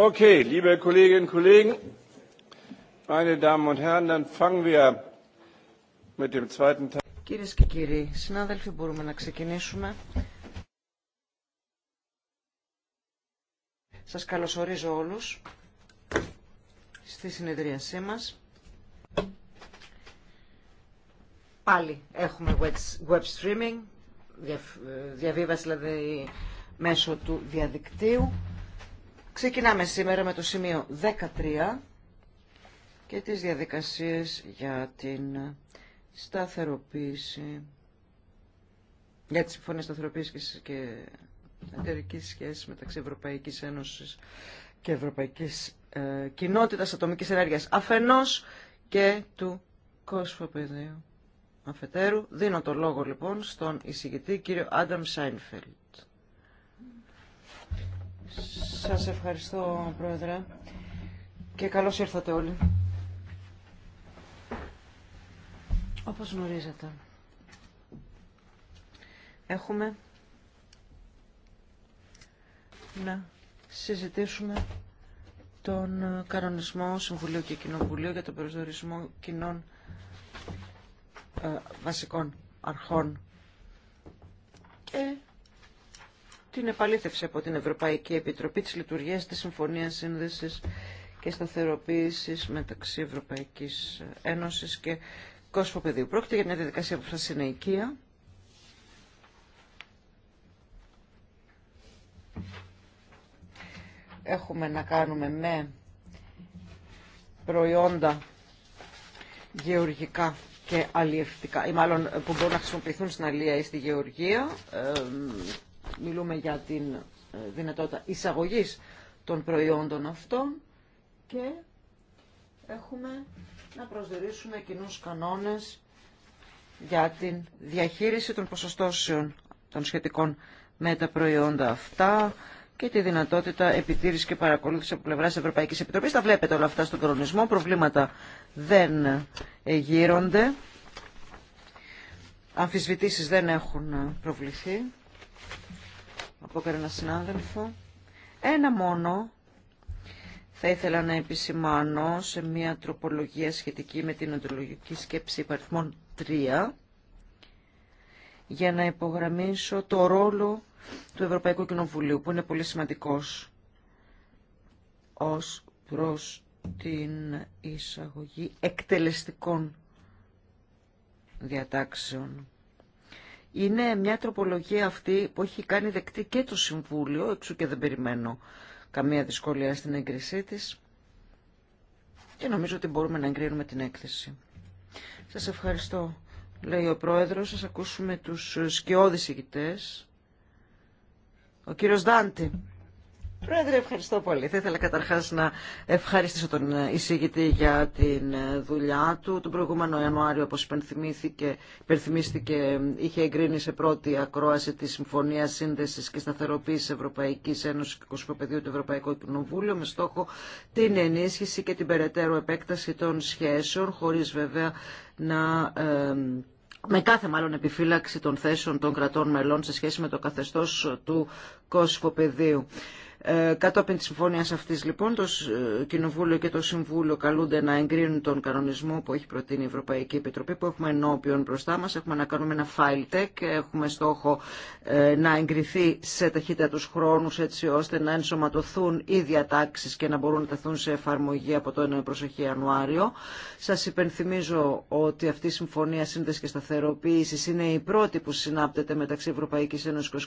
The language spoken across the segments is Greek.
Okay, liebe Kolleginnen und Kollegen, meine Damen und Herren, dann fangen wir mit dem zweiten Teil. Κυρίες και κύριοι, συνάδελφοι, μπορούμε να ξεκινήσουμε. Σας καλωσορίζω όλους στη συνεδρίασή μας. Πάλι έχουμε web streaming, ε, διαβίβαση δηλαδή μέσω του διαδικτύου. Ξεκινάμε σήμερα με το σημείο 13 και τις διαδικασίες για την σταθεροποίηση, για τη Συμφωνία Σταθεροποίησης και εταιρικής σχέσης μεταξύ Ευρωπαϊκής Ένωσης και Ευρωπαϊκής ε, Κοινότητας Ατομικής Ενέργειας αφενός και του κόσμου Αφετέρου, δίνω το λόγο λοιπόν στον εισηγητή κύριο Άνταμ Σάινφελτ. Σας ευχαριστώ, Πρόεδρε. Και καλώς ήρθατε όλοι. Όπως γνωρίζετε, έχουμε να συζητήσουμε τον κανονισμό Συμβουλίου και Κοινοβουλίου για το προσδορισμό κοινών ε, βασικών αρχών. Και την επαλήθευση από την Ευρωπαϊκή Επιτροπή της Λειτουργίας της Συμφωνίας Σύνδεσης και Σταθεροποίησης μεταξύ Ευρωπαϊκής Ένωσης και Κόσμου Παιδίου. Πρόκειται για μια διαδικασία που θα είναι οικία. Έχουμε να κάνουμε με προϊόντα γεωργικά και αλλιευτικά, ή μάλλον που μπορούν να χρησιμοποιηθούν στην αλλία ή στη γεωργία, μιλούμε για την ε, δυνατότητα εισαγωγής των προϊόντων αυτών και έχουμε να προσδιορίσουμε κοινούς κανόνες για την διαχείριση των ποσοστώσεων των σχετικών με τα προϊόντα αυτά και τη δυνατότητα επιτήρηση και παρακολούθηση από πλευρά Ευρωπαϊκή Επιτροπή. Τα βλέπετε όλα αυτά στον κορονομισμό. Προβλήματα δεν γύρονται. Αμφισβητήσεις δεν έχουν προβληθεί από κανένα συνάδελφο. Ένα μόνο θα ήθελα να επισημάνω σε μια τροπολογία σχετική με την οντολογική σκέψη υπαριθμών 3 για να υπογραμμίσω το ρόλο του Ευρωπαϊκού Κοινοβουλίου που είναι πολύ σημαντικός ως προς την εισαγωγή εκτελεστικών διατάξεων είναι μια τροπολογία αυτή που έχει κάνει δεκτή και το Συμβούλιο, εξού και δεν περιμένω καμία δυσκολία στην έγκρισή της. Και νομίζω ότι μπορούμε να εγκρίνουμε την έκθεση. Σας ευχαριστώ, λέει ο Πρόεδρος. Σας ακούσουμε τους σκιώδεις ηγητές. Ο κύριος Δάντη. Πρόεδρε, ευχαριστώ πολύ. Θα ήθελα καταρχά να ευχαριστήσω τον εισηγητή για την δουλειά του. Τον προηγούμενο Ιανουάριο, όπω υπενθυμίστηκε, είχε εγκρίνει σε πρώτη ακρόαση τη Συμφωνία σύνδεση και σταθεροποίηση Ευρωπαϊκή Ένωση και Κοσμοπεδίου του Ευρωπαϊκού Κοινοβούλου με στόχο την ενίσχυση και την περαιτέρω επέκταση των σχέσεων, χωρί βέβαια να... με κάθε μάλλον επιφύλαξη των θέσεων των κρατών μελών σε σχέση με το καθεστώς του κοσμοπεδίου. Ε, κατόπιν της συμφωνίας αυτής λοιπόν το ε, Κοινοβούλιο και το Συμβούλιο καλούνται να εγκρίνουν τον κανονισμό που έχει προτείνει η Ευρωπαϊκή Επιτροπή που έχουμε ενώπιον μπροστά μας. Έχουμε να κάνουμε ένα file tech, έχουμε στόχο ε, να εγκριθεί σε ταχύτητα τους χρόνους έτσι ώστε να ενσωματωθούν οι διατάξεις και να μπορούν να τεθούν σε εφαρμογή από το προσοχη Ιανουάριο. Σας υπενθυμίζω ότι αυτή η Συμφωνία σύνδεση και σταθεροποίηση είναι η πρώτη που συνάπτεται μεταξύ Ευρωπαϊκής και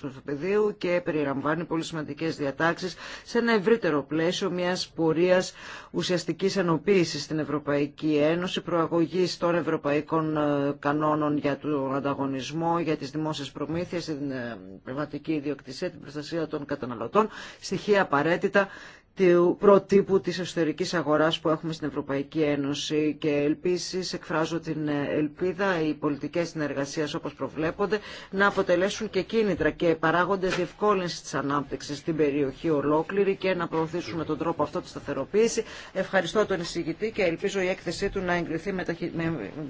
και περιλαμβάνει πολύ διατάξεις σε ένα ευρύτερο πλαίσιο μιας πορείας ουσιαστικής ενοποίησης στην Ευρωπαϊκή Ένωση, προαγωγής των ευρωπαϊκών ε, κανόνων για τον ανταγωνισμό, για τις δημόσιες προμήθειες, την ε, πνευματική ιδιοκτησία, την προστασία των καταναλωτών, στοιχεία απαραίτητα του προτύπου της εσωτερικής αγοράς που έχουμε στην Ευρωπαϊκή Ένωση και ελπίσεις εκφράζω την ελπίδα οι πολιτικές συνεργασίες όπως προβλέπονται να αποτελέσουν και κίνητρα και παράγοντες διευκόλυνση της ανάπτυξης στην περιοχή ολόκληρη και να προωθήσουν με τον τρόπο αυτό τη σταθεροποίηση. Ευχαριστώ τον εισηγητή και ελπίζω η έκθεσή του να εγκριθεί με,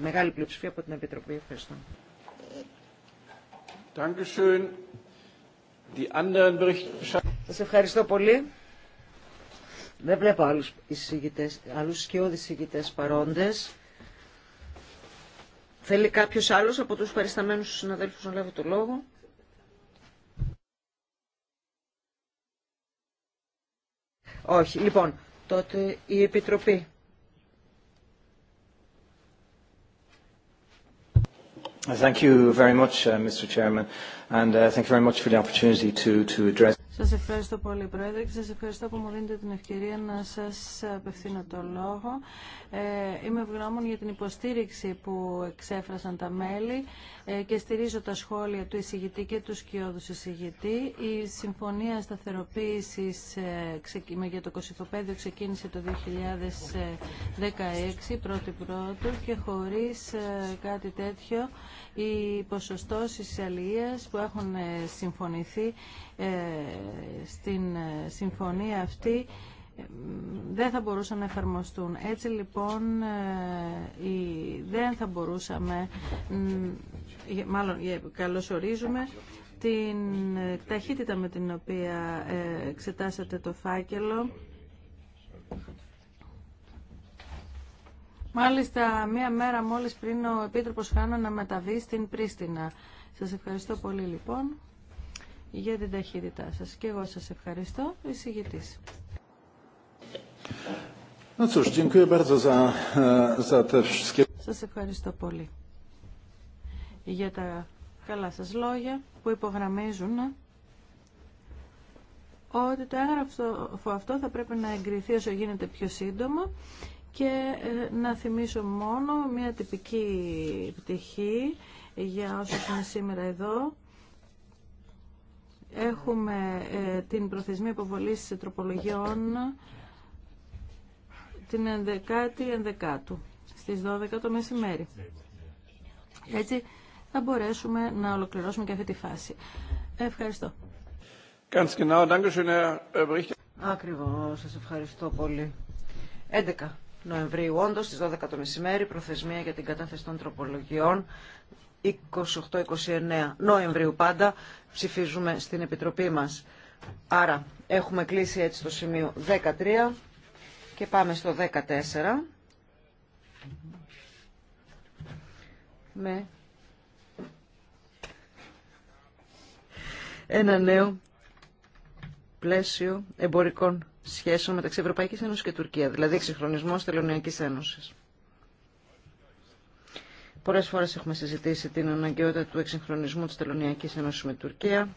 μεγάλη πλειοψηφία από την Επιτροπή. Ευχαριστώ. Σας ευχαριστώ πολύ. Δεν βλέπω άλλους, εισηγητές, άλλους σκιώδεις εισηγητές παρόντες. Θέλει κάποιος άλλος από τους παρισταμένους συναδέλφους να λάβει το λόγο. Όχι. Λοιπόν, τότε η Επιτροπή. Thank you very much, uh, Mr. Chairman, and uh, thank you very much for the opportunity to, to address. Σας ευχαριστώ πολύ Πρόεδρε και σας ευχαριστώ που μου δίνετε την ευκαιρία να σας απευθύνω το λόγο. Ε, είμαι ευγνώμων για την υποστήριξη που εξέφρασαν τα μέλη ε, και στηρίζω τα σχόλια του εισηγητή και του σκιώδους εισηγητή. Η Συμφωνία Σταθεροποίησης ε, για το Κωσυφοπαίδιο ξεκίνησε το 2016, πρώτη πρώτου και χωρίς κάτι τέτοιο οι ποσοστώσεις αλληλείας που έχουν ε, συμφωνηθεί ε, στην ε, συμφωνία αυτή δεν θα μπορούσαν να εφαρμοστούν. Έτσι λοιπόν δεν θα μπορούσαμε, μάλλον ορίζουμε, την ταχύτητα με την οποία εξετάσατε το φάκελο Μάλιστα, μία μέρα μόλις πριν ο Επίτροπος Χάνο να μεταβεί στην Πρίστινα. Σας ευχαριστώ πολύ λοιπόν για την ταχύτητά σας. Και εγώ σας ευχαριστώ, εισηγητής. E, σας ευχαριστώ πολύ για τα καλά σας λόγια που υπογραμμίζουν ότι το έγγραφο αυτό θα πρέπει να εγκριθεί όσο γίνεται πιο σύντομα και ε, να θυμίσω μόνο μια τυπική πτυχή για όσους είναι σήμερα εδώ. Έχουμε ε, την προθεσμία αποβολής τροπολογιών την 11η 11 η στις 12 το μεσημέρι. Έτσι θα μπορέσουμε να ολοκληρώσουμε και αυτή τη φάση. Ευχαριστώ. genau, danke schön, Ακριβώς, σας ευχαριστώ πολύ. 11. Νοεμβρίου, όντω στι 12 το μεσημέρι, προθεσμία για την κατάθεση των τροπολογιών, 28-29 Νοεμβρίου πάντα, ψηφίζουμε στην Επιτροπή μας. Άρα, έχουμε κλείσει έτσι το σημείο 13 και πάμε στο 14 με ένα νέο πλαίσιο εμπορικών σχέσεων μεταξύ Ευρωπαϊκής Ένωσης και Τουρκία, δηλαδή εξυγχρονισμός Τελωνιακής Ένωσης. Πολλές φορές έχουμε συζητήσει την αναγκαιότητα του εξυγχρονισμού της Τελωνιακής Ένωσης με Τουρκία.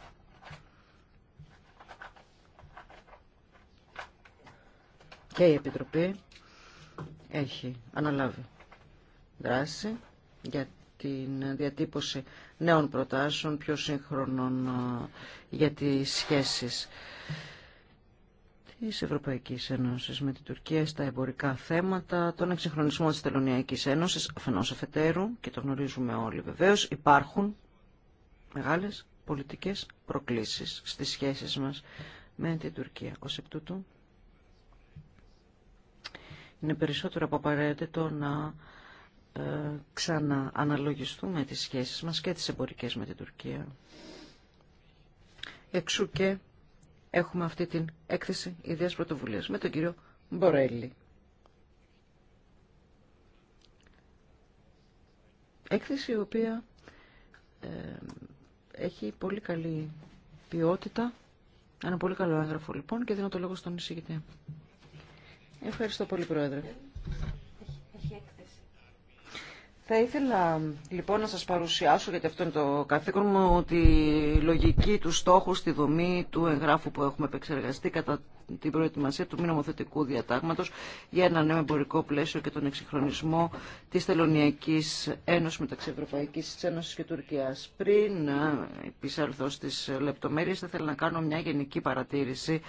Και η Επιτροπή έχει αναλάβει δράση για την διατύπωση νέων προτάσεων πιο σύγχρονων ε, για τις σχέσεις Τη Ευρωπαϊκή Ένωση με την Τουρκία στα εμπορικά θέματα, τον εξυγχρονισμό της Τελωνιακή Ένωση. αφενό αφετέρου, και το γνωρίζουμε όλοι βεβαίω υπάρχουν μεγάλες πολιτικές προκλήσεις στις σχέσεις μας με την Τουρκία. Ως εκ τούτου, είναι περισσότερο από απαραίτητο να ε, ξανααναλογιστούμε τις σχέσεις μας και τις εμπορικές με την Τουρκία. Εξού και έχουμε αυτή την έκθεση ιδέας πρωτοβουλίας με τον κύριο Μπορέλη. Έκθεση η οποία ε, έχει πολύ καλή ποιότητα, ένα πολύ καλό έγγραφο λοιπόν και δίνω το λόγο στον εισηγητή. Ευχαριστώ πολύ Πρόεδρε. Έχει, θα ήθελα λοιπόν να σας παρουσιάσω, γιατί αυτό είναι το καθήκον μου, τη λογική του στόχου στη δομή του εγγράφου που έχουμε επεξεργαστεί κατά την προετοιμασία του μη νομοθετικού διατάγματος για ένα νέο εμπορικό πλαίσιο και τον εξυγχρονισμό της Θελωνιακής Ένωσης μεταξύ Ευρωπαϊκής Ένωσης και Τουρκίας. Πριν επισέλθω στις λεπτομέρειες, θα ήθελα να κάνω μια γενική παρατήρηση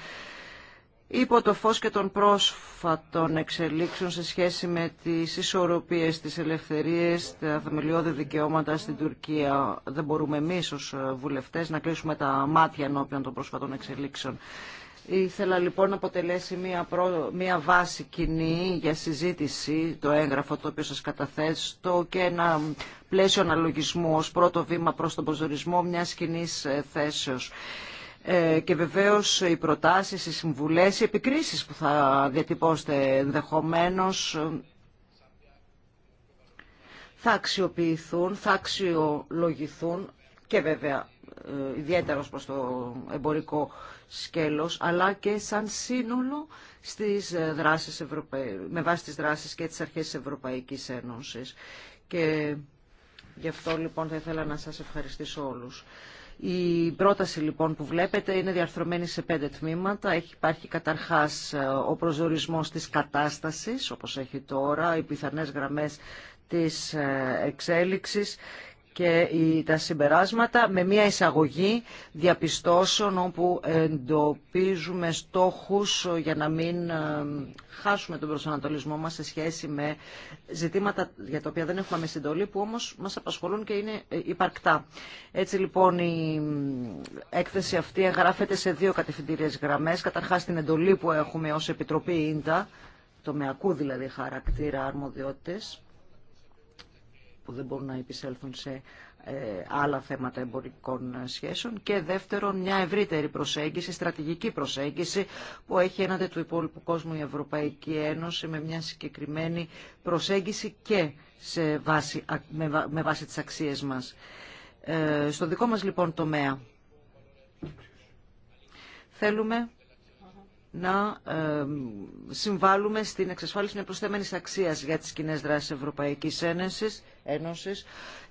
υπό το φως και των πρόσφατων εξελίξεων σε σχέση με τις ισορροπίες, τις ελευθερίες, τα θεμελιώδη δικαιώματα στην Τουρκία. Δεν μπορούμε εμείς ως βουλευτές να κλείσουμε τα μάτια ενώπιον των πρόσφατων εξελίξεων. Ήθελα λοιπόν να αποτελέσει μια, προ... μια βάση κοινή για συζήτηση το έγγραφο το οποίο σας καταθέσω και ένα πλαίσιο αναλογισμού ως πρώτο βήμα προς τον προσδορισμό μιας κοινή θέσεως. Ε, και βεβαίως οι προτάσεις, οι συμβουλές, οι επικρίσεις που θα διατυπώσετε ενδεχομένως ε, θα αξιοποιηθούν, θα αξιολογηθούν και βέβαια ε, ιδιαίτερα ως προς το εμπορικό σκέλος, αλλά και σαν σύνολο στις δράσεις με βάση τις δράσεις και τις αρχές της Ευρωπαϊκής Ένωσης. Και γι' αυτό λοιπόν θα ήθελα να σας ευχαριστήσω όλους. Η πρόταση λοιπόν που βλέπετε είναι διαρθρωμένη σε πέντε τμήματα. Έχει υπάρχει καταρχάς ε, ο προσδιορισμός της κατάστασης όπως έχει τώρα, οι πιθανές γραμμές της ε, εξέλιξης, και τα συμπεράσματα με μια εισαγωγή διαπιστώσεων όπου εντοπίζουμε στόχους για να μην ε, χάσουμε τον προσανατολισμό μας σε σχέση με ζητήματα για τα οποία δεν έχουμε με συντολή που όμως μας απασχολούν και είναι ε, υπαρκτά. Έτσι λοιπόν η ε, έκθεση αυτή εγγραφέται σε δύο κατευθυντήριες γραμμές. Καταρχάς την εντολή που έχουμε ως Επιτροπή ΙΝΤΑ, τομεακού δηλαδή χαρακτήρα αρμοδιότητες που δεν μπορούν να επισέλθουν σε ε, άλλα θέματα εμπορικών σχέσεων και δεύτερον μια ευρύτερη προσέγγιση, στρατηγική προσέγγιση που έχει έναντι του υπόλοιπου κόσμου η Ευρωπαϊκή Ένωση με μια συγκεκριμένη προσέγγιση και σε βάση, με, βάση τις αξίες μας. Ε, στο δικό μας λοιπόν τομέα θέλουμε να ε, συμβάλλουμε στην εξασφάλιση μια προσθέμενης αξίας για τις κοινέ δράσεις Ευρωπαϊκής Ένωσης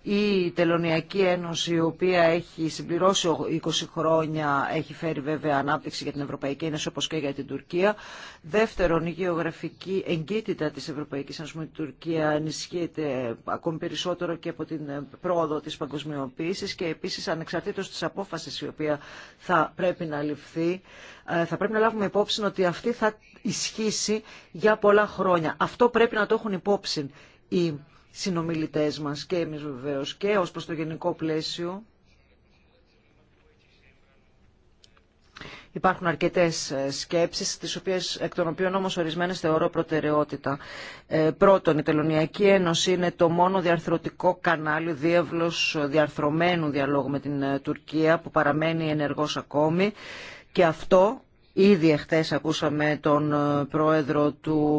η Τελωνιακή Ένωση, η οποία έχει συμπληρώσει 20 χρόνια, έχει φέρει βέβαια ανάπτυξη για την Ευρωπαϊκή Ένωση όπως και για την Τουρκία. Δεύτερον, η γεωγραφική εγκύτητα της Ευρωπαϊκής Ένωσης με την Τουρκία ενισχύεται ακόμη περισσότερο και από την ε, πρόοδο της παγκοσμιοποίησης και επίσης ανεξαρτήτως τη απόφαση η οποία θα πρέπει να ληφθεί, ε, θα πρέπει να λάβουμε υπόψη ότι αυτή θα ισχύσει για πολλά χρόνια. Αυτό πρέπει να το έχουν υπόψη οι συνομιλητές μας και εμείς βεβαίως και ως προς το γενικό πλαίσιο. Υπάρχουν αρκετές ε, σκέψεις, τις οποίες, εκ των οποίων όμως ορισμένες θεωρώ προτεραιότητα. Ε, πρώτον, η Τελωνιακή Ένωση είναι το μόνο διαρθρωτικό κανάλι διεύλος ε, διαρθρωμένου διαλόγου με την Τουρκία που παραμένει ενεργός ακόμη και αυτό Ήδη εχθές ακούσαμε τον ε, πρόεδρο του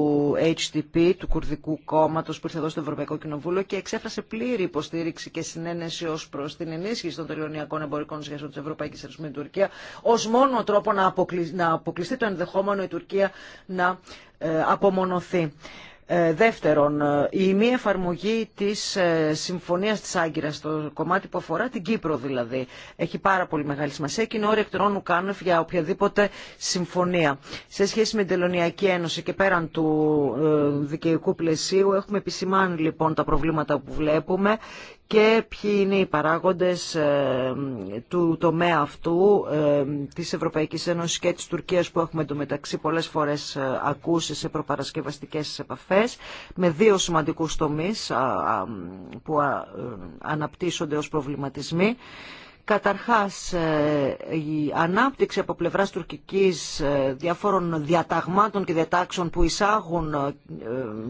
HDP, του Κουρδικού Κόμματος που ήρθε εδώ στο Ευρωπαϊκό Κοινοβούλιο και εξέφρασε πλήρη υποστήριξη και συνένεση ως προς την ενίσχυση των τελειωνιακών εμπορικών σχέσεων της Ευρωπαϊκής Ένωσης με την Τουρκία ως μόνο τρόπο να αποκλειστεί το ενδεχόμενο η Τουρκία να ε, απομονωθεί. Ε, δεύτερον, ε, η μη εφαρμογή της ε, Συμφωνίας της Άγκυρας, το κομμάτι που αφορά την Κύπρο δηλαδή, έχει πάρα πολύ μεγάλη σημασία και είναι όρια εκ των για οποιαδήποτε συμφωνία. Σε σχέση με την Τελωνιακή Ένωση και πέραν του δικαιικού πλαισίου έχουμε επισημάνει λοιπόν τα προβλήματα που βλέπουμε και ποιοι είναι οι παράγοντες ε, του τομέα αυτού ε, της Ευρωπαϊκής Ένωσης και της Τουρκίας που έχουμε εντωμεταξύ πολλές φορές ε, ακούσει σε προπαρασκευαστικές επαφές με δύο σημαντικούς τομείς που αναπτύσσονται ως προβληματισμοί Καταρχάς, ε, η ανάπτυξη από πλευράς τουρκικής ε, διαφόρων διαταγμάτων και διατάξεων που εισάγουν ε,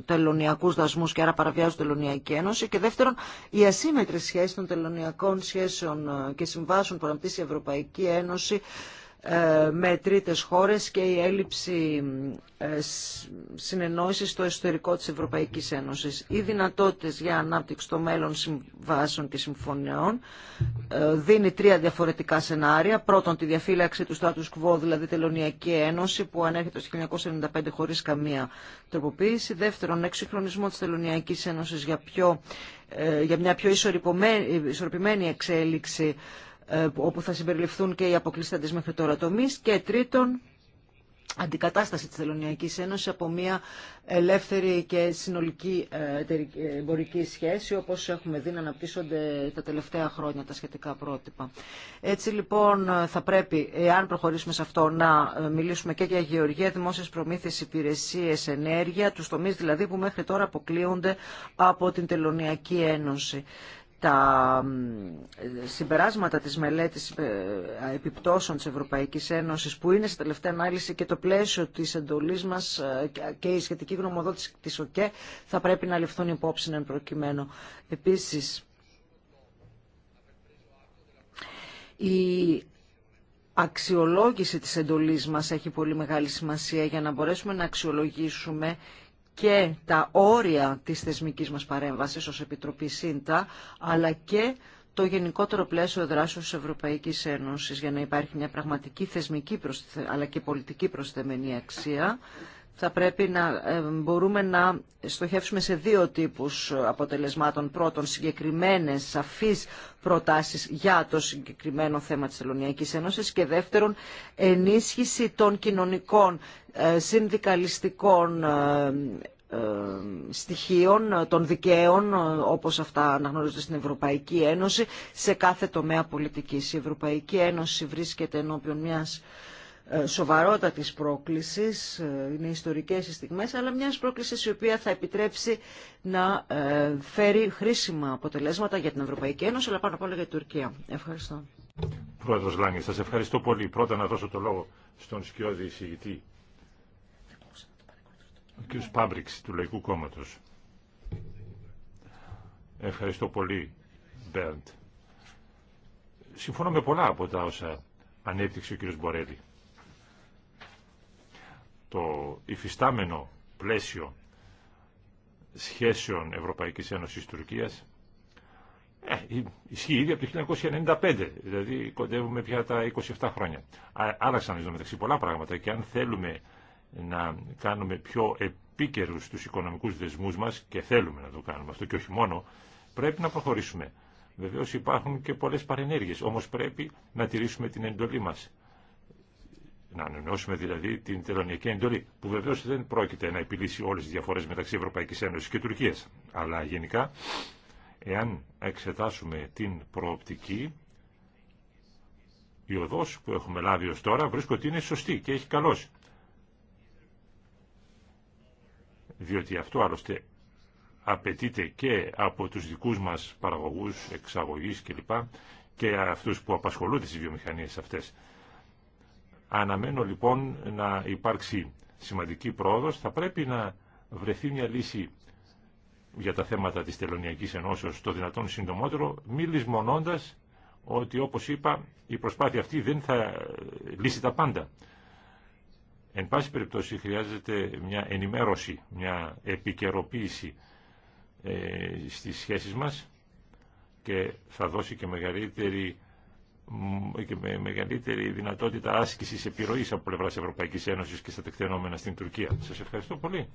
τελωνιακούς δασμούς και άρα παραβιάζουν τελωνιακή ένωση και δεύτερον, η ασύμετρη σχέση των τελωνιακών σχέσεων και συμβάσεων που αναπτύσσει η Ευρωπαϊκή Ένωση ε, με τρίτες χώρες και η έλλειψη ε, συνεννόησης στο εσωτερικό της Ευρωπαϊκής Ένωσης. Οι δυνατότητες για ανάπτυξη των μέλλον συμβάσεων και συμφωνιών ε, δίνει τρία διαφορετικά σενάρια. Πρώτον, τη διαφύλαξη του status quo, δηλαδή τελωνιακή ένωση που ανέρχεται στο 1995 χωρίς καμία τροποποίηση. Δεύτερον, εξυγχρονισμό της τελωνιακής ένωσης για, πιο, για μια πιο ισορροπημένη εξέλιξη ε, όπου θα συμπεριληφθούν και οι αποκλείστατες μέχρι τώρα τομείς και τρίτον αντικατάσταση της Θελωνιακής Ένωσης από μια ελεύθερη και συνολική ε, ε, εμπορική σχέση όπως έχουμε δει να αναπτύσσονται τα τελευταία χρόνια τα σχετικά πρότυπα. Έτσι λοιπόν θα πρέπει, εάν προχωρήσουμε σε αυτό, να μιλήσουμε και για γεωργία, δημόσιες προμήθειες, υπηρεσίες, ενέργεια, τους τομείς δηλαδή που μέχρι τώρα αποκλείονται από την Τελωνιακή Ένωση τα συμπεράσματα της μελέτης ε, επιπτώσεων της Ευρωπαϊκής Ένωσης που είναι στη τελευταία ανάλυση και το πλαίσιο της εντολής μας ε, και η σχετική γνωμοδότηση της ΟΚΕ θα πρέπει να ληφθούν υπόψη εν προκειμένου. Επίσης, η αξιολόγηση της εντολής μας έχει πολύ μεγάλη σημασία για να μπορέσουμε να αξιολογήσουμε και τα όρια της θεσμικής μας παρέμβασης ως Επιτροπή ΣΥΝΤΑ, αλλά και το γενικότερο πλαίσιο δράσεως της Ευρωπαϊκής Ένωσης για να υπάρχει μια πραγματική θεσμική αλλά και πολιτική προσθεμένη αξία, θα πρέπει να ε, μπορούμε να στοχεύσουμε σε δύο τύπους αποτελεσμάτων. Πρώτον, συγκεκριμένες, σαφείς προτάσεις για το συγκεκριμένο θέμα της Ελληνικής Ένωσης και δεύτερον, ενίσχυση των κοινωνικών ε, συνδικαλιστικών ε, ε, στοιχείων των δικαίων όπως αυτά αναγνωρίζονται στην Ευρωπαϊκή Ένωση σε κάθε τομέα πολιτικής. Η Ευρωπαϊκή Ένωση βρίσκεται ενώπιον μιας σοβαρότατης πρόκλησης, είναι ιστορικές οι στιγμές, αλλά μιας πρόκλησης η οποία θα επιτρέψει να φέρει χρήσιμα αποτελέσματα για την Ευρωπαϊκή Ένωση, αλλά πάνω απ' όλα για την Τουρκία. Ευχαριστώ. Πρόεδρος Λάγκη, σας ευχαριστώ πολύ. Πρώτα να δώσω το λόγο στον σκιώδη εισηγητή ο κ. Πάμπριξ του Λαϊκού Κόμματο. Ευχαριστώ πολύ, Μπέρντ. Συμφωνώ με πολλά από τα όσα ανέπτυξε ο κ. Μπορέλη. Το υφιστάμενο πλαίσιο σχέσεων Ευρωπαϊκής Ένωσης Τουρκίας ε, ισχύει ήδη από το 1995, δηλαδή κοντεύουμε πια τα 27 χρόνια. Άλλαξαν μεταξύ πολλά πράγματα και αν θέλουμε να κάνουμε πιο επίκαιρους τους οικονομικούς δεσμούς μας και θέλουμε να το κάνουμε αυτό και όχι μόνο, πρέπει να προχωρήσουμε. Βεβαίω υπάρχουν και πολλές παρενέργειες, όμως πρέπει να τηρήσουμε την εντολή μας. Να ανανεώσουμε δηλαδή την τελωνιακή εντολή, που βεβαίω δεν πρόκειται να επιλύσει όλες τις διαφορές μεταξύ Ευρωπαϊκής Ένωσης και Τουρκίας. Αλλά γενικά, εάν εξετάσουμε την προοπτική, η οδός που έχουμε λάβει ως τώρα βρίσκω ότι είναι σωστή και έχει καλώσει. διότι αυτό άλλωστε απαιτείται και από τους δικούς μας παραγωγούς, εξαγωγής κλπ. και αυτούς που απασχολούνται στις βιομηχανίες αυτές. Αναμένω λοιπόν να υπάρξει σημαντική πρόοδος. Θα πρέπει να βρεθεί μια λύση για τα θέματα της Τελωνιακής Ενώσεως το δυνατόν συντομότερο, μη λησμονώντας ότι όπως είπα η προσπάθεια αυτή δεν θα λύσει τα πάντα. Εν πάση περιπτώσει χρειάζεται μια ενημέρωση, μια επικαιροποίηση ε, στις σχέσεις μας και θα δώσει και μεγαλύτερη, και μεγαλύτερη δυνατότητα άσκησης επιρροής από πλευράς Ευρωπαϊκής Ένωσης και στα τεκτενόμενα στην Τουρκία. Σας ευχαριστώ πολύ.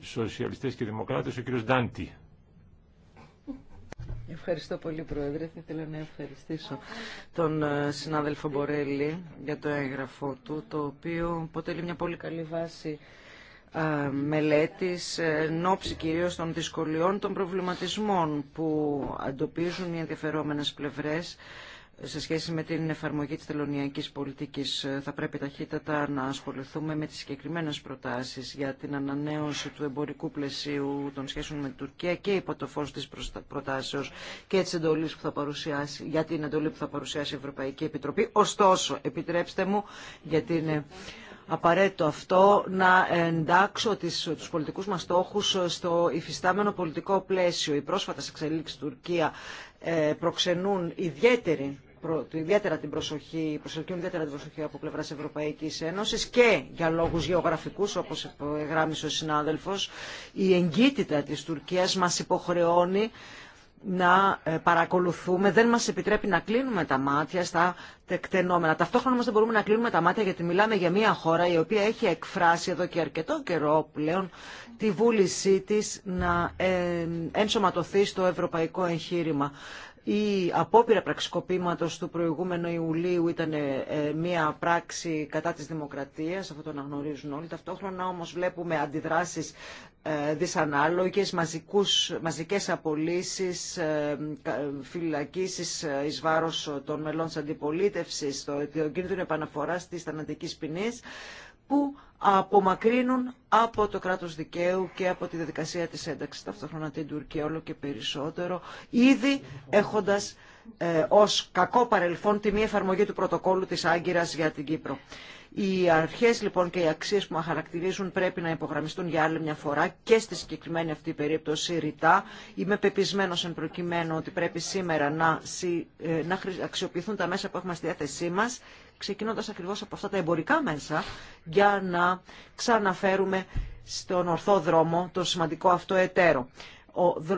Σοσιαλιστές και Δημοκράτες, ο κύριος Ντάντι. Ευχαριστώ πολύ, Πρόεδρε. Θα ήθελα να ευχαριστήσω τον ε, συνάδελφο Μπορέλη για το έγγραφο του, το οποίο αποτελεί μια πολύ καλή βάση ε, μελέτης ε, νόψη κυρίως των δυσκολιών των προβληματισμών που αντοπίζουν οι ενδιαφερόμενες πλευρές σε σχέση με την εφαρμογή της τελωνιακής πολιτικής ε, θα πρέπει ταχύτατα να ασχοληθούμε με τις συγκεκριμένες προτάσεις για την ανανέωση του εμπορικού πλαισίου των σχέσεων με την Τουρκία και υπό το φως της προτάσεως και της που θα παρουσιάσει, για την εντολή που θα παρουσιάσει η Ευρωπαϊκή Επιτροπή. Ωστόσο, επιτρέψτε μου, γιατί είναι απαραίτητο αυτό να εντάξω τις, τους πολιτικούς μας στόχους στο υφιστάμενο πολιτικό πλαίσιο. Οι πρόσφατες εξελίξεις Τουρκία ε, προξενούν ιδιαίτερη ιδιαίτερα την προσοχή, προσελκύουν ιδιαίτερα την προσοχή από πλευρά Ευρωπαϊκή Ένωση και για λόγου γεωγραφικού, όπω γράμισε ο συνάδελφο, η εγκύτητα τη Τουρκία μα υποχρεώνει να ε, παρακολουθούμε, δεν μας επιτρέπει να κλείνουμε τα μάτια στα τεκτενόμενα. Ταυτόχρονα όμως δεν μπορούμε να κλείνουμε τα μάτια γιατί μιλάμε για μια χώρα η οποία έχει εκφράσει εδώ και αρκετό καιρό πλέον τη βούλησή της να ε, ενσωματωθεί στο ευρωπαϊκό εγχείρημα. Η απόπειρα πραξικοπήματος του προηγούμενου Ιουλίου ήταν ε, ε, μια πράξη κατά της δημοκρατίας, αυτό το αναγνωρίζουν όλοι. Ταυτόχρονα όμως βλέπουμε αντιδράσεις ε, δυσανάλογες, μαζικούς, μαζικές απολύσεις, φυλακίσεις εις βάρος των μελών της αντιπολίτευσης, το κίνδυνο επαναφοράς της θανατικής ποινής, που απομακρύνουν από το κράτος δικαίου και από τη διαδικασία της ένταξης ταυτόχρονα την Τουρκία όλο και περισσότερο, ήδη έχοντας ε, ως κακό παρελθόν τη μη εφαρμογή του πρωτοκόλου της Άγκυρας για την Κύπρο. Οι αρχές λοιπόν και οι αξίες που μα χαρακτηρίζουν πρέπει να υπογραμμιστούν για άλλη μια φορά και στη συγκεκριμένη αυτή περίπτωση ρητά. Είμαι πεπισμένος εν προκειμένου ότι πρέπει σήμερα να, ε, να αξιοποιηθούν τα μέσα που έχουμε στη διάθεσή μας ξεκινώντας ακριβώς από αυτά τα εμπορικά μέσα για να ξαναφέρουμε στον ορθό δρόμο το σημαντικό αυτό εταίρο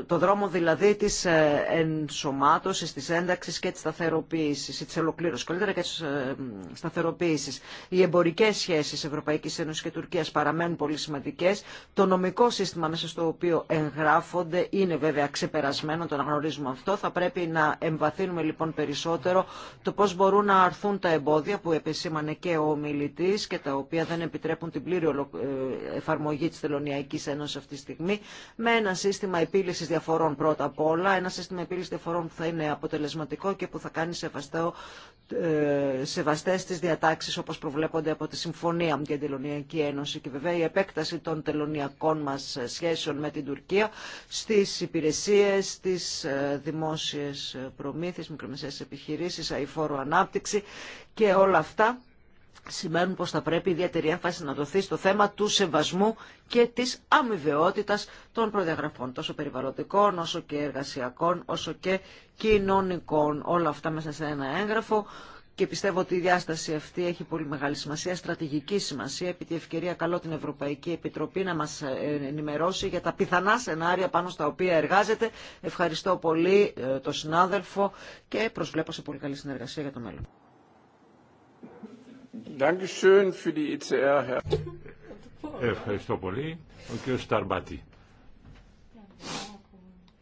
το δρόμο δηλαδή της ε, ενσωμάτωσης, της ένταξης και της σταθεροποίησης, ή της ολοκλήρωσης και της ε, σταθεροποίησης. Οι εμπορικές σχέσεις Ευρωπαϊκής Ένωσης και Τουρκίας παραμένουν πολύ σημαντικές. Το νομικό σύστημα μέσα στο οποίο εγγράφονται είναι βέβαια ξεπερασμένο, το αναγνωρίζουμε αυτό. Θα πρέπει να εμβαθύνουμε λοιπόν περισσότερο το πώς μπορούν να αρθούν τα εμπόδια που επεσήμανε και ο ομιλητής και τα οποία δεν επιτρέπουν την πλήρη ε, εφαρμογή της Θελωνιακής Ένωσης αυτή τη στιγμή με ένα σύστημα επίλυση διαφορών πρώτα απ' όλα, ένα σύστημα επίλυση διαφορών που θα είναι αποτελεσματικό και που θα κάνει σεβαστό, ε, σεβαστές τις διατάξεις όπως προβλέπονται από τη Συμφωνία για την Τελωνιακή Ένωση και βέβαια η επέκταση των τελωνιακών μας σχέσεων με την Τουρκία στις υπηρεσίες, στις ε, δημόσιες προμήθειες, μικρομεσαίες επιχειρήσεις, αηφόρο ανάπτυξη και όλα αυτά σημαίνουν πως θα πρέπει ιδιαίτερη έμφαση να δοθεί στο θέμα του σεβασμού και της αμοιβαιότητας των προδιαγραφών, τόσο περιβαλλοντικών, όσο και εργασιακών, όσο και κοινωνικών, όλα αυτά μέσα σε ένα έγγραφο. Και πιστεύω ότι η διάσταση αυτή έχει πολύ μεγάλη σημασία, στρατηγική σημασία. Επί τη ευκαιρία καλώ την Ευρωπαϊκή Επιτροπή να μας ενημερώσει για τα πιθανά σενάρια πάνω στα οποία εργάζεται. Ευχαριστώ πολύ ε, τον συνάδελφο και προσβλέπω σε πολύ καλή συνεργασία για το μέλλον. E Ευχαριστώ πολύ. Ο κύριος Σταρμπάτη.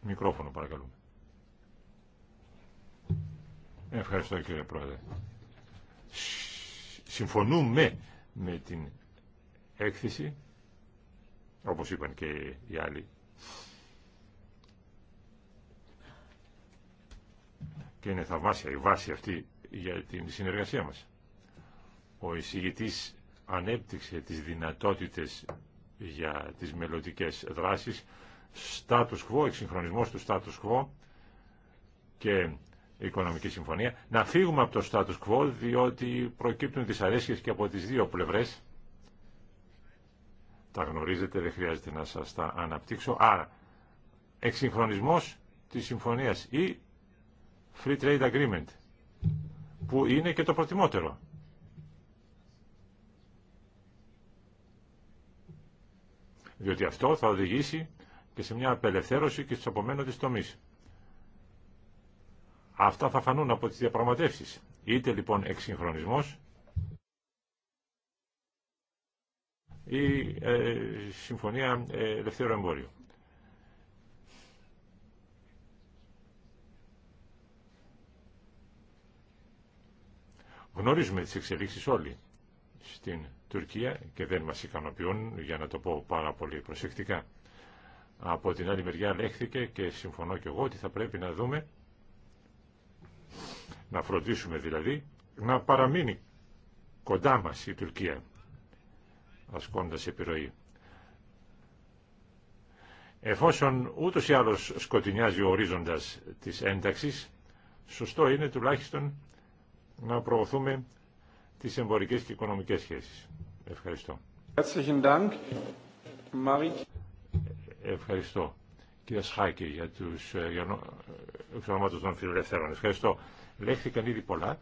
Μικρόφωνο παρακαλούμε. Ευχαριστώ κύριε Πρόεδρε. Συμφωνούμε με την έκθεση, όπως είπαν και οι άλλοι. Και είναι θαυμάσια η βάση αυτή για την συνεργασία μας. Ο εισηγητής ανέπτυξε τις δυνατότητες για τις μελλοντικέ δράσεις, status quo, εξυγχρονισμός του status quo και οικονομική συμφωνία. Να φύγουμε από το status quo διότι προκύπτουν δυσαρέσκειες και από τις δύο πλευρές. Τα γνωρίζετε, δεν χρειάζεται να σας τα αναπτύξω. Άρα, εξυγχρονισμός της συμφωνίας ή free trade agreement που είναι και το προτιμότερο. διότι αυτό θα οδηγήσει και σε μια απελευθέρωση και στους απομένοντες τομείς. Αυτά θα φανούν από τις διαπραγματεύσεις. Είτε λοιπόν εξυγχρονισμός ή ε, συμφωνία ε, ελευθέρου εμπόριου. Γνωρίζουμε τις εξελίξεις όλοι στην Τουρκία και δεν μας ικανοποιούν, για να το πω πάρα πολύ προσεκτικά. Από την άλλη μεριά λέχθηκε και συμφωνώ και εγώ ότι θα πρέπει να δούμε, να φροντίσουμε δηλαδή, να παραμείνει κοντά μας η Τουρκία, ασκώντας επιρροή. Εφόσον ούτως ή άλλως σκοτεινιάζει ο ορίζοντας της ένταξης, σωστό είναι τουλάχιστον να προωθούμε τι εμπορικές και οικονομικές σχέσεις. Ευχαριστώ. Ευχαριστώ. Κύριε Σχάκη, για τους ε, ε, εξονομάτους των φιλελευθέρων. Ευχαριστώ. Λέχθηκαν ήδη πολλά.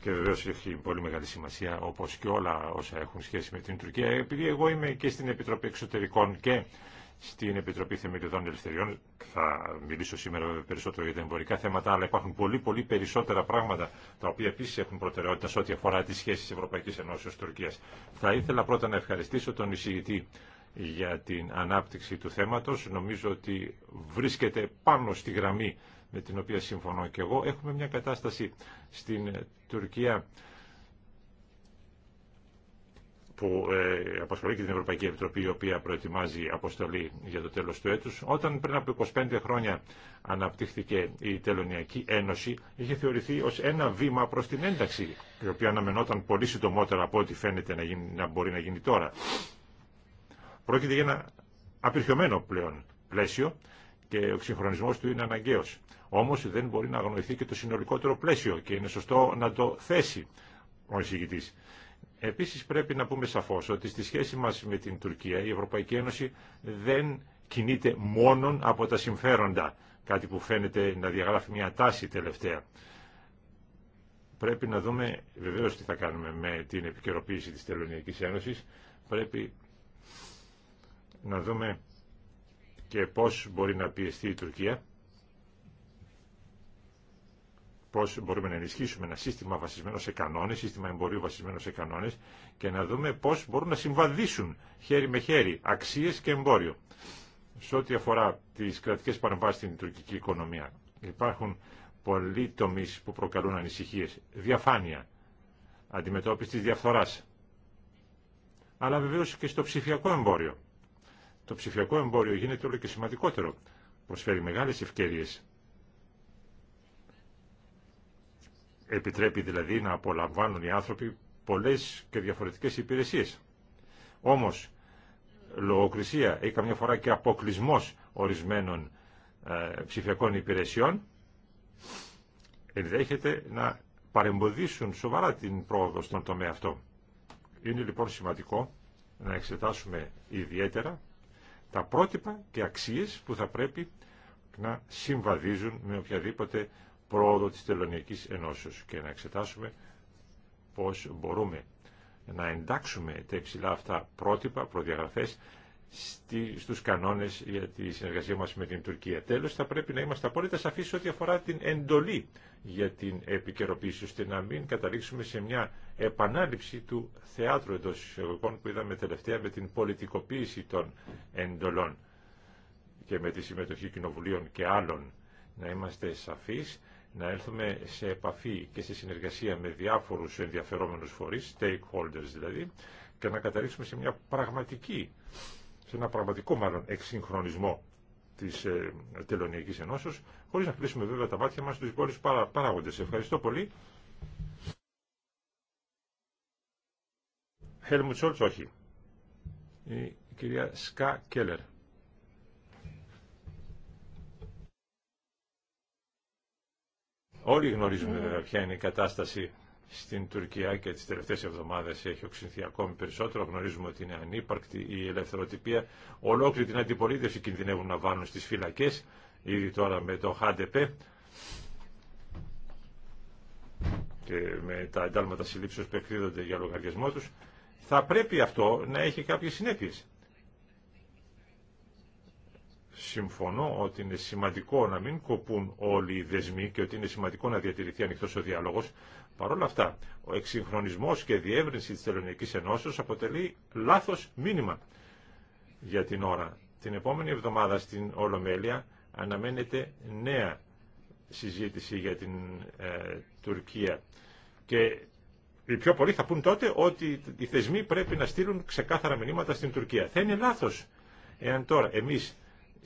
Και βεβαίω έχει πολύ μεγάλη σημασία, όπω και όλα όσα έχουν σχέση με την Τουρκία, επειδή εγώ είμαι και στην Επιτροπή Εξωτερικών και στην Επιτροπή Θεμελιωδών Ελευθεριών. Θα μιλήσω σήμερα περισσότερο για τα εμπορικά θέματα, αλλά υπάρχουν πολύ, πολύ περισσότερα πράγματα τα οποία επίση έχουν προτεραιότητα σε ό,τι αφορά τι σχέσει Ευρωπαϊκή Ενώσεω Τουρκία. Θα ήθελα πρώτα να ευχαριστήσω τον εισηγητή για την ανάπτυξη του θέματος. Νομίζω ότι βρίσκεται πάνω στη γραμμή με την οποία συμφωνώ και εγώ. Έχουμε μια κατάσταση στην Τουρκία που ε, απασχολεί και την Ευρωπαϊκή Επιτροπή η οποία προετοιμάζει αποστολή για το τέλος του έτους. Όταν πριν από 25 χρόνια αναπτύχθηκε η Τελωνιακή Ένωση είχε θεωρηθεί ως ένα βήμα προς την ένταξη η οποία αναμενόταν πολύ συντομότερα από ό,τι φαίνεται να, γίνει, να μπορεί να γίνει τώρα. Πρόκειται για ένα απειρχιωμένο πλέον πλαίσιο και ο συγχρονισμό του είναι αναγκαίο. Όμω δεν μπορεί να αγνοηθεί και το συνολικότερο πλαίσιο και είναι σωστό να το θέσει ο εισηγητή. Επίσης πρέπει να πούμε σαφώς ότι στη σχέση μας με την Τουρκία η Ευρωπαϊκή Ένωση δεν κινείται μόνον από τα συμφέροντα, κάτι που φαίνεται να διαγράφει μια τάση τελευταία. Πρέπει να δούμε βεβαίως τι θα κάνουμε με την επικαιροποίηση της Τελωνιακής Ένωσης. Πρέπει να δούμε και πώς μπορεί να πιεστεί η Τουρκία Πώ μπορούμε να ενισχύσουμε ένα σύστημα βασισμένο σε κανόνε, σύστημα εμπορίου βασισμένο σε κανόνε και να δούμε πώ μπορούν να συμβαδίσουν χέρι με χέρι αξίε και εμπόριο. Σε ό,τι αφορά τι κρατικέ παρεμβάσει στην τουρκική οικονομία, υπάρχουν πολλοί τομεί που προκαλούν ανησυχίε, Διαφάνεια, αντιμετώπιση τη διαφθοράς, αλλά βεβαίω και στο ψηφιακό εμπόριο. Το ψηφιακό εμπόριο γίνεται όλο και σημαντικότερο. Προσφέρει μεγάλε ευκαιρίε. Επιτρέπει δηλαδή να απολαμβάνουν οι άνθρωποι πολλές και διαφορετικές υπηρεσίες. Όμως, λογοκρισία ή καμιά φορά και αποκλεισμό ορισμένων ε, ψηφιακών υπηρεσιών ενδέχεται να παρεμποδίσουν σοβαρά την πρόοδο στον τομέα αυτό. Είναι λοιπόν σημαντικό να εξετάσουμε ιδιαίτερα τα πρότυπα και αξίες που θα πρέπει να συμβαδίζουν με οποιαδήποτε πρόοδο της Τελωνιακής Ενώσεως και να εξετάσουμε πώς μπορούμε να εντάξουμε τα υψηλά αυτά πρότυπα, προδιαγραφές στους κανόνες για τη συνεργασία μας με την Τουρκία. Τέλος, θα πρέπει να είμαστε απόλυτα σαφείς ό,τι αφορά την εντολή για την επικαιροποίηση, ώστε να μην καταλήξουμε σε μια επανάληψη του θεάτρου εντό εισαγωγικών που είδαμε τελευταία με την πολιτικοποίηση των εντολών και με τη συμμετοχή κοινοβουλίων και άλλων. Να είμαστε σαφείς να έλθουμε σε επαφή και σε συνεργασία με διάφορους ενδιαφερόμενους φορείς, stakeholders δηλαδή, και να καταλήξουμε σε μια πραγματική, σε ένα πραγματικό μάλλον εξυγχρονισμό της ε, Τελωνιακής Ενώσεως, χωρίς να κλείσουμε βέβαια τα μάτια μας στους υπόλοιπους παράγοντες. Ευχαριστώ πολύ. Helmut όχι. Η κυρία Σκα Όλοι γνωρίζουμε βέβαια ποια είναι η κατάσταση στην Τουρκία και τις τελευταίες εβδομάδες έχει οξυνθεί ακόμη περισσότερο. Γνωρίζουμε ότι είναι ανύπαρκτη η ελευθεροτυπία. Ολόκληρη την αντιπολίτευση κινδυνεύουν να βάλουν στις φυλακές, ήδη τώρα με το ΧΑΝΤΕΠΕ και με τα εντάλματα συλλήψεως που εκδίδονται για λογαριασμό τους. Θα πρέπει αυτό να έχει κάποιες συνέπειες συμφωνώ ότι είναι σημαντικό να μην κοπούν όλοι οι δεσμοί και ότι είναι σημαντικό να διατηρηθεί ανοιχτός ο διάλογος. Παρ' όλα αυτά, ο εξυγχρονισμός και διεύρυνση της Τελωνιακής Ενώσεως αποτελεί λάθος μήνυμα για την ώρα. Την επόμενη εβδομάδα στην Ολομέλεια αναμένεται νέα συζήτηση για την ε, Τουρκία και οι πιο πολλοί θα πούν τότε ότι οι θεσμοί πρέπει να στείλουν ξεκάθαρα μηνύματα στην Τουρκία. Θα είναι λάθος εάν τώρα εμείς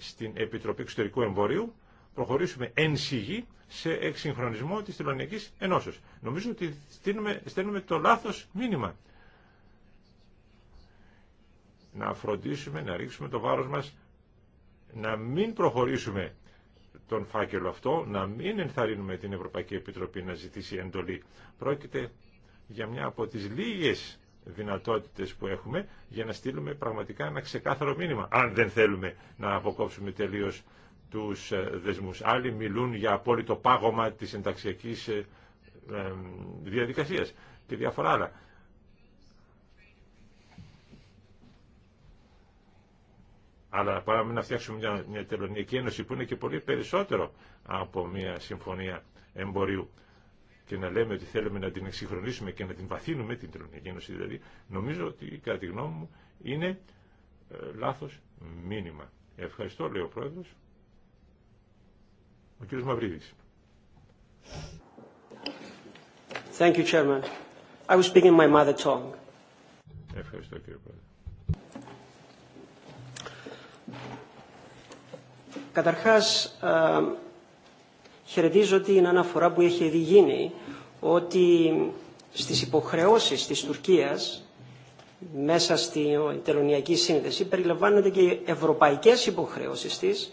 στην Επιτροπή Εξωτερικού Εμπορίου προχωρήσουμε εν σιγή σε εξυγχρονισμό της Τελωνιακής Ενώσεως. Νομίζω ότι στέλνουμε, στέλνουμε το λάθος μήνυμα. Να φροντίσουμε, να ρίξουμε το βάρος μας, να μην προχωρήσουμε τον φάκελο αυτό, να μην ενθαρρύνουμε την Ευρωπαϊκή Επιτροπή να ζητήσει εντολή. Πρόκειται για μια από τις λίγες δυνατότητες που έχουμε για να στείλουμε πραγματικά ένα ξεκάθαρο μήνυμα, αν δεν θέλουμε να αποκόψουμε τελείως τους ε, δεσμούς. Άλλοι μιλούν για απόλυτο πάγωμα της ενταξιακής ε, διαδικασίας και διάφορα άλλα. Αλλά πάμε να φτιάξουμε μια, μια τελωνιακή ένωση που είναι και πολύ περισσότερο από μια συμφωνία εμπορίου και να λέμε ότι θέλουμε να την εξυγχρονίσουμε και να την βαθύνουμε, την τελωνιακή ένωση δηλαδή, νομίζω ότι κατά τη γνώμη μου είναι ε, λάθος μήνυμα. Ευχαριστώ, λέει ο Πρόεδρος. Ο κύριος Μαυρίδης. Thank you, Chairman. I was speaking my mother tongue. Ευχαριστώ, κύριε Πρόεδρε. Καταρχάς, ε, χαιρετίζω την αναφορά που έχει ήδη ότι στις υποχρεώσεις της Τουρκίας μέσα στην τελωνιακή σύνδεση περιλαμβάνονται και οι ευρωπαϊκές υποχρεώσεις της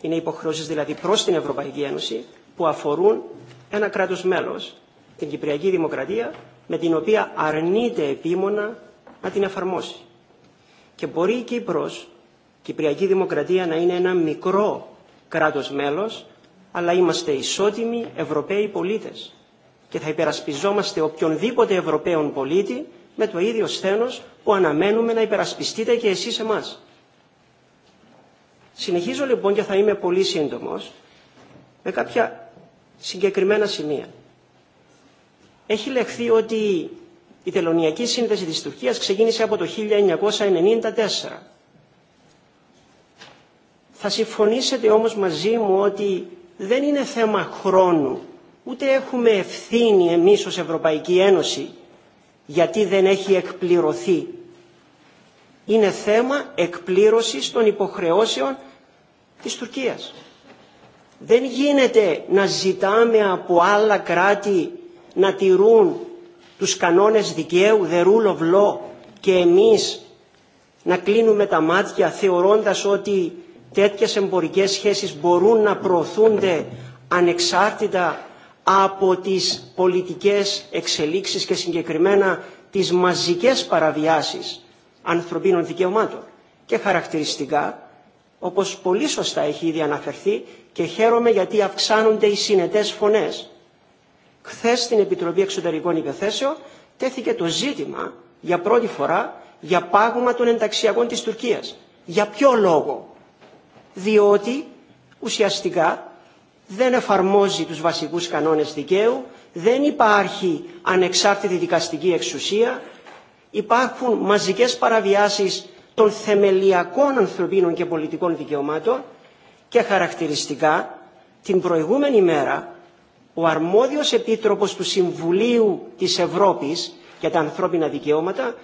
είναι υποχρεώσεις δηλαδή προς την Ευρωπαϊκή Ένωση που αφορούν ένα κράτος μέλος, την Κυπριακή Δημοκρατία, με την οποία αρνείται επίμονα να την εφαρμόσει. Και μπορεί η Κύπρος, η Κυπριακή Δημοκρατία να είναι ένα μικρό κράτος μέλος, αλλά είμαστε ισότιμοι Ευρωπαίοι πολίτες και θα υπερασπιζόμαστε οποιονδήποτε Ευρωπαίον πολίτη με το ίδιο σθένος που αναμένουμε να υπερασπιστείτε και εσείς εμάς. Συνεχίζω λοιπόν και θα είμαι πολύ σύντομος με κάποια συγκεκριμένα σημεία. Έχει λεχθεί ότι η τελωνιακή σύνδεση της Τουρκίας ξεκίνησε από το 1994 θα συμφωνήσετε όμως μαζί μου ότι δεν είναι θέμα χρόνου, ούτε έχουμε ευθύνη εμείς ως Ευρωπαϊκή Ένωση, γιατί δεν έχει εκπληρωθεί. Είναι θέμα εκπλήρωσης των υποχρεώσεων της Τουρκίας. Δεν γίνεται να ζητάμε από άλλα κράτη να τηρούν τους κανόνες δικαίου, the rule of law, και εμείς να κλείνουμε τα μάτια θεωρώντας ότι τέτοιες εμπορικές σχέσεις μπορούν να προωθούνται ανεξάρτητα από τις πολιτικές εξελίξεις και συγκεκριμένα τις μαζικές παραβιάσεις ανθρωπίνων δικαιωμάτων. Και χαρακτηριστικά, όπως πολύ σωστά έχει ήδη αναφερθεί και χαίρομαι γιατί αυξάνονται οι συνετές φωνές. Χθε στην Επιτροπή Εξωτερικών Υπεθέσεων τέθηκε το ζήτημα για πρώτη φορά για πάγωμα των ενταξιακών της Τουρκίας. Για ποιο λόγο διότι ουσιαστικά δεν εφαρμόζει τους βασικούς κανόνες δικαίου, δεν υπάρχει ανεξάρτητη δικαστική εξουσία, υπάρχουν μαζικές παραβιάσεις των θεμελιακών ανθρωπίνων και πολιτικών δικαιωμάτων και χαρακτηριστικά την προηγούμενη μέρα ο αρμόδιος επίτροπος του Συμβουλίου της Ευρώπης για τα ανθρώπινα δικαιώματα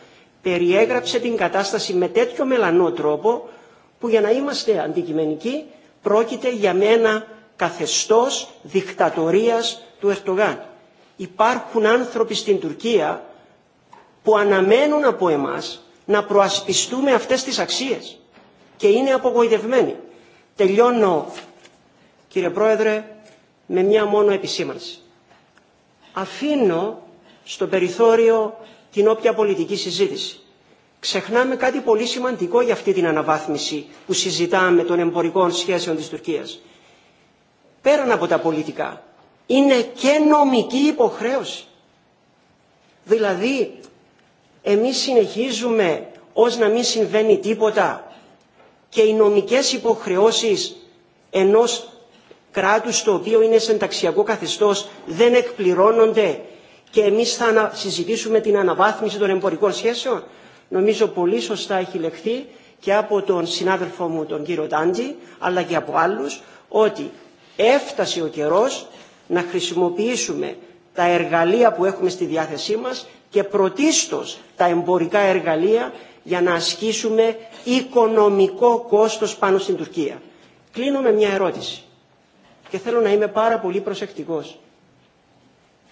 περιέγραψε την κατάσταση με τέτοιο μελανό τρόπο που για να είμαστε αντικειμενικοί πρόκειται για μένα καθεστώς δικτατορίας του Ερτογάν. Υπάρχουν άνθρωποι στην Τουρκία που αναμένουν από εμάς να προασπιστούμε αυτές τις αξίες και είναι απογοητευμένοι. Τελειώνω, κύριε Πρόεδρε, με μια μόνο επισήμανση. Αφήνω στο περιθώριο την όποια πολιτική συζήτηση ξεχνάμε κάτι πολύ σημαντικό για αυτή την αναβάθμιση που συζητάμε των εμπορικών σχέσεων της Τουρκίας. Πέραν από τα πολιτικά, είναι και νομική υποχρέωση. Δηλαδή, εμείς συνεχίζουμε ως να μην συμβαίνει τίποτα και οι νομικές υποχρεώσεις ενός κράτους το οποίο είναι σε ενταξιακό καθεστώς δεν εκπληρώνονται και εμείς θα συζητήσουμε την αναβάθμιση των εμπορικών σχέσεων νομίζω πολύ σωστά έχει λεχθεί και από τον συνάδελφό μου τον κύριο Τάντζη αλλά και από άλλους ότι έφτασε ο καιρός να χρησιμοποιήσουμε τα εργαλεία που έχουμε στη διάθεσή μας και πρωτίστως τα εμπορικά εργαλεία για να ασκήσουμε οικονομικό κόστος πάνω στην Τουρκία. Κλείνω με μια ερώτηση και θέλω να είμαι πάρα πολύ προσεκτικός.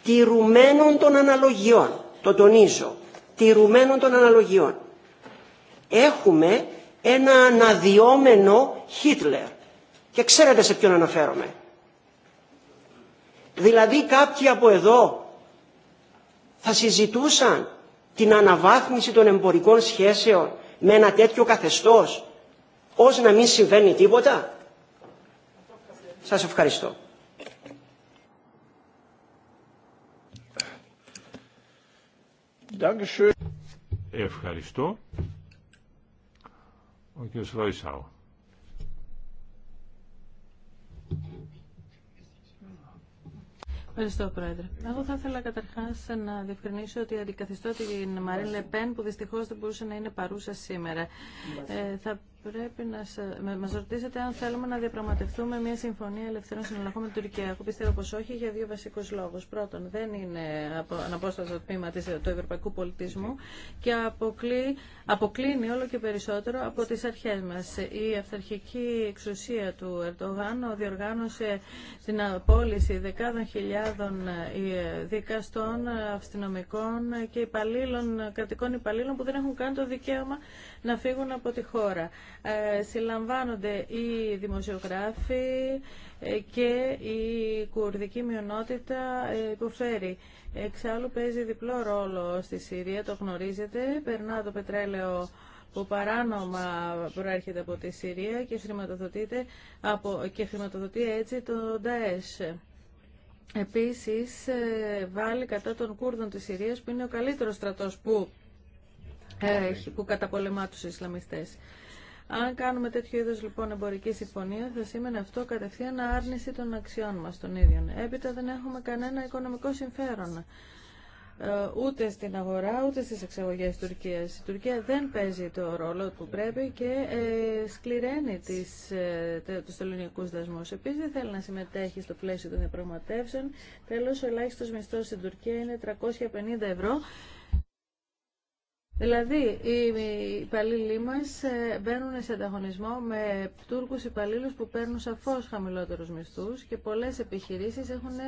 Τηρουμένων των αναλογιών, το τονίζω, τηρουμένων των αναλογιών. Έχουμε ένα αναδιόμενο Χίτλερ. Και ξέρετε σε ποιον αναφέρομαι. Δηλαδή κάποιοι από εδώ θα συζητούσαν την αναβάθμιση των εμπορικών σχέσεων με ένα τέτοιο καθεστώς, ώστε να μην συμβαίνει τίποτα. Σας ευχαριστώ. Ευχαριστώ. Ο κ. Ρόισαου. Ευχαριστώ, Πρόεδρε. Εγώ θα ήθελα καταρχά να διευκρινίσω ότι αντικαθιστώ την Μαρίν Λεπέν που δυστυχώ δεν μπορούσε να είναι παρούσα σήμερα. Ε, πρέπει να μα ρωτήσετε αν θέλουμε να διαπραγματευτούμε μια συμφωνία ελευθερών συναλλαγών με την Τουρκία. Εγώ πιστεύω πω όχι για δύο βασικού λόγου. Πρώτον, δεν είναι αναπόστατο τμήμα του ευρωπαϊκού πολιτισμού και αποκλεί, αποκλίνει όλο και περισσότερο από τι αρχέ μα. Η αυταρχική εξουσία του Ερντογάν διοργάνωσε την απόλυση δεκάδων χιλιάδων ε, δικαστών, αυστυνομικών και υπαλλήλων, κρατικών υπαλλήλων που δεν έχουν καν το δικαίωμα να φύγουν από τη χώρα. Ε, συλλαμβάνονται οι δημοσιογράφοι ε, και η κουρδική μειονότητα ε, υποφέρει. Εξάλλου παίζει διπλό ρόλο στη Συρία, το γνωρίζετε. Περνά το πετρέλαιο που παράνομα προέρχεται από τη Συρία και, χρηματοδοτείται από, και χρηματοδοτεί έτσι το ΝΤΑΕΣ. Επίσης, βάλει κατά των Κούρδων της Συρίας που είναι ο καλύτερος στρατός που ε, που καταπολεμά του Ισλαμιστέ. Αν κάνουμε τέτοιο είδο λοιπόν εμπορική συμφωνία, θα σήμαινε αυτό κατευθείαν άρνηση των αξιών μα των ίδιων. Έπειτα δεν έχουμε κανένα οικονομικό συμφέρον ε, ούτε στην αγορά ούτε στις εξαγωγές της Τουρκίας. Η Τουρκία δεν παίζει το ρόλο που πρέπει και ε, σκληραίνει τις, ε, τους ελληνικούς δασμούς. Επίσης δεν θέλει να συμμετέχει στο πλαίσιο των διαπραγματεύσεων. Τέλος, ο ελάχιστος μισθός στην Τουρκία είναι 350 ευρώ Δηλαδή, οι υπαλλήλοι μα ε, μπαίνουν σε ανταγωνισμό με Τούρκου υπαλλήλου που παίρνουν σαφώ χαμηλότερου μισθού και πολλέ επιχειρήσει έχουν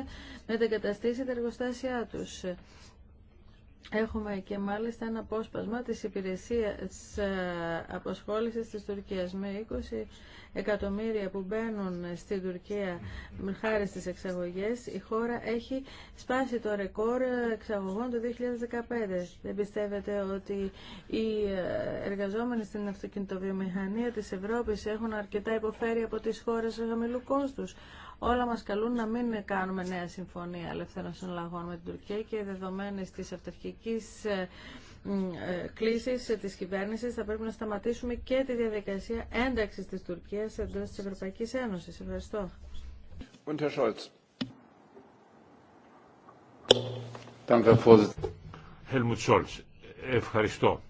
μετεγκαταστήσει τα εργοστάσια του. Έχουμε και μάλιστα ένα απόσπασμα της υπηρεσίας ε, αποσχόλησης της Τουρκίας με 20 εκατομμύρια που μπαίνουν στην Τουρκία χάρη στις εξαγωγές. Η χώρα έχει σπάσει το ρεκόρ εξαγωγών το 2015. Δεν πιστεύετε ότι οι ε, εργαζόμενοι στην αυτοκινητοβιομηχανία της Ευρώπης έχουν αρκετά υποφέρει από τις χώρες χαμηλού κόστους όλα μας καλούν να μην κάνουμε νέα συμφωνία ελευθερών συναλλαγών με την Τουρκία και δεδομένε της αυταρχικής ε, ε, κλίσης ε, της κυβέρνησης θα πρέπει να σταματήσουμε και τη διαδικασία ένταξης της Τουρκίας εντός της Ευρωπαϊκής Ένωσης. Ευχαριστώ. ευχαριστώ.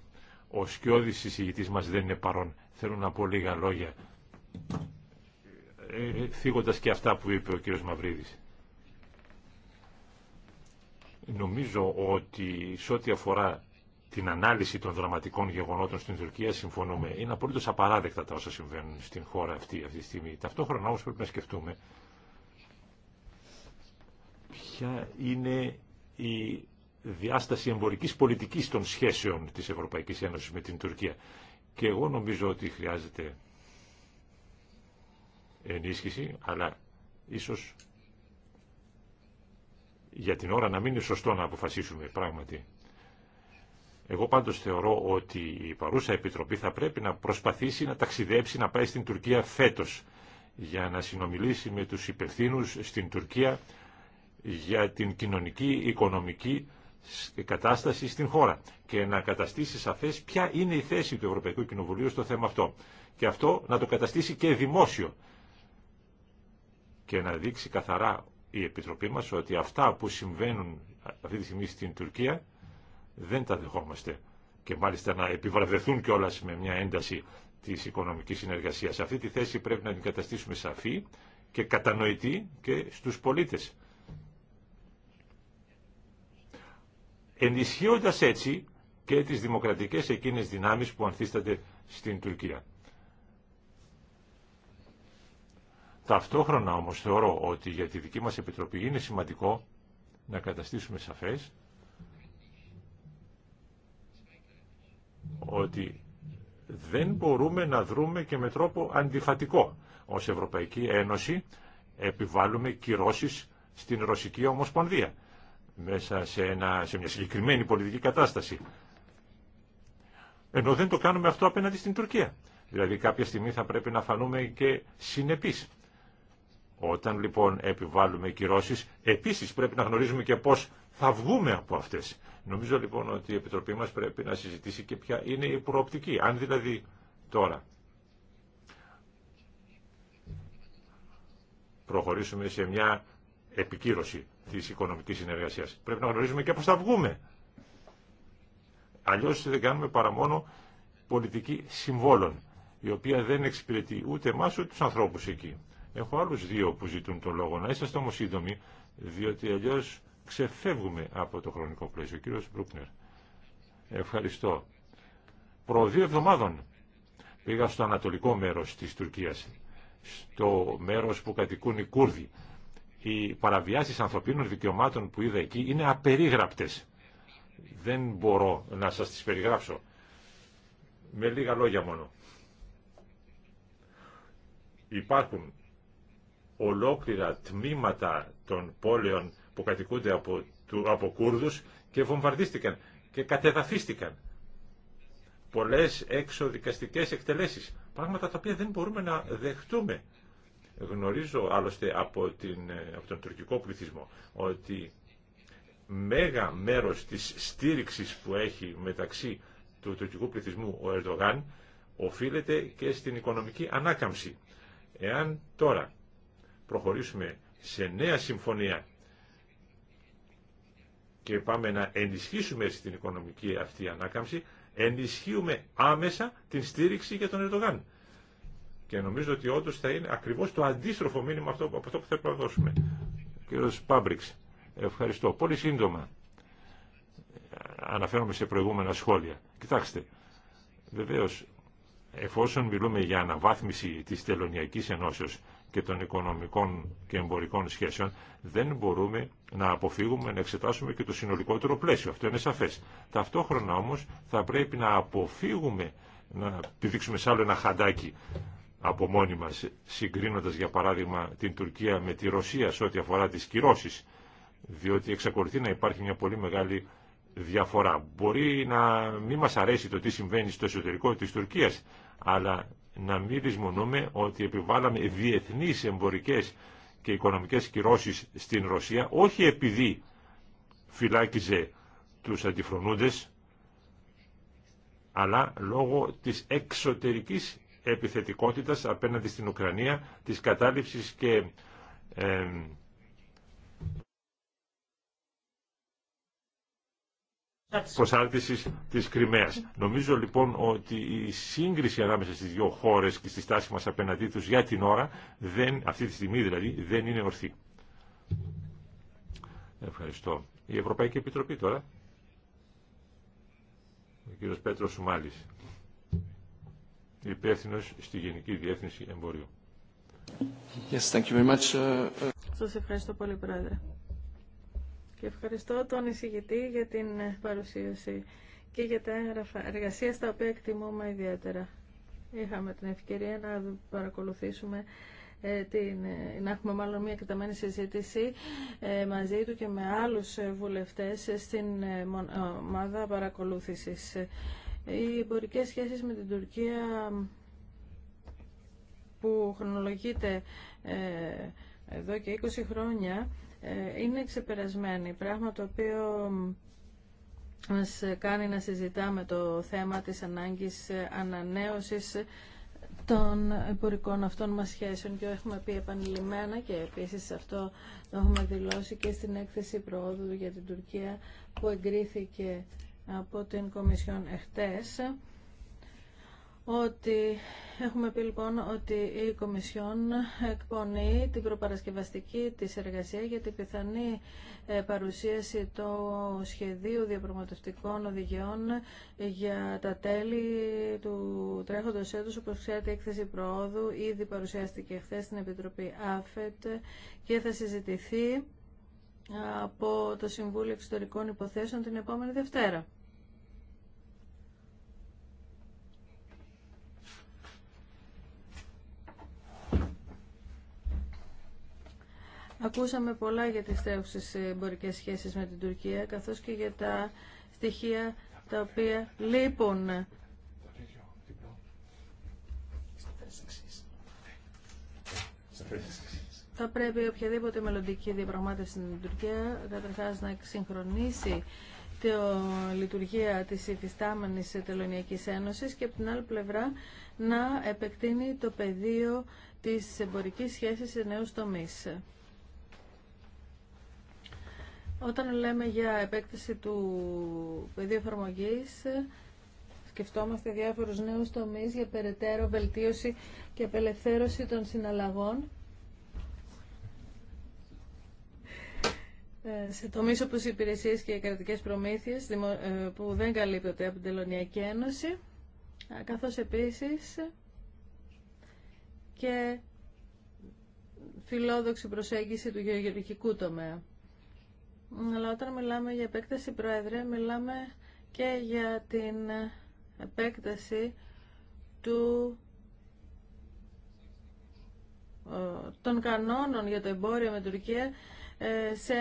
Ο σκιώδης συζητητής μας δεν είναι παρόν. Θέλω να πω λίγα λόγια ε, ε, θίγοντας και αυτά που είπε ο κύριος Μαυρίδης. Νομίζω ότι σε ό,τι αφορά την ανάλυση των δραματικών γεγονότων στην Τουρκία συμφωνούμε. Είναι απολύτως απαράδεκτα τα όσα συμβαίνουν στην χώρα αυτή αυτή τη στιγμή. Ταυτόχρονα όμως πρέπει να σκεφτούμε ποια είναι η διάσταση εμπορικής πολιτικής των σχέσεων της Ευρωπαϊκής Ένωσης με την Τουρκία. Και εγώ νομίζω ότι χρειάζεται ενίσχυση, αλλά ίσως για την ώρα να μην είναι σωστό να αποφασίσουμε πράγματι. Εγώ πάντως θεωρώ ότι η παρούσα Επιτροπή θα πρέπει να προσπαθήσει να ταξιδέψει, να πάει στην Τουρκία φέτος για να συνομιλήσει με τους υπευθύνου στην Τουρκία για την κοινωνική, οικονομική κατάσταση στην χώρα και να καταστήσει σαφές ποια είναι η θέση του Ευρωπαϊκού Κοινοβουλίου στο θέμα αυτό. Και αυτό να το καταστήσει και δημόσιο και να δείξει καθαρά η Επιτροπή μας ότι αυτά που συμβαίνουν αυτή τη στιγμή στην Τουρκία δεν τα δεχόμαστε και μάλιστα να επιβραβευθούν κιόλα με μια ένταση της οικονομικής συνεργασίας. Αυτή τη θέση πρέπει να την καταστήσουμε σαφή και κατανοητή και στους πολίτες. Ενισχύοντα έτσι και τις δημοκρατικές εκείνε δυνάμει που ανθίσταται στην Τουρκία. Ταυτόχρονα όμως θεωρώ ότι για τη δική μας Επιτροπή είναι σημαντικό να καταστήσουμε σαφές ότι δεν μπορούμε να δρούμε και με τρόπο αντιφατικό. Ως Ευρωπαϊκή Ένωση επιβάλλουμε κυρώσεις στην Ρωσική Ομοσπονδία μέσα σε, σε μια συγκεκριμένη πολιτική κατάσταση. Ενώ δεν το κάνουμε αυτό απέναντι στην Τουρκία. Δηλαδή κάποια στιγμή θα πρέπει να φανούμε και συνεπείς. Όταν λοιπόν επιβάλλουμε κυρώσεις, επίσης πρέπει να γνωρίζουμε και πώς θα βγούμε από αυτές. Νομίζω λοιπόν ότι η Επιτροπή μας πρέπει να συζητήσει και ποια είναι η προοπτική. Αν δηλαδή τώρα προχωρήσουμε σε μια επικύρωση της οικονομικής συνεργασίας, πρέπει να γνωρίζουμε και πώς θα βγούμε. Αλλιώς δεν κάνουμε παρά μόνο πολιτική συμβόλων, η οποία δεν εξυπηρετεί ούτε εμάς ούτε τους ανθρώπους εκεί. Έχω άλλου δύο που ζητούν τον λόγο. Να είσαστε όμω σύντομοι, διότι αλλιώ ξεφεύγουμε από το χρονικό πλαίσιο. Κύριο κύριος Μπρούκνερ, ευχαριστώ. Προ δύο εβδομάδων πήγα στο ανατολικό μέρος της Τουρκίας, στο μέρος που κατοικούν οι Κούρδοι. Οι παραβιάσει ανθρωπίνων δικαιωμάτων που είδα εκεί είναι απερίγραπτε. Δεν μπορώ να σα τι περιγράψω. Με λίγα λόγια μόνο. Υπάρχουν ολόκληρα τμήματα των πόλεων που κατοικούνται από, από Κούρδους και βομβαρδίστηκαν και κατεδαφίστηκαν. Πολλές εξοδικαστικές εκτελέσεις, πράγματα τα οποία δεν μπορούμε να δεχτούμε. Γνωρίζω άλλωστε από, την, από τον τουρκικό πληθυσμό ότι μέγα μέρος της στήριξης που έχει μεταξύ του τουρκικού πληθυσμού ο Ερντογάν οφείλεται και στην οικονομική ανάκαμψη. Εάν τώρα προχωρήσουμε σε νέα συμφωνία και πάμε να ενισχύσουμε στην οικονομική αυτή ανάκαμψη, ενισχύουμε άμεσα την στήριξη για τον Ερντογάν. Και νομίζω ότι όντω θα είναι ακριβώ το αντίστροφο μήνυμα αυτό, από αυτό που θέλουμε να δώσουμε. Κύριο Πάμπριξ, ευχαριστώ. Πολύ σύντομα αναφέρομαι σε προηγούμενα σχόλια. Κοιτάξτε, βεβαίω εφόσον μιλούμε για αναβάθμιση τη τελωνιακή ενώσεω, και των οικονομικών και εμπορικών σχέσεων, δεν μπορούμε να αποφύγουμε να εξετάσουμε και το συνολικότερο πλαίσιο. Αυτό είναι σαφές. Ταυτόχρονα όμως θα πρέπει να αποφύγουμε να πηδήξουμε σε άλλο ένα χαντάκι από μόνοι μας, συγκρίνοντας για παράδειγμα την Τουρκία με τη Ρωσία σε ό,τι αφορά τις κυρώσεις, διότι εξακολουθεί να υπάρχει μια πολύ μεγάλη διαφορά. Μπορεί να μην μας αρέσει το τι συμβαίνει στο εσωτερικό της Τουρκίας, αλλά να μην δυσμονούμε ότι επιβάλαμε διεθνείς εμπορικές και οικονομικές κυρώσεις στην Ρωσία, όχι επειδή φυλάκιζε τους αντιφρονούντες, αλλά λόγω της εξωτερικής επιθετικότητας απέναντι στην Ουκρανία, της κατάληψης και προσάρτησης της Κρυμαία. Νομίζω λοιπόν ότι η σύγκριση ανάμεσα στις δύο χώρες και στη στάση μας απέναντί τους για την ώρα, δεν, αυτή τη στιγμή δηλαδή, δεν είναι ορθή. Ευχαριστώ. Η Ευρωπαϊκή Επιτροπή τώρα. Ο κύριος Πέτρος Σουμάλης, υπεύθυνο στη Γενική Διεύθυνση Εμπορίου. Yes, thank you very much. Uh, uh, Σας ευχαριστώ πολύ, Πρόεδρε. Και ευχαριστώ τον εισηγητή για την παρουσίαση και για τα έγγραφα εργασία τα οποία εκτιμούμε ιδιαίτερα. Είχαμε την ευκαιρία να παρακολουθήσουμε ε, την, ε, να έχουμε μάλλον μια εκτεταμένη συζήτηση ε, μαζί του και με άλλους βουλευτές στην ομάδα παρακολούθησης. Οι εμπορικές σχέσεις με την Τουρκία που χρονολογείται εδώ και 20 χρόνια ε, είναι ξεπερασμένη, πράγμα το οποίο μας κάνει να συζητάμε το θέμα της ανάγκης ανανέωσης των εμπορικών αυτών μας σχέσεων και έχουμε πει επανειλημμένα και επίσης αυτό το έχουμε δηλώσει και στην έκθεση προόδου για την Τουρκία που εγκρίθηκε από την Κομισιόν εχθές ότι έχουμε πει λοιπόν ότι η Κομισιόν εκπονεί την προπαρασκευαστική της εργασία για την πιθανή ε, παρουσίαση του σχεδίου διαπραγματευτικών οδηγιών για τα τέλη του τρέχοντος έτους. Όπως ξέρετε, η έκθεση προόδου ήδη παρουσιάστηκε χθε στην Επιτροπή ΑΦΕΤ και θα συζητηθεί από το Συμβούλιο Εξωτερικών Υποθέσεων την επόμενη Δευτέρα. Ακούσαμε πολλά για τις τρέχουσε εμπορικές σχέσεις με την Τουρκία, καθώς και για τα στοιχεία τα οποία λείπουν. Θα πρέπει οποιαδήποτε μελλοντική διαπραγμάτευση στην Τουρκία καταρχά να συγχρονίσει τη λειτουργία της υφιστάμενης Τελωνιακής Ένωσης και από την άλλη πλευρά να επεκτείνει το πεδίο της εμπορικής σχέσης σε νέους τομείς. Όταν λέμε για επέκταση του πεδίου εφαρμογή, σκεφτόμαστε διάφορους νέους τομείς για περαιτέρω βελτίωση και απελευθέρωση των συναλλαγών. Ε, σε τομείς όπως οι υπηρεσίες και οι κρατικές προμήθειες ε, που δεν καλύπτονται από την Τελωνιακή Ένωση, καθώς επίσης και φιλόδοξη προσέγγιση του γεωργικού τομέα. Αλλά όταν μιλάμε για επέκταση, Πρόεδρε, μιλάμε και για την επέκταση του ε, των κανόνων για το εμπόριο με Τουρκία ε, σε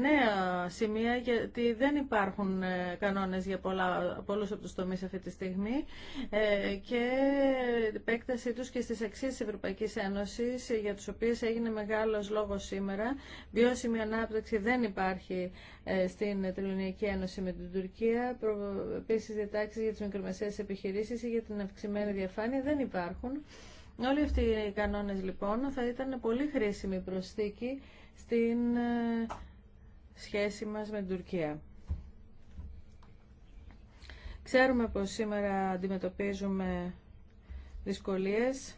νέα σημεία γιατί δεν υπάρχουν ε, κανόνες για πολλά, πολλούς από τους τομείς αυτή τη στιγμή ε, και η επέκτασή τους και στις αξίες της Ευρωπαϊκής Ένωσης για τους οποίες έγινε μεγάλος λόγος σήμερα. Βιώσιμη ανάπτυξη δεν υπάρχει στην Τελωνιακή Ένωση με την Τουρκία. Επίσης διατάξεις για τις μικρομεσαίες επιχειρήσεις ή για την αυξημένη διαφάνεια δεν υπάρχουν. Όλοι αυτοί οι κανόνες λοιπόν θα ήταν πολύ χρήσιμη προσθήκη στην ε, σχέση μας με την Τουρκία. Ξέρουμε πως σήμερα αντιμετωπίζουμε δυσκολίες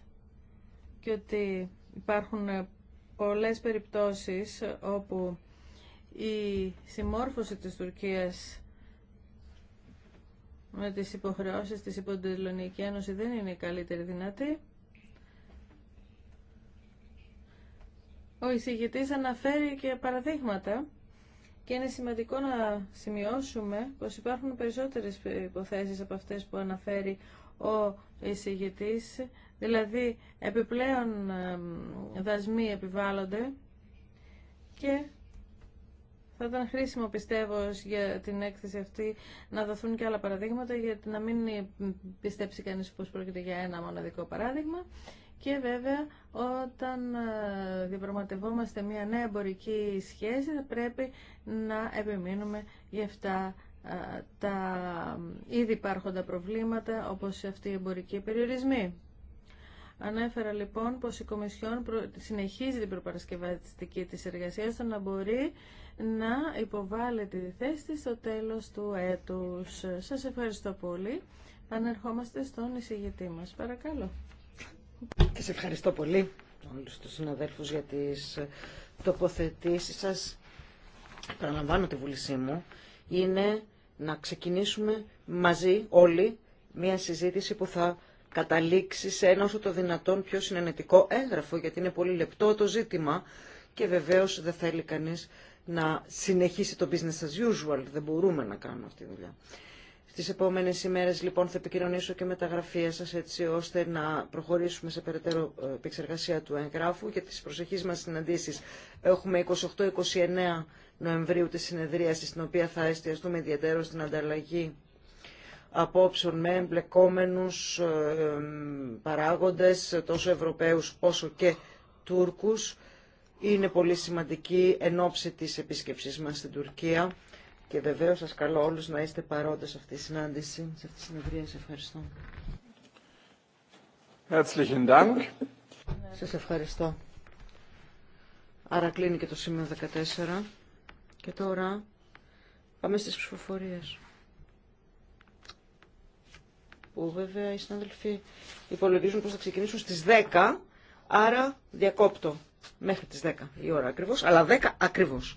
και ότι υπάρχουν ε, πολλές περιπτώσεις όπου η συμμόρφωση της Τουρκίας με τις υποχρεώσεις της υπό Ένωση δεν είναι η καλύτερη δυνατή. Ο εισηγητής αναφέρει και παραδείγματα και είναι σημαντικό να σημειώσουμε πως υπάρχουν περισσότερες υποθέσεις από αυτές που αναφέρει ο εισηγητής, δηλαδή επιπλέον δασμοί επιβάλλονται και θα ήταν χρήσιμο πιστεύω για την έκθεση αυτή να δοθούν και άλλα παραδείγματα γιατί να μην πιστέψει κανείς πως πρόκειται για ένα μοναδικό παράδειγμα και βέβαια όταν ε, διαπραγματευόμαστε μια νέα εμπορική σχέση θα πρέπει να επιμείνουμε για αυτά ε, τα ε, ήδη υπάρχοντα προβλήματα όπως αυτή οι εμπορικοί περιορισμοί. Ανέφερα λοιπόν πως η Κομισιόν συνεχίζει την προπαρασκευαστική της εργασία ώστε να μπορεί να υποβάλλει τη θέση της στο τέλος του έτους. Σας ευχαριστώ πολύ. Ανερχόμαστε στον εισηγητή μας. Παρακαλώ. Και ευχαριστώ πολύ όλους τους συναδέλφους για τις ε, τοποθετήσεις σας. Παραλαμβάνω τη βούλησή μου. Είναι να ξεκινήσουμε μαζί όλοι μια συζήτηση που θα καταλήξει σε ένα όσο το δυνατόν πιο συνενετικό έγγραφο, γιατί είναι πολύ λεπτό το ζήτημα και βεβαίως δεν θέλει κανείς να συνεχίσει το business as usual. Δεν μπορούμε να κάνουμε αυτή τη δουλειά. Στις επόμενες ημέρες λοιπόν θα επικοινωνήσω και με τα γραφεία σας έτσι ώστε να προχωρήσουμε σε περαιτέρω ε, επεξεργασία του εγγράφου για τις προσεχείς μας συναντήσεις. Έχουμε 28-29 Νοεμβρίου τη συνεδρίαση στην οποία θα εστιαστούμε ιδιαίτερο στην ανταλλαγή απόψεων με εμπλεκόμενους ε, παράγοντες τόσο Ευρωπαίους όσο και Τούρκους. Είναι πολύ σημαντική εν ώψη της επίσκεψής μας στην Τουρκία και βεβαίως σας καλώ όλους να είστε παρόντες σε αυτή τη συνάντηση, σε αυτή τη συνεδρία. Σας ευχαριστώ. Herzlichen Dank. Σας ευχαριστώ. Άρα κλείνει και το σημείο 14. Και τώρα πάμε στις ψηφοφορίες. Που βέβαια οι συνάδελφοι υπολογίζουν πως θα ξεκινήσουν στις 10, άρα διακόπτω μέχρι τις 10 η ώρα ακριβώς, αλλά 10 ακριβώς.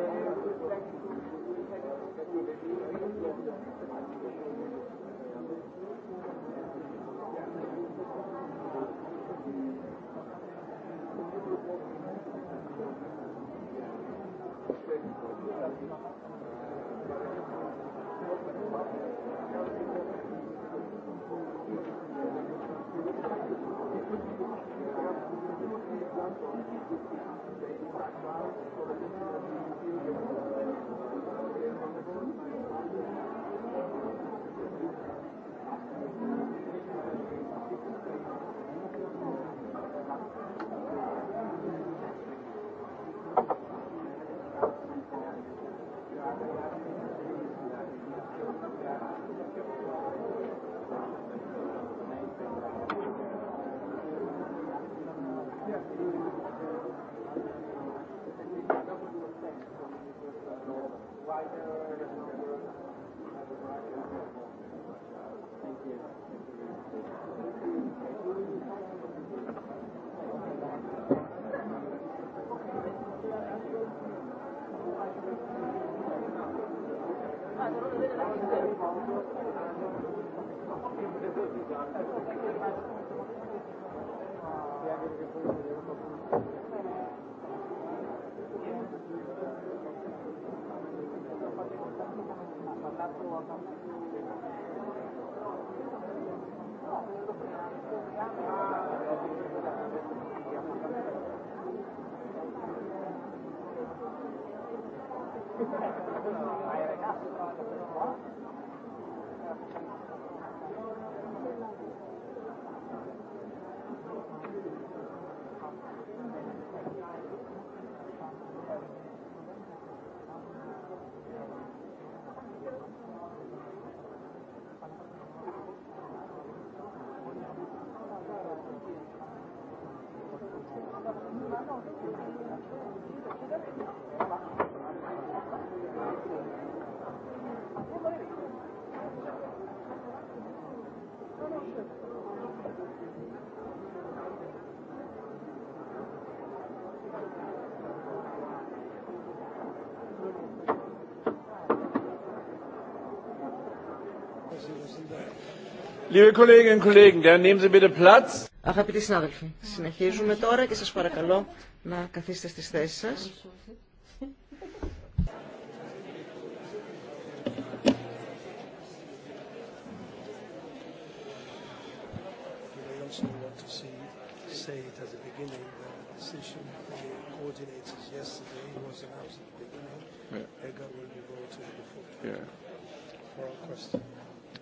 Liebe Kolleginnen und Kollegen, dann nehmen Sie bitte Platz. Αγαπητοί συνάδελφοι, συνεχίζουμε τώρα και σας παρακαλώ να καθίσετε στις θέσεις σας.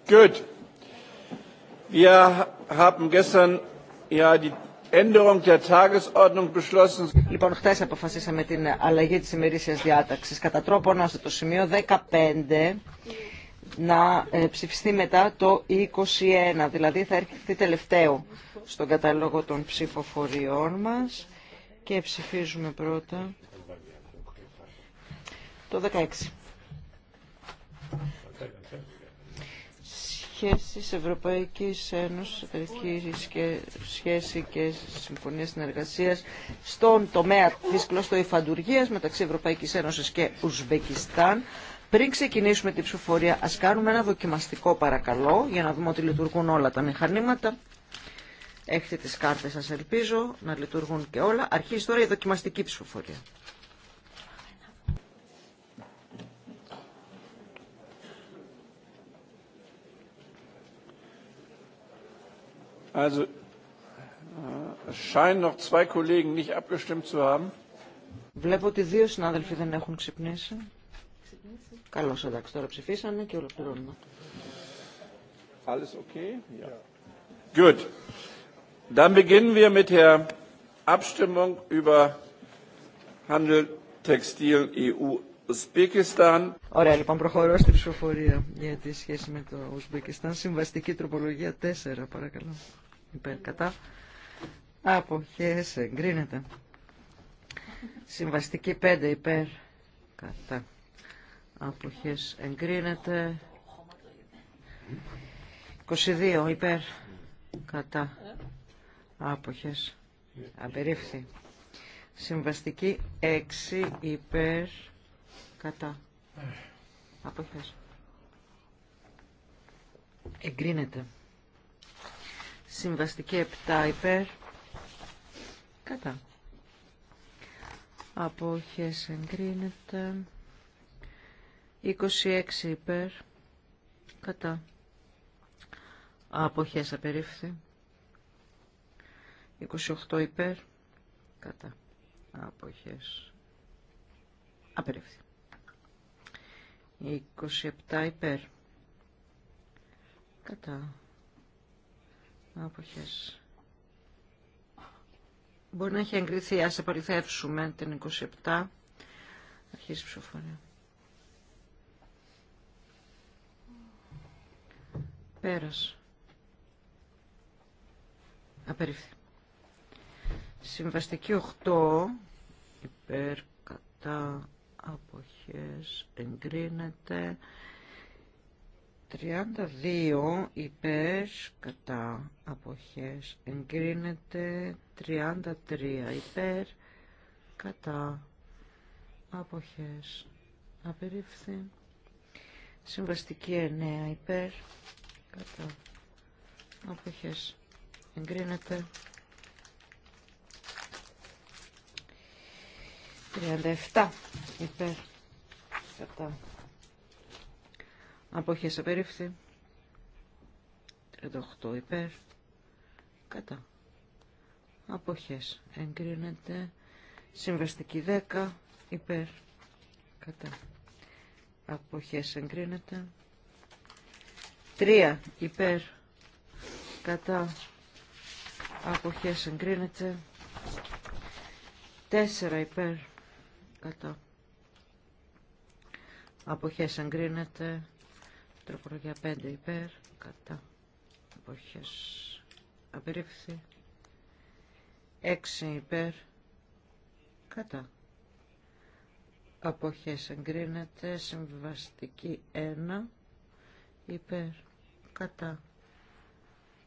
Good. Wir haben gestern ja die Änderung der Tagesordnung beschlossen. Λοιπόν, χθε αποφασίσαμε την αλλαγή τη ημερήσια διάταξη κατά στο ώστε το σημείο 15 να ε, ψηφιστεί μετά το 21, δηλαδή θα έρχεται τελευταίο στον κατάλογο των ψηφοφοριών μα και ψηφίζουμε πρώτα το 16 σχέσεις Ευρωπαϊκής Ένωσης, σχέση και συμφωνία συνεργασίας στον τομέα της κλωστοϊφαντουργίας μεταξύ ευρωπαϊκή ενωση και Ουσβεκιστάν. Πριν ξεκινήσουμε την ψηφοφορία, ας κάνουμε ένα δοκιμαστικό παρακαλώ για να δούμε ότι λειτουργούν όλα τα μηχανήματα. Έχετε τις κάρτες σας ελπίζω να λειτουργούν και όλα. Αρχίζει τώρα η δοκιμαστική ψηφοφορία. Also äh, scheinen noch zwei Kollegen nicht abgestimmt zu haben. Βλέπω ότι δύο συνάδελφοι δεν έχουν ξυπνήσει. Καλώ εντάξει, τώρα ψηφίσανε και ολοκληρώνουμε. Alles okay? Ja. Gut. Dann beginnen wir mit der Abstimmung über Handel Textil EU Ωραία, λοιπόν, προχωρώ στην ψηφοφορία για τη σχέση με το Ουσμπεκιστάν. Συμβαστική τροπολογία 4, παρακαλώ. Υπέρ, κατά. Αποχές, εγκρίνεται. Συμβαστική 5, υπέρ, κατά. Αποχές, εγκρίνεται. 22, υπέρ, κατά. Αποχές, απερίφθη. Συμβαστική 6, υπέρ, κατά αποχές εγκρίνεται συμβαστική 7 υπέρ κατά αποχές εγκρίνεται 26 υπέρ κατά αποχές απερίφθη 28 υπέρ κατά αποχές απερίφθη 27 υπέρ. Κατά. Αποχές. Μπορεί να έχει εγκριθεί, ας επαληθεύσουμε την 27. Αρχίζει η ψηφοφορία. Πέρας. Απερίφθη. Συμβαστική 8 υπέρ κατά αποχές εγκρίνεται 32 υπέρ κατά αποχές εγκρίνεται 33 υπέρ κατά αποχές απερίφθη συμβαστική 9 υπέρ κατά αποχές εγκρίνεται 37 υπέρ κατά αποχές απερίφθη 38 υπέρ κατά αποχές εγκρίνεται συμβαστική 10 υπέρ κατά αποχές εγκρίνεται 3 υπέρ κατά αποχές εγκρίνεται 4 υπέρ κατά αποχές εγκρίνεται τροπολογία 5 υπέρ κατά αποχές απερίφθη 6 υπέρ κατά αποχές εγκρίνεται συμβαστική 1 υπέρ κατά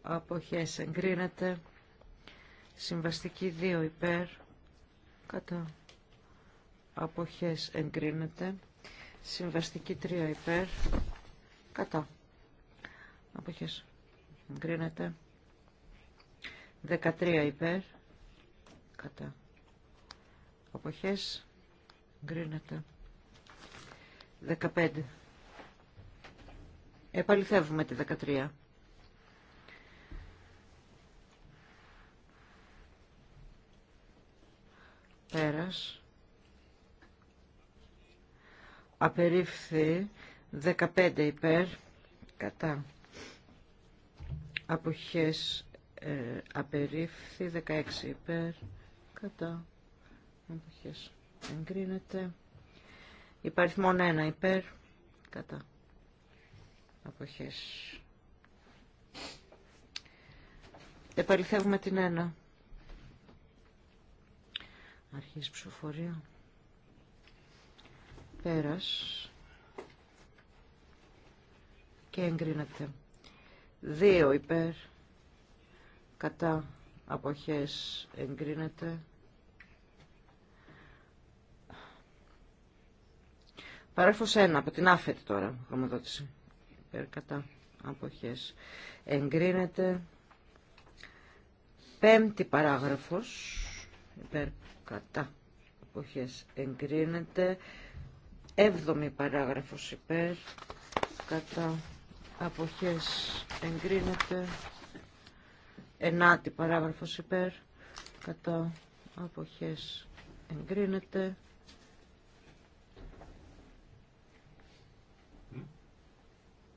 αποχές εγκρίνεται συμβαστική 2 υπέρ κατά αποχές εγκρίνεται. Συμβαστική 3 υπέρ, κατά. Αποχές εγκρίνεται. 13 υπέρ, κατά. Αποχές εγκρίνεται. 15. Επαληθεύουμε τη 13. Πέρας απερίφθη 15 υπέρ κατά αποχές ε, απερίφθη 16 υπέρ κατά αποχές εγκρίνεται υπάρχει μόνο ένα υπέρ κατά αποχές επαληθεύουμε την ένα αρχής ψηφοφορία Πέρας. Και εγκρίνεται. Δύο υπέρ. Κατά αποχές εγκρίνεται. Παράγραφος 1 από την άφετη τώρα χρωματότηση. Υπέρ κατά αποχές εγκρίνεται. Πέμπτη παράγραφος υπέρ κατά αποχές εγκρίνεται. Έβδομη παράγραφος υπέρ, κατά αποχές εγκρίνεται. Ενάτη παράγραφος υπέρ, κατά αποχές εγκρίνεται.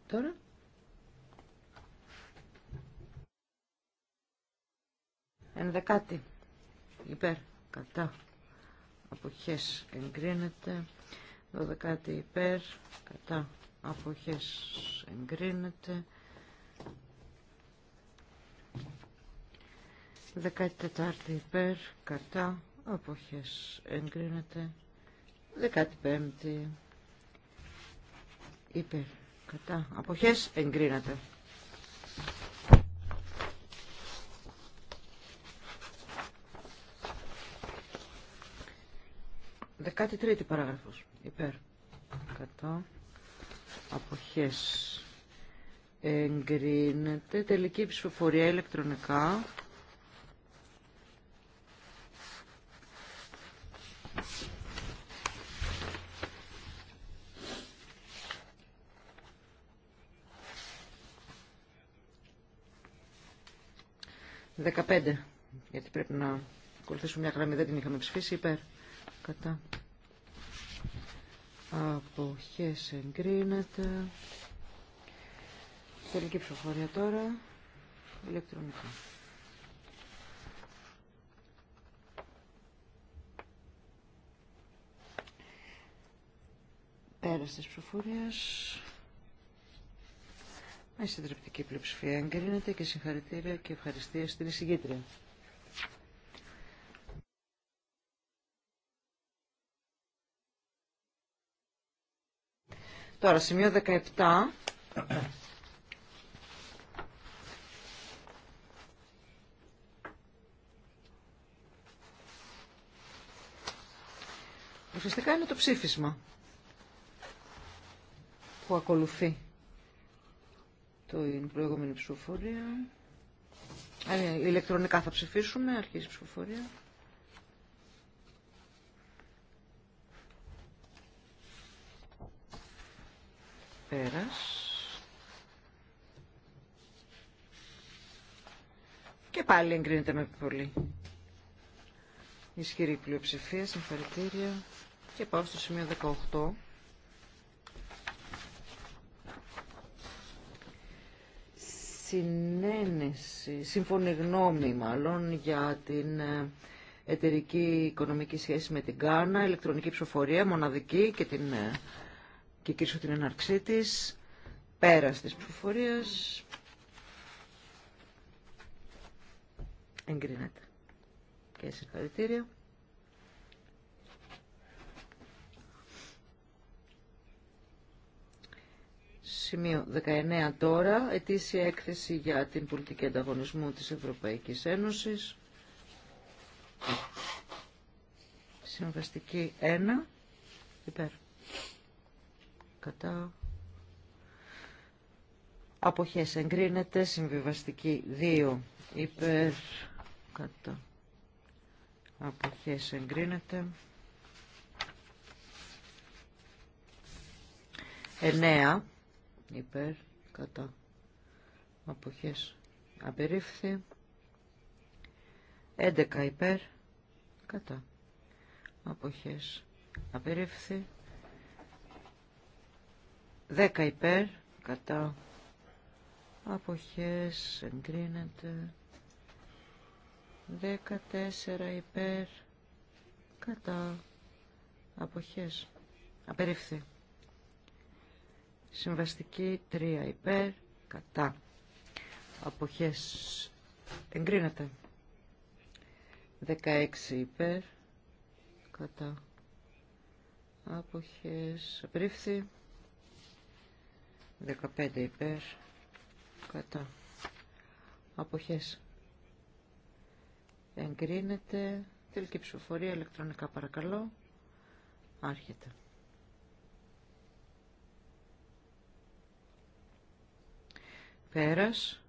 Τώρα. Ενδεκάτη υπέρ, κατά αποχές εγκρίνεται. Δωδεκάτη υπέρ, κατά αποχές εγκρίνεται. 14 υπέρ, κατά αποχές εγκρίνεται. 15 υπέρ, κατά αποχές εγκρίνεται. Δεκάτη τρίτη παράγραφος υπέρ κατά αποχές εγκρίνεται τελική ψηφοφορία ηλεκτρονικά Δεκαπέντε, γιατί πρέπει να ακολουθήσουμε μια γραμμή, δεν την είχαμε ψηφίσει, υπέρ, κατά. Αποχές εγκρίνεται. Τελική ψηφοφορία τώρα. Ηλεκτρονικά. Πέρασε της ψηφοφορίας. Με συντριπτική πλειοψηφία εγκρίνεται και συγχαρητήρια και ευχαριστία στην εισηγήτρια. Τώρα, σημείο 17. Ουσιαστικά είναι το ψήφισμα που ακολουθεί το προηγούμενη ψηφοφορία. Ε, ηλεκτρονικά θα ψηφίσουμε, αρχίζει η ψηφοφορία. Πέρας. Και πάλι εγκρίνεται με πολύ. Ισχυρή πλειοψηφία, συγχαρητήρια. Και πάω στο σημείο 18. Συνένεση, σύμφωνη γνώμη μάλλον για την ε, εταιρική οικονομική σχέση με την Κάνα, ηλεκτρονική ψηφοφορία, μοναδική και την ε, και κυρίσω την έναρξή τη. Πέρας της ψηφοφορίας. Εγκρίνεται. Και συγχαρητήρια. Σημείο 19 τώρα, ετήσια έκθεση για την πολιτική ανταγωνισμού της Ευρωπαϊκής Ένωσης. Συμβαστική 1, υπέρ κατά αποχές εγκρίνεται συμβιβαστική 2 υπέρ κατά αποχές εγκρίνεται 9 υπέρ κατά αποχές απερίφθη 11 υπέρ κατά αποχές απερίφθη 10 υπέρ, κατά αποχές εγκρίνεται 14 υπέρ κατά αποχές απερίφθη συμβαστική 3 υπέρ κατά αποχές εγκρίνεται 16 υπέρ κατά αποχές απερίφθη 15 υπέρ κατά αποχές εγκρίνεται τελική ψηφοφορία ηλεκτρονικά παρακαλώ άρχεται πέρας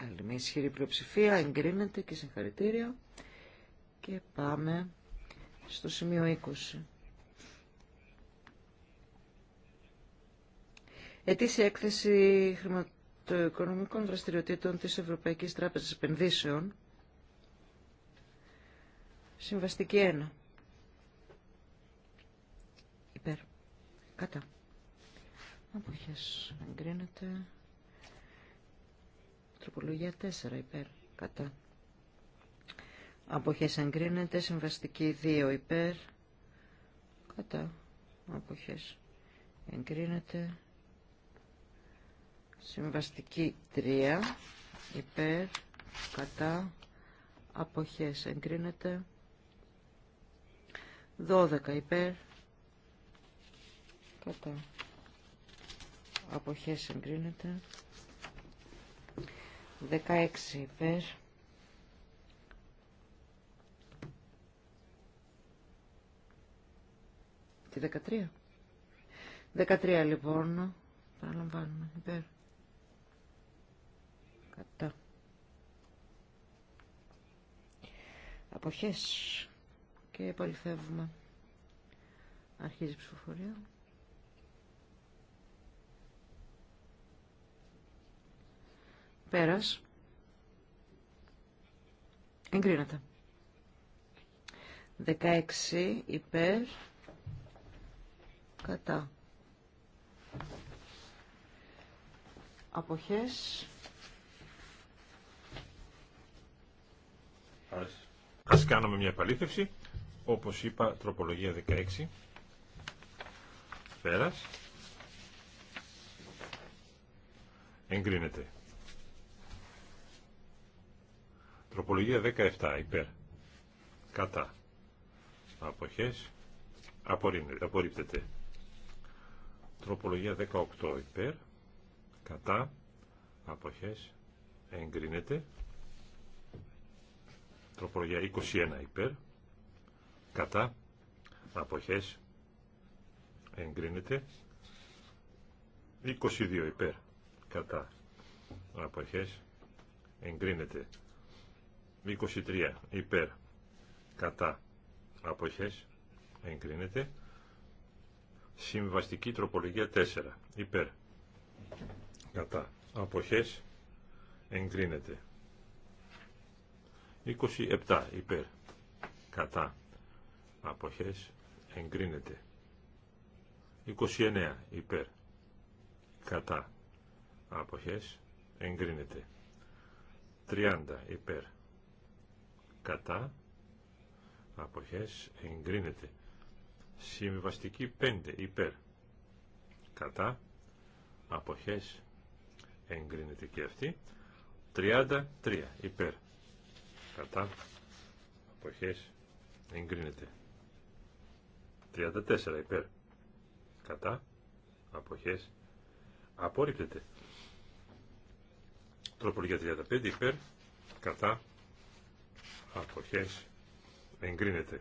άλλη μια ισχυρή πλειοψηφία εγκρίνεται και συγχαρητήρια και πάμε στο σημείο 20 ετήσια έκθεση χρηματοοικονομικών δραστηριοτήτων της Ευρωπαϊκής Τράπεζας Επενδύσεων. Συμβαστική 1. Υπέρ. Κατά. Αποχές. Εγκρίνεται. Τροπολογία 4. Υπέρ. Κατά. Αποχές εγκρίνεται, συμβαστική 2 υπέρ, κατά, αποχές εγκρίνεται, Συμβαστική 3 υπέρ κατά αποχές εγκρίνεται 12 υπέρ κατά αποχές εγκρίνεται 16 υπέρ τη 13 13 λοιπόν παραλαμβάνουμε υπέρ Κατά. Αποχές. Και επαληθεύουμε. Αρχίζει η ψηφοφορία. Πέρας. Εγκρίνεται. 16 υπέρ κατά αποχές Α κάνουμε μια επαλήθευση. Όπως είπα, τροπολογία 16. Πέρας. Εγκρίνεται. Τροπολογία 17. Υπέρ. Κατά. Αποχές. Απορρίπτεται. Τροπολογία 18. Υπέρ. Κατά. Αποχές. Εγκρίνεται. Τροπολογία 21 υπέρ. Κατά. Αποχές. Εγκρίνεται. 22 υπέρ. Κατά. Αποχές. Εγκρίνεται. 23 υπέρ. Κατά. Αποχές. Εγκρίνεται. Συμβαστική τροπολογία 4 υπέρ. Κατά. Αποχές. Εγκρίνεται. 27 υπέρ κατά αποχές εγκρίνεται 29 υπέρ κατά αποχές εγκρίνεται 30 υπέρ κατά αποχές εγκρίνεται συμβιβαστική 5 υπέρ κατά αποχές εγκρίνεται και αυτή 33 υπέρ κατά αποχές εγκρίνεται 34 υπέρ κατά αποχές απορρίπτεται τροπολογία 35 υπέρ κατά αποχές εγκρίνεται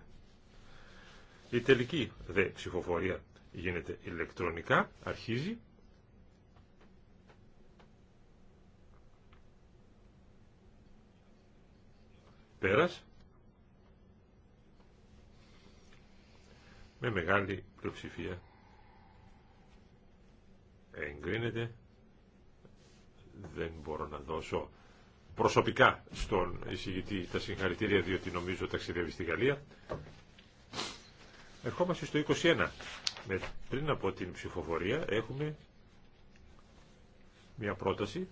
η τελική δε ψηφοφορία γίνεται ηλεκτρονικά αρχίζει Πέρας. Με μεγάλη πλειοψηφία εγκρίνεται. Δεν μπορώ να δώσω προσωπικά στον εισηγητή τα συγχαρητήρια διότι νομίζω ταξιδεύει στη Γαλλία. Ερχόμαστε στο 21. Με, πριν από την ψηφοφορία έχουμε μια πρόταση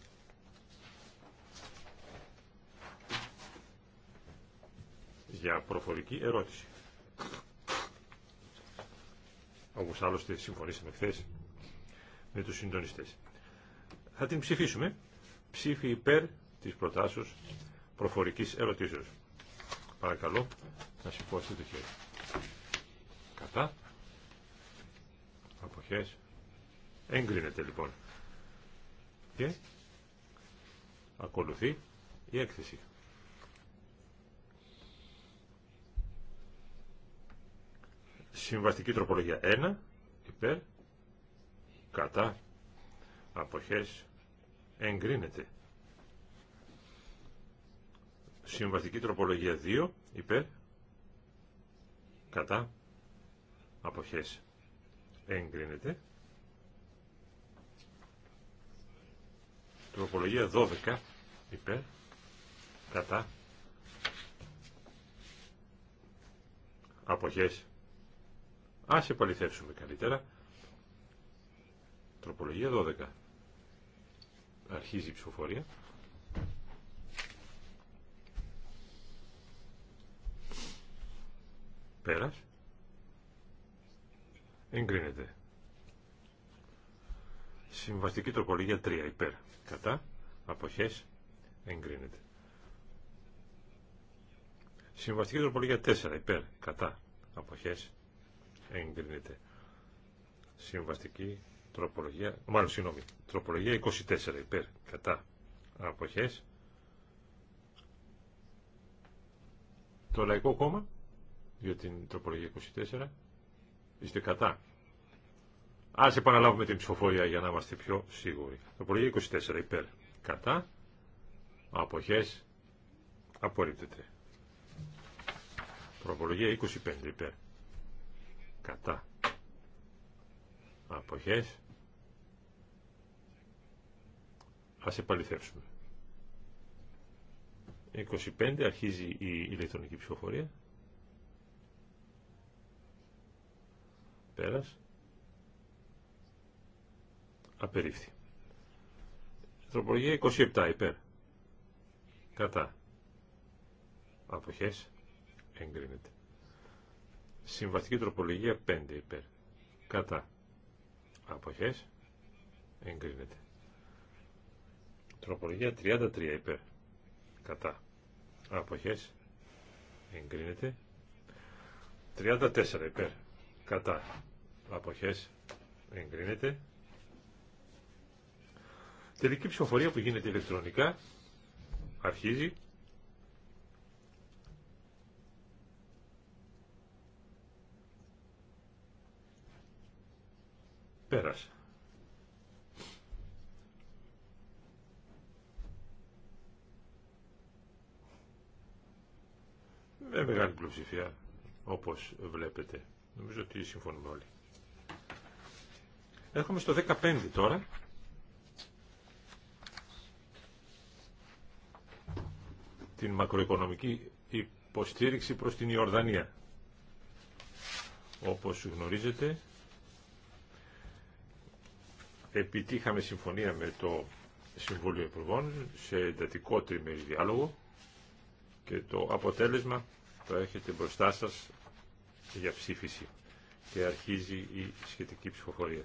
για προφορική ερώτηση. Όπω άλλωστε συμφωνήσαμε χθε με του συντονιστέ. Θα την ψηφίσουμε. Ψήφι υπέρ της προτάσεω προφορικής ερωτήσεω. Παρακαλώ να σηκώσετε το χέρι. Κατά. Αποχές. Εγκρίνεται λοιπόν. Και ακολουθεί η έκθεση. Συμβαστική τροπολογία 1 υπέρ κατά αποχές εγκρίνεται. Συμβαστική τροπολογία 2 υπέρ κατά αποχές εγκρίνεται. Τροπολογία 12 υπέρ κατά αποχές Ας επαληθεύσουμε καλύτερα. Τροπολογία 12. Αρχίζει η ψηφοφορία. Πέρας. Εγκρίνεται. Συμβαστική τροπολογία 3 υπέρ. Κατά. Αποχές. Εγκρίνεται. Συμβαστική τροπολογία 4 υπέρ. Κατά. Αποχές εγκρίνεται. Συμβαστική τροπολογία, μάλλον συγγνώμη, τροπολογία 24 υπέρ κατά αποχές. Το Λαϊκό Κόμμα για την τροπολογία 24 είστε κατά. Ας επαναλάβουμε την ψηφοφορία για να είμαστε πιο σίγουροι. Τροπολογία 24 υπέρ κατά αποχές απορρίπτεται. Τροπολογία 25 υπέρ κατά αποχές ας επαληθεύσουμε 25 αρχίζει η ηλεκτρονική ψηφοφορία πέρας απερίφθη τροπολογία 27 υπέρ κατά αποχές εγκρίνεται Συμβατική τροπολογία 5 υπέρ. Κατά. Αποχές. Εγκρίνεται. Τροπολογία 33 υπέρ. Κατά. Αποχές. Εγκρίνεται. 34 υπέρ. Κατά. Αποχές. Εγκρίνεται. Τελική ψηφοφορία που γίνεται ηλεκτρονικά αρχίζει. Πέρασε. Με μεγάλη πλειοψηφία, όπως βλέπετε. Νομίζω ότι συμφωνούμε όλοι. Έρχομαι στο 15 τώρα. Την μακροοικονομική υποστήριξη προς την Ιορδανία. Όπως γνωρίζετε, επιτύχαμε συμφωνία με το Συμβούλιο Υπουργών σε εντατικό τριμερή διάλογο και το αποτέλεσμα το έχετε μπροστά σας για ψήφιση και αρχίζει η σχετική ψηφοφορία.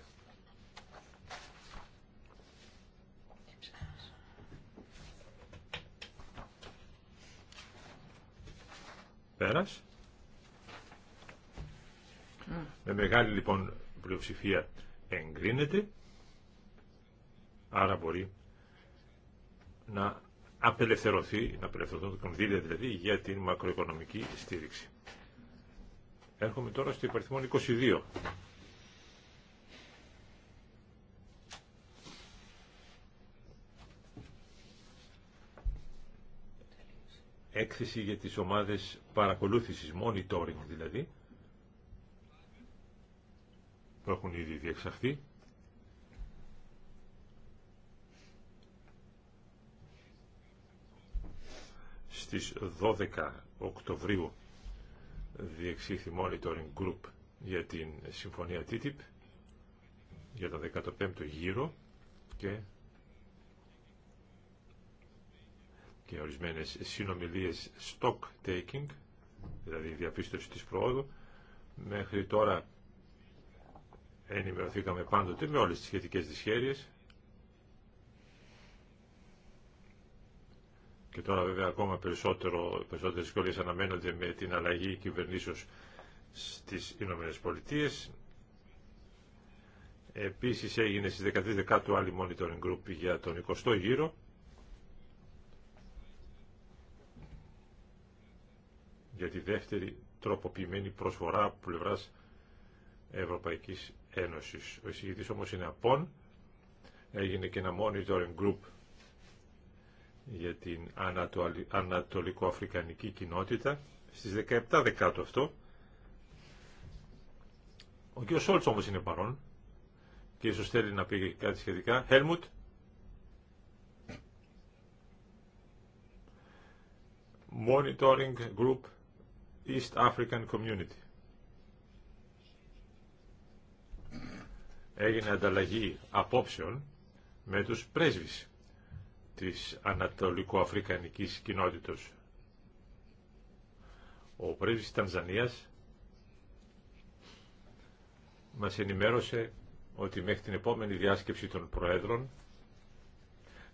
Πέρας. Mm. Με μεγάλη λοιπόν πλειοψηφία εγκρίνεται. Άρα μπορεί να απελευθερωθεί, να το κονδύλια δηλαδή για την μακροοικονομική στήριξη. Έρχομαι τώρα στο υπαριθμό 22. Έκθεση για τις ομάδες παρακολούθησης, monitoring δηλαδή, που έχουν ήδη διεξαχθεί. στις 12 Οκτωβρίου διεξήχθη monitoring group για την συμφωνία TTIP για το 15ο γύρο και, και ορισμένες συνομιλίες stock taking δηλαδή διαπίστωση της προόδου μέχρι τώρα ενημερωθήκαμε πάντοτε με όλες τις σχετικές δυσχέρειες Και τώρα βέβαια ακόμα περισσότερο, περισσότερες δυσκολίες αναμένονται με την αλλαγή κυβερνήσεως στις Ηνωμένες Πολιτείες. Επίσης έγινε στις 13 Δεκάτου άλλη monitoring group για τον 20ο γύρο. Για τη δεύτερη τροποποιημένη προσφορά από πλευράς Ευρωπαϊκής Ένωσης. Ο εισηγητής όμως είναι απόν. Έγινε και ένα monitoring group για την Ανατολικοαφρικανική κοινότητα στις 17 δεκάτου αυτό. Ο κ. Σόλτς όμως είναι παρόν και ίσως θέλει να πει κάτι σχετικά. Helmut Monitoring Group East African Community. Έγινε ανταλλαγή απόψεων με τους πρέσβεις της Ανατολικοαφρικανικής κοινότητος. Ο πρέσβης της Τανζανίας μας ενημέρωσε ότι μέχρι την επόμενη διάσκεψη των Προέδρων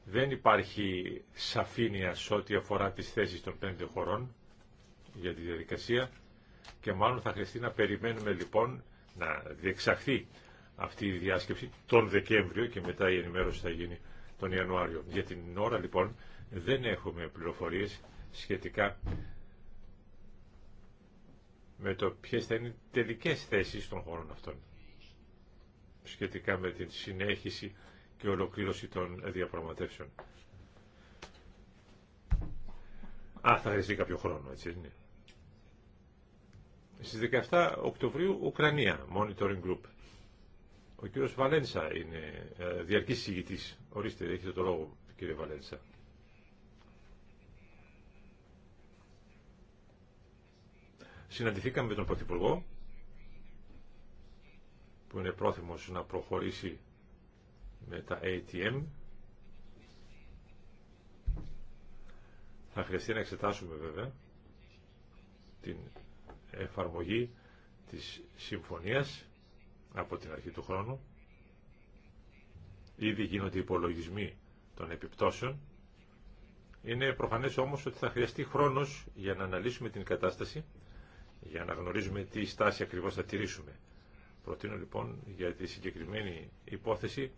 δεν υπάρχει σαφήνεια σε ό,τι αφορά τις θέσεις των πέντε χωρών για τη διαδικασία και μάλλον θα χρειαστεί να περιμένουμε λοιπόν να διεξαχθεί αυτή η διάσκεψη τον Δεκέμβριο και μετά η ενημέρωση θα γίνει τον Ιανουάριο. Για την ώρα λοιπόν δεν έχουμε πληροφορίες σχετικά με το ποιες θα είναι οι τελικές θέσεις των χώρων αυτών σχετικά με την συνέχιση και ολοκλήρωση των διαπραγματεύσεων. Α, θα χρειαστεί κάποιο χρόνο, έτσι είναι. Στις 17 Οκτωβρίου, Ουκρανία, Monitoring Group. Ο κύριος Βαλένσα είναι ε, διαρκής συγητής. Ορίστε, έχετε το λόγο, κύριε Βαλένσα. Συναντηθήκαμε με τον Πρωθυπουργό, που είναι πρόθυμος να προχωρήσει με τα ATM. Θα χρειαστεί να εξετάσουμε βέβαια την εφαρμογή της συμφωνίας από την αρχή του χρόνου. Ήδη γίνονται υπολογισμοί των επιπτώσεων. Είναι προφανές όμως ότι θα χρειαστεί χρόνος για να αναλύσουμε την κατάσταση, για να γνωρίζουμε τι στάση ακριβώς θα τηρήσουμε. Προτείνω λοιπόν για τη συγκεκριμένη υπόθεση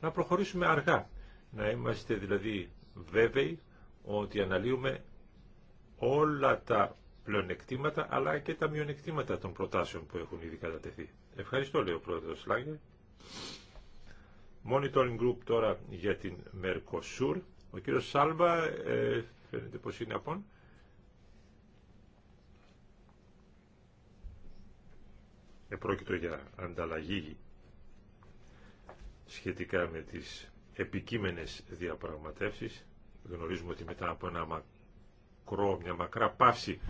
να προχωρήσουμε αργά, να είμαστε δηλαδή βέβαιοι ότι αναλύουμε όλα τα πλεονεκτήματα αλλά και τα μειονεκτήματα των προτάσεων που έχουν ήδη κατατεθεί. Ευχαριστώ, λέει ο πρόεδρος Λάγκερ. Monitoring Group τώρα για την Mercosur. Ο κύριος Σάλβα ε, φαίνεται πως είναι απόν. Επρόκειτο για ανταλλαγή σχετικά με τις επικείμενες διαπραγματεύσεις. Γνωρίζουμε ότι μετά από ένα μακρό, μια μακρά παύση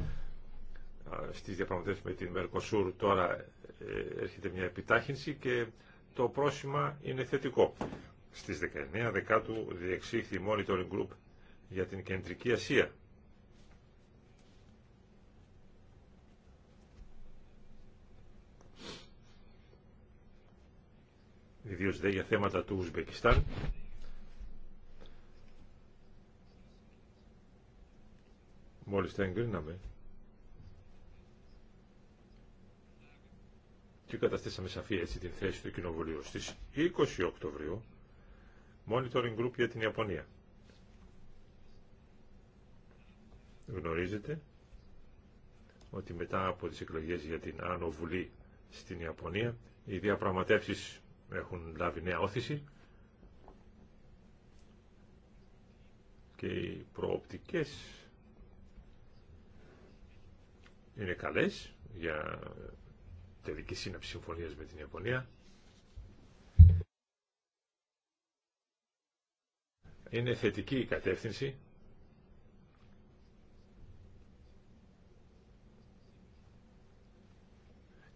στις διαπραγματεύσεις με την Mercosur τώρα ε, έρχεται μια επιτάχυνση και το πρόσημα είναι θετικό. Στις 19 Δεκάτου διεξήχθη Monitoring Group για την Κεντρική Ασία. Ιδίως δε για θέματα του Ουσμπεκιστάν. Μόλις τα εγκρίναμε. και καταστήσαμε σαφή έτσι την θέση του Κοινοβουλίου. Στις 20 Οκτωβρίου, Monitoring Group για την Ιαπωνία. Γνωρίζετε ότι μετά από τις εκλογές για την Άνω Βουλή στην Ιαπωνία, οι διαπραγματεύσεις έχουν λάβει νέα όθηση και οι προοπτικές είναι καλές για τελική σύναψη συμφωνία με την Ιαπωνία. Είναι θετική η κατεύθυνση.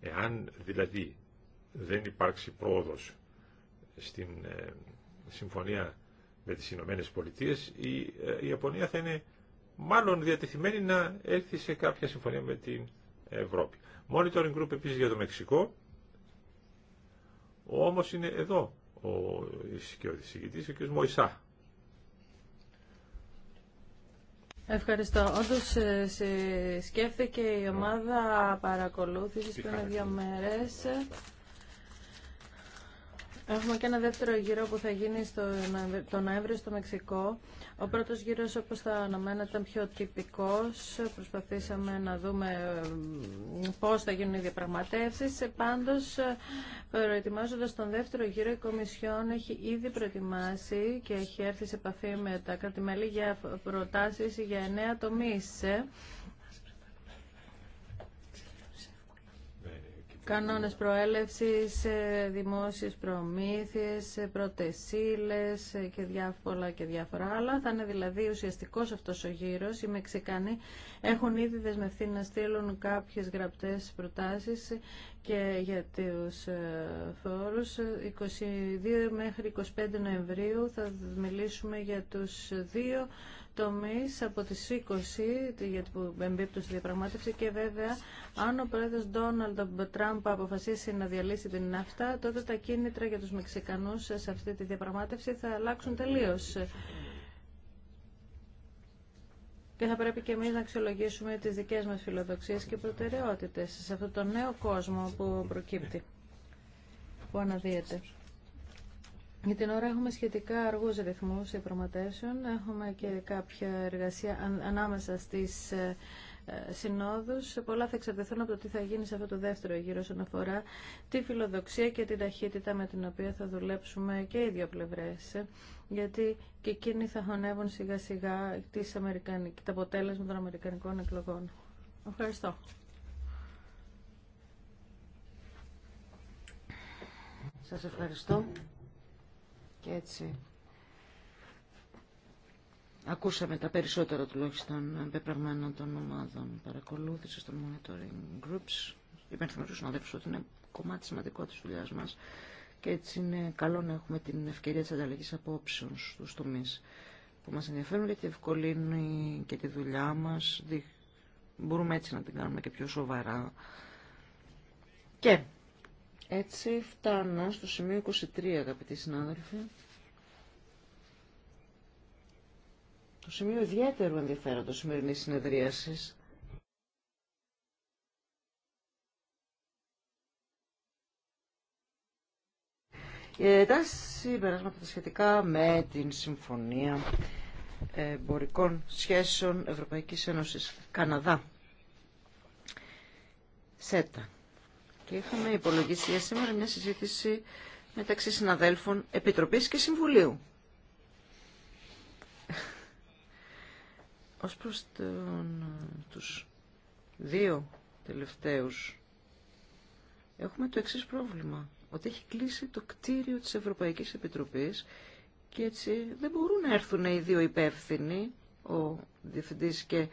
Εάν δηλαδή δεν υπάρξει πρόοδος στην ε, συμφωνία με τις Ηνωμένε Πολιτείες, ε, η Ιαπωνία θα είναι μάλλον διατεθειμένη να έρθει σε κάποια συμφωνία με την Ευρώπη. Monitoring Group επίσης για το Μεξικό. Όμως είναι εδώ ο συγκεκριτής, ο κ. Μωυσά. Ευχαριστώ. Όντω ε, σκέφτηκε η ομάδα παρακολούθηση πριν δύο μέρε Έχουμε και ένα δεύτερο γύρο που θα γίνει στο, το Νοέμβριο στο Μεξικό. Ο πρώτος γύρος, όπως θα αναμένα, ήταν πιο τυπικός. Προσπαθήσαμε να δούμε πώς θα γίνουν οι διαπραγματεύσεις. Ε, πάντως, ε, προετοιμάζοντας τον δεύτερο γύρο, η Κομισιόν έχει ήδη προετοιμάσει και έχει έρθει σε επαφή με τα κρατημέλη για προτάσεις για εννέα τομείς ε, κανόνες προέλευσης, δημόσιες προμήθειες, προτεσίλες και διάφορα και διάφορα άλλα. Θα είναι δηλαδή ουσιαστικός αυτός ο γύρος. Οι Μεξικανοί έχουν ήδη δεσμευθεί να στείλουν κάποιες γραπτές προτάσεις και για τους ε, φόρους. 22 μέχρι 25 Νοεμβρίου θα μιλήσουμε για τους δύο Τομεί από τις 20 για που εμπίπτουν στη διαπραγμάτευση και βέβαια αν ο πρόεδρος Ντόναλντ Τραμπ αποφασίσει να διαλύσει την ναύτα τότε τα κίνητρα για τους Μεξικανούς σε αυτή τη διαπραγμάτευση θα αλλάξουν τελείως. Και θα πρέπει και εμείς να αξιολογήσουμε τις δικές μας φιλοδοξίες και προτεραιότητες σε αυτό το νέο κόσμο που προκύπτει, που αναδύεται. Για την ώρα έχουμε σχετικά αργούς ρυθμούς διαπραγματεύσεων. Έχουμε και κάποια εργασία ανάμεσα στις ε, ε, συνόδους. Πολλά θα εξαρτηθούν από το τι θα γίνει σε αυτό το δεύτερο γύρο όσον αφορά τη φιλοδοξία και την ταχύτητα με την οποία θα δουλέψουμε και οι δύο πλευρές. Γιατί και εκείνοι θα χωνεύουν σιγά σιγά τις τα αποτέλεσμα των Αμερικανικών εκλογών. Ευχαριστώ. Σας ευχαριστώ. Και έτσι ακούσαμε τα περισσότερα τουλάχιστον πεπραγμένων των ομάδων παρακολούθησης των monitoring groups. Υπενθυμίζω συναδέλφους ότι είναι κομμάτι σημαντικό της δουλειά μας και έτσι είναι καλό να έχουμε την ευκαιρία της ανταλλαγής απόψεων στους τομείς που μας ενδιαφέρουν γιατί ευκολύνει και τη δουλειά μας. Μπορούμε έτσι να την κάνουμε και πιο σοβαρά. Και έτσι φτάνω στο σημείο 23, αγαπητοί συνάδελφοι. Το σημείο ιδιαίτερου ενδιαφέροντος σημερινή συνεδρίασης. Ε, τα συμπεράσματα σχετικά με την Συμφωνία Εμπορικών Σχέσεων Ευρωπαϊκής Ένωσης Καναδά. ΣΕΤΑ. Και είχαμε υπολογίσει για σήμερα μια συζήτηση μεταξύ συναδέλφων Επιτροπής και Συμβουλίου. Ως προς τον, τους δύο τελευταίους έχουμε το εξής πρόβλημα. Ότι έχει κλείσει το κτίριο της Ευρωπαϊκής Επιτροπής και έτσι δεν μπορούν να έρθουν οι δύο υπεύθυνοι, ο Διευθυντής και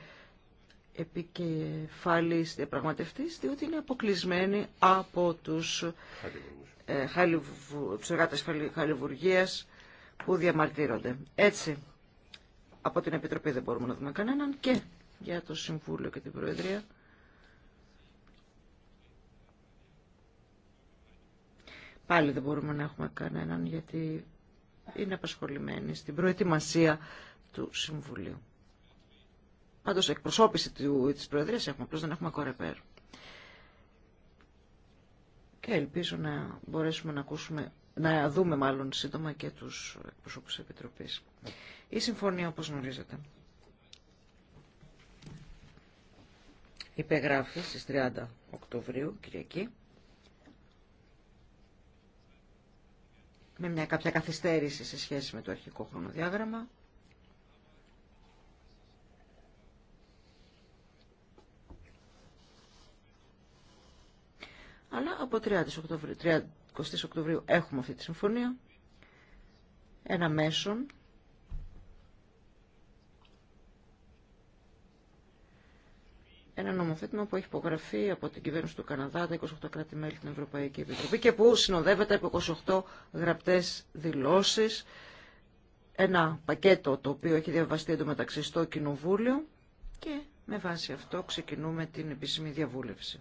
επικεφαλής διαπραγματευτής, διότι είναι αποκλεισμένη από τους, ε, τους εργάτες χαλιβουργίας που διαμαρτύρονται. Έτσι, από την Επιτροπή δεν μπορούμε να δούμε κανέναν και για το Συμβούλιο και την Προεδρία. Πάλι δεν μπορούμε να έχουμε κανέναν γιατί είναι απασχολημένοι στην προετοιμασία του Συμβουλίου. Πάντω εκπροσώπηση τη Προεδρία έχουμε, απλώ δεν έχουμε κορεπέρ. Και ελπίζω να μπορέσουμε να ακούσουμε, να δούμε μάλλον σύντομα και τους εκπροσώπους τη Επιτροπής. Η συμφωνία όπως γνωρίζετε. Υπεγράφει στις 30 Οκτωβρίου, Κυριακή. Με μια κάποια καθυστέρηση σε σχέση με το αρχικό χρονοδιάγραμμα. Αλλά από 30 Οκτωβρίου, 30 Οκτωβρίου έχουμε αυτή τη συμφωνία. Ένα μέσον. Ένα νομοθέτημα που έχει υπογραφεί από την κυβέρνηση του Καναδά, τα 28 κράτη-μέλη, την Ευρωπαϊκή Επιτροπή και που συνοδεύεται από 28 γραπτές δηλώσεις. Ένα πακέτο το οποίο έχει διαβαστεί εντωμεταξύ στο Κοινοβούλιο και με βάση αυτό ξεκινούμε την επίσημη διαβούλευση.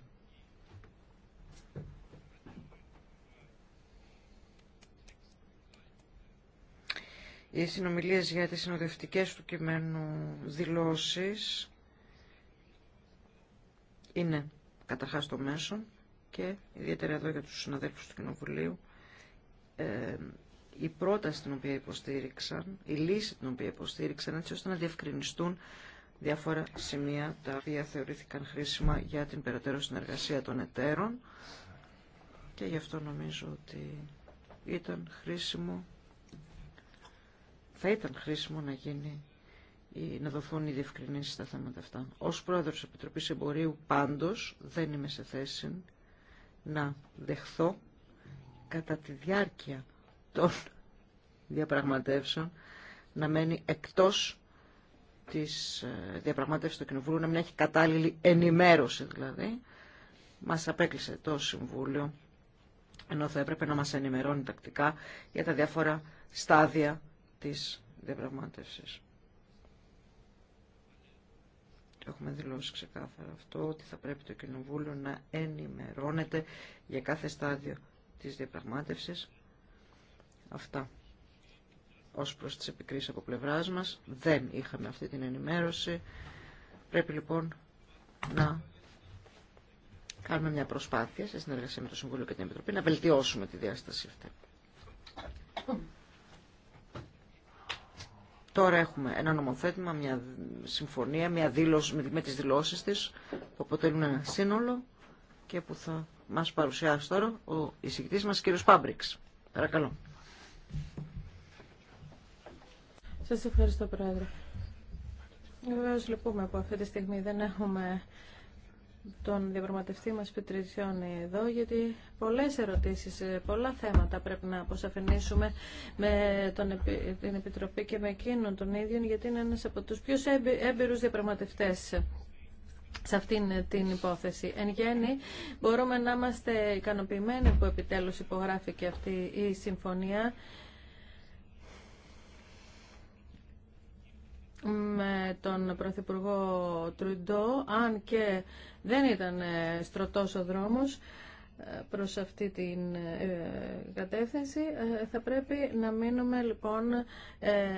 οι συνομιλίες για τις συνοδευτικές του κειμένου δηλώσεις είναι καταρχάς το μέσο και ιδιαίτερα εδώ για τους συναδέλφους του Κοινοβουλίου ε, η πρόταση την οποία υποστήριξαν, η λύση την οποία υποστήριξαν έτσι ώστε να διευκρινιστούν διάφορα σημεία τα οποία θεωρήθηκαν χρήσιμα για την περαιτέρω συνεργασία των εταίρων και γι' αυτό νομίζω ότι ήταν χρήσιμο θα ήταν χρήσιμο να γίνει να δοθούν οι διευκρινήσεις στα θέματα αυτά. Ως πρόεδρος Επιτροπής Εμπορίου πάντως δεν είμαι σε θέση να δεχθώ κατά τη διάρκεια των διαπραγματεύσεων να μένει εκτός της ε, διαπραγματεύσης του Κοινοβούλου να μην έχει κατάλληλη ενημέρωση δηλαδή. Μας απέκλεισε το Συμβούλιο, ενώ θα έπρεπε να μας ενημερώνει τακτικά για τα διάφορα στάδια της διαπραγμάτευσης. Το έχουμε δηλώσει ξεκάθαρα αυτό, ότι θα πρέπει το Κοινοβούλιο να ενημερώνεται για κάθε στάδιο της διαπραγμάτευσης. Αυτά. Ως προς τι επικρίσει από πλευράς μας, δεν είχαμε αυτή την ενημέρωση. Πρέπει λοιπόν να κάνουμε μια προσπάθεια σε συνεργασία με το Συμβούλιο και την Επιτροπή να βελτιώσουμε τη διάσταση αυτή. Τώρα έχουμε ένα νομοθέτημα, μια συμφωνία, μια δήλωση με τις δηλώσεις της που αποτελούν ένα σύνολο και που θα μας παρουσιάσει τώρα ο εισηγητής μας κύριος Πάμπριξ. Παρακαλώ. Σας ευχαριστώ Πρόεδρε. Βεβαίω λυπούμε που αυτή τη στιγμή δεν έχουμε τον διαπραγματευτή μας Πετριτσιώνη εδώ, γιατί πολλές ερωτήσεις, ε, πολλά θέματα πρέπει να αποσαφηνίσουμε με τον, την Επιτροπή και με εκείνον τον ίδιο, γιατί είναι ένας από τους πιο έμπειρους διαπραγματευτές σε αυτήν ε, την υπόθεση. Εν γέννη, μπορούμε να είμαστε ικανοποιημένοι που επιτέλους υπογράφηκε αυτή η συμφωνία με τον Πρωθυπουργό Τρουντό, αν και δεν ήταν ε, στρωτός ο δρόμος ε, προς αυτή την ε, κατεύθυνση. Θα πρέπει να μείνουμε λοιπόν,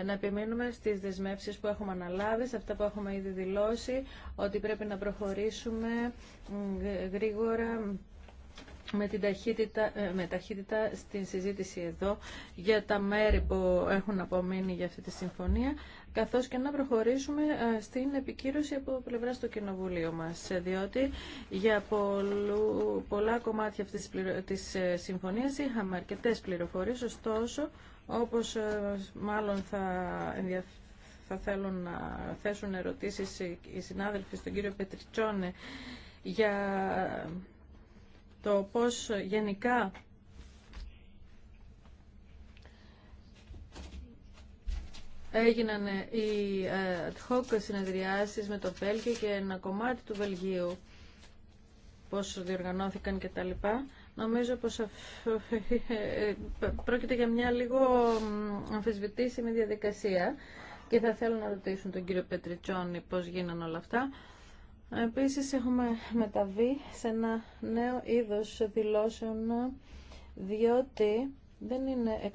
να επιμείνουμε στις δεσμεύσεις που έχουμε αναλάβει, σε αυτά που έχουμε ήδη δηλώσει, ότι πρέπει να προχωρήσουμε γρήγορα με, την ταχύτητα, ε, με ταχύτητα στην συζήτηση εδώ για τα μέρη που έχουν απομείνει για αυτή τη συμφωνία, καθώς και να προχωρήσουμε ε, στην επικύρωση από πλευρά του Κοινοβουλίου μας, διότι για πολλού, πολλά κομμάτια αυτής της ε, συμφωνίας είχαμε αρκετές πληροφορίες, ωστόσο, όπως μάλλον θα θα θέλουν να θέσουν ερωτήσεις οι συνάδελφοι στον κύριο Πετριτσόνε για το πώς γενικά έγιναν οι ε, ad hoc συνεδριάσεις με το Βέλγιο και ένα κομμάτι του Βελγίου πώς διοργανώθηκαν και τα λοιπά. Νομίζω πως πρόκειται για μια λίγο αμφισβητήσιμη διαδικασία και θα θέλω να ρωτήσουν τον κύριο Πετριτσόνη πώς γίνανε όλα αυτά. Επίσης έχουμε μεταβεί σε ένα νέο είδος δηλώσεων διότι δεν είναι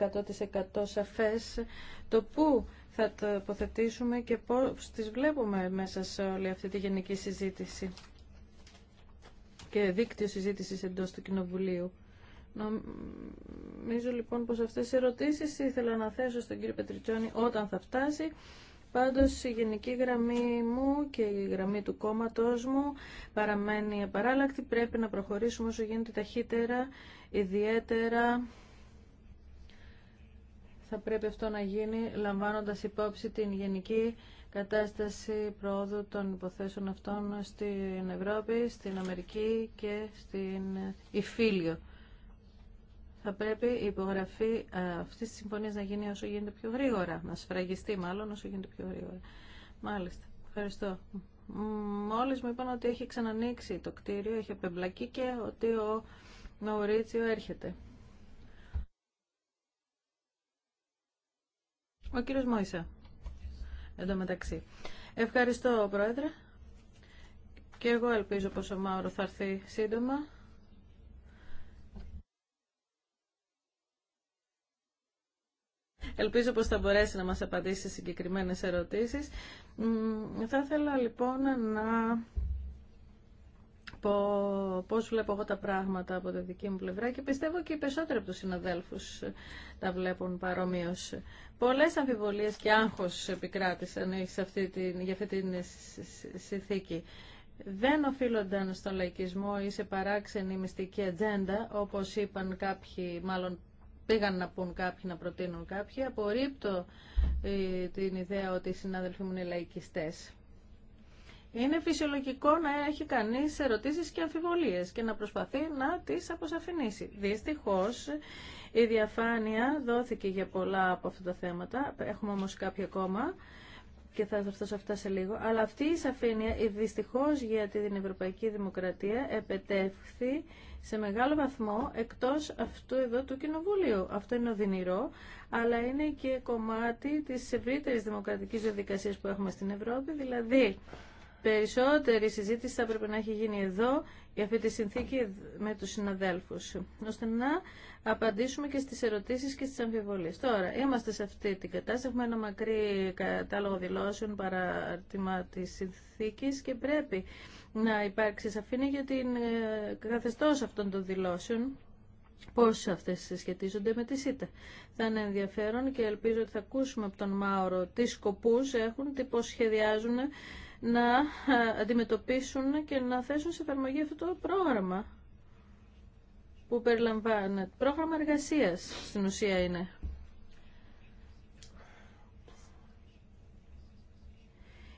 100% σαφές το πού θα τοποθετήσουμε και πώς τις βλέπουμε μέσα σε όλη αυτή τη γενική συζήτηση και δίκτυο συζήτησης εντός του Κοινοβουλίου. Νομίζω λοιπόν πως αυτές οι ερωτήσεις ήθελα να θέσω στον κύριο Πετριτσόνη όταν θα φτάσει Πάντως η γενική γραμμή μου και η γραμμή του κόμματός μου παραμένει απαράλλακτη. Πρέπει να προχωρήσουμε όσο γίνεται ταχύτερα, ιδιαίτερα θα πρέπει αυτό να γίνει λαμβάνοντας υπόψη την γενική κατάσταση προόδου των υποθέσεων αυτών στην Ευρώπη, στην Αμερική και στην Ιφίλιο θα πρέπει η υπογραφή ε, αυτή τη συμφωνία να γίνει όσο γίνεται πιο γρήγορα. Να σφραγιστεί μάλλον όσο γίνεται πιο γρήγορα. Μάλιστα. Ευχαριστώ. Μόλι μου είπαν ότι έχει ξανανοίξει το κτίριο, έχει απεμπλακεί και ότι ο Μαουρίτσιο έρχεται. Ο κύριος Μόησα, εν τω μεταξύ. Ευχαριστώ, Πρόεδρε. Και εγώ ελπίζω πως ο Μάουρο θα έρθει σύντομα Ελπίζω πως θα μπορέσει να μας απαντήσει σε συγκεκριμένες ερωτήσεις. Θα ήθελα λοιπόν να πω πώς βλέπω εγώ τα πράγματα από τη δική μου πλευρά και πιστεύω και οι περισσότεροι από τους συναδέλφους τα βλέπουν παρομοίως. Πολλές αμφιβολίες και άγχος επικράτησαν αυτή την, για αυτή την συνθήκη. Δεν οφείλονταν στον λαϊκισμό ή σε παράξενη μυστική ατζέντα, όπως είπαν κάποιοι, μάλλον πήγαν να πούν κάποιοι, να προτείνουν κάποιοι. Απορρίπτω ε, την ιδέα ότι οι συνάδελφοί μου είναι λαϊκιστές. Είναι φυσιολογικό να έχει κανείς ερωτήσεις και αμφιβολίες και να προσπαθεί να τις αποσαφηνίσει. Δυστυχώς η διαφάνεια δόθηκε για πολλά από αυτά τα θέματα, έχουμε όμως κάποια ακόμα και θα έρθω σε αυτά σε λίγο, αλλά αυτή η σαφήνεια δυστυχώ για την Ευρωπαϊκή Δημοκρατία επετεύχθη σε μεγάλο βαθμό εκτός αυτού εδώ του Κοινοβουλίου. Αυτό είναι οδυνηρό, αλλά είναι και κομμάτι της ευρύτερη δημοκρατικής διαδικασίας που έχουμε στην Ευρώπη, δηλαδή Περισσότερη συζήτηση θα πρέπει να έχει γίνει εδώ για αυτή τη συνθήκη με τους συναδέλφους, ώστε να απαντήσουμε και στις ερωτήσεις και στις αμφιβολίες. Τώρα, είμαστε σε αυτή την κατάσταση, έχουμε ένα μακρύ κατάλογο δηλώσεων παρατήμα της συνθήκης και πρέπει να υπάρξει σαφήνεια για την ε, καθεστώς αυτών των δηλώσεων πώς αυτές σχετίζονται με τη ΣΥΤΑ. Θα είναι ενδιαφέρον και ελπίζω ότι θα ακούσουμε από τον Μάωρο τι σκοπούς έχουν, τι πώς σχεδιάζουν να ε, αντιμετωπίσουν και να θέσουν σε εφαρμογή αυτό το πρόγραμμα που περιλαμβάνεται. Πρόγραμμα εργασίας στην ουσία είναι.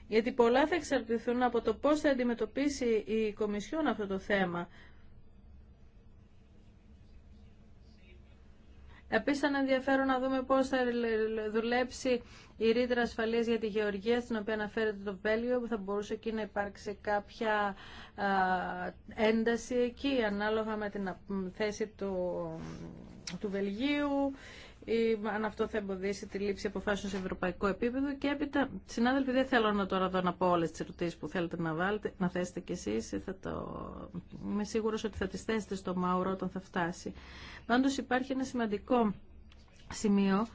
Γιατί πολλά θα εξαρτηθούν από το πώς θα αντιμετωπίσει η Κομισιόν αυτό το θέμα Επίσης θα ενδιαφέρον να δούμε πώς θα δουλέψει η ρήτρα ασφαλείας για τη γεωργία στην οποία αναφέρεται το Βέλγιο που θα μπορούσε εκεί να υπάρξει κάποια ένταση εκεί ανάλογα με την θέση του, του Βελγίου ή αν αυτό θα εμποδίσει τη λήψη αποφάσεων σε ευρωπαϊκό επίπεδο. Και έπειτα, συνάδελφοι, δεν θέλω να τώρα δω να πω όλε τι ερωτήσει που θέλετε να, βάλετε, να θέσετε κι εσεί. Το... Είμαι σίγουρο ότι θα τι θέσετε στο Μαουρό όταν θα φτάσει. Πάντω υπάρχει ένα σημαντικό σημείο.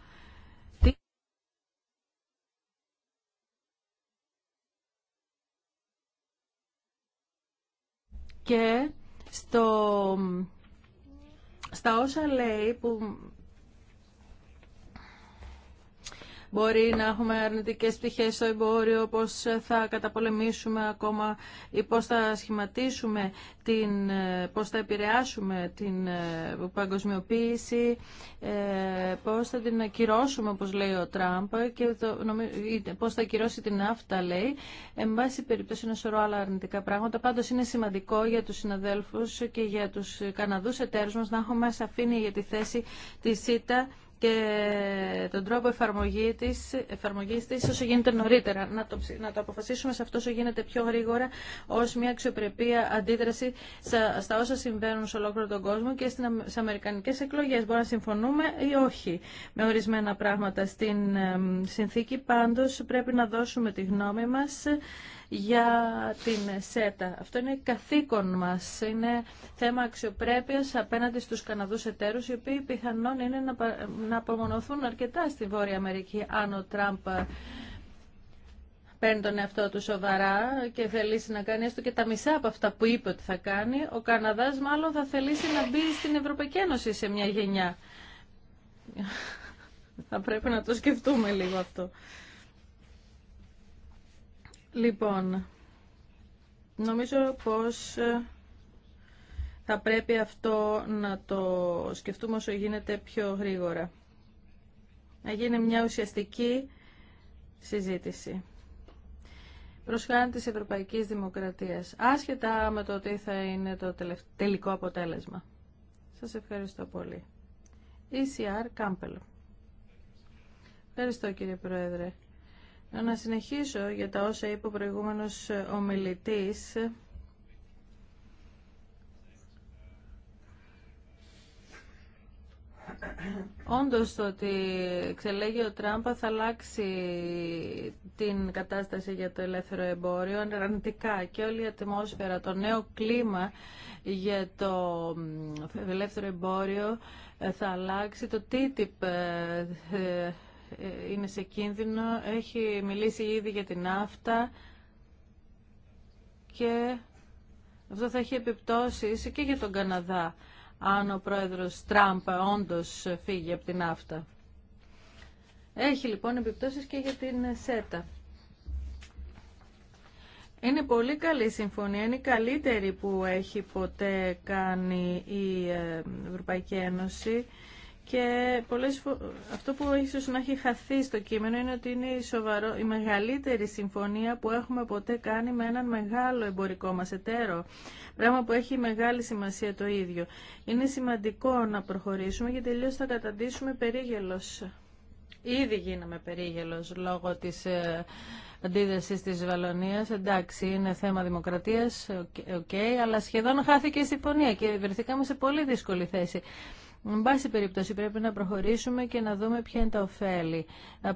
Και στο, στα όσα λέει που Μπορεί να έχουμε αρνητικές πτυχές στο εμπόριο, πώς θα καταπολεμήσουμε ακόμα ή πώς θα σχηματίσουμε, την, ε, πώς θα επηρεάσουμε την ε, παγκοσμιοποίηση, ε, πώς θα την ακυρώσουμε, όπως λέει ο Τραμπ, και το, πώς θα ακυρώσει την ΑΦΤΑ, λέει. Εν πάση περιπτώσει, είναι σωρό άλλα αρνητικά πράγματα. Πάντως είναι σημαντικό για τους συναδέλφους και για τους Καναδούς εταίρους μας να έχουμε σαφήνεια για τη θέση της ΣΥΤΑ και τον τρόπο εφαρμογή τη εφαρμογής της όσο γίνεται νωρίτερα. Να το, να το αποφασίσουμε σε αυτό όσο γίνεται πιο γρήγορα ως μια αξιοπρεπή αντίδραση στα, στα όσα συμβαίνουν σε ολόκληρο τον κόσμο και στι αμερικανικέ εκλογές. Μπορεί να συμφωνούμε ή όχι με ορισμένα πράγματα στην συνθήκη. Πάντως πρέπει να δώσουμε τη γνώμη μας για την ΣΕΤΑ. Αυτό είναι καθήκον μας. Είναι θέμα αξιοπρέπειας απέναντι στους Καναδούς εταίρους, οι οποίοι πιθανόν είναι να, απομονωθούν αρκετά στη Βόρεια Αμερική, αν ο Τραμπ παίρνει τον εαυτό του σοβαρά και θελήσει να κάνει έστω και τα μισά από αυτά που είπε ότι θα κάνει, ο Καναδάς μάλλον θα θελήσει να μπει στην Ευρωπαϊκή Ένωση σε μια γενιά. θα πρέπει να το σκεφτούμε λίγο αυτό. Λοιπόν, νομίζω πως ε, θα πρέπει αυτό να το σκεφτούμε όσο γίνεται πιο γρήγορα. Να γίνει μια ουσιαστική συζήτηση προς χάνη της Ευρωπαϊκής Δημοκρατίας, άσχετα με το τι θα είναι το τελικό αποτέλεσμα. Σας ευχαριστώ πολύ. ECR Κάμπελο. Ευχαριστώ κύριε Πρόεδρε. Να συνεχίσω για τα όσα είπε ο προηγούμενος ομιλητής. Όντως το ότι εξελέγει ο Τράμπα θα αλλάξει την κατάσταση για το ελεύθερο εμπόριο αρνητικά και όλη η ατμόσφαιρα, το νέο κλίμα για το ελεύθερο εμπόριο θα αλλάξει. Το TTIP ε, ε, είναι σε κίνδυνο. Έχει μιλήσει ήδη για την ΑΦΤΑ και αυτό θα έχει επιπτώσεις και για τον Καναδά αν ο πρόεδρος Τραμπ όντως φύγει από την ναύτα. Έχει λοιπόν επιπτώσεις και για την ΣΕΤΑ. Είναι πολύ καλή συμφωνία, είναι η καλύτερη που έχει ποτέ κάνει η ε, Ευρωπαϊκή Ένωση. Και πολλές αυτό που ίσως να έχει χαθεί στο κείμενο είναι ότι είναι η, σοβαρό... η μεγαλύτερη συμφωνία που έχουμε ποτέ κάνει με έναν μεγάλο εμπορικό μας εταίρο. Πράγμα που έχει μεγάλη σημασία το ίδιο. Είναι σημαντικό να προχωρήσουμε γιατί τελείως θα καταντήσουμε περίγελος. Ήδη γίναμε περίγελος λόγω της ε, αντίδρασης της Βαλωνίας. Εντάξει, είναι θέμα δημοκρατίας, οκ, okay, αλλά σχεδόν χάθηκε η συμφωνία και βρεθήκαμε σε πολύ δύσκολη θέση. Εν πάση περιπτώσει πρέπει να προχωρήσουμε και να δούμε ποια είναι τα ωφέλη.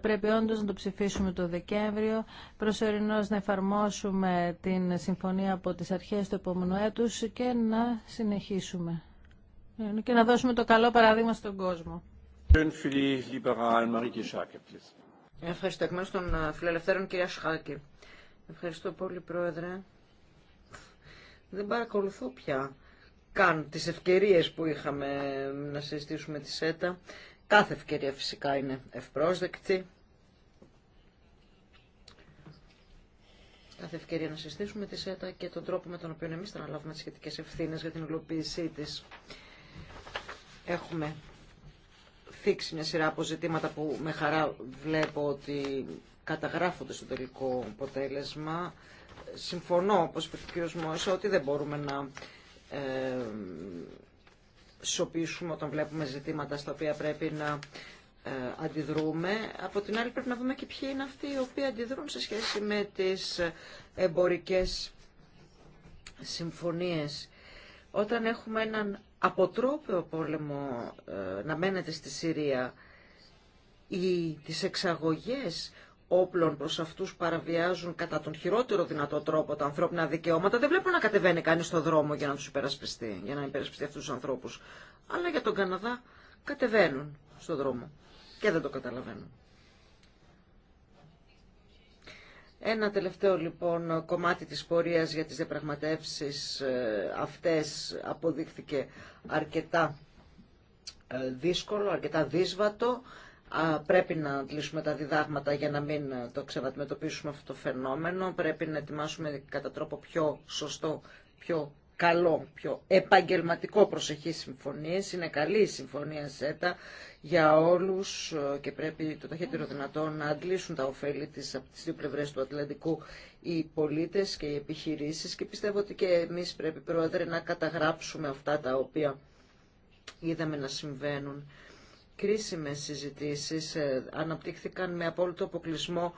Πρέπει όντω να το ψηφίσουμε το Δεκέμβριο, προσωρινώς να εφαρμόσουμε την συμφωνία από τις αρχές του επόμενου έτους και να συνεχίσουμε. Ε, και να δώσουμε το καλό παράδειγμα στον κόσμο. Ευχαριστώ εκ μέρους των ε, φιλελευθέρων κυρία Σχάκη. Ευχαριστώ πολύ πρόεδρε. Δεν παρακολουθώ πια καν τις ευκαιρίες που είχαμε να συζητήσουμε τη ΣΕΤΑ. Κάθε ευκαιρία φυσικά είναι ευπρόσδεκτη. Κάθε ευκαιρία να συζητήσουμε τη ΣΕΤΑ και τον τρόπο με τον οποίο εμείς θα αναλάβουμε τις σχετικές ευθύνες για την υλοποίησή της. Έχουμε θίξει μια σειρά από ζητήματα που με χαρά βλέπω ότι καταγράφονται στο τελικό αποτέλεσμα. Συμφωνώ, όπως είπε ο κ. Μόησα, ότι δεν μπορούμε να σοπίσουμε όταν βλέπουμε ζητήματα στα οποία πρέπει να ε, αντιδρούμε. Από την άλλη πρέπει να δούμε και ποιοι είναι αυτοί οι οποίοι αντιδρούν σε σχέση με τις εμπορικές συμφωνίες. Όταν έχουμε έναν αποτρόπαιο πόλεμο ε, να μένεται στη Συρία ή τις εξαγωγές όπλων προς αυτούς παραβιάζουν κατά τον χειρότερο δυνατό τρόπο τα ανθρώπινα δικαιώματα, δεν βλέπω να κατεβαίνει κανείς στον δρόμο για να τους υπερασπιστεί, για να υπερασπιστεί αυτούς τους ανθρώπους. Αλλά για τον Καναδά κατεβαίνουν στον δρόμο και δεν το καταλαβαίνουν. Ένα τελευταίο λοιπόν κομμάτι της πορείας για τις διαπραγματεύσεις ε, αυτές αποδείχθηκε αρκετά ε, δύσκολο, αρκετά δύσβατο πρέπει να αντλήσουμε τα διδάγματα για να μην ε, το ξεβατιμετωπίσουμε αυτό το φαινόμενο. Πρέπει να ετοιμάσουμε κατά τρόπο πιο σωστό, πιο καλό, πιο επαγγελματικό προσεχή συμφωνίες. Είναι καλή η συμφωνία ΣΕΤΑ για όλους ε, και πρέπει το ταχύτερο δυνατό να αντλήσουν τα ωφέλη της από τις δύο πλευρές του Ατλαντικού οι πολίτες και οι επιχειρήσεις και πιστεύω ότι και εμείς πρέπει πρόεδρε να καταγράψουμε αυτά τα οποία είδαμε να συμβαίνουν κρίσιμες συζητήσεις ε, αναπτύχθηκαν με απόλυτο αποκλεισμό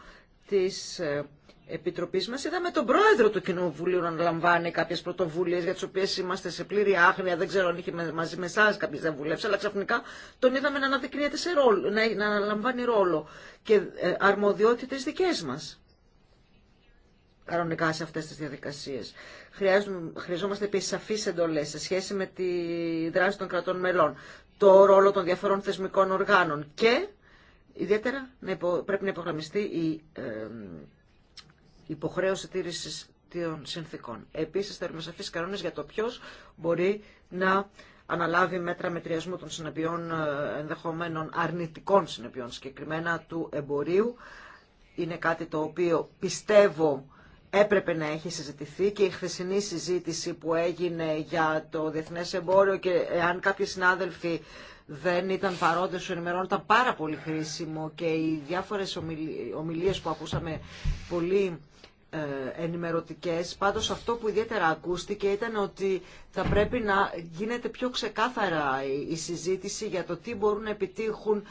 της ε, Επιτροπής μας. Είδαμε τον πρόεδρο του Κοινοβουλίου να λαμβάνει κάποιες πρωτοβουλίες για τις οποίες είμαστε σε πλήρη άγνοια. Δεν ξέρω αν είχε μαζί με εσάς κάποιες διαβουλεύσεις, αλλά ξαφνικά τον είδαμε να αναδεικνύεται σε ρόλο, να, να αναλαμβάνει ρόλο και ε, αρμοδιότητες δικές μας κανονικά σε αυτές τις διαδικασίες. χρειαζόμαστε επίσης σαφείς εντολές σε σχέση με τη δράση των κρατών μελών το ρόλο των διαφορών θεσμικών οργάνων και ιδιαίτερα πρέπει να υπογραμμιστεί η υποχρέωση τήρησης των συνθήκων. Επίσης θέλουμε σαφείς κανόνες για το ποιος μπορεί να αναλάβει μέτρα μετριασμού των συνεπειών ε, ενδεχομένων αρνητικών συνεπειών συγκεκριμένα του εμπορίου. Είναι κάτι το οποίο πιστεύω έπρεπε να έχει συζητηθεί και η χθεσινή συζήτηση που έγινε για το διεθνές εμπόριο και αν κάποιοι συνάδελφοι δεν ήταν παρόντες σου ενημερώνω, ήταν πάρα πολύ χρήσιμο και οι διάφορες ομιλίες που ακούσαμε πολύ ε, ενημερωτικές. Πάντως αυτό που ιδιαίτερα ακούστηκε ήταν ότι θα πρέπει να γίνεται πιο ξεκάθαρα η συζήτηση για το τι μπορούν να επιτύχουν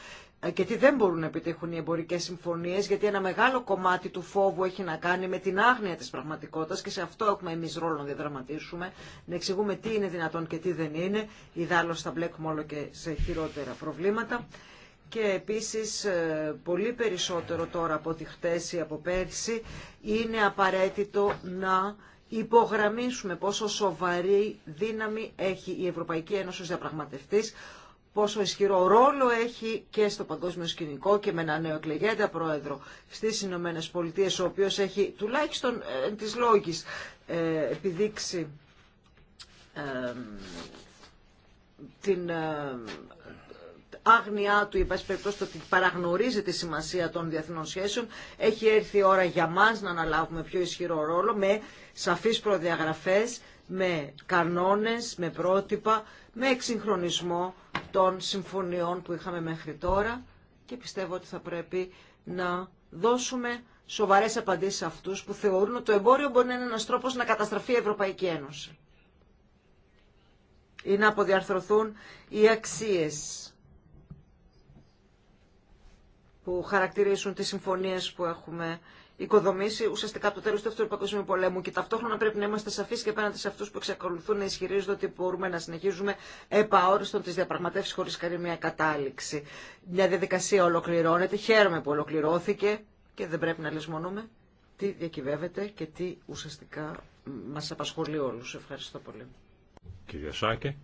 και ε, τι δεν μπορούν να επιτύχουν οι εμπορικέ συμφωνίε, γιατί ένα μεγάλο κομμάτι του φόβου έχει να κάνει με την άγνοια τη πραγματικότητα και σε αυτό έχουμε εμεί ρόλο να διαδραματίσουμε, να εξηγούμε τι είναι δυνατόν και τι δεν είναι. Ιδάλω θα μπλέκουμε όλο και σε χειρότερα προβλήματα. Και επίσης ε, πολύ περισσότερο τώρα από τη χτες ή από πέρσι είναι απαραίτητο να υπογραμμίσουμε πόσο σοβαρή δύναμη έχει η Ευρωπαϊκή Ένωση διαπραγματευτής πόσο ισχυρό ρόλο έχει και στο παγκόσμιο σκηνικό και με ένα νέο εκλεγέντα πρόεδρο στις Ηνωμένες Πολιτείες, ο οποίος έχει τουλάχιστον ε, της λόγης ε, επιδείξει την ε, άγνοιά του, πάση περιπτώσει το ότι παραγνωρίζει τη σημασία των διεθνών σχέσεων. Έχει έρθει η ώρα για μας να αναλάβουμε πιο ισχυρό ρόλο με σαφείς προδιαγραφές, με κανόνες, με πρότυπα με εξυγχρονισμό των συμφωνιών που είχαμε μέχρι τώρα και πιστεύω ότι θα πρέπει να δώσουμε σοβαρές απαντήσεις σε αυτούς που θεωρούν ότι το εμπόριο μπορεί να είναι ένας τρόπος να καταστραφεί η Ευρωπαϊκή Ένωση ή να αποδιαρθρωθούν οι αξίες που χαρακτηρίζουν τις συμφωνίες που έχουμε οικοδομήσει ουσιαστικά από το τέλο του Δεύτερου Παγκοσμίου Πολέμου. Και ταυτόχρονα πρέπει να είμαστε σαφεί και απέναντι σε αυτού που εξακολουθούν να ισχυρίζονται ότι μπορούμε να συνεχίζουμε επαόριστον τι διαπραγματεύσει χωρί καλή μια κατάληξη. Μια διαδικασία ολοκληρώνεται. Χαίρομαι που ολοκληρώθηκε και δεν πρέπει να λησμονούμε τι διακυβεύεται και τι ουσιαστικά μα απασχολεί όλου. Ευχαριστώ πολύ. Κύριε Σάκε,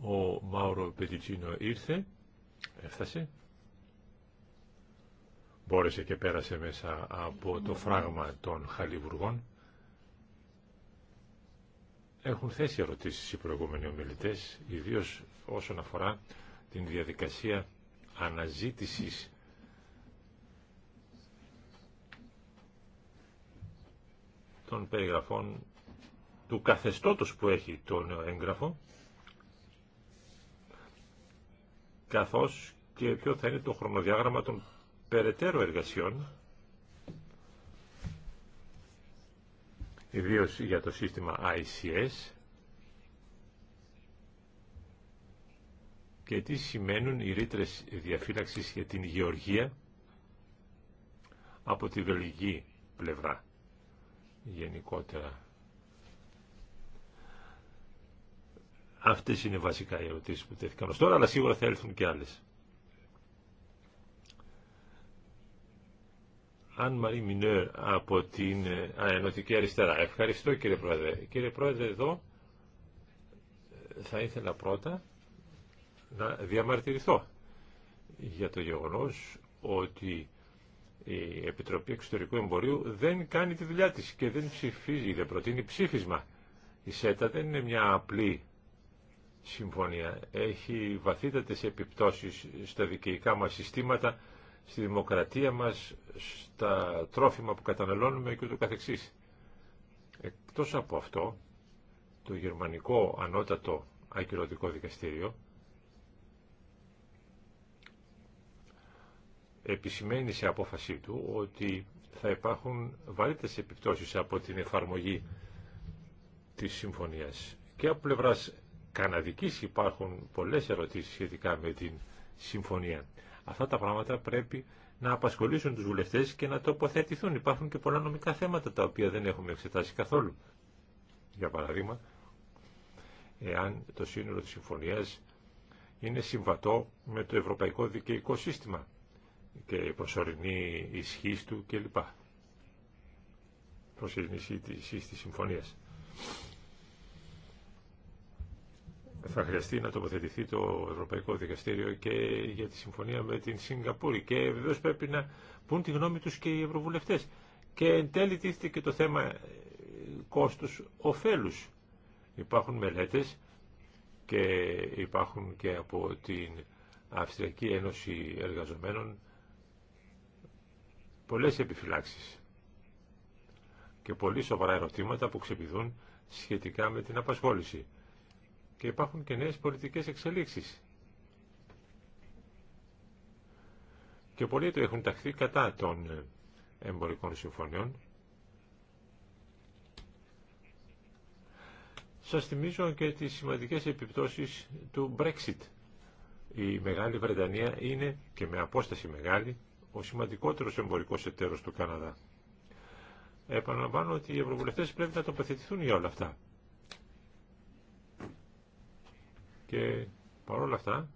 ο Μάουρο Πετιτσίνο ήρθε, έφτασε μπόρεσε και πέρασε μέσα από το φράγμα των χαλιβουργών. Έχουν θέσει ερωτήσεις οι προηγούμενοι ομιλητές, ιδίως όσον αφορά την διαδικασία αναζήτησης των περιγραφών του καθεστώτος που έχει το έγγραφο, καθώς και ποιο θα είναι το χρονοδιάγραμμα των περαιτέρω εργασιών, ιδίως για το σύστημα ICS, και τι σημαίνουν οι ρήτρε διαφύλαξης για την γεωργία από τη βελγική πλευρά γενικότερα. Αυτές είναι βασικά οι ερωτήσεις που τέθηκαν ως τώρα, αλλά σίγουρα θα έλθουν και άλλες. Αν Μαρή Μινέρ από την ε, Ενωτική Αριστερά. Ευχαριστώ κύριε Πρόεδρε. Κύριε Πρόεδρε εδώ ε, θα ήθελα πρώτα να διαμαρτυρηθώ για το γεγονός ότι η Επιτροπή Εξωτερικού Εμπορίου δεν κάνει τη δουλειά της και δεν ψηφίζει, δεν προτείνει ψήφισμα. Η ΣΕΤΑ δεν είναι μια απλή συμφωνία. Έχει βαθύτατες επιπτώσεις στα δικαιικά μας συστήματα στη δημοκρατία μας, στα τρόφιμα που καταναλώνουμε και ούτω καθεξής. Εκτός από αυτό, το γερμανικό ανώτατο ακυρωτικό δικαστήριο επισημαίνει σε απόφασή του ότι θα υπάρχουν βαρύτες επιπτώσεις από την εφαρμογή της συμφωνίας. Και από πλευράς καναδικής υπάρχουν πολλές ερωτήσεις σχετικά με την συμφωνία. Αυτά τα πράγματα πρέπει να απασχολήσουν τους βουλευτές και να τοποθετηθούν. Υπάρχουν και πολλά νομικά θέματα τα οποία δεν έχουμε εξετάσει καθόλου. Για παράδειγμα, εάν το σύνολο της συμφωνίας είναι συμβατό με το ευρωπαϊκό δικαιικό σύστημα και η προσωρινή ισχύ του κλπ. Προσωρινή ισχύ της συμφωνίας θα χρειαστεί να τοποθετηθεί το Ευρωπαϊκό Δικαστήριο και για τη συμφωνία με την Σιγκαπούρη και βεβαίω πρέπει να πούν τη γνώμη τους και οι ευρωβουλευτές. Και εν τέλει τίθεται και το θέμα ε, κόστους οφέλους. Υπάρχουν μελέτες και υπάρχουν και από την Αυστριακή Ένωση Εργαζομένων πολλές επιφυλάξεις και πολύ σοβαρά ερωτήματα που ξεπηδούν σχετικά με την απασχόληση και υπάρχουν και νέες πολιτικές εξελίξεις. Και πολλοί του έχουν ταχθεί κατά των ε, εμπορικών συμφωνιών. Σας θυμίζω και τις σημαντικές επιπτώσεις του Brexit. Η Μεγάλη Βρετανία είναι και με απόσταση μεγάλη ο σημαντικότερος εμπορικός εταίρος του Καναδά. Επαναλαμβάνω ότι οι ευρωβουλευτές πρέπει να τοποθετηθούν για όλα αυτά. Και παρόλα αυτά,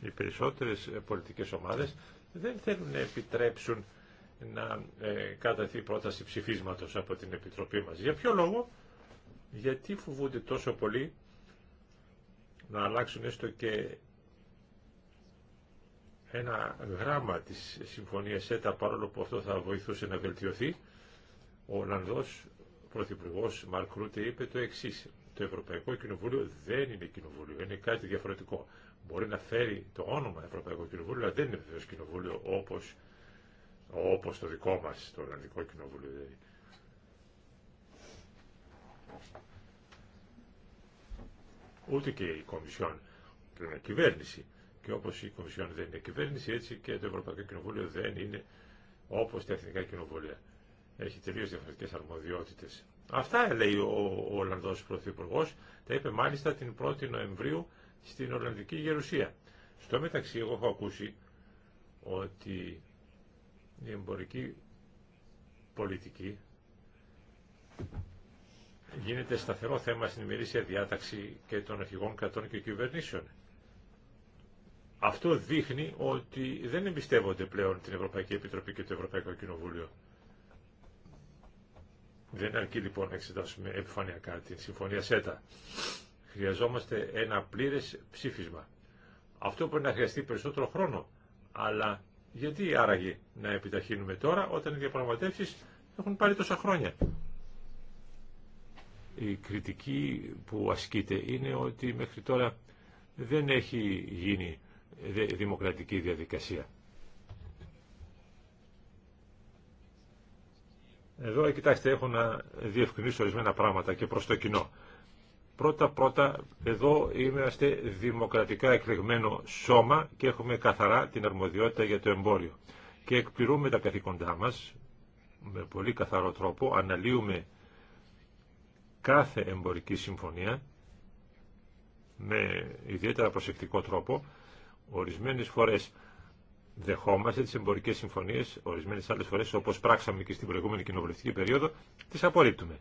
οι περισσότερες πολιτικές ομάδες δεν θέλουν να επιτρέψουν να ε, καταθεί πρόταση ψηφίσματος από την Επιτροπή μας. Για ποιο λόγο, γιατί φοβούνται τόσο πολύ να αλλάξουν έστω και ένα γράμμα της Συμφωνίας ΕΤΑ, παρόλο που αυτό θα βοηθούσε να βελτιωθεί, ο Ολλανδός Πρωθυπουργός Μαρκ Ρούτε είπε το εξής. Το Ευρωπαϊκό Κοινοβούλιο δεν είναι κοινοβούλιο, είναι κάτι διαφορετικό. Μπορεί να φέρει το όνομα Ευρωπαϊκό Κοινοβούλιο, αλλά δεν είναι βεβαίω κοινοβούλιο όπω το δικό μα, το Ολλανδικό Κοινοβούλιο δηλαδή. Ούτε και η Κομισιόν δεν είναι κυβέρνηση. Και όπω η Κομισιόν δεν είναι κυβέρνηση, έτσι και το Ευρωπαϊκό Κοινοβούλιο δεν είναι όπω τα Εθνικά Κοινοβούλια. Έχει τελείω διαφορετικέ αρμοδιότητες. Αυτά λέει ο, ο Ολλανδός Πρωθυπουργός, τα είπε μάλιστα την 1η Νοεμβρίου στην Ολλανδική Γερουσία. Στο μεταξύ εγώ έχω ακούσει ότι η εμπορική πολιτική γίνεται σταθερό θέμα στην ημερήσια διάταξη και των αρχηγών κρατών και κυβερνήσεων. Αυτό δείχνει ότι δεν εμπιστεύονται πλέον την Ευρωπαϊκή Επιτροπή και το Ευρωπαϊκό Κοινοβούλιο. Δεν αρκεί λοιπόν να εξετάσουμε επιφανειακά την Συμφωνία ΣΕΤΑ. Χρειαζόμαστε ένα πλήρες ψήφισμα. Αυτό μπορεί να χρειαστεί περισσότερο χρόνο, αλλά γιατί άραγε να επιταχύνουμε τώρα όταν οι διαπραγματεύσεις έχουν πάρει τόσα χρόνια. Η κριτική που ασκείται είναι ότι μέχρι τώρα δεν έχει γίνει δημοκρατική διαδικασία. Εδώ, ε, κοιτάξτε, έχω να διευκρινίσω ορισμένα πράγματα και προς το κοινό. Πρώτα-πρώτα, εδώ είμαστε δημοκρατικά εκλεγμένο σώμα και έχουμε καθαρά την αρμοδιότητα για το εμπόριο. Και εκπληρούμε τα καθήκοντά μας με πολύ καθαρό τρόπο, αναλύουμε κάθε εμπορική συμφωνία με ιδιαίτερα προσεκτικό τρόπο. Ορισμένες φορές δεχόμαστε τι εμπορικέ συμφωνίε, ορισμένε άλλε φορέ, όπω πράξαμε και στην προηγούμενη κοινοβουλευτική περίοδο τι απορρίπτουμε.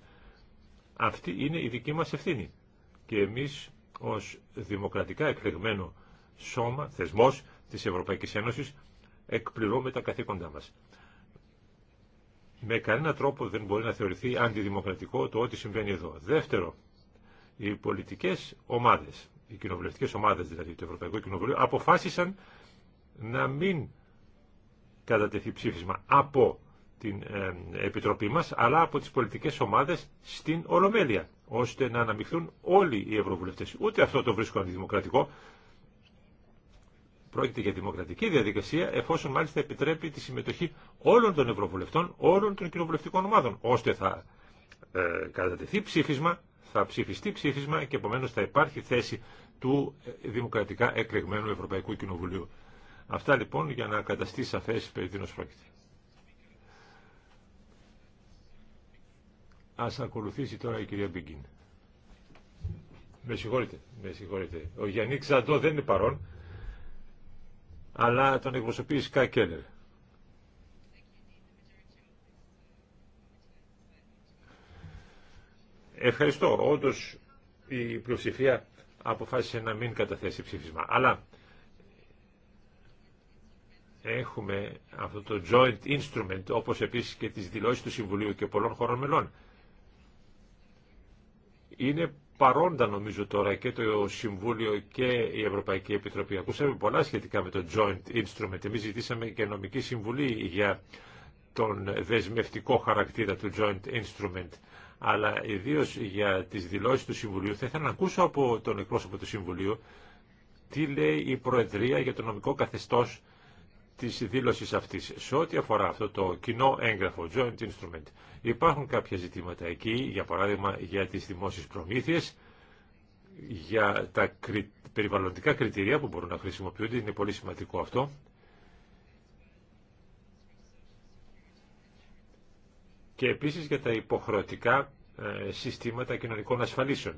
Αυτή είναι η δική μα ευθύνη και εμεί ω δημοκρατικά εκλεγμένο σώμα, θεσμό τη Ευρωπαϊκή Ένωση, εκπληρώνουμε τα καθήκοντά μα. Με κανένα τρόπο δεν μπορεί να θεωρηθεί αντιδημοκρατικό το ό,τι συμβαίνει εδώ. Δεύτερο, οι πολιτικέ ομάδε, οι κοινοβουλευτικέ ομάδε, δηλαδή του Ευρωπαϊκού Κοινοβουλίου αποφάσισαν να μην κατατεθεί ψήφισμα από την Επιτροπή μας, αλλά από τις πολιτικές ομάδες στην Ολομέλεια, ώστε να αναμειχθούν όλοι οι ευρωβουλευτές. Ούτε αυτό το βρίσκω αντιδημοκρατικό. Πρόκειται για δημοκρατική διαδικασία, εφόσον μάλιστα επιτρέπει τη συμμετοχή όλων των ευρωβουλευτών, όλων των κοινοβουλευτικών ομάδων, ώστε θα ε, κατατεθεί ψήφισμα, θα ψηφιστεί ψήφισμα και επομένω θα υπάρχει θέση του ε, δημοκρατικά εκλεγμένου Ευρωπαϊκού Κοινοβουλίου. Αυτά λοιπόν για να καταστεί σαφές περί τίνος πρόκειται. Ας ακολουθήσει τώρα η κυρία Μπιγκίν. Με συγχωρείτε, με συγχωρείτε. Ο Γιάννη Ξαντό δεν είναι παρόν, αλλά τον εκπροσωπεί η Κέλλερ. Ευχαριστώ. Όντω η πλειοψηφία αποφάσισε να μην καταθέσει ψήφισμα. Αλλά έχουμε αυτό το joint instrument, όπως επίσης και τις δηλώσεις του Συμβουλίου και πολλών χωρών μελών. Είναι παρόντα νομίζω τώρα και το Συμβούλιο και η Ευρωπαϊκή Επιτροπή. Ακούσαμε πολλά σχετικά με το joint instrument. Εμείς ζητήσαμε και νομική συμβουλή για τον δεσμευτικό χαρακτήρα του joint instrument. Αλλά ιδίω για τις δηλώσεις του Συμβουλίου θα ήθελα να ακούσω από τον εκπρόσωπο του Συμβουλίου τι λέει η Προεδρία για το νομικό καθεστώς της δήλωσης αυτής. Σε ό,τι αφορά αυτό το κοινό έγγραφο, joint instrument, υπάρχουν κάποια ζητήματα εκεί, για παράδειγμα για τις δημόσιες προμήθειες, για τα περιβαλλοντικά κριτήρια που μπορούν να χρησιμοποιούνται, είναι πολύ σημαντικό αυτό. Και επίσης για τα υποχρεωτικά ε, συστήματα κοινωνικών ασφαλίσεων.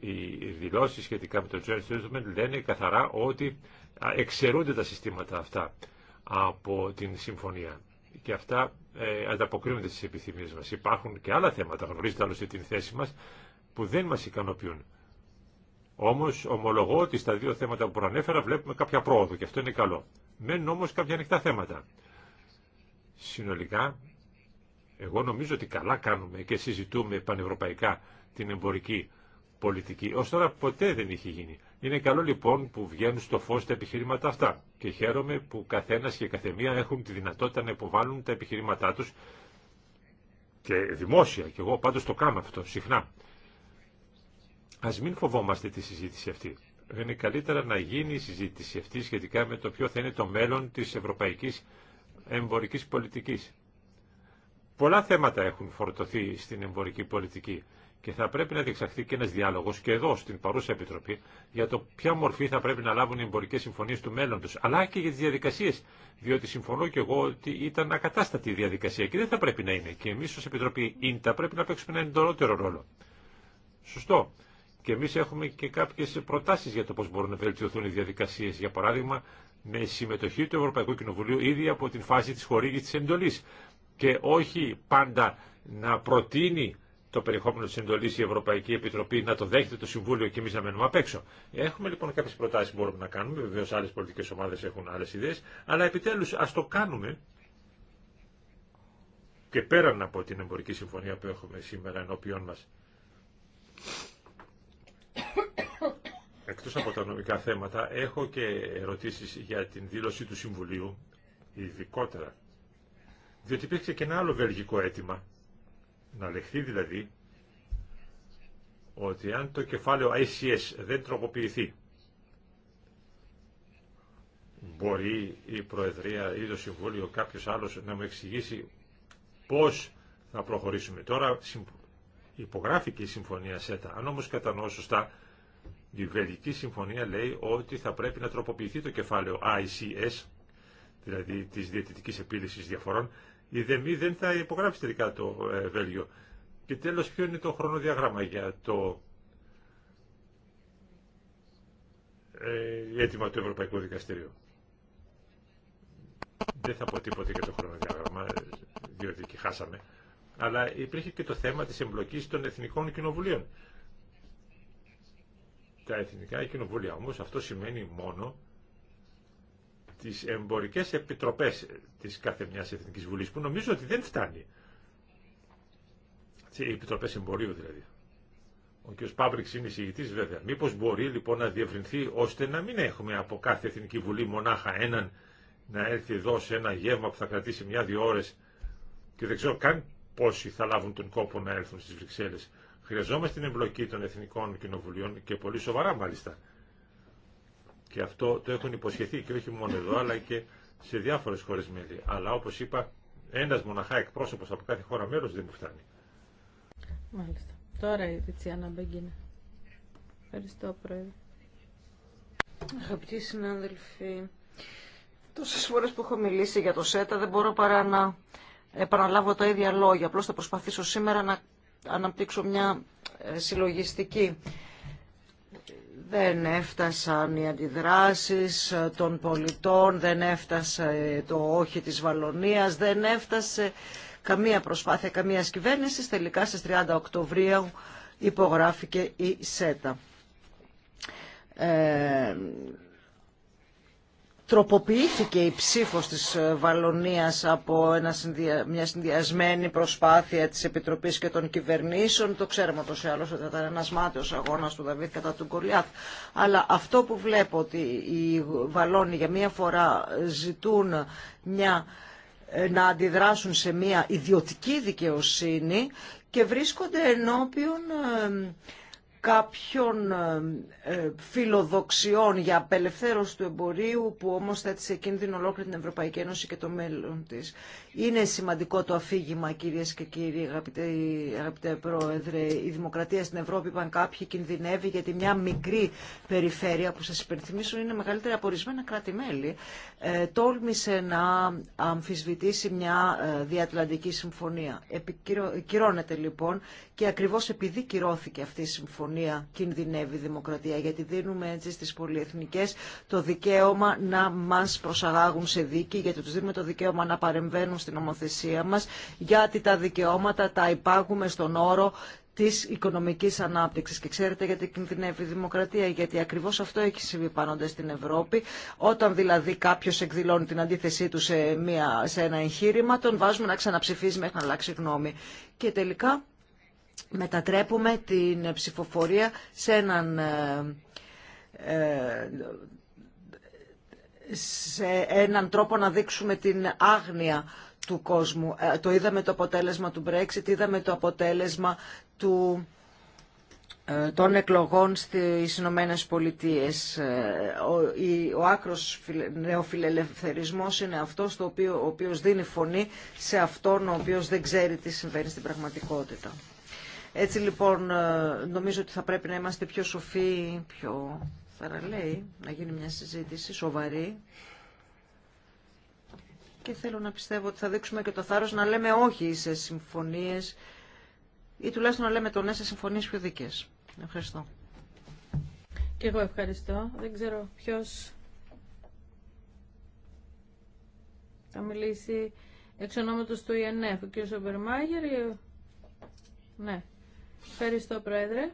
Οι δηλώσεις σχετικά με το Joint Instrument λένε καθαρά ότι εξαιρούνται τα συστήματα αυτά από την συμφωνία. Και αυτά ε, ανταποκρίνονται στις επιθυμίες μας. Υπάρχουν και άλλα θέματα, γνωρίζετε άλλωστε την θέση μας, που δεν μας ικανοποιούν. Όμως ομολογώ ότι στα δύο θέματα που προανέφερα βλέπουμε κάποια πρόοδο και αυτό είναι καλό. Μένουν όμως κάποια ανοιχτά θέματα. Συνολικά, εγώ νομίζω ότι καλά κάνουμε και συζητούμε πανευρωπαϊκά την εμπορική πολιτική. Ως τώρα ποτέ δεν είχε γίνει. Είναι καλό λοιπόν που βγαίνουν στο φως τα επιχειρήματα αυτά και χαίρομαι που καθένας και καθεμία έχουν τη δυνατότητα να υποβάλουν τα επιχειρήματά τους και δημόσια, και εγώ πάντως το κάνω αυτό συχνά. Ας μην φοβόμαστε τη συζήτηση αυτή. Είναι καλύτερα να γίνει η συζήτηση αυτή σχετικά με το ποιο θα είναι το μέλλον της ευρωπαϊκής εμπορικής πολιτικής. Πολλά θέματα έχουν φορτωθεί στην εμπορική πολιτική και θα πρέπει να διεξαχθεί και ένα διάλογο και εδώ στην παρούσα Επιτροπή για το ποια μορφή θα πρέπει να λάβουν οι εμπορικέ συμφωνίε του μέλλοντος, αλλά και για τι διαδικασίε. διότι συμφωνώ και εγώ ότι ήταν ακατάστατη η διαδικασία και δεν θα πρέπει να είναι. Και εμεί ω Επιτροπή ΙΝΤΑ πρέπει να παίξουμε ένα εντονότερο ρόλο. Σωστό. Και εμεί έχουμε και κάποιε προτάσει για το πώ μπορούν να βελτιωθούν οι διαδικασίε, Για παράδειγμα, με συμμετοχή του Ευρωπαϊκού Κοινοβουλίου ήδη από την φάση τη χορήγηση τη εντολής και όχι πάντα να προτείνει το περιεχόμενο τη εντολή η Ευρωπαϊκή Επιτροπή να το δέχεται το Συμβούλιο και εμεί να μένουμε απ' έξω. Έχουμε λοιπόν κάποιε προτάσει που μπορούμε να κάνουμε, Βεβαίω άλλε πολιτικέ ομάδε έχουν άλλε ιδέε, αλλά επιτέλου α το κάνουμε και πέραν από την εμπορική συμφωνία που έχουμε σήμερα ενώπιόν μα. Εκτός από τα νομικά θέματα, έχω και ερωτήσεις για την δήλωση του Συμβουλίου, ειδικότερα. Διότι υπήρξε και ένα άλλο βελγικό αίτημα, να λεχθεί δηλαδή ότι αν το κεφάλαιο ICS δεν τροποποιηθεί, μπορεί η Προεδρία ή το Συμβούλιο κάποιος άλλος να μου εξηγήσει πώς θα προχωρήσουμε. Τώρα υπογράφηκε η Συμφωνία ΣΕΤΑ. Αν όμως κατανοώ σωστά, η Βελική Συμφωνία λέει ότι θα πρέπει να τροποποιηθεί το κεφάλαιο ICS, δηλαδή της διαιτητικής επίλυσης διαφορών, η ΔΕΜΗ δεν θα υπογράψει τελικά το ε, Βέλγιο. Και τέλος ποιο είναι το χρονοδιαγράμμα για το ε, αίτημα του Ευρωπαϊκού Δικαστηρίου. Δεν θα πω τίποτα για το χρονοδιάγραμμα, ε, διότι και χάσαμε. Αλλά υπήρχε και το θέμα της εμπλοκής των εθνικών κοινοβουλίων. Τα εθνικά κοινοβούλια όμως αυτό σημαίνει μόνο τις εμπορικές επιτροπές της κάθε μια Εθνικής Βουλής, που νομίζω ότι δεν φτάνει. Οι επιτροπές εμπορίου δηλαδή. Ο κ. Πάμπριξ είναι εισηγητή βέβαια. Μήπω μπορεί λοιπόν να διευρυνθεί ώστε να μην έχουμε από κάθε Εθνική Βουλή μονάχα έναν να έρθει εδώ σε ένα γεύμα που θα κρατήσει μια-δύο ώρε και δεν ξέρω καν πόσοι θα λάβουν τον κόπο να έρθουν στι Βρυξέλλε. Χρειαζόμαστε την εμπλοκή των Εθνικών Κοινοβουλίων και πολύ σοβαρά μάλιστα. Και αυτό το έχουν υποσχεθεί και όχι μόνο εδώ, αλλά και σε διάφορες χώρες μέλη. Αλλά όπως είπα, ένας μοναχά εκπρόσωπος από κάθε χώρα μέλος δεν μου φτάνει. Μάλιστα. Τώρα η Τιτσιάνα Μπεγκίνα. Ευχαριστώ, Πρόεδρε. Αγαπητοί συνάδελφοι, τόσες φορές που έχω μιλήσει για το ΣΕΤΑ δεν μπορώ παρά να επαναλάβω τα ίδια λόγια. Απλώς θα προσπαθήσω σήμερα να αναπτύξω μια ε, συλλογιστική δεν έφτασαν οι αντιδράσεις των πολιτών, δεν έφτασε το όχι της Βαλονίας, δεν έφτασε καμία προσπάθεια, καμία κυβέρνηση. Τελικά στις 30 Οκτωβρίου υπογράφηκε η ΣΕΤΑ. Ε, τροποποιήθηκε η ψήφος της ε, Βαλονίας από μια συνδυασμένη προσπάθεια της Επιτροπής και των κυβερνήσεων. Το ξέρουμε τόσο ή άλλως ότι ήταν ένας μάταιος αγώνας του Δαβίδ κατά του Γκολιάθ. Αλλά αυτό που βλέπω ότι οι Βαλόνοι για μία φορά ζητούν ε, να αντιδράσουν σε μια ιδιωτική δικαιοσύνη και βρίσκονται ενώπιον ε, κάποιων ε, ε, φιλοδοξιών για απελευθέρωση του εμπορίου που όμως θέτει σε κίνδυνο ολόκληρη την Ευρωπαϊκή Ένωση και το μέλλον της. Είναι σημαντικό το αφήγημα κυρίες και κύριοι αγαπητέ, αγαπητέ Πρόεδρε. Η δημοκρατία στην Ευρώπη είπαν κάποιοι κινδυνεύει γιατί μια μικρή περιφέρεια που σας υπενθυμίσω είναι μεγαλύτερη από ορισμένα κράτη-μέλη ε, τόλμησε να αμφισβητήσει μια ε, διατλαντική συμφωνία. Κυρώνεται, λοιπόν και ακριβώς επειδή κυρώθηκε αυτή η συμφωνία κοινωνία κινδυνεύει η δημοκρατία, γιατί δίνουμε έτσι στις πολυεθνικές το δικαίωμα να μας προσαγάγουν σε δίκη, γιατί τους δίνουμε το δικαίωμα να παρεμβαίνουν στην ομοθεσία μας, γιατί τα δικαιώματα τα υπάγουμε στον όρο τη οικονομική ανάπτυξη. Και ξέρετε γιατί κινδυνεύει η δημοκρατία, γιατί ακριβώ αυτό έχει συμβεί πάντοτε στην Ευρώπη. Όταν δηλαδή κάποιο εκδηλώνει την αντίθεσή του σε, μια, σε ένα εγχείρημα, τον βάζουμε να ξαναψηφίζει μέχρι να αλλάξει γνώμη. Και τελικά μετατρέπουμε την ψηφοφορία σε έναν ε, ε, σε έναν τρόπο να δείξουμε την άγνοια του κόσμου. Ε, το είδαμε το αποτέλεσμα του Brexit, είδαμε το αποτέλεσμα του, των εκλογών στις Ηνωμένε Πολιτείες. Ο, ο άκρος νεοφιλελευθερισμός είναι αυτός το οποίο, ο οποίος δίνει φωνή σε αυτόν ο οποίος δεν ξέρει τι συμβαίνει στην πραγματικότητα. Έτσι λοιπόν ε, νομίζω ότι θα πρέπει να είμαστε πιο σοφοί, πιο θαραλέοι, να γίνει μια συζήτηση σοβαρή. Και θέλω να πιστεύω ότι θα δείξουμε και το θάρρος να λέμε όχι σε συμφωνίες ή τουλάχιστον να λέμε το ναι σε συμφωνίες πιο δίκαιες. Ευχαριστώ. Και εγώ ευχαριστώ. Δεν ξέρω ποιος θα μιλήσει εξ ονόματος του ΙΕΝΕΦ. Ο κ. Σομπερμάγερ ή... Ναι. Ευχαριστώ, Πρόεδρε.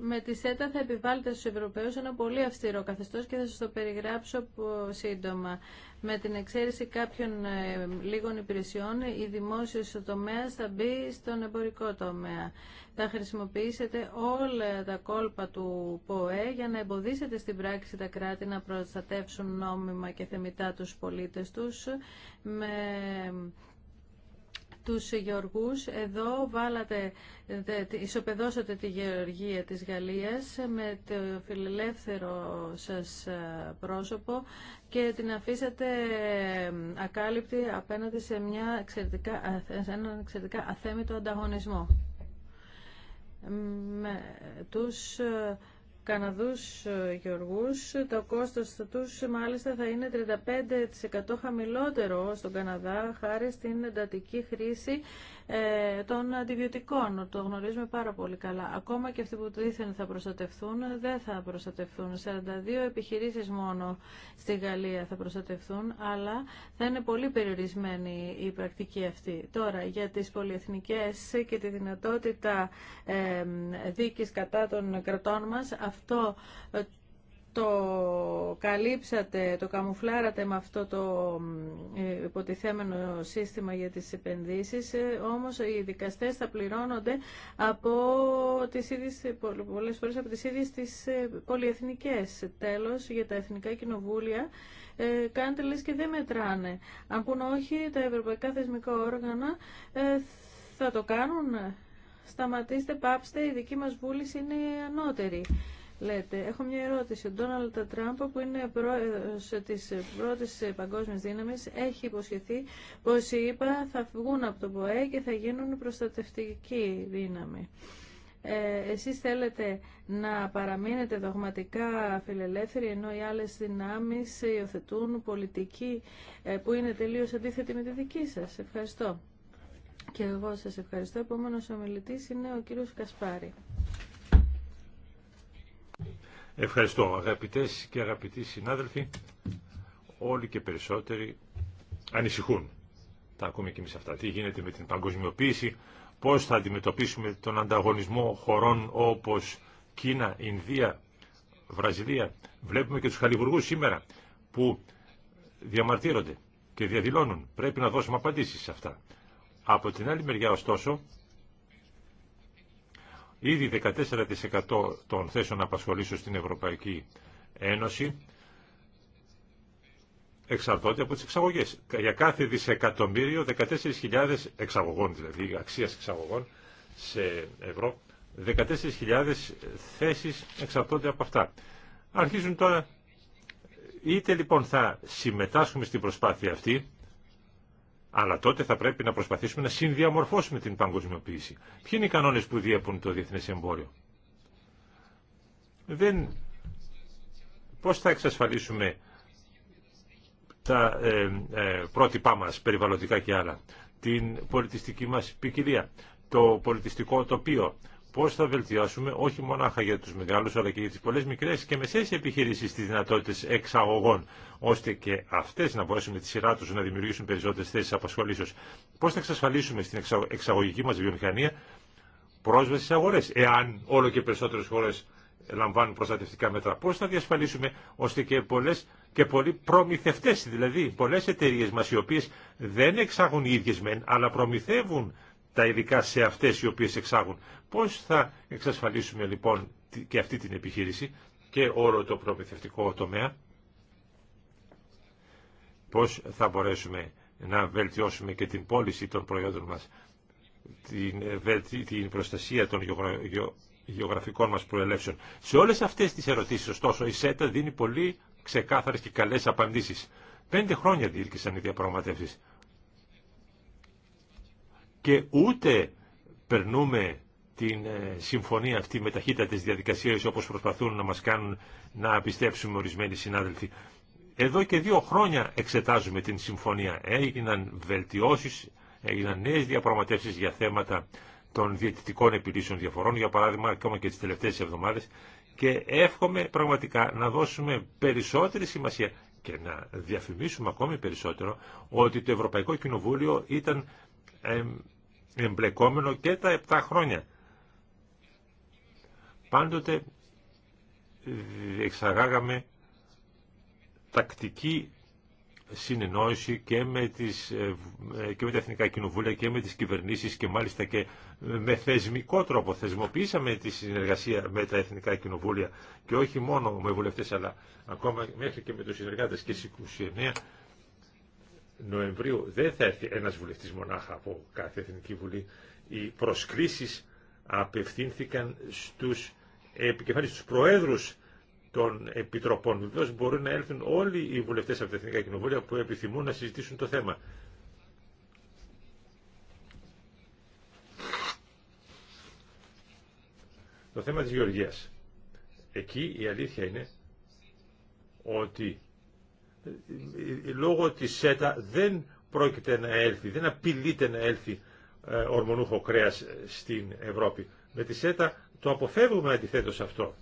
Με τη ΣΕΤΑ θα επιβάλλετε στους Ευρωπαίους ένα πολύ αυστηρό καθεστώς και θα σας το περιγράψω σύντομα. Με την εξαίρεση κάποιων ε, λίγων υπηρεσιών, η δημόσιος τομέα θα μπει στον εμπορικό τομέα. Θα χρησιμοποιήσετε όλα τα κόλπα του ΠΟΕ για να εμποδίσετε στην πράξη τα κράτη να προστατεύσουν νόμιμα και θεμητά τους πολίτες τους με τους γεωργούς. Εδώ βάλατε, ισοπεδώσατε τη γεωργία της Γαλλίας με το φιλελεύθερο σας ε, πρόσωπο και την αφήσατε ε, ακάλυπτη απέναντι σε, μια έναν εξαιρετικά αθέμητο ανταγωνισμό. Με τους ε, Καναδούς ε, γεωργούς. Το κόστος τους μάλιστα θα είναι 35% χαμηλότερο στον Καναδά χάρη στην εντατική χρήση ε, των αντιβιωτικών. Το γνωρίζουμε πάρα πολύ καλά. Ακόμα και αυτοί που ήθελαν θα προστατευθούν, δεν θα προστατευθούν. 42 επιχειρήσεις μόνο στη Γαλλία θα προστατευθούν, αλλά θα είναι πολύ περιορισμένη η πρακτική αυτή. Τώρα, για τις πολυεθνικές και τη δυνατότητα ε, δίκης κατά των κρατών μας, αυτό το καλύψατε, το καμουφλάρατε με αυτό το ε, υποτιθέμενο σύστημα για τις επενδύσεις, ε, όμως οι δικαστές θα πληρώνονται από τις ίδιες, πολλές φορές από τις ίδιες τις ε, πολυεθνικές. Τέλος, για τα εθνικά κοινοβούλια, ε, κάντε λες και δεν μετράνε. Αν πούν όχι, τα ευρωπαϊκά θεσμικά όργανα θα το κάνουν. Σταματήστε, πάψτε, η δική μας βούληση είναι ανώτερη λέτε. Έχω μια ερώτηση. Ο Ντόναλτ Τραμπ, που είναι πρόεδρος της πρώτης παγκόσμιας δύναμης, έχει υποσχεθεί πως οι ΗΠΑ θα φυγούν από το ΠΟΕ και θα γίνουν προστατευτική δύναμη. Ε, εσείς θέλετε να παραμείνετε δογματικά φιλελεύθεροι ενώ οι άλλες δυνάμεις υιοθετούν πολιτική ε, που είναι τελείως αντίθετη με τη δική σας. Ευχαριστώ. Και εγώ σας ευχαριστώ. Επόμενος ομιλητής είναι ο κύριος Κασπάρη. Ευχαριστώ αγαπητές και αγαπητοί συνάδελφοι. Όλοι και περισσότεροι ανησυχούν. Τα ακούμε και εμείς αυτά. Τι γίνεται με την παγκοσμιοποίηση, πώς θα αντιμετωπίσουμε τον ανταγωνισμό χωρών όπως Κίνα, Ινδία, Βραζιλία. Βλέπουμε και τους χαλιβουργούς σήμερα που διαμαρτύρονται και διαδηλώνουν. Πρέπει να δώσουμε απαντήσεις σε αυτά. Από την άλλη μεριά ωστόσο Ήδη 14% των θέσεων απασχολήσεων στην Ευρωπαϊκή Ένωση εξαρτώνται από τις εξαγωγές. Για κάθε δισεκατομμύριο 14.000 εξαγωγών, δηλαδή αξίας εξαγωγών σε ευρώ, 14.000 θέσεις εξαρτώνται από αυτά. Αρχίζουν τώρα, είτε λοιπόν θα συμμετάσχουμε στην προσπάθεια αυτή, αλλά τότε θα πρέπει να προσπαθήσουμε να συνδιαμορφώσουμε την παγκοσμιοποίηση. Ποιοι είναι οι κανόνες που διέπουν το διεθνές εμπόριο. Δεν... Πώς θα εξασφαλίσουμε τα ε, ε, πρότυπά μας περιβαλλοντικά και άλλα, την πολιτιστική μας ποικιλία, το πολιτιστικό τοπίο, πώς θα βελτιώσουμε όχι μονάχα για τους μεγάλους αλλά και για τις πολλές μικρές και μεσαίες επιχειρήσεις τις δυνατότητες εξαγωγών ώστε και αυτές να μπορέσουν με τη σειρά τους να δημιουργήσουν περισσότερες θέσεις απασχολήσεως. Πώς θα εξασφαλίσουμε στην εξαγωγική μας βιομηχανία πρόσβαση στις αγορές εάν όλο και περισσότερες χώρες λαμβάνουν προστατευτικά μέτρα. Πώς θα διασφαλίσουμε ώστε και πολλές και πολλοί προμηθευτές, δηλαδή πολλές εταιρείες μα, οι οποίε δεν εξάγουν οι ίδιες μεν, αλλά προμηθεύουν τα ειδικά σε αυτές οι οποίες εξάγουν. Πώς θα εξασφαλίσουμε λοιπόν και αυτή την επιχείρηση και όλο το προμηθευτικό τομέα. Πώς θα μπορέσουμε να βελτιώσουμε και την πώληση των προϊόντων μας, την ε, προστασία των γεωγραφικών μας προελεύσεων. Σε όλες αυτές τις ερωτήσεις, ωστόσο, η ΣΕΤΑ δίνει πολύ ξεκάθαρες και καλές απαντήσεις. Πέντε χρόνια διήρκησαν οι διαπραγματεύσεις και ούτε περνούμε την ε, συμφωνία αυτή με ταχύτατες διαδικασίες όπως προσπαθούν να μας κάνουν να πιστέψουμε ορισμένοι συνάδελφοι. Εδώ και δύο χρόνια εξετάζουμε την συμφωνία. Έγιναν βελτιώσεις, έγιναν νέες διαπραγματεύσεις για θέματα των διαιτητικών επιλύσεων διαφορών, για παράδειγμα ακόμα και τις τελευταίες εβδομάδες και εύχομαι πραγματικά να δώσουμε περισσότερη σημασία και να διαφημίσουμε ακόμη περισσότερο ότι το Ευρωπαϊκό Κοινοβούλιο ήταν εμπλεκόμενο και τα 7 χρόνια. Πάντοτε εξαγάγαμε τακτική συνεννόηση και με, τις, ε, ε, και με τα Εθνικά Κοινοβούλια και με τις κυβερνήσεις και μάλιστα και με θεσμικό τρόπο θεσμοποιήσαμε τη συνεργασία με τα Εθνικά Κοινοβούλια και όχι μόνο με βουλευτές αλλά ακόμα μέχρι και με τους συνεργάτες και στις 29 Νοεμβρίου δεν θα έρθει ένας βουλευτής μονάχα από κάθε Εθνική Βουλή. Οι προσκλήσεις απευθύνθηκαν στους επικεφαλής, στους προέδρους των επιτροπών. Βεβαίω μπορούν να έλθουν όλοι οι βουλευτές από τα Εθνικά Κοινοβούλια που επιθυμούν να συζητήσουν το θέμα. Το θέμα της Γεωργίας. Εκεί η αλήθεια είναι ότι ε, ε, ε, λόγω της ΣΕΤΑ δεν πρόκειται να έλθει, δεν απειλείται να έλθει ορμονούχο κρέας στην Ευρώπη. Με τη ΣΕΤΑ το αποφεύγουμε αντιθέτως αυτό.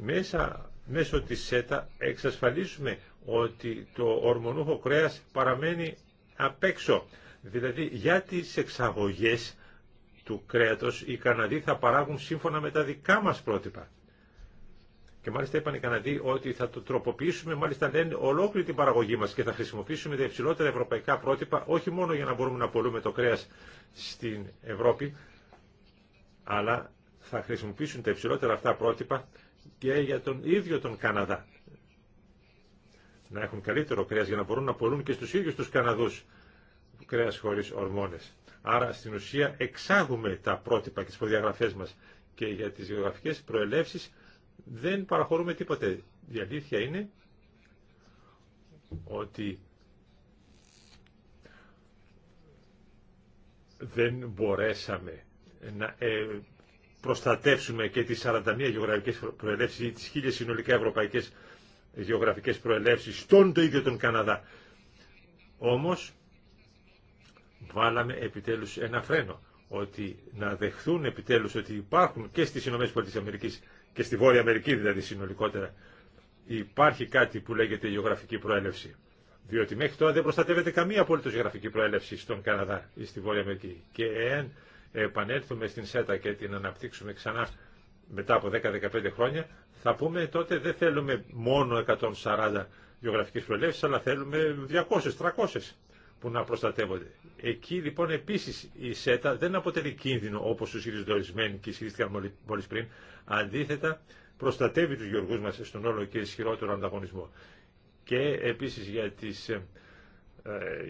Μέσα, μέσω της ΣΕΤΑ εξασφαλίσουμε ότι το ορμονούχο κρέας παραμένει απ' έξω. Δηλαδή για τις εξαγωγές του κρέατος οι Καναδοί θα παράγουν σύμφωνα με τα δικά μας πρότυπα. Και μάλιστα είπαν οι Καναδοί ότι θα το τροποποιήσουμε, μάλιστα λένε, ολόκληρη την παραγωγή μα και θα χρησιμοποιήσουμε τα υψηλότερα ευρωπαϊκά πρότυπα, όχι μόνο για να μπορούμε να πολλούμε το κρέα στην Ευρώπη, αλλά θα χρησιμοποιήσουν τα υψηλότερα αυτά πρότυπα και για τον ίδιο τον Καναδά. Να έχουν καλύτερο κρέα για να μπορούν να πολλούν και στου ίδιου του Καναδού κρέα χωρί ορμόνε. Άρα στην ουσία εξάγουμε τα πρότυπα και τι προδιαγραφέ μα και για τι γεωγραφικέ προελεύσει δεν παραχωρούμε τίποτε. Η αλήθεια είναι ότι δεν μπορέσαμε να ε, προστατεύσουμε και τις 41 γεωγραφικές προελεύσεις ή τις 1000 συνολικά ευρωπαϊκές γεωγραφικές προελεύσεις στον το ίδιο τον Καναδά. Όμως βάλαμε επιτέλους ένα φρένο ότι να δεχθούν επιτέλους ότι υπάρχουν και στις ΗΠΑ και στη Βόρεια Αμερική δηλαδή συνολικότερα, υπάρχει κάτι που λέγεται γεωγραφική προέλευση. Διότι μέχρι τώρα δεν προστατεύεται καμία απολύτω γεωγραφική προέλευση στον Καναδά ή στη Βόρεια Αμερική. Και εάν επανέλθουμε στην ΣΕΤΑ και την αναπτύξουμε ξανά μετά από 10-15 χρόνια, θα πούμε τότε δεν θέλουμε μόνο 140 γεωγραφικέ προελεύσει, αλλά θέλουμε 200-300 που να προστατεύονται. Εκεί λοιπόν επίση η ΣΕΤΑ δεν αποτελεί κίνδυνο όπω του και ισχυρίστηκαν μόλι πριν, Αντίθετα, προστατεύει τους γεωργούς μας στον όλο και ισχυρότερο ανταγωνισμό. Και επίσης για, τις, ε,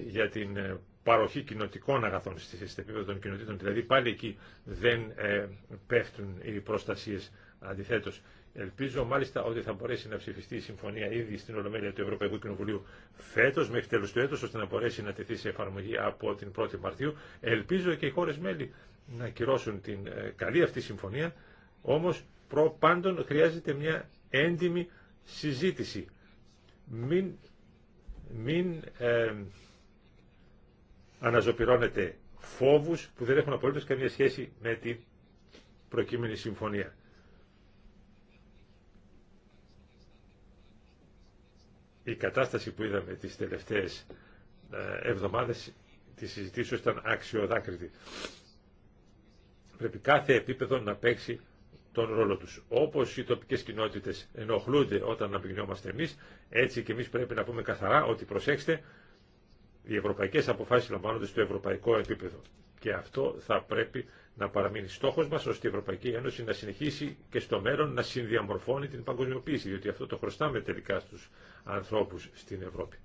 για την ε, παροχή κοινοτικών αγαθών στις επίπεδο των κοινοτήτων, δηλαδή πάλι εκεί δεν ε, πέφτουν οι προστασίες αντιθέτως. Ελπίζω μάλιστα ότι θα μπορέσει να ψηφιστεί η συμφωνία ήδη στην Ολομέλεια του Ευρωπαϊκού Κοινοβουλίου φέτο, μέχρι τέλο του έτου, ώστε να μπορέσει να τεθεί σε εφαρμογή από την 1η Μαρτίου. Ελπίζω και οι χώρε μέλη να κυρώσουν την καλή αυτή συμφωνία όμως προπάντων χρειάζεται μια έντιμη συζήτηση. Μην, μην ε, φόβους που δεν έχουν απολύτως καμία σχέση με την προκείμενη συμφωνία. Η κατάσταση που είδαμε τις τελευταίες ε, εβδομάδες της συζητήσεως ήταν αξιοδάκριτη. Πρέπει κάθε επίπεδο να παίξει τον ρόλο τους. Όπως οι τοπικές κοινότητες ενοχλούνται όταν αναπηγνιόμαστε εμείς, έτσι και εμείς πρέπει να πούμε καθαρά ότι προσέξτε, οι ευρωπαϊκές αποφάσεις λαμβάνονται στο ευρωπαϊκό επίπεδο. Και αυτό θα πρέπει να παραμείνει στόχος μας, ώστε η Ευρωπαϊκή Ένωση να συνεχίσει και στο μέλλον να συνδιαμορφώνει την παγκοσμιοποίηση, διότι αυτό το χρωστάμε τελικά στους ανθρώπους στην Ευρώπη.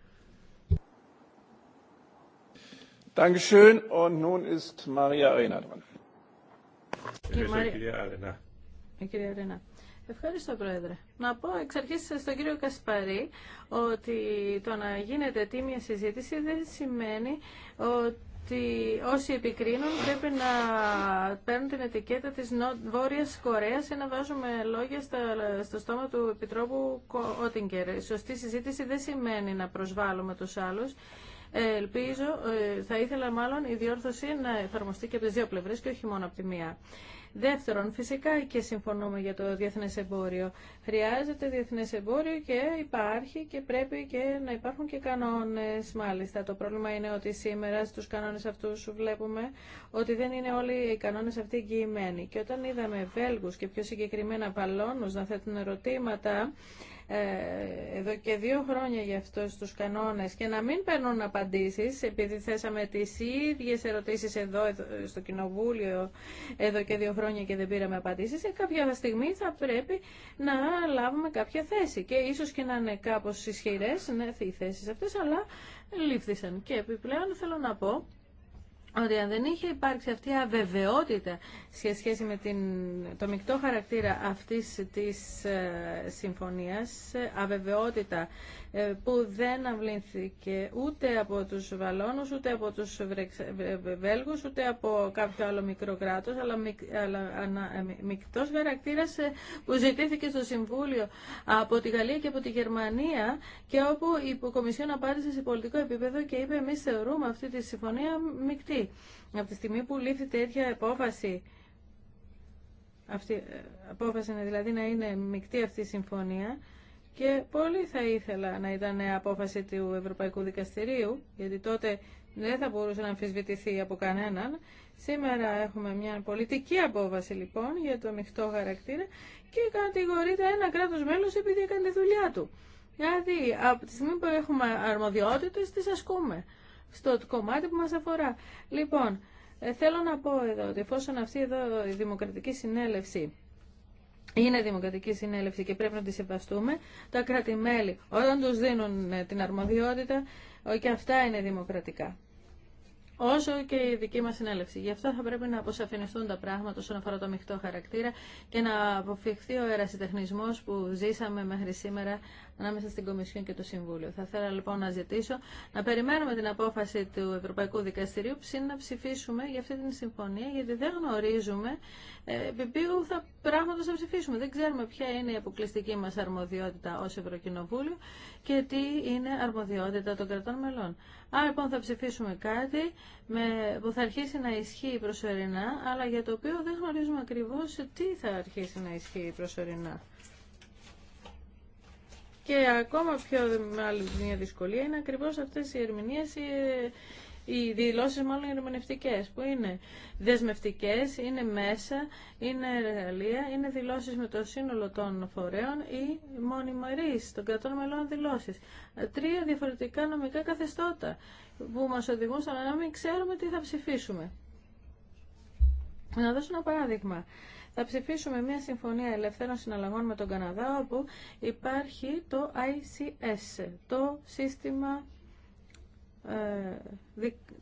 Dankeschön. Und nun ist Maria Arena dran. Ευχαριστώ, κυρία ε, Ευχαριστώ, Πρόεδρε. Να πω εξ αρχή στον κύριο Κασπαρή ότι το να γίνεται τίμια συζήτηση δεν σημαίνει ότι όσοι επικρίνουν πρέπει να παίρνουν την ετικέτα της Βόρειας Κορέας ή να βάζουμε λόγια στο στόμα του Επιτρόπου Ότιγκερ. Η σωστή συζήτηση δεν σημαίνει να προσβάλλουμε τους άλλους. Ελπίζω, ε, θα ήθελα μάλλον η διόρθωση να εφαρμοστεί και από τις δύο πλευρές και όχι μόνο από τη μία. Δεύτερον, φυσικά και συμφωνούμε για το διεθνές εμπόριο. Χρειάζεται διεθνές εμπόριο και υπάρχει και πρέπει και να υπάρχουν και κανόνες μάλιστα. Το πρόβλημα είναι ότι σήμερα στους κανόνες αυτούς βλέπουμε ότι δεν είναι όλοι οι κανόνες αυτοί εγγυημένοι. Και όταν είδαμε Βέλγους και πιο συγκεκριμένα Βαλώνους να θέτουν ερωτήματα ε, εδώ και δύο χρόνια για αυτό στους κανόνες και να μην παίρνουν απαντήσεις επειδή θέσαμε τις ίδιες ερωτήσεις εδώ, στο Κοινοβούλιο εδώ και δύο χρόνια και δεν πήραμε απαντήσεις σε κάποια στιγμή θα πρέπει να λάβουμε κάποια θέση και ίσως και να είναι κάπως ισχυρές ναι, οι θέσεις αυτές αλλά λήφθησαν και επιπλέον θέλω να πω ότι αν δεν είχε υπάρξει αυτή η αβεβαιότητα σε σχέση με την, το μεικτό χαρακτήρα αυτής της ε, συμφωνίας, ε, αβεβαιότητα ε, που δεν αμβλήθηκε ούτε από τους Βαλώνους, ούτε από τους ε, ε, Βέλγους, ούτε από κάποιο άλλο μικρό κράτος, αλλά, μικτός χαρακτήρας που ζητήθηκε στο Συμβούλιο από τη Γαλλία και από τη Γερμανία και όπου η Κομισιόν απάντησε σε πολιτικό επίπεδο και είπε εμείς θεωρούμε αυτή τη συμφωνία μεικτή. Από τη στιγμή που λήφθη τέτοια απόφαση αυτή, απόφαση δηλαδή να είναι μεικτή αυτή η συμφωνία, και πολύ θα ήθελα να ήταν απόφαση του Ευρωπαϊκού Δικαστηρίου, γιατί τότε δεν θα μπορούσε να αμφισβητηθεί από κανέναν. Σήμερα έχουμε μια πολιτική απόφαση λοιπόν για το μειχτό χαρακτήρα και κατηγορείται ένα κράτος μέλος επειδή έκανε τη δουλειά του. Δηλαδή, από τη στιγμή που έχουμε αρμοδιότητες, τις ασκούμε στο κομμάτι που μας αφορά. Λοιπόν, ε, θέλω να πω εδώ ότι εφόσον αυτή εδώ η Δημοκρατική Συνέλευση είναι δημοκρατική συνέλευση και πρέπει να τη σεβαστούμε. Τα κράτη-μέλη όταν τους δίνουν ε, την αρμοδιότητα ε, και αυτά είναι δημοκρατικά. Όσο και η δική μας συνέλευση. Γι' αυτό θα πρέπει να αποσαφινιστούν τα πράγματα όσον αφορά το μειχτό χαρακτήρα και να αποφευχθεί ο ερασιτεχνισμός που ζήσαμε μέχρι σήμερα ανάμεσα στην Κομισιόν και το Συμβούλιο. Θα ήθελα λοιπόν να ζητήσω να περιμένουμε την απόφαση του Ευρωπαϊκού Δικαστηρίου ψήν να ψηφίσουμε για αυτή την συμφωνία, γιατί δεν γνωρίζουμε ε, επί ποιου θα πράγματα θα ψηφίσουμε. Δεν ξέρουμε ποια είναι η αποκλειστική μας αρμοδιότητα ως Ευρωκοινοβούλιο και τι είναι αρμοδιότητα των κρατών μελών. Άρα λοιπόν θα ψηφίσουμε κάτι με, που θα αρχίσει να ισχύει προσωρινά, αλλά για το οποίο δεν γνωρίζουμε ακριβώ τι θα αρχίσει να ισχύει προσωρινά. Και ακόμα πιο άλλη μια δυσκολία είναι ακριβώς αυτές οι ερμηνείες, οι δηλώσεις μάλλον ερμηνευτικέ, που είναι δεσμευτικές, είναι μέσα, είναι εργαλεία, είναι δηλώσεις με το σύνολο των φορέων ή μονιμερείς των κρατών μελών δηλώσεις. Τρία διαφορετικά νομικά καθεστώτα που μας οδηγούν στο να μην ξέρουμε τι θα ψηφίσουμε. Να δώσω ένα παράδειγμα θα ψηφίσουμε μια συμφωνία ελευθέρων συναλλαγών με τον Καναδά όπου υπάρχει το ICS, το σύστημα ε,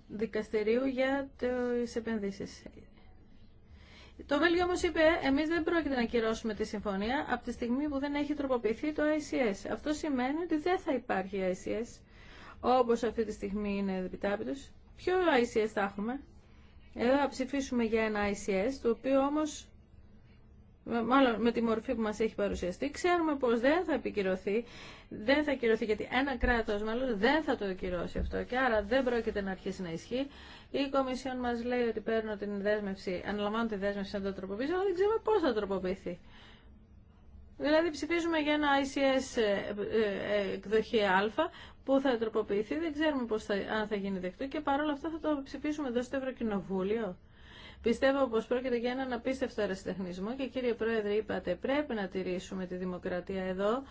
δικαστηρίου για τις επενδύσεις. Το Βέλγιο όμω είπε, εμεί δεν πρόκειται να κυρώσουμε τη συμφωνία από τη στιγμή που δεν έχει τροποποιηθεί το ICS. Αυτό σημαίνει ότι δεν θα υπάρχει ICS, όπω αυτή τη στιγμή είναι επιτάπητο. Ποιο ICS θα έχουμε. Εδώ θα ψηφίσουμε για ένα ICS, το οποίο όμω μάλλον με τη μορφή που μας έχει παρουσιαστεί, ξέρουμε πως δεν θα επικυρωθεί, δεν θα κυρωθεί, γιατί ένα κράτος μάλλον δεν θα το κυρώσει αυτό και άρα δεν πρόκειται να αρχίσει να ισχύει. Η Κομισιόν μας λέει ότι παίρνω την δέσμευση, αναλαμβάνω τη δέσμευση να το τροποποιήσω, αλλά δεν ξέρουμε πώς θα τροποποιηθεί. Δηλαδή ψηφίζουμε για ένα ICS ε, ε, εκδοχή Α που θα τροποποιηθεί, δεν ξέρουμε πώς θα, αν θα γίνει δεκτό και παρόλα αυτά θα το ψηφίσουμε εδώ στο Ευρωκοινοβούλιο. Πιστεύω πως πρόκειται για έναν απίστευτο αριστεχνισμό και κύριε Πρόεδρε είπατε πρέπει να τηρήσουμε τη δημοκρατία εδώ.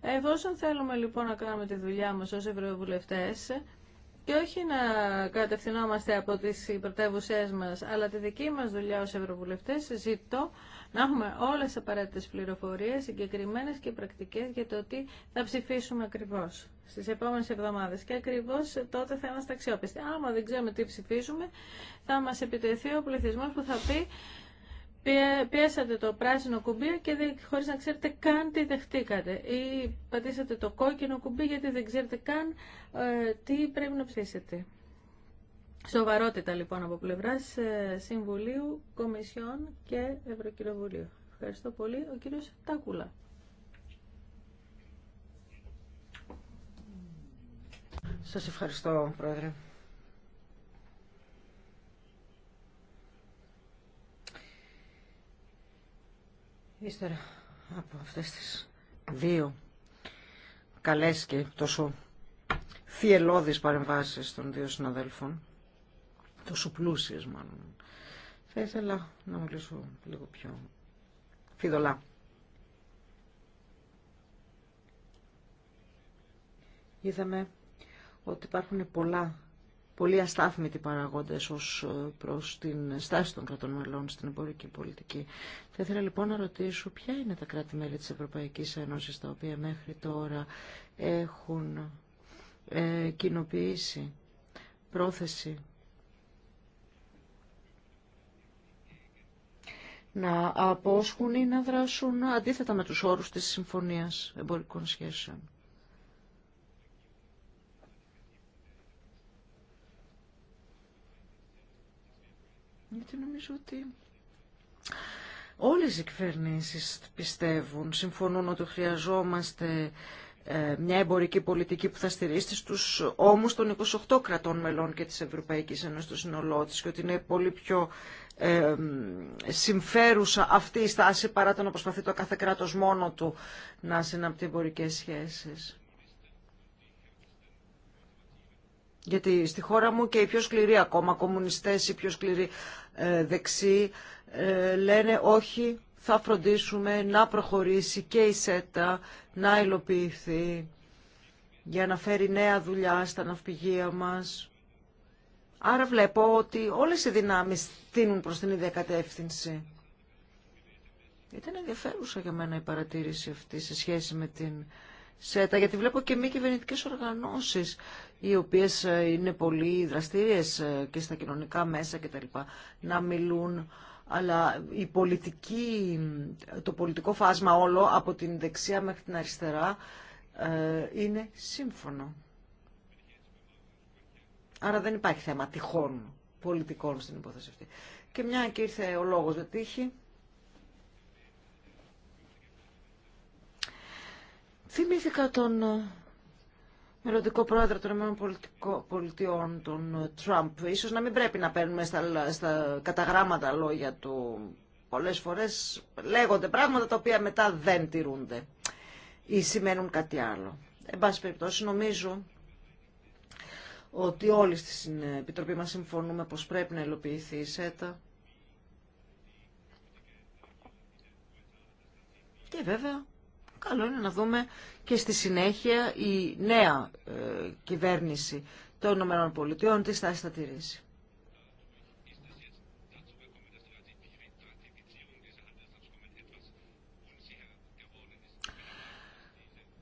Εφόσον θέλουμε λοιπόν να κάνουμε τη δουλειά μας ως ευρωβουλευτές, και όχι να κατευθυνόμαστε από τις πρωτεύουσέ μας, αλλά τη δική μας δουλειά ως Ευρωβουλευτές, ζητώ να έχουμε όλες τις απαραίτητες πληροφορίες, συγκεκριμένες και πρακτικές για το τι θα ψηφίσουμε ακριβώς στις επόμενες εβδομάδες. Και ακριβώς τότε θα είμαστε αξιόπιστοι. Άμα δεν ξέρουμε τι ψηφίζουμε, θα μας επιτεθεί ο πληθυσμό που θα πει πιέσατε το πράσινο κουμπί και δεν, χωρίς να ξέρετε καν τι δεχτήκατε ή πατήσατε το κόκκινο κουμπί γιατί δεν ξέρετε καν ε, τι πρέπει να ψήσετε. Σοβαρότητα λοιπόν από πλευρά ε, Συμβουλίου, Κομισιόν και Ευρωκοινοβουλίου. Ευχαριστώ πολύ. Ο κύριος Τάκουλα. Σας ευχαριστώ, Πρόεδρε. Ύστερα από αυτές τις δύο καλές και τόσο θυελώδεις παρεμβάσεις των δύο συναδέλφων, τόσο πλούσιες μάλλον. Θα ήθελα να μιλήσω λίγο πιο φιδωλά. Είδαμε ότι υπάρχουν πολλά, πολλοί αστάθμητοι παραγόντες ως ε, προς την στάση των κρατών μελών στην εμπορική πολιτική. Θα ήθελα λοιπόν να ρωτήσω ποια είναι τα κράτη-μέλη της Ευρωπαϊκής Ένωσης τα οποία μέχρι τώρα έχουν ε, κοινοποιήσει πρόθεση να απόσχουν ή να δράσουν αντίθετα με τους όρους της Συμφωνίας Εμπορικών Σχέσεων. Γιατί νομίζω ότι όλες οι κυβερνήσει πιστεύουν, συμφωνούν ότι χρειαζόμαστε ε, μια εμπορική πολιτική που θα στηρίσει στους ώμους των 28 κρατών μελών και της Ευρωπαϊκής Ένωσης στο σύνολό και ότι είναι πολύ πιο ε, συμφέρουσα αυτή η στάση παρά το να προσπαθεί το κάθε κράτος μόνο του να συναπτύει εμπορικέ σχέσεις. Γιατί στη χώρα μου και οι πιο σκληροί ακόμα κομμουνιστές, οι πιο σκληροί ε, δεξιοί λένε όχι θα φροντίσουμε να προχωρήσει και η ΣΕΤΑ να υλοποιηθεί για να φέρει νέα δουλειά στα ναυπηγεία μας. Άρα βλέπω ότι όλες οι δυνάμεις τίνουν προς την ίδια κατεύθυνση. Ήταν ενδιαφέρουσα για μένα η παρατήρηση αυτή σε σχέση με την ΣΕΤΑ, γιατί βλέπω και μη κυβερνητικέ οργανώσεις, οι οποίες ε, είναι πολύ δραστήριες ε, και στα κοινωνικά μέσα κτλ. να μιλούν αλλά η πολιτική, το πολιτικό φάσμα όλο από την δεξιά μέχρι την αριστερά ε, είναι σύμφωνο. Άρα δεν υπάρχει θέμα τυχόν πολιτικών στην υπόθεση αυτή. Και μια και ήρθε ο λόγος με τύχη. Θυμήθηκα τον ε, μελλοντικό πρόεδρο των ΗΠΑ, τον ε, Τραμπ. Ίσως να μην πρέπει να παίρνουμε στα, καταγράμματα λόγια του. Πολλές φορές λέγονται πράγματα τα οποία μετά δεν τηρούνται ή σημαίνουν κάτι άλλο. Εν πάση περιπτώσει, νομίζω ότι όλοι στην Επιτροπή μας συμφωνούμε πως πρέπει να υλοποιηθεί η ΣΕΤΑ. Και βέβαια, καλό είναι να δούμε και στη συνέχεια η νέα ε, κυβέρνηση των Πολιτειών τι στάση θα τηρήσει.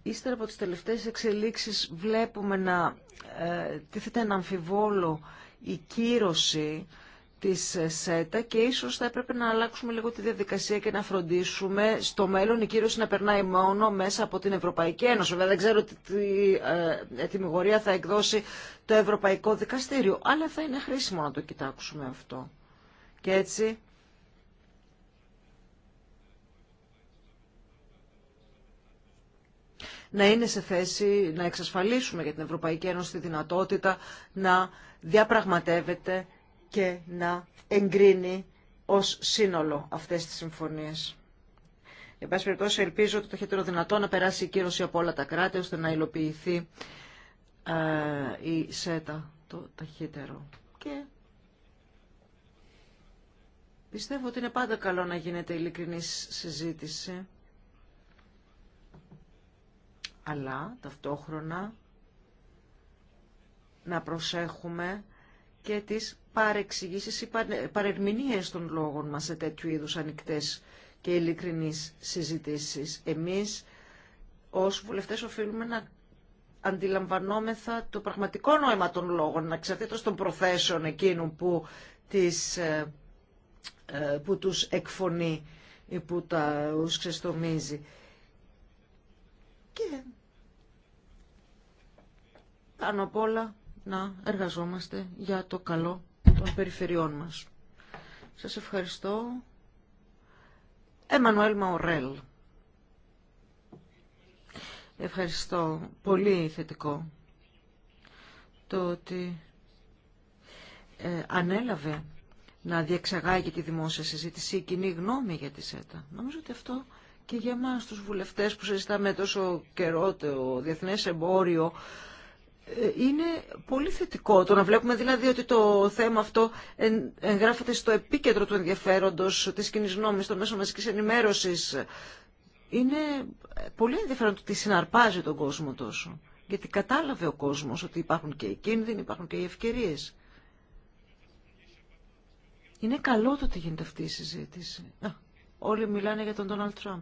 Ύστερα από τις τελευταίες εξελίξεις βλέπουμε να ε, τίθεται ένα αμφιβόλο η κύρωση της ΣΕΤΑ και ίσως θα έπρεπε να αλλάξουμε λίγο τη διαδικασία και να φροντίσουμε στο μέλλον η κύρωση να περνάει μόνο μέσα από την Ευρωπαϊκή Ένωση. Βέβαια δεν ξέρω τι ε, ετοιμιγορία θα εκδώσει το Ευρωπαϊκό Δικαστήριο, αλλά θα είναι χρήσιμο να το κοιτάξουμε αυτό. Και έτσι να είναι σε θέση να εξασφαλίσουμε για την Ευρωπαϊκή Ένωση τη δυνατότητα να διαπραγματεύεται και να εγκρίνει ως σύνολο αυτές τις συμφωνίες. Εν πάση περιπτώσει, ελπίζω ότι το χειρότερο δυνατό να περάσει η κύρωση από όλα τα κράτη ώστε να υλοποιηθεί ε, η ΣΕΤΑ το ταχύτερο. Και πιστεύω ότι είναι πάντα καλό να γίνεται ειλικρινή συζήτηση. Αλλά ταυτόχρονα να προσέχουμε και τις παρεξηγήσεις ή παρερμηνίες των λόγων μας σε τέτοιου είδους ανοιχτές και ειλικρινείς συζητήσεις. Εμείς ως βουλευτές οφείλουμε να αντιλαμβανόμεθα το πραγματικό νόημα των λόγων, να εξαρτήτως των προθέσεων εκείνου που, τις, ε, ε, που τους εκφωνεί ή που τα ξεστομίζει. Και πάνω απ' όλα να εργαζόμαστε για το καλό των περιφερειών μας. Σας ευχαριστώ. Εμμανουέλ Μαουρέλ. Ευχαριστώ. Πολύ θετικό το ότι ε, ανέλαβε να διεξαγάγει τη δημόσια συζήτηση η κοινή γνώμη για τη ΣΕΤΑ. Νομίζω ότι αυτό και για εμάς τους βουλευτές που συζητάμε τόσο καιρό το διεθνές εμπόριο είναι πολύ θετικό το να βλέπουμε δηλαδή ότι το θέμα αυτό εγγράφεται στο επίκεντρο του ενδιαφέροντος της κοινή νόμης των μέσων μαζικής ενημέρωσης. Είναι πολύ ενδιαφέρον ότι συναρπάζει τον κόσμο τόσο. Γιατί κατάλαβε ο κόσμος ότι υπάρχουν και οι κίνδυνοι, υπάρχουν και οι ευκαιρίες. Είναι καλό το ότι γίνεται αυτή η συζήτηση. όλοι μιλάνε για τον Ντόναλτ Τραμπ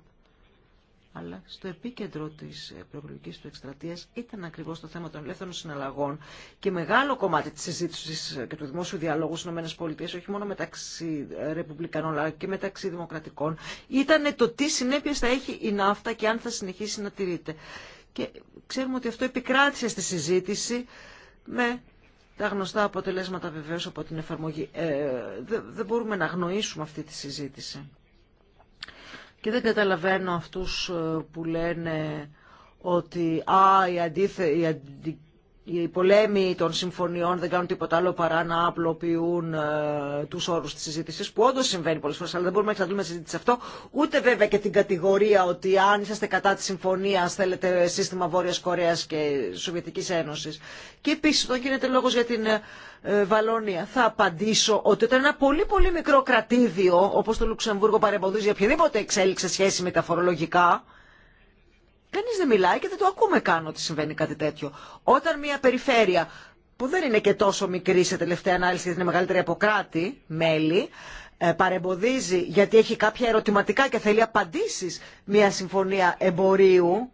αλλά στο επίκεντρο της ε, προεκλογικής του εκστρατείας ήταν ακριβώς το θέμα των ελεύθερων συναλλαγών και μεγάλο κομμάτι της συζήτηση ε, και του δημόσιου διαλόγου στις ΗΠΑ, όχι μόνο μεταξύ ε, ρεπουμπλικανών αλλά και μεταξύ δημοκρατικών, ήταν το τι συνέπειες θα έχει η ναύτα και αν θα συνεχίσει να τηρείται. Και ξέρουμε ότι αυτό επικράτησε στη συζήτηση με τα γνωστά αποτελέσματα βεβαίως από την εφαρμογή. δεν μπορούμε να γνωρίσουμε αυτή τη συζήτηση. Και δεν καταλαβαίνω αυτούς ε, που λένε ότι α, η, αντίθε, η, οι πολέμοι των συμφωνιών δεν κάνουν τίποτα άλλο παρά να απλοποιούν ε, τους όρους της συζήτησης, που όντως συμβαίνει πολλές φορές, αλλά δεν μπορούμε να εξαντλούμε συζήτηση αυτό, ούτε βέβαια και την κατηγορία ότι αν είσαστε κατά της συμφωνίας θέλετε σύστημα Βόρειας Κορέας και Σοβιετικής Ένωσης. Και επίσης όταν γίνεται λόγος για την ε, ε Βαλόνια, θα απαντήσω ότι όταν ένα πολύ πολύ μικρό κρατήδιο, όπως το Λουξεμβούργο παρεμποδίζει οποιαδήποτε εξέλιξη σχέση με τα φορολογικά, Κανεί δεν μιλάει και δεν το ακούμε καν ότι συμβαίνει κάτι τέτοιο. Όταν μια περιφέρεια που δεν είναι και τόσο μικρή σε τελευταία ανάλυση, είναι μεγαλύτερη από κράτη, μέλη, ε, παρεμποδίζει γιατί έχει κάποια ερωτηματικά και θέλει απαντήσεις μια συμφωνία εμπορίου,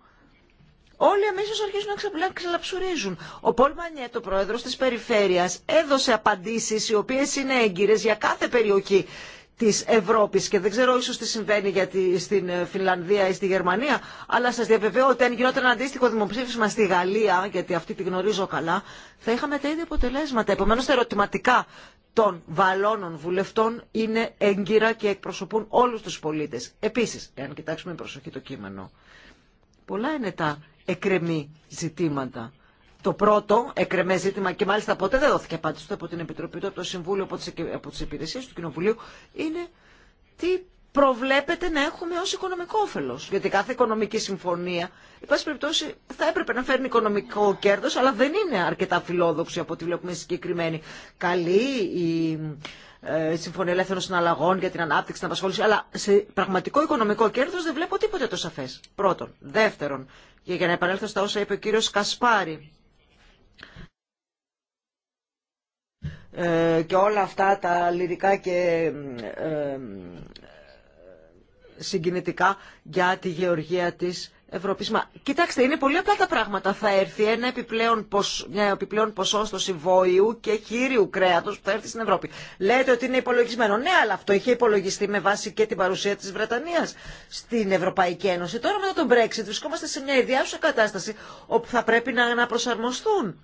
όλοι αμέσως αρχίζουν να ξελαψουρίζουν. Ο Πολ Μανιέτο, πρόεδρο τη περιφέρεια, έδωσε απαντήσει, οι οποίε είναι έγκυρε για κάθε περιοχή Τη Ευρώπης και δεν ξέρω ίσως τι συμβαίνει γιατί στην ε, Φινλανδία ή στη Γερμανία αλλά σας διαβεβαιώ ότι αν γινόταν αντίστοιχο δημοψήφισμα στη Γαλλία γιατί αυτή τη γνωρίζω καλά θα είχαμε τα ίδια αποτελέσματα. Επομένω, τα ερωτηματικά των βαλώνων βουλευτών είναι έγκυρα και εκπροσωπούν όλου του πολίτε. Επίση, εάν κοιτάξουμε προσοχή το κείμενο, πολλά είναι τα εκρεμή ζητήματα το πρώτο εκρεμέ ζήτημα και μάλιστα ποτέ δεν δόθηκε απάντηση από την Επιτροπή από το Συμβούλιο, από τι Υπηρεσίε του Κοινοβουλίου, είναι τι προβλέπεται να έχουμε ω οικονομικό όφελος. Γιατί κάθε οικονομική συμφωνία, εν πάση περιπτώσει, θα έπρεπε να φέρνει οικονομικό κέρδο, αλλά δεν είναι αρκετά φιλόδοξη από ό,τι βλέπουμε συγκεκριμένη. Καλή η ε, Συμφωνία Ελεύθερων Συναλλαγών για την ανάπτυξη, την απασχόληση, αλλά σε πραγματικό οικονομικό κέρδο δεν βλέπω τίποτε το σαφέ. Πρώτον. Δεύτερον, και για να επανέλθω στα όσα είπε ο κύριος Κασπάρη, ε, και όλα αυτά τα λυρικά και ε, ε, συγκινητικά για τη γεωργία της Ευρώπης. Μα, κοιτάξτε, είναι πολύ απλά τα πράγματα. Θα έρθει ένα επιπλέον ποσ... μια επιπλέον ποσόστοση βόηου και χείριου κρέατο που θα έρθει στην Ευρώπη. Λέτε ότι είναι υπολογισμένο. Ναι, αλλά αυτό είχε υπολογιστεί με βάση και την παρουσία τη Βρετανία στην Ευρωπαϊκή Ένωση. Τώρα μετά τον Brexit βρισκόμαστε σε μια ιδιάζουσα κατάσταση όπου θα πρέπει να, να προσαρμοστούν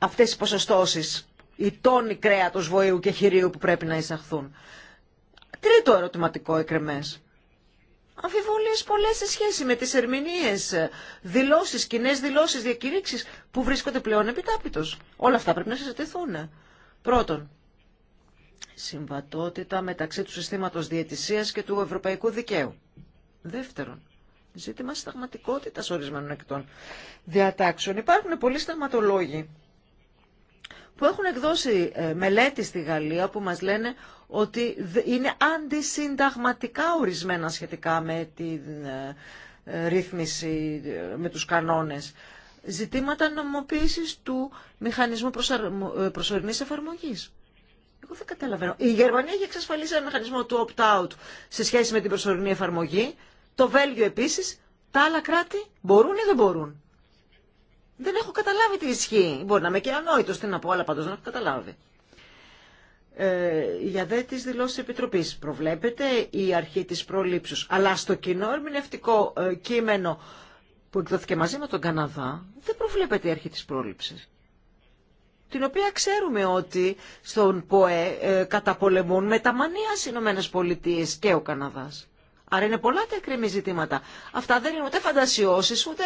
αυτές οι ποσοστώσει. οι τόνοι κρέατο βοήου και χειρίου που πρέπει να εισαχθούν. Τρίτο ερωτηματικό εκρεμές αμφιβολίες πολλές σε σχέση με τις ερμηνείες, δηλώσεις, κοινέ δηλώσεις, διακηρύξεις που βρίσκονται πλέον επιτάπητος. Όλα αυτά πρέπει να συζητηθούν. Πρώτον, συμβατότητα μεταξύ του συστήματος διαιτησίας και του ευρωπαϊκού δικαίου. Δεύτερον, ζήτημα συνταγματικότητας ορισμένων εκτών διατάξεων. Υπάρχουν πολλοί συνταγματολόγοι που έχουν εκδώσει ε, μελέτη στη Γαλλία που μας λένε ότι είναι αντισυνταγματικά ορισμένα σχετικά με τη ε, ε, ρύθμιση, με τους κανόνες. Ζητήματα νομοποίησης του μηχανισμού προσωρινής εφαρμογής. Εγώ δεν καταλαβαίνω. Η Γερμανία έχει εξασφαλίσει ένα μηχανισμό του opt-out σε σχέση με την προσωρινή εφαρμογή. Το Βέλγιο επίσης. Τα άλλα κράτη μπορούν ή δεν μπορούν. Δεν έχω καταλάβει τι ισχύει. Μπορεί να είμαι και ανόητο, τι να πω, αλλά πάντω να έχω καταλάβει. Ε, για δε τις δηλώσεις επιτροπής προβλέπεται η αρχή της πρόληψης. αλλά στο κοινό ερμηνευτικό ε, κείμενο που εκδόθηκε μαζί με τον Καναδά δεν προβλέπεται η αρχή της πρόληψης την οποία ξέρουμε ότι στον ΠΟΕ ε, καταπολεμούν με τα μανία οι και ο Καναδάς Άρα είναι πολλά τα εκκρεμή ζητήματα. Αυτά δεν είναι ούτε φαντασιώσεις, ούτε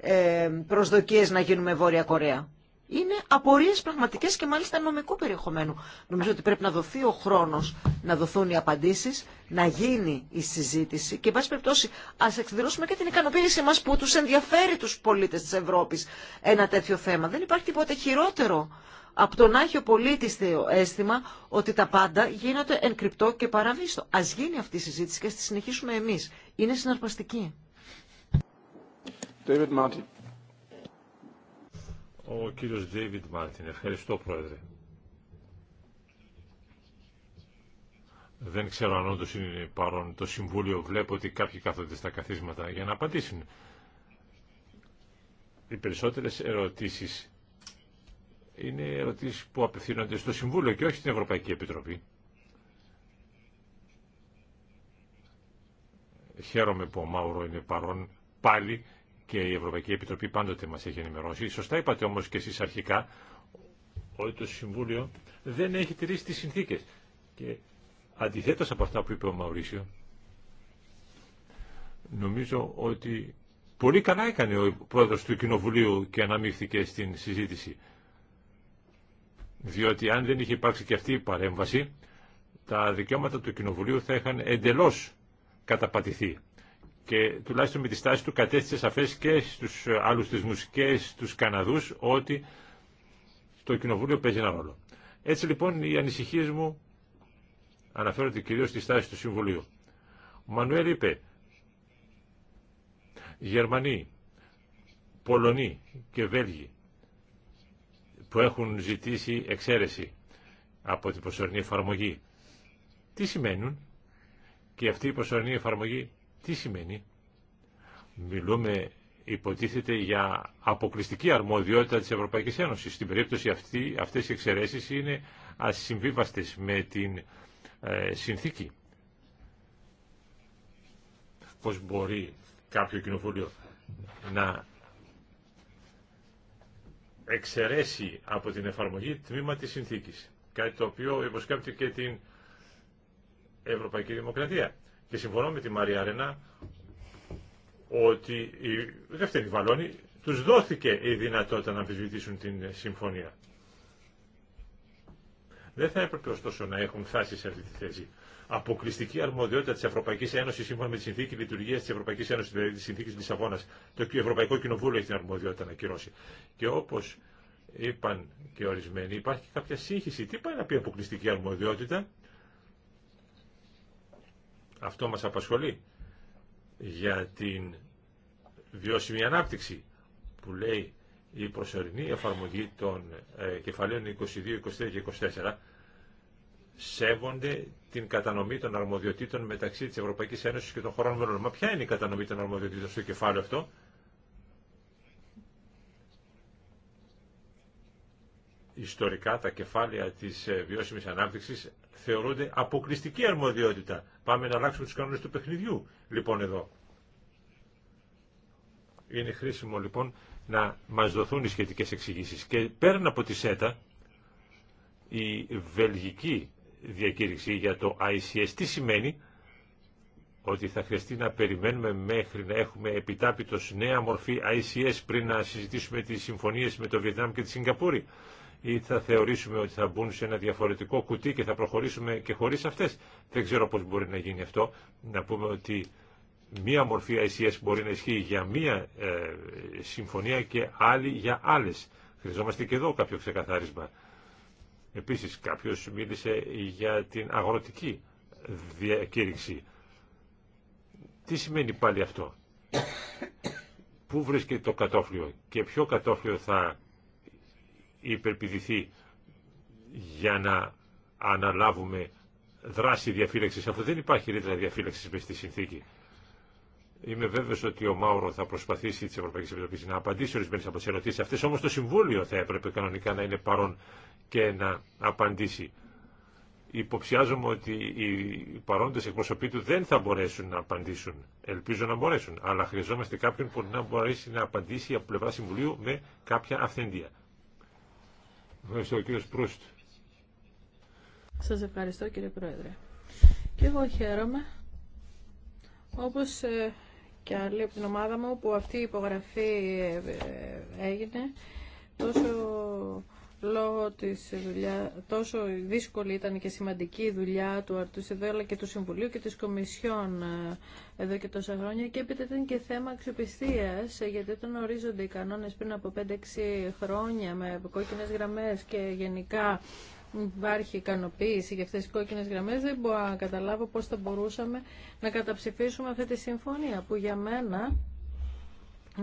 ε, προσδοκίες να γίνουμε Βόρεια Κορέα είναι απορίες πραγματικές και μάλιστα νομικού περιεχομένου. Νομίζω ότι πρέπει να δοθεί ο χρόνος να δοθούν οι απαντήσεις, να γίνει η συζήτηση και, εν πάση περιπτώσει, ας εκδηλώσουμε και την ικανοποίησή μας που τους ενδιαφέρει τους πολίτες της Ευρώπης ένα τέτοιο θέμα. Δεν υπάρχει τίποτα χειρότερο από τον Άγιο Πολίτη αίσθημα ότι τα πάντα γίνονται εν και παραβίστο. Ας γίνει αυτή η συζήτηση και ας τη συνεχίσουμε εμείς. Είναι συναρπαστική. David Martin. Ο κύριος David Μάρτιν. Ευχαριστώ πρόεδρε. Δεν ξέρω αν όντως είναι παρόν το Συμβούλιο. Βλέπω ότι κάποιοι κάθονται στα καθίσματα για να απαντήσουν. Οι περισσότερες ερωτήσεις είναι ερωτήσεις που απευθύνονται στο Συμβούλιο και όχι στην Ευρωπαϊκή Επιτροπή. Χαίρομαι που ο Μάουρο είναι παρόν πάλι και η Ευρωπαϊκή Επιτροπή πάντοτε μας έχει ενημερώσει. Σωστά είπατε όμως και εσείς αρχικά ότι το Συμβούλιο δεν έχει τηρήσει τις συνθήκες. Και αντιθέτως από αυτά που είπε ο Μαουρίσιο, νομίζω ότι πολύ καλά έκανε ο πρόεδρος του Κοινοβουλίου και αναμίχθηκε στην συζήτηση. Διότι αν δεν είχε υπάρξει και αυτή η παρέμβαση, τα δικαιώματα του Κοινοβουλίου θα είχαν εντελώς καταπατηθεί και τουλάχιστον με τη στάση του κατέστησε σαφές και στους άλλους της και στους Καναδούς ότι το Κοινοβούλιο παίζει ένα ρόλο. Έτσι λοιπόν οι ανησυχίες μου αναφέρονται κυρίως στη στάση του Συμβουλίου. Ο Μανουέλ είπε Γερμανοί, Πολωνοί και Βέλγοι που έχουν ζητήσει εξαίρεση από την προσωρινή εφαρμογή. Τι σημαίνουν και αυτή η προσωρινή εφαρμογή τι σημαίνει. Μιλούμε υποτίθεται για αποκλειστική αρμοδιότητα της Ευρωπαϊκής Ένωσης. Στην περίπτωση αυτή, αυτές οι εξαιρέσεις είναι ασυμβίβαστες με την ε, συνθήκη. Πώς μπορεί κάποιο κοινοβούλιο να εξαιρέσει από την εφαρμογή τμήμα της συνθήκης. Κάτι το οποίο υποσκέπτει και την Ευρωπαϊκή Δημοκρατία. Και συμφωνώ με τη Μαρία Ρένα ότι η δεύτερη βαλόνη τους δόθηκε η δυνατότητα να αμφισβητήσουν την συμφωνία. Δεν θα έπρεπε ωστόσο να έχουν φτάσει σε αυτή τη θέση. Αποκλειστική αρμοδιότητα τη Ευρωπαϊκή Ένωση σύμφωνα με τη συνθήκη λειτουργία τη Ευρωπαϊκή Ένωση, δηλαδή τη συνθήκη Λισαβόνα. Το Ευρωπαϊκό Κοινοβούλιο έχει την αρμοδιότητα να κυρώσει. Και όπω είπαν και ορισμένοι, υπάρχει κάποια σύγχυση. Τι πάει να πει αποκλειστική αρμοδιότητα, αυτό μας απασχολεί για την βιώσιμη ανάπτυξη που λέει η προσωρινή εφαρμογή των ε, κεφαλαίων 22, 23 και 24 σέβονται την κατανομή των αρμοδιοτήτων μεταξύ της Ευρωπαϊκής Ένωσης και των χωρών μελών. Μα ποια είναι η κατανομή των αρμοδιοτήτων στο κεφάλαιο αυτό. ιστορικά τα κεφάλαια της ε, βιώσιμης ανάπτυξης θεωρούνται αποκλειστική αρμοδιότητα. Πάμε να αλλάξουμε τους κανόνες του παιχνιδιού, λοιπόν, εδώ. Είναι χρήσιμο, λοιπόν, να μας δοθούν οι σχετικές εξηγήσεις. Και πέραν από τη ΣΕΤΑ, η βελγική διακήρυξη για το ICS, τι σημαίνει ότι θα χρειαστεί να περιμένουμε μέχρι να έχουμε επιτάπητος νέα μορφή ICS πριν να συζητήσουμε τις συμφωνίες με το Βιετνάμ και τη Σιγκαπούρη ή θα θεωρήσουμε ότι θα μπουν σε ένα διαφορετικό κουτί και θα προχωρήσουμε και χωρίς αυτές. Δεν ξέρω πώς μπορεί να γίνει αυτό. Να πούμε ότι μία μορφή ICS μπορεί να ισχύει για μία ε, συμφωνία και άλλη για άλλες. Χρειαζόμαστε και εδώ κάποιο ξεκαθάρισμα. Επίσης κάποιος μίλησε για την αγροτική διακήρυξη. Τι σημαίνει πάλι αυτό. Πού βρίσκεται το κατόφλιο και ποιο κατόφλιο θα υπερπηδηθεί για να αναλάβουμε δράση διαφύλαξης, αφού δεν υπάρχει ρήτρα διαφύλαξης με στη συνθήκη. Είμαι βέβαιο ότι ο Μάουρο θα προσπαθήσει τη Ευρωπαϊκή Επιτροπή να απαντήσει ορισμένε από τις ερωτήσεις αυτές, όμως το Συμβούλιο θα έπρεπε κανονικά να είναι παρόν και να απαντήσει. Υποψιάζομαι ότι οι παρόντες εκπροσωποί του δεν θα μπορέσουν να απαντήσουν. Ελπίζω να μπορέσουν, αλλά χρειαζόμαστε κάποιον που να μπορέσει να απαντήσει από πλευρά Συμβουλίου με κάποια αυθεντία. Ευχαριστώ κύριε Σπρούστ. Σας ευχαριστώ κύριε Πρόεδρε. Και εγώ χαίρομαι, όπως ε, και άλλοι από την ομάδα μου, που αυτή η υπογραφή ε, ε, έγινε τόσο λόγω της δουλειά, τόσο δύσκολη ήταν και σημαντική η δουλειά του εδώ, αλλά και του Συμβουλίου και της Κομισιόν ε, εδώ και τόσα χρόνια και έπειτα ήταν και θέμα αξιοπιστίας ε, γιατί όταν ορίζονται οι κανόνες πριν από 5-6 χρόνια με κόκκινε γραμμές και γενικά υπάρχει ικανοποίηση για αυτές τις κόκκινε γραμμές δεν μπορώ να καταλάβω πώ θα μπορούσαμε να καταψηφίσουμε αυτή τη συμφωνία που για μένα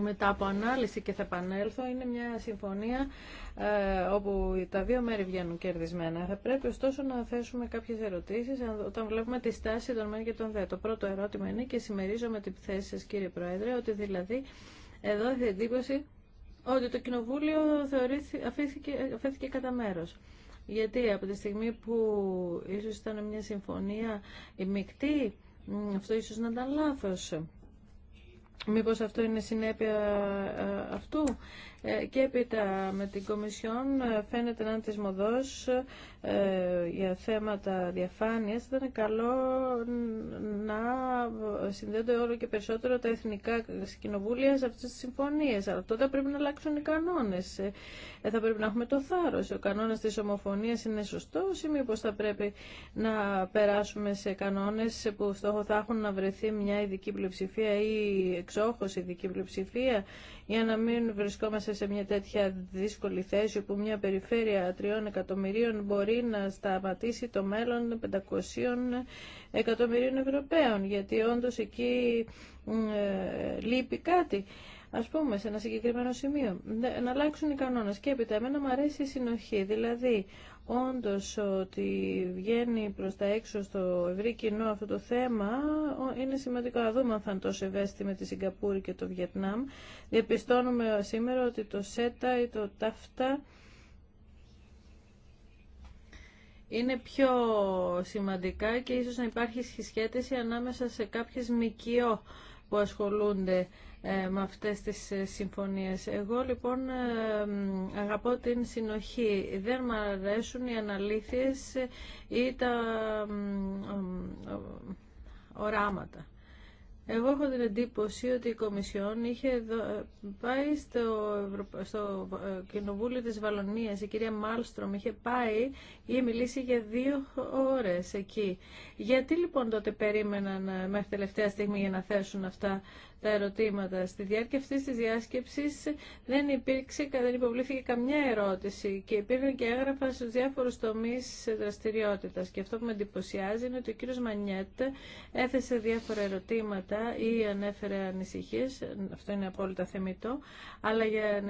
μετά από ανάλυση και θα επανέλθω, είναι μια συμφωνία ε, όπου τα δύο μέρη βγαίνουν κερδισμένα. Θα πρέπει ωστόσο να θέσουμε κάποιες ερωτήσεις όταν βλέπουμε τη στάση των μέρων και των δε. Το πρώτο ερώτημα είναι και συμμερίζομαι την θέση σας κύριε Πρόεδρε, ότι δηλαδή εδώ έχει εντύπωση ότι το Κοινοβούλιο αφήθηκε, αφήθηκε κατά μέρο. Γιατί από τη στιγμή που ίσως ήταν μια συμφωνία μεικτή, αυτό ίσως να ήταν λάθος. Μήπως αυτό είναι συνέπεια ε, αυτού ε, και έπειτα με την Κομισιόν ε, φαίνεται να είναι ε, για θέματα διαφάνειας. Θα ήταν καλό να συνδέονται όλο και περισσότερο τα εθνικά κοινοβούλια σε αυτές τις συμφωνίες. Αλλά τότε πρέπει να αλλάξουν οι κανόνες. Ε, θα πρέπει να έχουμε το θάρρος. Ο κανόνας της ομοφωνίας είναι σωστός ή μήπως θα πρέπει να περάσουμε σε κανόνες που στόχο θα έχουν να βρεθεί μια ειδική πλειοψηφία ή εξόχως ειδική πλειοψηφία για να μην βρισκόμαστε σε μια τέτοια δύσκολη θέση όπου μια περιφέρεια τριών εκατομμυρίων μπορεί να σταματήσει το μέλλον 500 εκατομμυρίων Ευρωπαίων γιατί όντως εκεί ε, λείπει κάτι. Α πούμε, σε ένα συγκεκριμένο σημείο. Να αλλάξουν οι κανόνε. Και έπειτα, εμένα μου αρέσει η συνοχή. Δηλαδή, όντως ότι βγαίνει προς τα έξω στο ευρύ κοινό αυτό το θέμα είναι σημαντικό να δούμε αν θα είναι τόσο ευαίσθητη με τη Σιγκαπούρη και το Βιετνάμ. Διαπιστώνουμε σήμερα ότι το ΣΕΤΑ ή το ΤΑΦΤΑ είναι πιο σημαντικά και ίσως να υπάρχει συσχέτιση ανάμεσα σε κάποιες μικιό που ασχολούνται ε, με αυτές τις ε, συμφωνίες. Εγώ λοιπόν ε, αγαπώ την συνοχή. Δεν μου αρέσουν οι αναλήθειες ή τα οράματα. Εγώ έχω την εντύπωση ότι η Κομισιόν είχε πάει στο, Κοινοβούλιο της Βαλονίας, η κυρία Μάλστρομ είχε πάει, η μιλήσει για δύο ώρες εκεί. Γιατί λοιπόν τότε περίμεναν μέχρι τελευταία στιγμή για να θέσουν αυτά τα ερωτήματα. Στη διάρκεια αυτή τη διάσκεψη δεν υπήρξε, δεν υποβλήθηκε καμιά ερώτηση και υπήρχαν και έγγραφα στου διάφορου τομεί δραστηριότητα. Και αυτό που με εντυπωσιάζει είναι ότι ο κύριο Μανιέτ έθεσε διάφορα ερωτήματα ή ανέφερε ανησυχίε. Αυτό είναι απόλυτα θεμητό. Αλλά για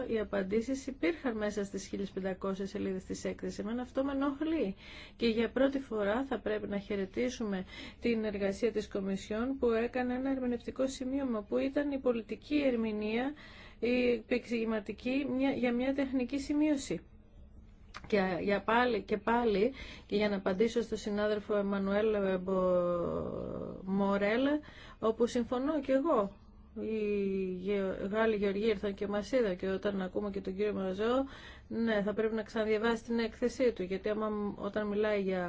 90% οι απαντήσει υπήρχαν μέσα στι 1500 σελίδε τη έκθεση. Εμένα αυτό με ενοχλεί. Και για πρώτη φορά θα πρέπει να χαιρετήσουμε την εργασία τη Κομισιόν που έκανε ένα σημείωμα που ήταν η πολιτική ερμηνεία, η επεξηγηματική για μια τεχνική σημείωση. Και για πάλι και πάλι, και για να απαντήσω στον συνάδελφο Εμμανουέλ Μορέλα όπου συμφωνώ και εγώ οι Γάλλοι Γεωργοί ήρθαν και μας είδαν και όταν ακούμε και τον κύριο Μαζό, ναι, θα πρέπει να ξαναδιαβάσει την έκθεσή του, γιατί άμα, όταν μιλάει για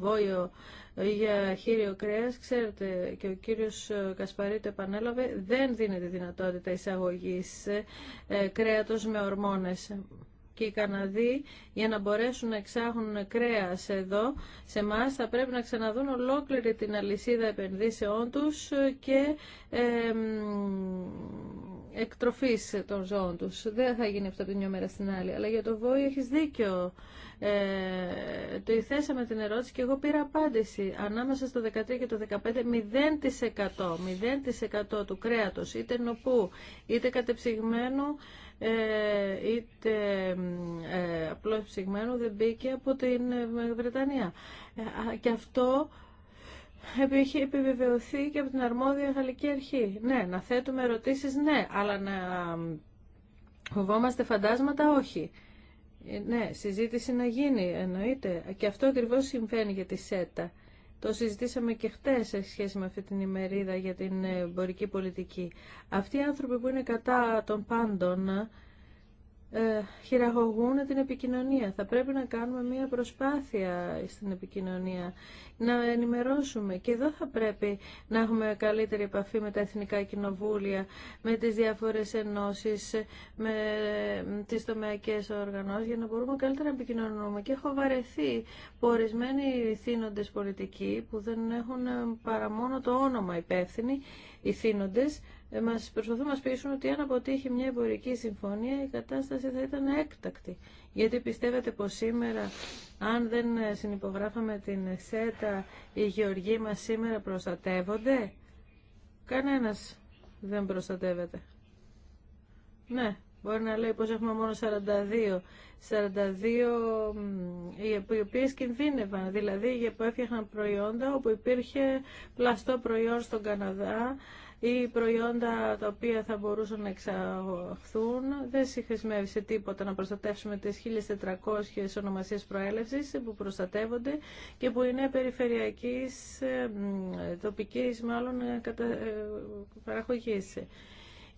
βόλιο ή για χείριο κρέας, ξέρετε και ο κύριος ε, Κασπαρίτη επανέλαβε, δεν δίνεται δυνατότητα εισαγωγής ε, ε, κρέατος με ορμόνες και οι Καναδοί για να μπορέσουν να εξάγουν κρέας εδώ σε εμά θα πρέπει να ξαναδούν ολόκληρη την αλυσίδα επενδύσεών τους και ε, εκτροφής των ζώων του. Δεν θα γίνει αυτό από την μια μέρα στην άλλη. Αλλά για το βόη έχεις δίκιο. Ε, το θέσαμε την ερώτηση και εγώ πήρα απάντηση. Ανάμεσα στο 13 και το 15 0%, 0% του κρέατος, είτε νοπού, είτε κατεψυγμένου, ε, είτε ε, απλώς ψυγμένου δεν μπήκε από την ε, Βρετανία. Και αυτό έχει επιβεβαιωθεί και από την αρμόδια γαλλική αρχή. Ναι, να θέτουμε ερωτήσεις, ναι, αλλά να φοβόμαστε φαντάσματα, όχι. Ναι, συζήτηση να γίνει, εννοείται. Και αυτό ακριβώς συμβαίνει για τη ΣΕΤΑ. Το συζητήσαμε και χτες σε σχέση με αυτή την ημερίδα για την εμπορική πολιτική. Αυτοί οι άνθρωποι που είναι κατά των πάντων ε, χειραγωγούν την επικοινωνία. Θα πρέπει να κάνουμε μία προσπάθεια στην επικοινωνία, να ενημερώσουμε. Και εδώ θα πρέπει να έχουμε καλύτερη επαφή με τα εθνικά κοινοβούλια, με τις διάφορες ενώσεις, με τις τομεακές οργανώσεις, για να μπορούμε καλύτερα να επικοινωνούμε. Και έχω βαρεθεί που ορισμένοι θύνοντες πολιτικοί, που δεν έχουν παρά μόνο το όνομα υπεύθυνοι, οι ε, μας προσπαθούν να μας πείσουν ότι αν αποτύχει μια εμπορική συμφωνία η κατάσταση θα ήταν έκτακτη. Γιατί πιστεύετε πως σήμερα αν δεν συνυπογράφαμε την ΣΕΤΑ οι γεωργοί μας σήμερα προστατεύονται. Κανένας δεν προστατεύεται. Ναι, μπορεί να λέει πως έχουμε μόνο 42. 42 οι οποίε κινδύνευαν, δηλαδή που έφτιαχναν προϊόντα όπου υπήρχε πλαστό προϊόν στον Καναδά, ή προϊόντα τα οποία θα μπορούσαν να εξαγωγθούν. Δεν συγχρησιμεύει σε τίποτα να προστατεύσουμε τις 1.400 ονομασίες προέλευσης που προστατεύονται και που είναι περιφερειακής, ε, τοπικής μάλλον ε, ε, παραγωγής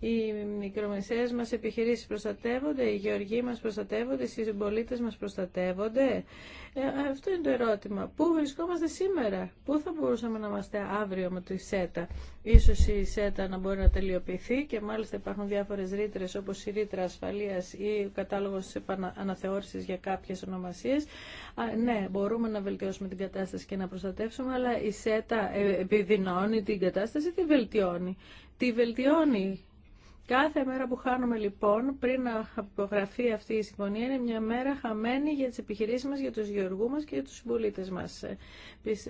οι μικρομεσαίε μα επιχειρήσει προστατεύονται, οι γεωργοί μα προστατεύονται, οι συμπολίτε μα προστατεύονται. Ε, αυτό είναι το ερώτημα. Πού βρισκόμαστε σήμερα, πού θα μπορούσαμε να είμαστε αύριο με τη ΣΕΤΑ. Ίσως η ΣΕΤΑ να μπορεί να τελειοποιηθεί και μάλιστα υπάρχουν διάφορες ρήτρε όπω η ρήτρα ασφαλεία ή ο κατάλογο τη αναθεώρησης για κάποιε ονομασίε. ναι, μπορούμε να βελτιώσουμε την κατάσταση και να προστατεύσουμε, αλλά η ΣΕΤΑ ε, επιδεινώνει την κατάσταση, τη βελτιώνει. Τη βελτιώνει Κάθε μέρα που χάνουμε λοιπόν πριν να απογραφεί αυτή η συμφωνία είναι μια μέρα χαμένη για τις επιχειρήσεις μας, για τους γεωργού μας και για τους συμπολίτε μας.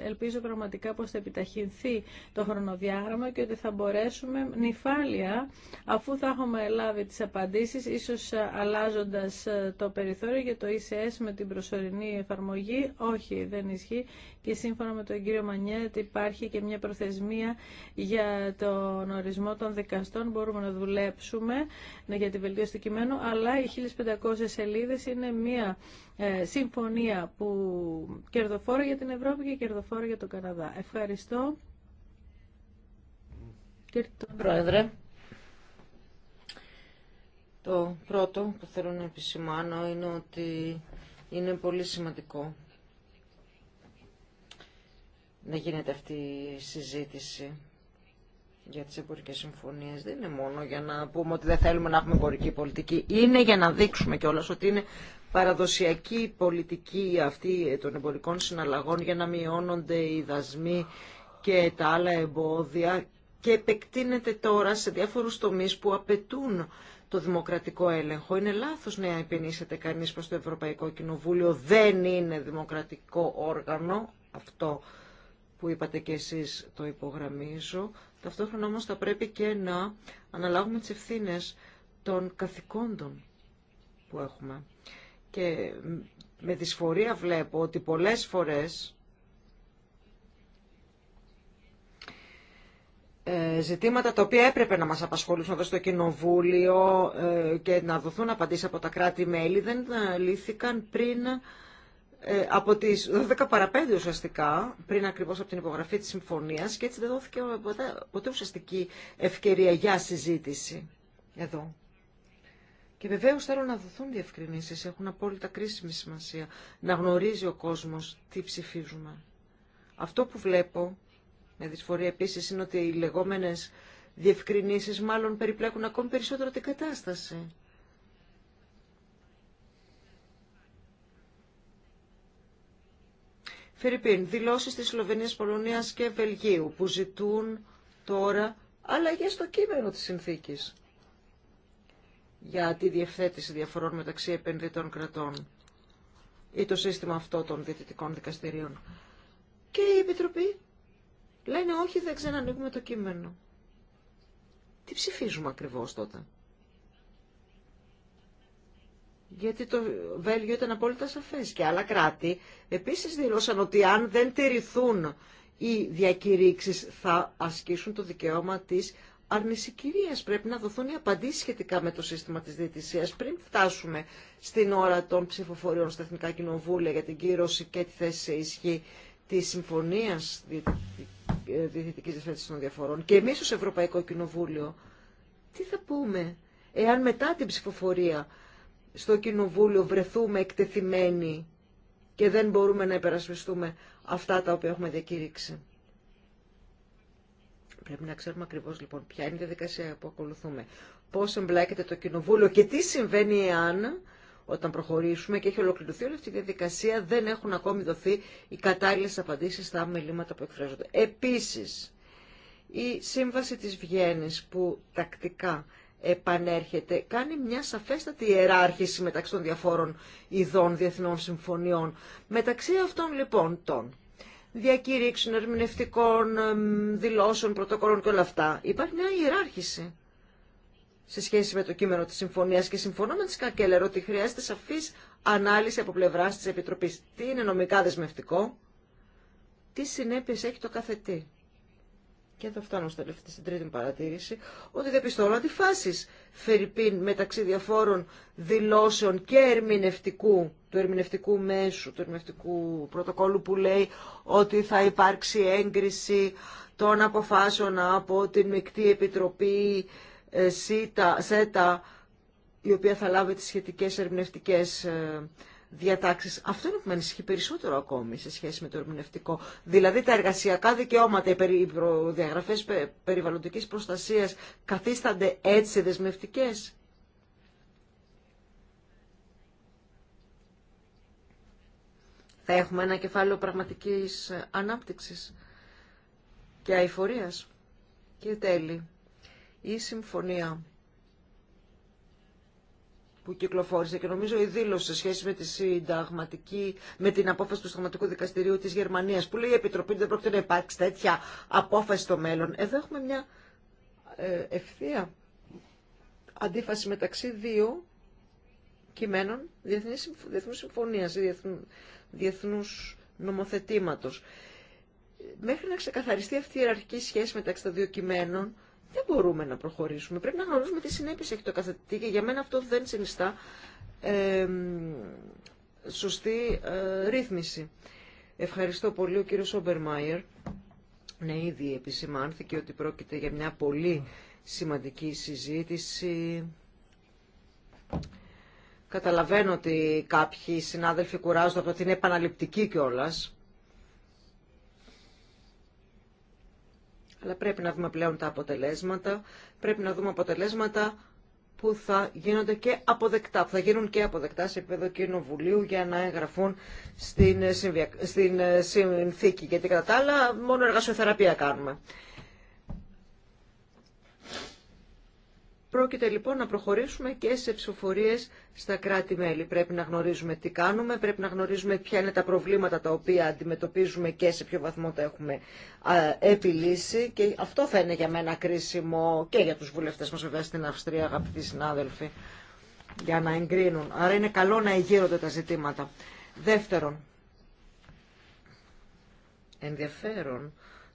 Ελπίζω πραγματικά πως θα επιταχυνθεί το χρονοδιάγραμμα και ότι θα μπορέσουμε νυφάλια αφού θα έχουμε λάβει τις απαντήσεις ίσως αλλάζοντας το περιθώριο για το ΙΣΕΣ e με την προσωρινή εφαρμογή. Όχι, δεν ισχύει και σύμφωνα με τον κύριο Μανιέτ υπάρχει και μια προθεσμία για τον ορισμό των δικαστών. Μπορούμε να δουλεύουμε δουλέψουμε ναι, για την βελτίωση του κειμένου, αλλά οι 1500 σελίδες είναι μια ε, συμφωνία που κερδοφόρο για την Ευρώπη και κερδοφόρο για τον Καναδά. Ευχαριστώ. Πρόεδρε, το πρώτο που θέλω να επισημάνω είναι ότι είναι πολύ σημαντικό να γίνεται αυτή η συζήτηση για τις εμπορικές συμφωνίες δεν είναι μόνο για να πούμε ότι δεν θέλουμε να έχουμε εμπορική πολιτική. Είναι για να δείξουμε κιόλας ότι είναι παραδοσιακή πολιτική αυτή των εμπορικών συναλλαγών για να μειώνονται οι δασμοί και τα άλλα εμπόδια και επεκτείνεται τώρα σε διάφορους τομείς που απαιτούν το δημοκρατικό έλεγχο. Είναι λάθος να επενήσεται κανείς προς το Ευρωπαϊκό Κοινοβούλιο. Δεν είναι δημοκρατικό όργανο αυτό που είπατε και εσείς το υπογραμμίζω. Ταυτόχρονα όμως θα πρέπει και να αναλάβουμε τις ευθύνες των καθηκόντων που έχουμε. Και με δυσφορία βλέπω ότι πολλές φορές ε, ζητήματα τα οποία έπρεπε να μας απασχολήσουν εδώ στο Κοινοβούλιο ε, και να δοθούν απαντήσεις από τα κράτη-μέλη δεν ε, λύθηκαν πριν ε, από τι 12 παρα 5 ουσιαστικά, πριν ακριβώ από την υπογραφή τη συμφωνία και έτσι δεν δόθηκε ποτέ, ποτέ ουσιαστική ευκαιρία για συζήτηση εδώ. Και βεβαίω θέλω να δοθούν διευκρινήσει, έχουν απόλυτα κρίσιμη σημασία. Να γνωρίζει ο κόσμο τι ψηφίζουμε. Αυτό που βλέπω με δυσφορία επίση είναι ότι οι λεγόμενε διευκρινήσει μάλλον περιπλέκουν ακόμη περισσότερο την κατάσταση. Φιλιππίν, δηλώσεις της Σλοβενίας, Πολωνίας και Βελγίου που ζητούν τώρα αλλαγές στο κείμενο της συνθήκης για τη διευθέτηση διαφορών μεταξύ επενδυτών κρατών ή το σύστημα αυτό των διαιτητικών δικαστηρίων. Και η Επιτροπή λένε όχι δεν ξανανοίγουμε το κείμενο. Τι ψηφίζουμε ακριβώς τότε γιατί το Βέλγιο ήταν απόλυτα σαφές και άλλα κράτη επίσης δήλωσαν ότι αν δεν τηρηθούν οι διακηρύξεις θα ασκήσουν το δικαίωμα της αρνησικυρίας. Πρέπει να δοθούν οι απαντήσεις σχετικά με το σύστημα της διαιτησίας πριν φτάσουμε στην ώρα των ψηφοφοριών στα Εθνικά Κοινοβούλια για την κύρωση και τη θέση σε ισχύ της Συμφωνίας Διεθνικής διευθέτηση των Διαφορών. Και εμείς ως Ευρωπαϊκό Κοινοβούλιο τι θα πούμε εάν μετά την ψηφοφορία στο Κοινοβούλιο βρεθούμε εκτεθειμένοι και δεν μπορούμε να υπερασπιστούμε αυτά τα οποία έχουμε διακήρυξει. Πρέπει να ξέρουμε ακριβώς λοιπόν ποια είναι η διαδικασία που ακολουθούμε, πώς εμπλέκεται το Κοινοβούλιο και τι συμβαίνει εάν όταν προχωρήσουμε και έχει ολοκληρωθεί όλη αυτή η διαδικασία δεν έχουν ακόμη δοθεί οι κατάλληλες απαντήσεις στα μελήματα που εκφράζονται. Επίσης, η Σύμβαση της Βιέννης που τακτικά επανέρχεται, κάνει μια σαφέστατη ιεράρχηση μεταξύ των διαφόρων ειδών διεθνών συμφωνιών. Μεταξύ αυτών λοιπόν των διακήρυξεων, ερμηνευτικών δηλώσεων, πρωτοκόλων και όλα αυτά, υπάρχει μια ιεράρχηση σε σχέση με το κείμενο της συμφωνίας και συμφωνώ με τη Σκάκελερ ότι χρειάζεται σαφής ανάλυση από πλευρά της Επιτροπής. Τι είναι νομικά δεσμευτικό, τι συνέπειες έχει το κάθε και θα φτάνω στην τρίτη παρατήρηση, ότι διαπιστώνω αντιφάσεις φερρυπίν μεταξύ διαφόρων δηλώσεων και ερμηνευτικού, του ερμηνευτικού μέσου, του ερμηνευτικού πρωτοκόλου που λέει ότι θα υπάρξει έγκριση των αποφάσεων από την Μεκτή Επιτροπή ε, ΣΕΤΑ, η οποία θα λάβει τις σχετικές ερμηνευτικές ε, διατάξεις. Αυτό είναι που με ανησυχεί περισσότερο ακόμη σε σχέση με το ερμηνευτικό. Δηλαδή τα εργασιακά δικαιώματα, οι διαγραφές περιβαλλοντικής προστασίας καθίστανται έτσι δεσμευτικές. Θα έχουμε ένα κεφάλαιο πραγματικής ανάπτυξης και αηφορίας. Και τέλει, η συμφωνία που κυκλοφόρησε και νομίζω η δήλωση σε σχέση με, τη συνταγματική, με την απόφαση του Συνταγματικού Δικαστηρίου της Γερμανίας που λέει η Επιτροπή δεν πρόκειται να υπάρξει τέτοια απόφαση στο μέλλον. Εδώ έχουμε μια ε, ευθεία αντίφαση μεταξύ δύο κειμένων διεθνούς συμφωνίας ή διεθνού, διεθνούς νομοθετήματος. Μέχρι να ξεκαθαριστεί αυτή η ιεραρχική σχέση μεταξύ των δύο κειμένων, δεν μπορούμε να προχωρήσουμε. Πρέπει να γνωρίζουμε τι συνέπειε έχει το καθετή και για μένα αυτό δεν συνιστά σωστή ε, ρύθμιση. Ευχαριστώ πολύ ο κύριος Όμπερμαϊερ. Ναι, ήδη επισημάνθηκε ότι πρόκειται για μια πολύ σημαντική συζήτηση. Καταλαβαίνω ότι κάποιοι συνάδελφοι κουράζονται από την επαναληπτική κιόλας αλλά πρέπει να δούμε πλέον τα αποτελέσματα. Πρέπει να δούμε αποτελέσματα που θα γίνονται και αποδεκτά, θα γίνουν και αποδεκτά σε επίπεδο κοινοβουλίου για να εγγραφούν στην, ε, στην ε, συνθήκη. Γιατί κατά τα άλλα μόνο εργασιοθεραπεία κάνουμε. Πρόκειται λοιπόν να προχωρήσουμε και σε ψηφοφορίε στα κράτη-μέλη. Πρέπει να γνωρίζουμε τι κάνουμε, πρέπει να γνωρίζουμε ποια είναι τα προβλήματα τα οποία αντιμετωπίζουμε και σε ποιο βαθμό τα έχουμε επιλύσει. Και αυτό θα είναι για μένα κρίσιμο και για του βουλευτέ μα, βέβαια, στην Αυστρία, αγαπητοί συνάδελφοι, για να εγκρίνουν. Άρα είναι καλό να εγείρονται τα ζητήματα. Δεύτερον, ενδιαφέρον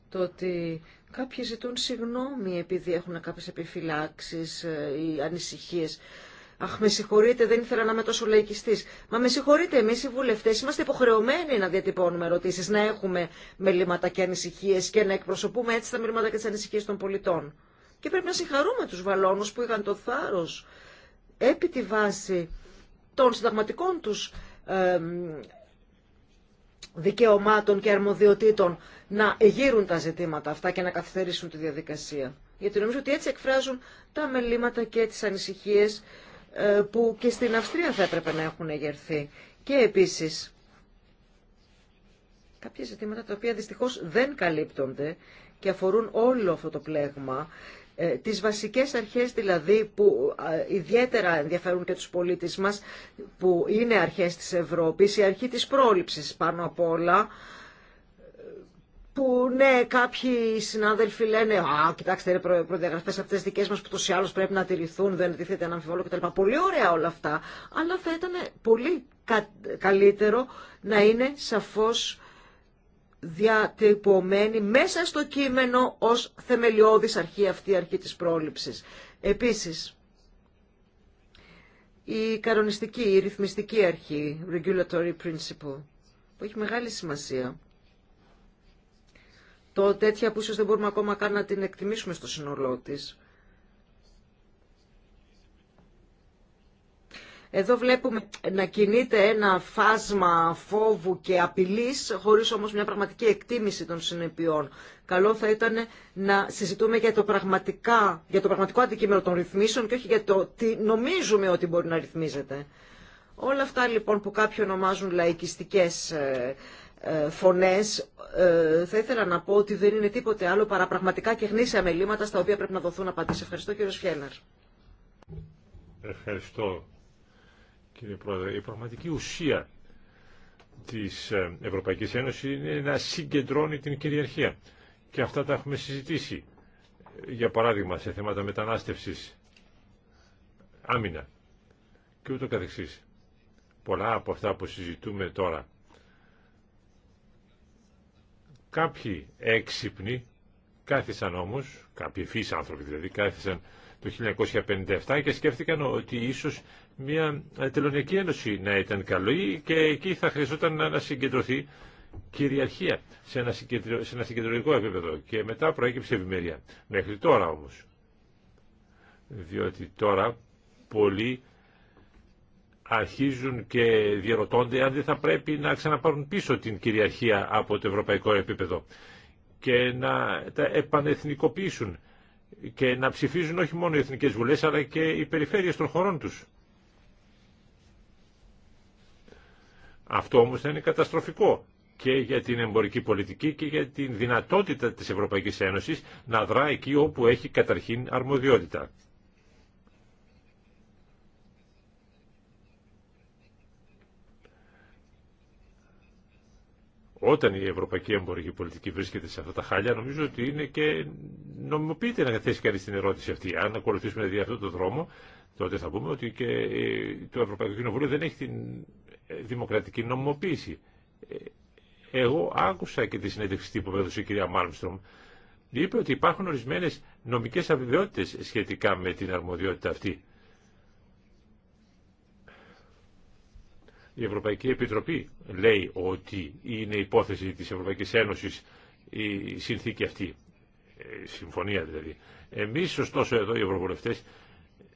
το ότι Κάποιοι ζητούν συγγνώμη επειδή έχουν κάποιες επιφυλάξεις ε, ή ανησυχίες. Αχ, με συγχωρείτε, δεν ήθελα να είμαι τόσο λαϊκιστή. Μα με συγχωρείτε, εμεί οι βουλευτέ είμαστε υποχρεωμένοι να διατυπώνουμε ερωτήσει, να έχουμε μελήματα και ανησυχίε και να εκπροσωπούμε έτσι τα μελήματα και τι ανησυχίε των πολιτών. Και πρέπει να συγχαρούμε του βαλόνου που είχαν το θάρρο επί τη βάση των συνταγματικών του δικαιωμάτων και αρμοδιοτήτων να εγείρουν τα ζητήματα αυτά και να καθυστερήσουν τη διαδικασία. Γιατί νομίζω ότι έτσι εκφράζουν τα μελήματα και τις ανησυχίες ε, που και στην Αυστρία θα έπρεπε να έχουν εγερθεί. Και επίσης κάποια ζητήματα τα οποία δυστυχώς δεν καλύπτονται και αφορούν όλο αυτό το πλέγμα ε, τις βασικές αρχές δηλαδή που ε, ιδιαίτερα ενδιαφέρουν και τους πολίτες μας που είναι αρχές της Ευρώπης, η αρχή της πρόληψης πάνω απ' όλα που ναι, κάποιοι συνάδελφοι λένε Α, κοιτάξτε, είναι προδιαγραφέ αυτέ δικέ μα που τόσο ή πρέπει να τηρηθούν, δεν τίθεται ένα αμφιβόλο κτλ. Πολύ ωραία όλα αυτά. Αλλά θα ήταν πολύ καλύτερο να είναι σαφώς διατυπωμένη μέσα στο κείμενο ως θεμελιώδης αρχή αυτή η αρχή της πρόληψης. Επίσης, η κανονιστική, η ρυθμιστική αρχή, regulatory principle, που έχει μεγάλη σημασία. Το τέτοια που ίσως δεν μπορούμε ακόμα καν να την εκτιμήσουμε στο σύνολό της. Εδώ βλέπουμε να κινείται ένα φάσμα φόβου και απειλής, χωρίς όμως μια πραγματική εκτίμηση των συνεπειών. Καλό θα ήταν να συζητούμε για το, πραγματικά, για το πραγματικό αντικείμενο των ρυθμίσεων και όχι για το τι νομίζουμε ότι μπορεί να ρυθμίζεται. Όλα αυτά λοιπόν που κάποιοι ονομάζουν λαϊκιστικές ε, ε, φωνές ε, θα ήθελα να πω ότι δεν είναι τίποτε άλλο παρά πραγματικά και γνήσια μελήματα στα οποία πρέπει να δοθούν απαντήσεις. Ευχαριστώ κύριο Σφιέναρ. Ευχαριστώ κύριε Πρόεδρε. Η πραγματική ουσία της ε, Ευρωπαϊκής Ένωσης είναι να συγκεντρώνει την κυριαρχία. Και αυτά τα έχουμε συζητήσει. Για παράδειγμα, σε θέματα μετανάστευσης, άμυνα και ούτω καθεξής. Πολλά από αυτά που συζητούμε τώρα. Κάποιοι έξυπνοι κάθισαν όμως, κάποιοι φύσοι άνθρωποι δηλαδή, κάθισαν το 1957 και σκέφτηκαν ότι ίσως μια ε, τελωνιακή ένωση να ήταν καλή και εκεί θα χρειαζόταν να συγκεντρωθεί κυριαρχία σε ένα, σε ένα συγκεντρωτικό επίπεδο και μετά προέκυψε ευημερία. Μέχρι τώρα όμως. Διότι τώρα πολλοί αρχίζουν και διαρωτώνται αν δεν θα πρέπει να ξαναπάρουν πίσω την κυριαρχία από το ευρωπαϊκό επίπεδο και να τα επανεθνικοποιήσουν και να ψηφίζουν όχι μόνο οι εθνικές βουλές αλλά και οι περιφέρειες των χωρών τους. Αυτό όμως θα είναι καταστροφικό και για την εμπορική πολιτική και για την δυνατότητα της Ευρωπαϊκής Ένωσης να δρά εκεί όπου έχει καταρχήν αρμοδιότητα. Όταν η ευρωπαϊκή εμπορική πολιτική βρίσκεται σε αυτά τα χάλια, νομίζω ότι είναι και νομιμοποιείται να θέσει κανεί την ερώτηση αυτή. Αν ακολουθήσουμε δηλαδή αυτόν τον δρόμο, τότε θα πούμε ότι και ε, το Ευρωπαϊκό Κοινοβούλιο δεν έχει την ε, δημοκρατική νομοποίηση. Ε, εγώ άκουσα και τη συνέντευξη που έδωσε η κυρία Μάλμστρομ. Είπε ότι υπάρχουν ορισμένες νομικές αβεβαιότητες σχετικά με την αρμοδιότητα αυτή. Η Ευρωπαϊκή Επιτροπή λέει ότι είναι υπόθεση της Ευρωπαϊκής Ένωσης η συνθήκη αυτή, ε, συμφωνία δηλαδή. Εμείς ωστόσο εδώ οι ευρωβουλευτές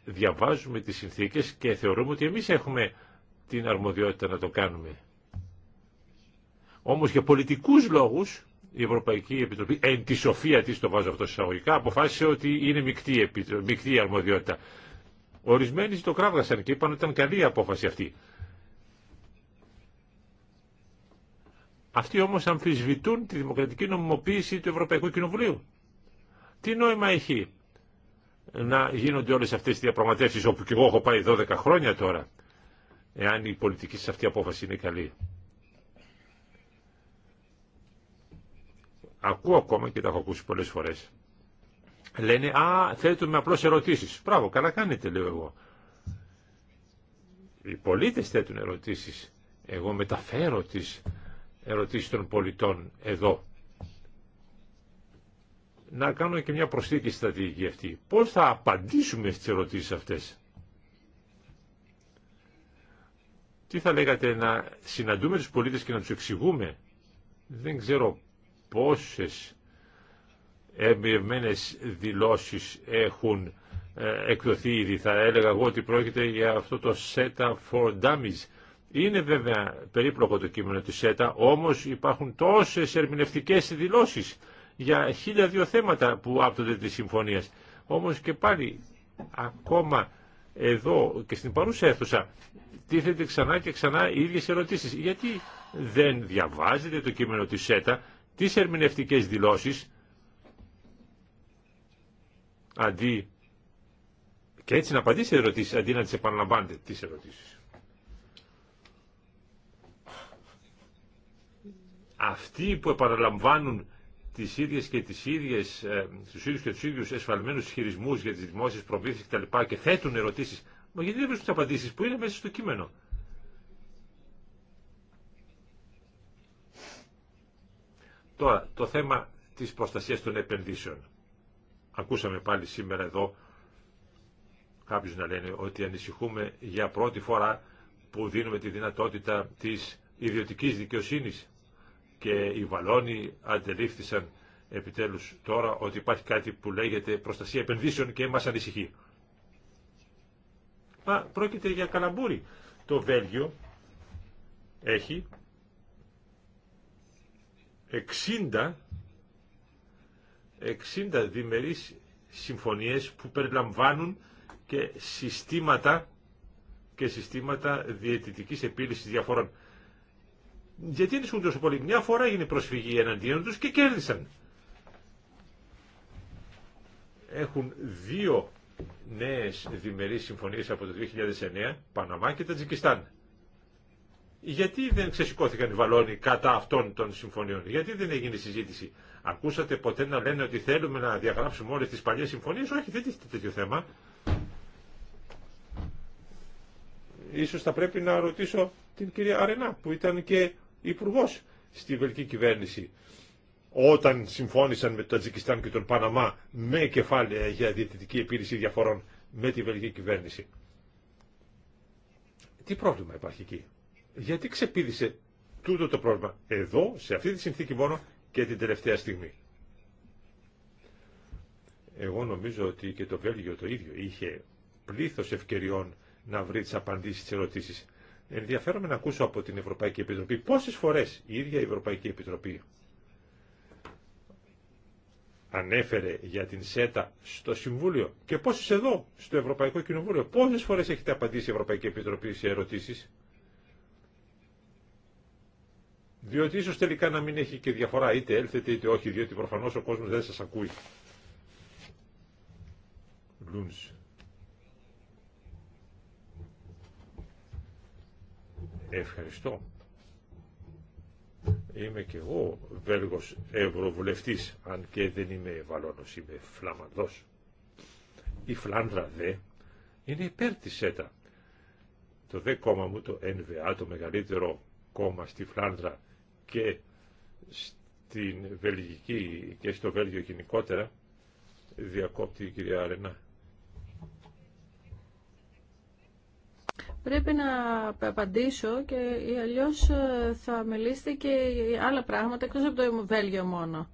διαβάζουμε τις συνθήκες και θεωρούμε ότι εμείς έχουμε την αρμοδιότητα να το κάνουμε. Όμως για πολιτικούς λόγους η Ευρωπαϊκή Επιτροπή, εν τη σοφία της, το βάζω αυτό εισαγωγικά, αποφάσισε ότι είναι μεικτή, μεικτή η αρμοδιότητα. Ορισμένοι το κράβγασαν και είπαν ότι ήταν καλή η απόφαση αυτή. Αυτοί όμως αμφισβητούν τη δημοκρατική νομιμοποίηση του Ευρωπαϊκού Κοινοβουλίου. Τι νόημα έχει να γίνονται όλες αυτές οι διαπραγματεύσεις όπου και εγώ έχω πάει 12 χρόνια τώρα εάν η πολιτική σε αυτή απόφαση είναι καλή. Ακούω ακόμα και τα έχω ακούσει πολλές φορές. Λένε, α, θέτουμε απλώς ερωτήσεις. Μπράβο, καλά κάνετε, λέω εγώ. Οι πολίτες θέτουν ερωτήσεις. Εγώ μεταφέρω τις ερωτήσεις των πολιτών εδώ. Να κάνω και μια προσθήκη στρατηγική αυτή. Πώς θα απαντήσουμε στις ερωτήσεις αυτές. Τι θα λέγατε να συναντούμε τους πολίτες και να τους εξηγούμε. Δεν ξέρω πόσες εμπειρευμένες δηλώσεις έχουν ε, εκδοθεί ήδη. Θα έλεγα εγώ ότι πρόκειται για αυτό το SETA for Dummies. Είναι βέβαια περίπλοκο το κείμενο του SETA, όμως υπάρχουν τόσες ερμηνευτικές δηλώσεις για χίλια δύο θέματα που άπτονται της συμφωνίας. Όμως και πάλι ακόμα εδώ και στην παρούσα αίθουσα τίθεται ξανά και ξανά οι ίδιες ερωτήσεις. Γιατί δεν διαβάζετε το κείμενο της ΣΕΤΑ, τις ερμηνευτικές δηλώσεις, αντί και έτσι να απαντήσετε ερωτήσεις, αντί να τις επαναλαμβάνετε τις ερωτήσεις. Αυτοί που επαναλαμβάνουν τις ίδιες και τις ίδιες, ε, τους ίδιους και τους ίδιους εσφαλμένους χειρισμούς για τις δημόσιες προβλήσεις τα Και, και θέτουν ερωτήσεις. Μα γιατί δεν βρίσκουν τις απαντήσεις που είναι μέσα στο κείμενο. Τώρα, το θέμα της προστασίας των επενδύσεων. Ακούσαμε πάλι σήμερα εδώ κάποιους να λένε ότι ανησυχούμε για πρώτη φορά που δίνουμε τη δυνατότητα της ιδιωτικής δικαιοσύνης και οι Βαλόνοι αντελήφθησαν επιτέλους τώρα ότι υπάρχει κάτι που λέγεται προστασία επενδύσεων και μας ανησυχεί. Μα πρόκειται για καλαμπούρι. Το Βέλγιο έχει 60, 60 διμερείς συμφωνίες που περιλαμβάνουν και συστήματα και συστήματα διαιτητικής επίλυσης διαφορών γιατί ενισχύουν τόσο πολύ. Μια φορά έγινε προσφυγή εναντίον τους και κέρδισαν. Έχουν δύο νέες διμερείς συμφωνίες από το 2009, Παναμά και Τατζικιστάν. Γιατί δεν ξεσηκώθηκαν οι βαλόνοι κατά αυτών των συμφωνιών, γιατί δεν έγινε συζήτηση. Ακούσατε ποτέ να λένε ότι θέλουμε να διαγράψουμε όλες τις παλιές συμφωνίες, όχι δεν τίθεται τέτοιο θέμα. Ίσως θα πρέπει να ρωτήσω την κυρία Αρενά που ήταν και υπουργό στη βελική κυβέρνηση όταν συμφώνησαν με το Τατζικιστάν και τον Παναμά με κεφάλαια για διαιτητική επίλυση διαφορών με τη βελική κυβέρνηση. Τι πρόβλημα υπάρχει εκεί. Γιατί ξεπήδησε τούτο το πρόβλημα εδώ, σε αυτή τη συνθήκη μόνο και την τελευταία στιγμή. Εγώ νομίζω ότι και το Βέλγιο το ίδιο είχε πλήθος ευκαιριών να βρει τις απαντήσεις τη ερωτήσεις. Ενδιαφέρομαι να ακούσω από την Ευρωπαϊκή Επιτροπή πόσες φορές η ίδια η Ευρωπαϊκή Επιτροπή ανέφερε για την ΣΕΤΑ στο Συμβούλιο και πόσες εδώ στο Ευρωπαϊκό Κοινοβούλιο. Πόσες φορές έχετε απαντήσει η Ευρωπαϊκή Επιτροπή σε ερωτήσεις. Διότι ίσως τελικά να μην έχει και διαφορά είτε έλθετε είτε όχι, διότι προφανώς ο κόσμος δεν σας ακούει. Λούνς. Ευχαριστώ. Είμαι και εγώ Βέλγος Ευρωβουλευτής, αν και δεν είμαι βαλόνος είμαι Φλαμανδός. Η Φλάνδρα δε είναι υπέρ της ΣΕΤΑ. Το δε κόμμα μου, το ΕΝΒΑ, το μεγαλύτερο κόμμα στη Φλάνδρα και στην Βελγική και στο Βέλγιο γενικότερα, διακόπτει η κυρία Αρένα. Πρέπει να απαντήσω και αλλιώ ε, θα μιλήσετε και άλλα πράγματα εκτός από το Βέλγιο μόνο.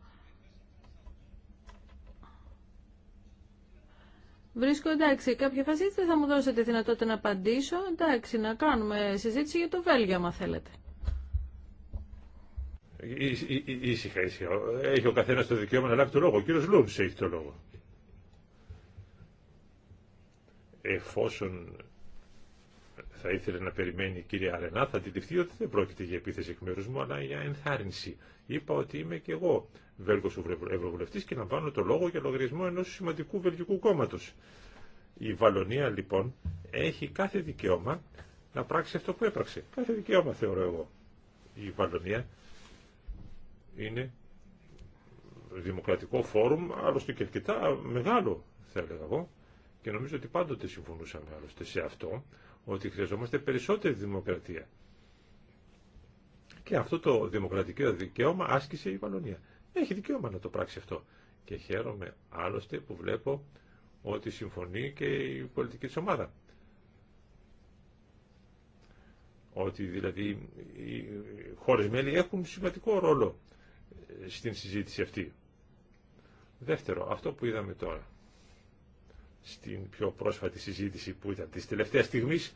Βρίσκω εντάξει, κάποια φάση θα μου δώσετε δυνατότητα να απαντήσω. Εντάξει, να κάνουμε συζήτηση για το Βέλγιο, άμα θέλετε. Ήσυχα, ήσυχα. Έχει ο καθένα το δικαίωμα να λάβει το λόγο. Ο κύριο έχει το λόγο. Εφόσον θα ήθελε να περιμένει η κυρία Αρενά, θα αντιληφθεί ότι δεν πρόκειται για επίθεση εκ μέρου μου, αλλά για ενθάρρυνση. Είπα ότι είμαι και εγώ Βέλγο Ευρωβουλευτή και λαμβάνω το λόγο για λογαριασμό ενό σημαντικού βελγικού κόμματο. Η Βαλονία λοιπόν έχει κάθε δικαίωμα να πράξει αυτό που έπραξε. Κάθε δικαίωμα θεωρώ εγώ. Η Βαλονία είναι δημοκρατικό φόρουμ, άλλωστε και αρκετά μεγάλο θα έλεγα εγώ και νομίζω ότι πάντοτε συμφωνούσαμε άλλωστε σε αυτό ότι χρειαζόμαστε περισσότερη δημοκρατία. Και αυτό το δημοκρατικό δικαίωμα άσκησε η Βαλονία. Έχει δικαίωμα να το πράξει αυτό. Και χαίρομαι άλλωστε που βλέπω ότι συμφωνεί και η πολιτική της ομάδα. Ότι δηλαδή οι χώρες μέλη έχουν σημαντικό ρόλο στην συζήτηση αυτή. Δεύτερο, αυτό που είδαμε τώρα στην πιο πρόσφατη συζήτηση που ήταν της τελευταίας στιγμής,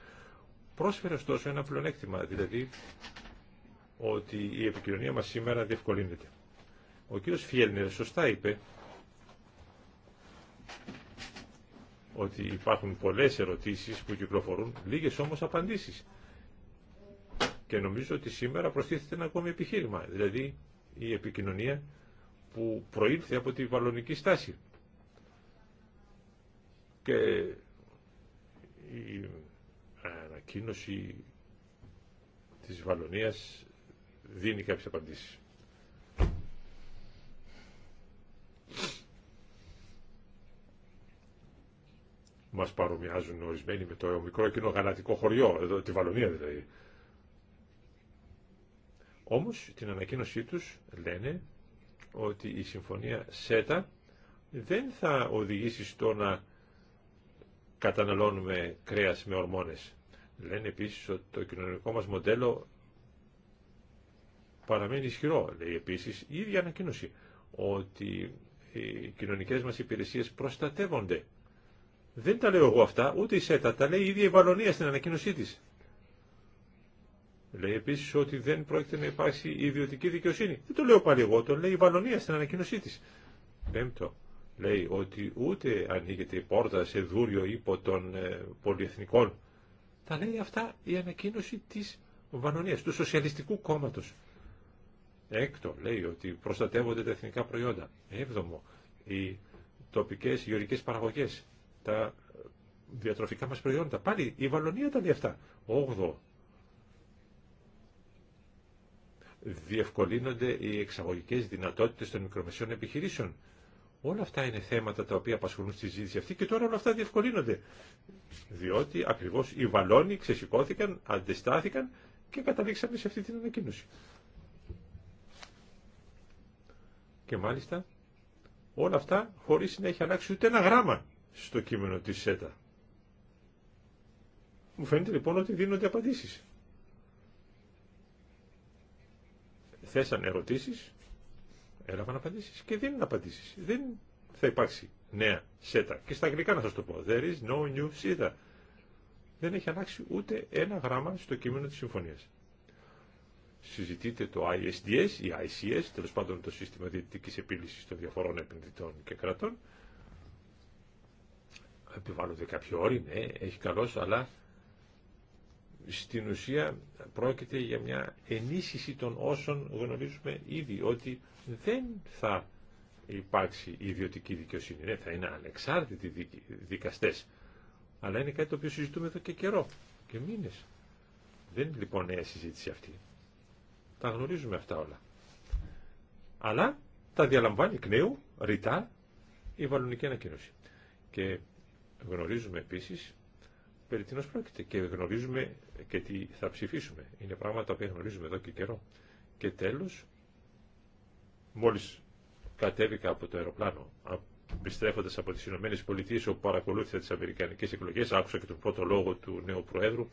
πρόσφερε ωστόσο ένα πλεονέκτημα, δηλαδή ότι η επικοινωνία μας σήμερα διευκολύνεται. Ο κύριος Φιέλνερ σωστά είπε ότι υπάρχουν πολλές ερωτήσεις που κυκλοφορούν, λίγες όμως απαντήσεις. Και νομίζω ότι σήμερα προστίθεται ένα ακόμη επιχείρημα, δηλαδή η επικοινωνία που προήλθε από τη βαλονική στάση. Και η ανακοίνωση της Βαλωνίας δίνει κάποιες απαντήσεις. Μας παρομοιάζουν ορισμένοι με το μικρό εκείνο γαλατικό χωριό, εδώ, τη Βαλωνία δηλαδή. Όμως την ανακοίνωσή τους λένε ότι η συμφωνία ΣΕΤΑ δεν θα οδηγήσει στο να καταναλώνουμε κρέας με ορμόνες. Λένε επίσης ότι το κοινωνικό μας μοντέλο παραμένει ισχυρό. Λέει επίσης η ίδια ανακοίνωση ότι οι κοινωνικές μας υπηρεσίες προστατεύονται. Δεν τα λέω εγώ αυτά, ούτε η ΣΕΤΑ, τα λέει η ίδια η Βαλονία στην ανακοίνωσή της. Λέει επίσης ότι δεν πρόκειται να υπάρξει ιδιωτική δικαιοσύνη. Δεν το λέω πάλι εγώ, το λέει η Βαλονία στην ανακοίνωσή της. Πέμπτο, λέει ότι ούτε ανοίγεται η πόρτα σε δούριο ύπο των ε, πολυεθνικών. Τα λέει αυτά η ανακοίνωση της Βανωνίας, του Σοσιαλιστικού Κόμματος. Έκτο, λέει ότι προστατεύονται τα εθνικά προϊόντα. Έβδομο, οι τοπικές γεωρικές παραγωγές, τα διατροφικά μας προϊόντα. Πάλι η Βαλονία τα λέει αυτά. Όγδο, διευκολύνονται οι εξαγωγικές δυνατότητες των μικρομεσαίων επιχειρήσεων. Όλα αυτά είναι θέματα τα οποία απασχολούν στη συζήτηση αυτή και τώρα όλα αυτά διευκολύνονται. Διότι ακριβώς οι βαλόνοι ξεσηκώθηκαν, αντιστάθηκαν και καταλήξαμε σε αυτή την ανακοίνωση. Και μάλιστα όλα αυτά χωρίς να έχει αλλάξει ούτε ένα γράμμα στο κείμενο της ΣΕΤΑ. Μου φαίνεται λοιπόν ότι δίνονται απαντήσεις. Θέσανε ερωτήσεις έλαβαν απαντήσει και δίνουν απαντήσει. Δεν θα υπάρξει νέα σέτα. Και στα αγγλικά να σα το πω. There is no new SETA. Δεν έχει ανάξει ούτε ένα γράμμα στο κείμενο της συμφωνίας. Συζητείται το ISDS ή ICS, τέλο πάντων το σύστημα διευθυντική επίλυσης των διαφορών επενδυτών και κρατών. Επιβάλλονται κάποιοι όροι, ναι, έχει καλώς, αλλά στην ουσία πρόκειται για μια ενίσχυση των όσων γνωρίζουμε ήδη ότι δεν θα υπάρξει ιδιωτική δικαιοσύνη. Ναι, θα είναι ανεξάρτητοι δικαστές. Αλλά είναι κάτι το οποίο συζητούμε εδώ και καιρό και μήνες. Δεν είναι λοιπόν νέα συζήτηση αυτή. Τα γνωρίζουμε αυτά όλα. Αλλά τα διαλαμβάνει εκ νέου, ρητά, η βαλονική ανακοίνωση. Και γνωρίζουμε επίσης περί τίνος πρόκειται και γνωρίζουμε και τι θα ψηφίσουμε. Είναι πράγματα που γνωρίζουμε εδώ και καιρό. Και τέλος, μόλις κατέβηκα από το αεροπλάνο, επιστρέφοντας από τις Ηνωμένες Πολιτείες όπου παρακολούθησα τις Αμερικανικές εκλογές, άκουσα και τον πρώτο λόγο του νέου Προέδρου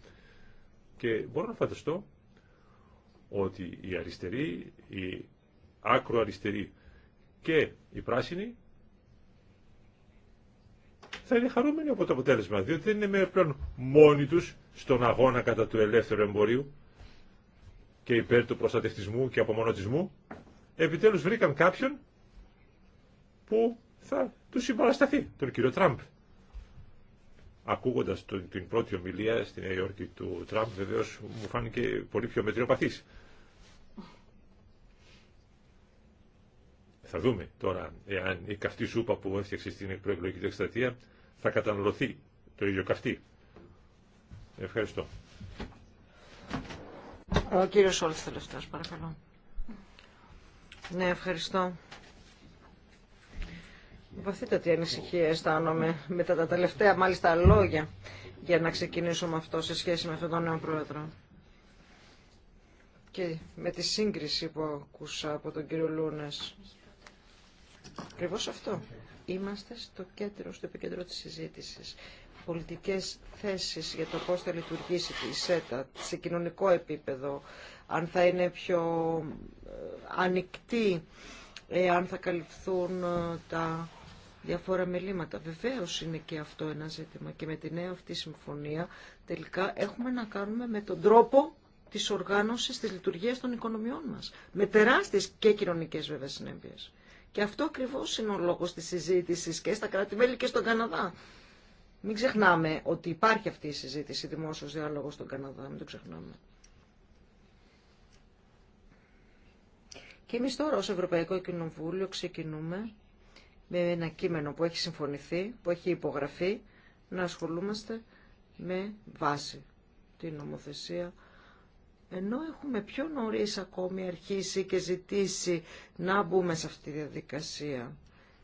και μπορώ να φανταστώ ότι η αριστερή, η άκρο αριστερή και οι πράσινοι θα είναι χαρούμενοι από το αποτέλεσμα, διότι δεν είναι πλέον μόνοι τους στον αγώνα κατά του ελεύθερου εμπορίου και υπέρ του προστατευτισμού και απομονωτισμού. Επιτέλους βρήκαν κάποιον που θα του συμπαρασταθεί, τον κύριο Τραμπ. Ακούγοντας τον, την πρώτη ομιλία στην Νέα Υόρκη του Τραμπ, βεβαίως μου φάνηκε πολύ πιο μετριοπαθής. Θα δούμε τώρα εάν η καυτή σούπα που έφτιαξε στην προεκλογική θα καταναλωθεί το ίδιο καυτή. Ευχαριστώ. Ο κύριος Σόλτς τελευταίος, παρακαλώ. Ναι, ευχαριστώ. Βαθύτατη ανησυχία αισθάνομαι μετά τα τελευταία μάλιστα λόγια για να ξεκινήσω με αυτό σε σχέση με αυτόν τον νέο πρόεδρο. Και με τη σύγκριση που ακούσα από τον κύριο Λούνες. Ακριβώς αυτό είμαστε στο κέντρο, στο επικέντρο της συζήτησης. Πολιτικές θέσεις για το πώς θα λειτουργήσει η ΣΕΤΑ σε κοινωνικό επίπεδο, αν θα είναι πιο ε, ανοιχτή, ε, αν θα καλυφθούν ε, τα διάφορα μελήματα. Βεβαίως είναι και αυτό ένα ζήτημα και με τη νέα αυτή συμφωνία τελικά έχουμε να κάνουμε με τον τρόπο της οργάνωσης της λειτουργίας των οικονομιών μας. Με τεράστιες και κοινωνικές βέβαια συνέπειες. Και αυτό ακριβώς είναι ο λόγος της συζήτηση και στα κράτη-μέλη και στον Καναδά. Μην ξεχνάμε ότι υπάρχει αυτή η συζήτηση δημόσιο διάλογο στον Καναδά, μην το ξεχνάμε. Και εμεί τώρα ως Ευρωπαϊκό Κοινοβούλιο ξεκινούμε με ένα κείμενο που έχει συμφωνηθεί, που έχει υπογραφεί, να ασχολούμαστε με βάση την νομοθεσία ενώ έχουμε πιο νωρίς ακόμη αρχίσει και ζητήσει να μπούμε σε αυτή τη διαδικασία,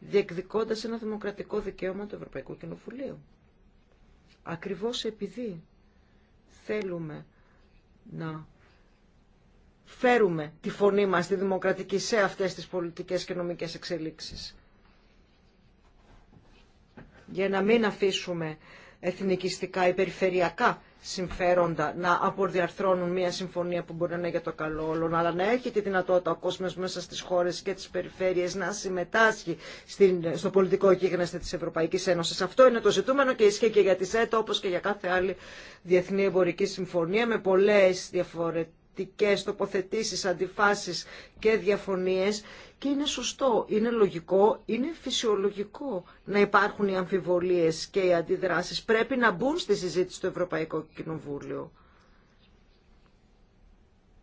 διεκδικώντας ένα δημοκρατικό δικαίωμα του Ευρωπαϊκού Κοινοβουλίου. Ακριβώς επειδή θέλουμε να φέρουμε τη φωνή μας τη δημοκρατική σε αυτές τις πολιτικές και νομικές εξελίξεις. Για να μην αφήσουμε εθνικιστικά ή περιφερειακά συμφέροντα να απορδιαρθρώνουν μια συμφωνία που μπορεί να είναι για το καλό όλων, αλλά να έχει τη δυνατότητα ο κόσμο μέσα στι χώρε και τι περιφέρειες να συμμετάσχει στην, στο πολιτικό γίγνεσθε τη Ευρωπαϊκή Ένωση. Αυτό είναι το ζητούμενο και ισχύει και για τη ΣΕΤ όπω και για κάθε άλλη διεθνή εμπορική συμφωνία με πολλέ διαφορετικέ πολιτικές τοποθετήσεις, αντιφάσεις και διαφωνίες και είναι σωστό, είναι λογικό, είναι φυσιολογικό να υπάρχουν οι αμφιβολίες και οι αντιδράσεις. Πρέπει να μπουν στη συζήτηση στο Ευρωπαϊκό Κοινοβούλιο.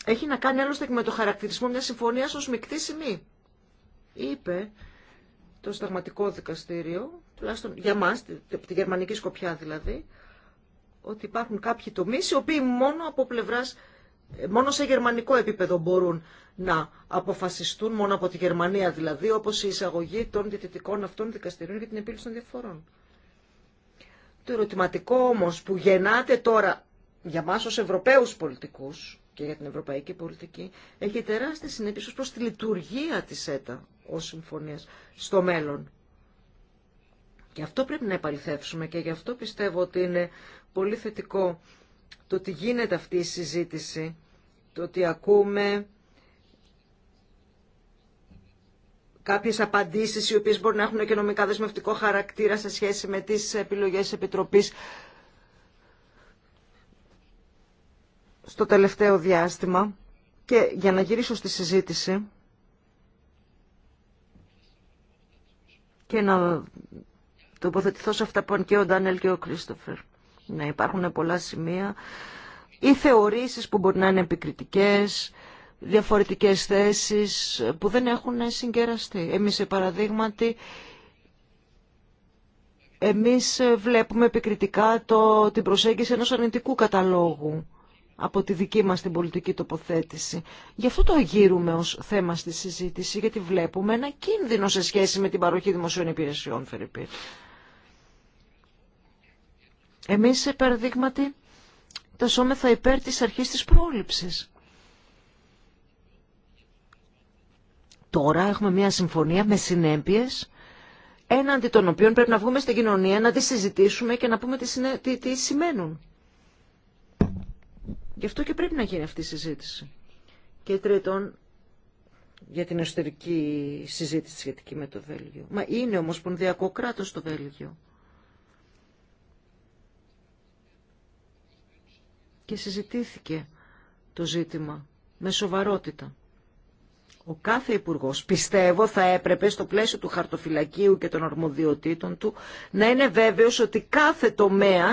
Έχει να κάνει άλλωστε και με το χαρακτηρισμό μιας συμφωνίας ως μεικτή σημή. Είπε το Σταγματικό Δικαστήριο, τουλάχιστον για μας, τη γερμανική σκοπιά δηλαδή, ότι υπάρχουν κάποιοι τομείς οι οποίοι μόνο από πλευράς μόνο σε γερμανικό επίπεδο μπορούν να αποφασιστούν, μόνο από τη Γερμανία δηλαδή, όπως η εισαγωγή των διαιτητικών αυτών δικαστηρίων για την επίλυση των διαφορών. Το ερωτηματικό όμως που γεννάται τώρα για μας ως Ευρωπαίους πολιτικούς και για την ευρωπαϊκή πολιτική έχει τεράστιες συνέπειες ως προς τη λειτουργία της ΕΤΑ ως συμφωνίας στο μέλλον. Και αυτό πρέπει να επαληθεύσουμε και γι' αυτό πιστεύω ότι είναι πολύ θετικό το ότι γίνεται αυτή η συζήτηση, το ότι ακούμε κάποιες απαντήσεις οι οποίες μπορεί να έχουν και νομικά δεσμευτικό χαρακτήρα σε σχέση με τις επιλογές Επιτροπής στο τελευταίο διάστημα. Και για να γυρίσω στη συζήτηση και να τοποθετηθώ σε αυτά που αν και ο Ντάνελ και ο Κρίστοφερ να υπάρχουν πολλά σημεία ή θεωρήσεις που μπορεί να είναι επικριτικές, διαφορετικές θέσεις που δεν έχουν συγκεραστεί. Εμείς, σε παραδείγματι, εμείς βλέπουμε επικριτικά το, την προσέγγιση ενός αρνητικού καταλόγου από τη δική μας την πολιτική τοποθέτηση. Γι' αυτό το γύρουμε ως θέμα στη συζήτηση, γιατί βλέπουμε ένα κίνδυνο σε σχέση με την παροχή δημοσίων υπηρεσιών, Φερρυπή. Εμείς, παραδείγματι, τασόμεθα υπέρ της αρχής της πρόληψης. Τώρα έχουμε μια συμφωνία με συνέπειες έναντι των οποίων πρέπει να βγούμε στην κοινωνία, να τις συζητήσουμε και να πούμε τι, τι, σημαίνουν. Γι' αυτό και πρέπει να γίνει αυτή η συζήτηση. Και τρίτον, για την εσωτερική συζήτηση σχετική με το Βέλγιο. Μα είναι πονδιακό κράτος το Βέλγιο. και συζητήθηκε το ζήτημα με σοβαρότητα. Ο κάθε υπουργό, πιστεύω, θα έπρεπε στο πλαίσιο του χαρτοφυλακίου και των αρμοδιοτήτων του να είναι βέβαιο ότι κάθε τομέα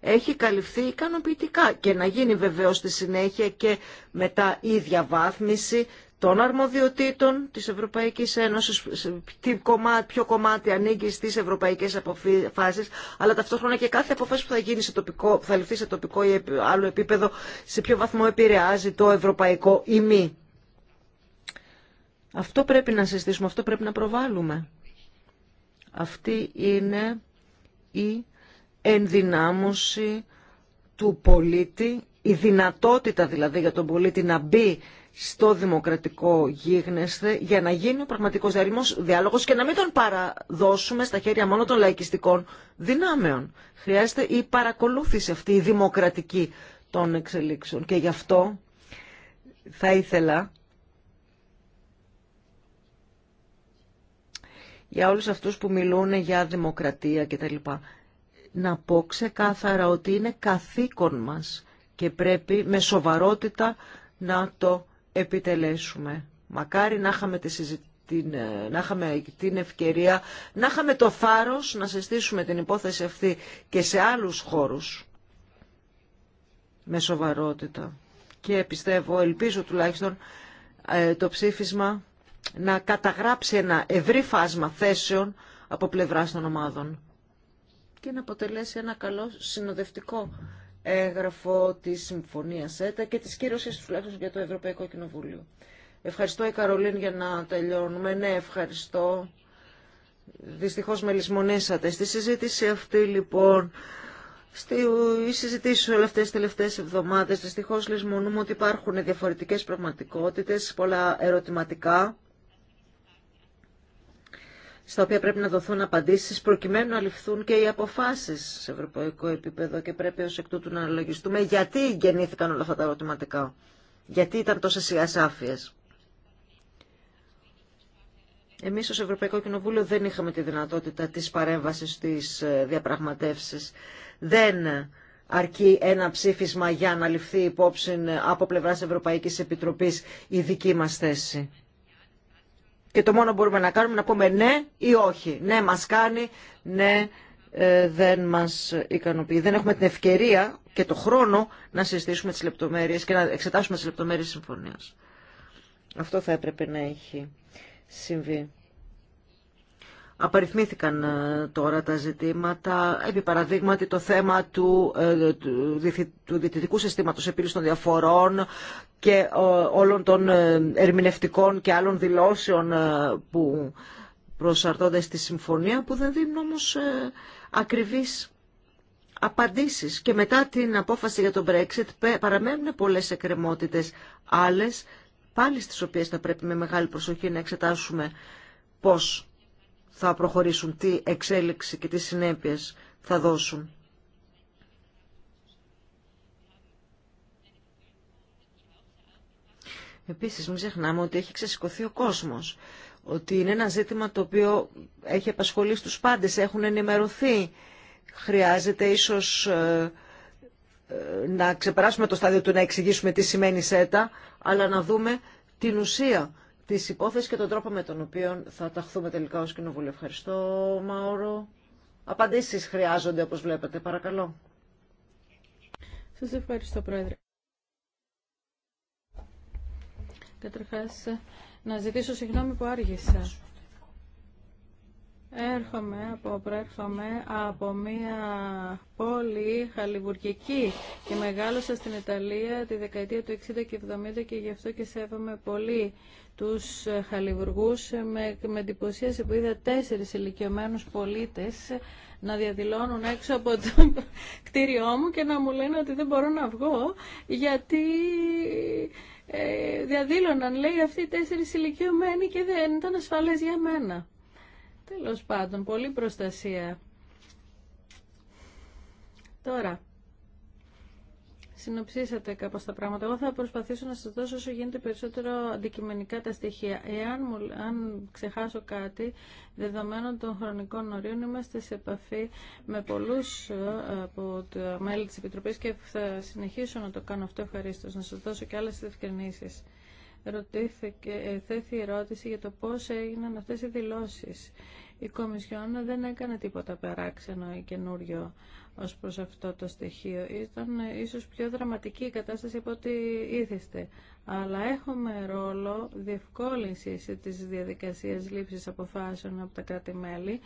έχει καλυφθεί ικανοποιητικά και να γίνει βεβαίω στη συνέχεια και μετά η διαβάθμιση των αρμοδιοτήτων της Ευρωπαϊκής Ένωσης, τι κομμάτι, ποιο κομμάτι ανήκει στις ευρωπαϊκές αποφάσεις, αλλά ταυτόχρονα και κάθε αποφάση που θα, γίνει σε τοπικό, θα ληφθεί σε τοπικό ή άλλο επίπεδο, σε ποιο βαθμό επηρεάζει το ευρωπαϊκό ή μη. Αυτό πρέπει να συστήσουμε, αυτό πρέπει να προβάλλουμε. Αυτή είναι η ενδυνάμωση συζητησουμε αυτο πρεπει να πολίτη, η δυνατότητα δηλαδή για τον πολίτη να μπει στο δημοκρατικό γίγνεσθε για να γίνει ο πραγματικός διάλογος και να μην τον παραδώσουμε στα χέρια μόνο των λαϊκιστικών δυνάμεων. Χρειάζεται η παρακολούθηση αυτή, η δημοκρατική των εξελίξεων. Και γι' αυτό θα ήθελα για όλους αυτούς που μιλούν για δημοκρατία και λοιπά Να πω ξεκάθαρα ότι είναι καθήκον μας και πρέπει με σοβαρότητα να το επιτελέσουμε. Μακάρι να είχαμε τη την, ε, να την ευκαιρία, να είχαμε το θάρρος να συστήσουμε την υπόθεση αυτή και σε άλλους χώρους με σοβαρότητα. Και πιστεύω, ελπίζω τουλάχιστον ε, το ψήφισμα να καταγράψει ένα ευρύ φάσμα θέσεων από πλευράς των ομάδων και να αποτελέσει ένα καλό συνοδευτικό έγραφο τη συμφωνία ΣΕΤΑ και της κύρωσης τουλάχιστον για το Ευρωπαϊκό Κοινοβούλιο. Ευχαριστώ η Καρολίν για να τελειώνουμε. Ναι, ευχαριστώ. Δυστυχώς με λησμονήσατε. Στη συζήτηση αυτή λοιπόν, στη συζητήσει όλε αυτές τις τελευταίες εβδομάδες, δυστυχώς λησμονούμε ότι υπάρχουν διαφορετικέ πραγματικότητε, πολλά ερωτηματικά στα οποία πρέπει να δοθούν απαντήσεις προκειμένου να ληφθούν και οι αποφάσεις σε ευρωπαϊκό επίπεδο και πρέπει ως εκ τούτου να αναλογιστούμε γιατί γεννήθηκαν όλα αυτά τα ερωτηματικά, γιατί ήταν τόσες ασάφειες. Εμείς ως Ευρωπαϊκό Κοινοβούλιο δεν είχαμε τη δυνατότητα της παρέμβασης στις ε, διαπραγματεύσεις. Δεν αρκεί ένα ψήφισμα για να ληφθεί υπόψη από πλευράς Ευρωπαϊκής Επιτροπής η δική μας θέση. Και το μόνο που μπορούμε να κάνουμε να πούμε ναι ή όχι. Ναι μας κάνει, ναι ε, δεν μας ικανοποιεί. Δεν έχουμε την ευκαιρία και το χρόνο να συζητήσουμε τις λεπτομέρειες και να εξετάσουμε τις λεπτομέρειες συμφωνίας. Αυτό θα έπρεπε να έχει συμβεί. Απαριθμήθηκαν ε, τώρα τα ζητήματα, επί παραδείγματι το θέμα του, ε, του διαιτητικού συστήματος επίλυσης των διαφορών και όλων των ε, ερμηνευτικών και άλλων δηλώσεων που προσαρτώνται στη συμφωνία που δεν δίνουν όμως ακριβείς απαντήσεις. Και μετά την απόφαση για τον Brexit παραμένουν πολλές εκκρεμότητες άλλες, πάλι στις οποίες θα πρέπει με μεγάλη προσοχή να εξετάσουμε πώς θα προχωρήσουν, τι εξέλιξη και τι συνέπειες θα δώσουν. Επίσης μην ξεχνάμε ότι έχει ξεσηκωθεί ο κόσμος, ότι είναι ένα ζήτημα το οποίο έχει απασχολεί τους πάντες, έχουν ενημερωθεί. Χρειάζεται ίσως ε, ε, να ξεπεράσουμε το στάδιο του να εξηγήσουμε τι σημαίνει ΣΕΤΑ, αλλά να δούμε την ουσία της υπόθεση και τον τρόπο με τον οποίο θα ταχθούμε τελικά ως Κοινοβούλιο. Ευχαριστώ, Μαώρο. Απαντήσεις χρειάζονται, όπως βλέπετε. Παρακαλώ. Σα ευχαριστώ, Πρόεδρε. Καταρχά, να ζητήσω συγγνώμη που άργησα. Έρχομαι από, προέρχομαι από μια πόλη χαλιβουργική και μεγάλωσα στην Ιταλία τη δεκαετία του 60 και 70 και γι' αυτό και σέβομαι πολύ τους χαλιβουργούς ε, με, με εντυπωσίασε που είδα τέσσερις ηλικιωμένου πολίτες να διαδηλώνουν έξω από το κτίριό μου και να μου λένε ότι δεν μπορώ να βγω γιατί ε, διαδήλωναν λέει αυτοί οι τέσσερις ηλικιωμένοι και δεν ήταν ασφαλές για μένα. Τέλος πάντων, πολύ προστασία. Τώρα, συνοψίσατε κάπω τα πράγματα. Εγώ θα προσπαθήσω να σα δώσω όσο γίνεται περισσότερο αντικειμενικά τα στοιχεία. Εάν μου, αν ξεχάσω κάτι, δεδομένων των χρονικών ορίων, είμαστε σε επαφή με πολλού ε, από τα μέλη τη Επιτροπή και θα συνεχίσω να το κάνω αυτό ευχαρίστω, να σα δώσω και άλλε διευκρινήσει. Ρωτήθηκε, ε, θέθη ερώτηση για το πώς έγιναν αυτές οι δηλώσεις. Η Κομισιόν δεν έκανε τίποτα παράξενο ή καινούριο ως προς αυτό το στοιχείο. Ήταν ίσως πιο δραματική η κατάσταση από ό,τι ήθεστε. Αλλά έχουμε ρόλο διευκόλυνσης της διαδικασία λήψης αποφάσεων από τα κράτη-μέλη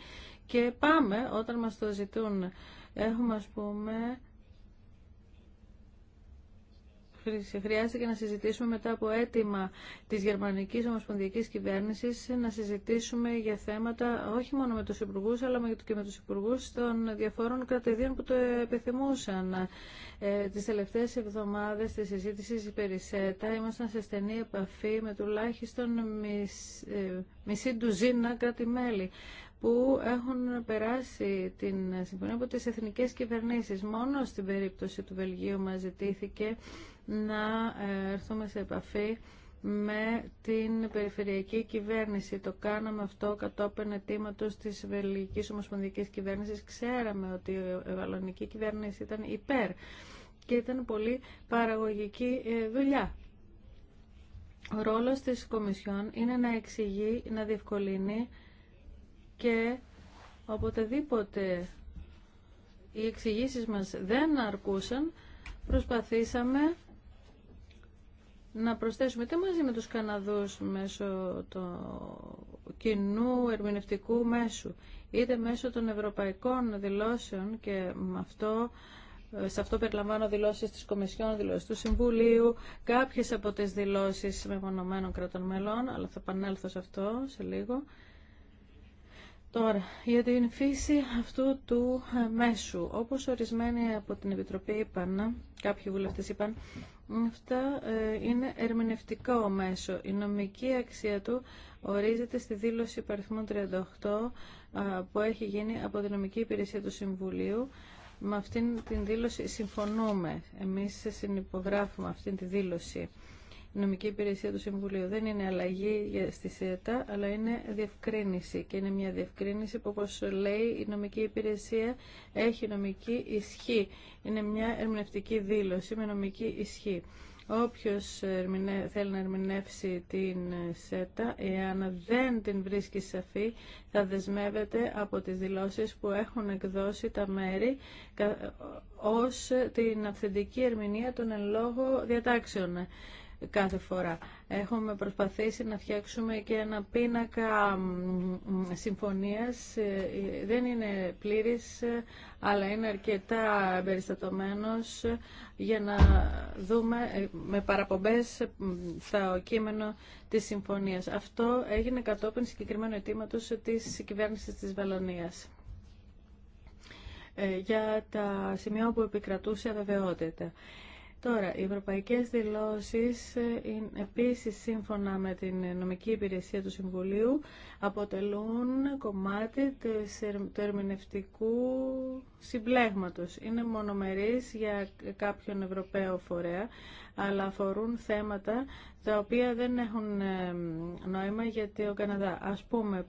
και πάμε όταν μας το ζητούν. Έχουμε, ας πούμε, χρειάστηκε να συζητήσουμε μετά από αίτημα της γερμανικής ομοσπονδιακής κυβέρνησης να συζητήσουμε για θέματα όχι μόνο με τους υπουργούς αλλά και με τους υπουργούς των διαφόρων κρατηδίων που το επιθυμούσαν. Ε, τις τελευταίες εβδομάδες της συζήτησης περί ΣΕΤΑ ήμασταν σε στενή επαφή με τουλάχιστον μισ, ε, μισή ντουζίνα κράτη-μέλη που έχουν περάσει την συμφωνία από τις εθνικές κυβερνήσεις. Μόνο στην περίπτωση του Βελγίου μας ζητήθηκε να ε, έρθουμε σε επαφή με την περιφερειακή κυβέρνηση. Το κάναμε αυτό κατόπιν αιτήματος της Βελγικής Ομοσπονδικής Κυβέρνησης. Ξέραμε ότι η βαλλονική κυβέρνηση ήταν υπέρ και ήταν πολύ παραγωγική ε, δουλειά. Ο ρόλος της Κομισιόν είναι να εξηγεί, να διευκολύνει και οποτεδήποτε οι εξηγήσει μας δεν αρκούσαν, προσπαθήσαμε να προσθέσουμε είτε μαζί με τους Καναδούς μέσω του κοινού ερμηνευτικού μέσου, είτε μέσω των ευρωπαϊκών δηλώσεων και με αυτό σε αυτό περιλαμβάνω δηλώσεις της Κομισιόν, δηλώσεις του Συμβουλίου, κάποιες από τις δηλώσεις μεμονωμένων κρατών μελών, αλλά θα επανέλθω σε αυτό σε λίγο. Τώρα, για την φύση αυτού του μέσου, όπως ορισμένοι από την Επιτροπή είπαν, κάποιοι βουλευτές είπαν, Αυτά ε, είναι ερμηνευτικό μέσο. Η νομική αξία του ορίζεται στη δήλωση Παριθμού 38 που έχει γίνει από τη νομική υπηρεσία του Συμβουλίου. Με αυτήν την δήλωση συμφωνούμε. Εμείς συνυπογράφουμε αυτήν τη δήλωση νομική υπηρεσία του Συμβουλίου. Δεν είναι αλλαγή στη ΣΕΤΑ, αλλά είναι διευκρίνηση. Και είναι μια διευκρίνηση που, όπως λέει, η νομική υπηρεσία έχει νομική ισχύ. Είναι μια ερμηνευτική δήλωση με νομική ισχύ. Όποιος θέλει να ερμηνεύσει την ΣΕΤΑ, εάν δεν την βρίσκει σαφή, θα δεσμεύεται από τις δηλώσεις που έχουν εκδώσει τα μέρη ως την αυθεντική ερμηνεία των εν λόγω διατάξεων κάθε φορά. Έχουμε προσπαθήσει να φτιάξουμε και ένα πίνακα συμφωνίας. Ε, δεν είναι πλήρης, αλλά είναι αρκετά περιστατωμένος για να δούμε ε, με παραπομπές ε, το κείμενο της συμφωνίας. Αυτό έγινε κατόπιν συγκεκριμένου αιτήματο της κυβέρνησης της Βαλωνίας για τα σημεία που επικρατούσε αβεβαιότητα. Τώρα, οι ευρωπαϊκές δηλώσεις ε, επίσης σύμφωνα με την νομική υπηρεσία του Συμβουλίου αποτελούν κομμάτι του ερμηνευτικού συμπλέγματος. Είναι μονομερείς για κάποιον Ευρωπαίο φορέα, αλλά αφορούν θέματα τα οποία δεν έχουν ε, νόημα γιατί ο Καναδά, ας πούμε,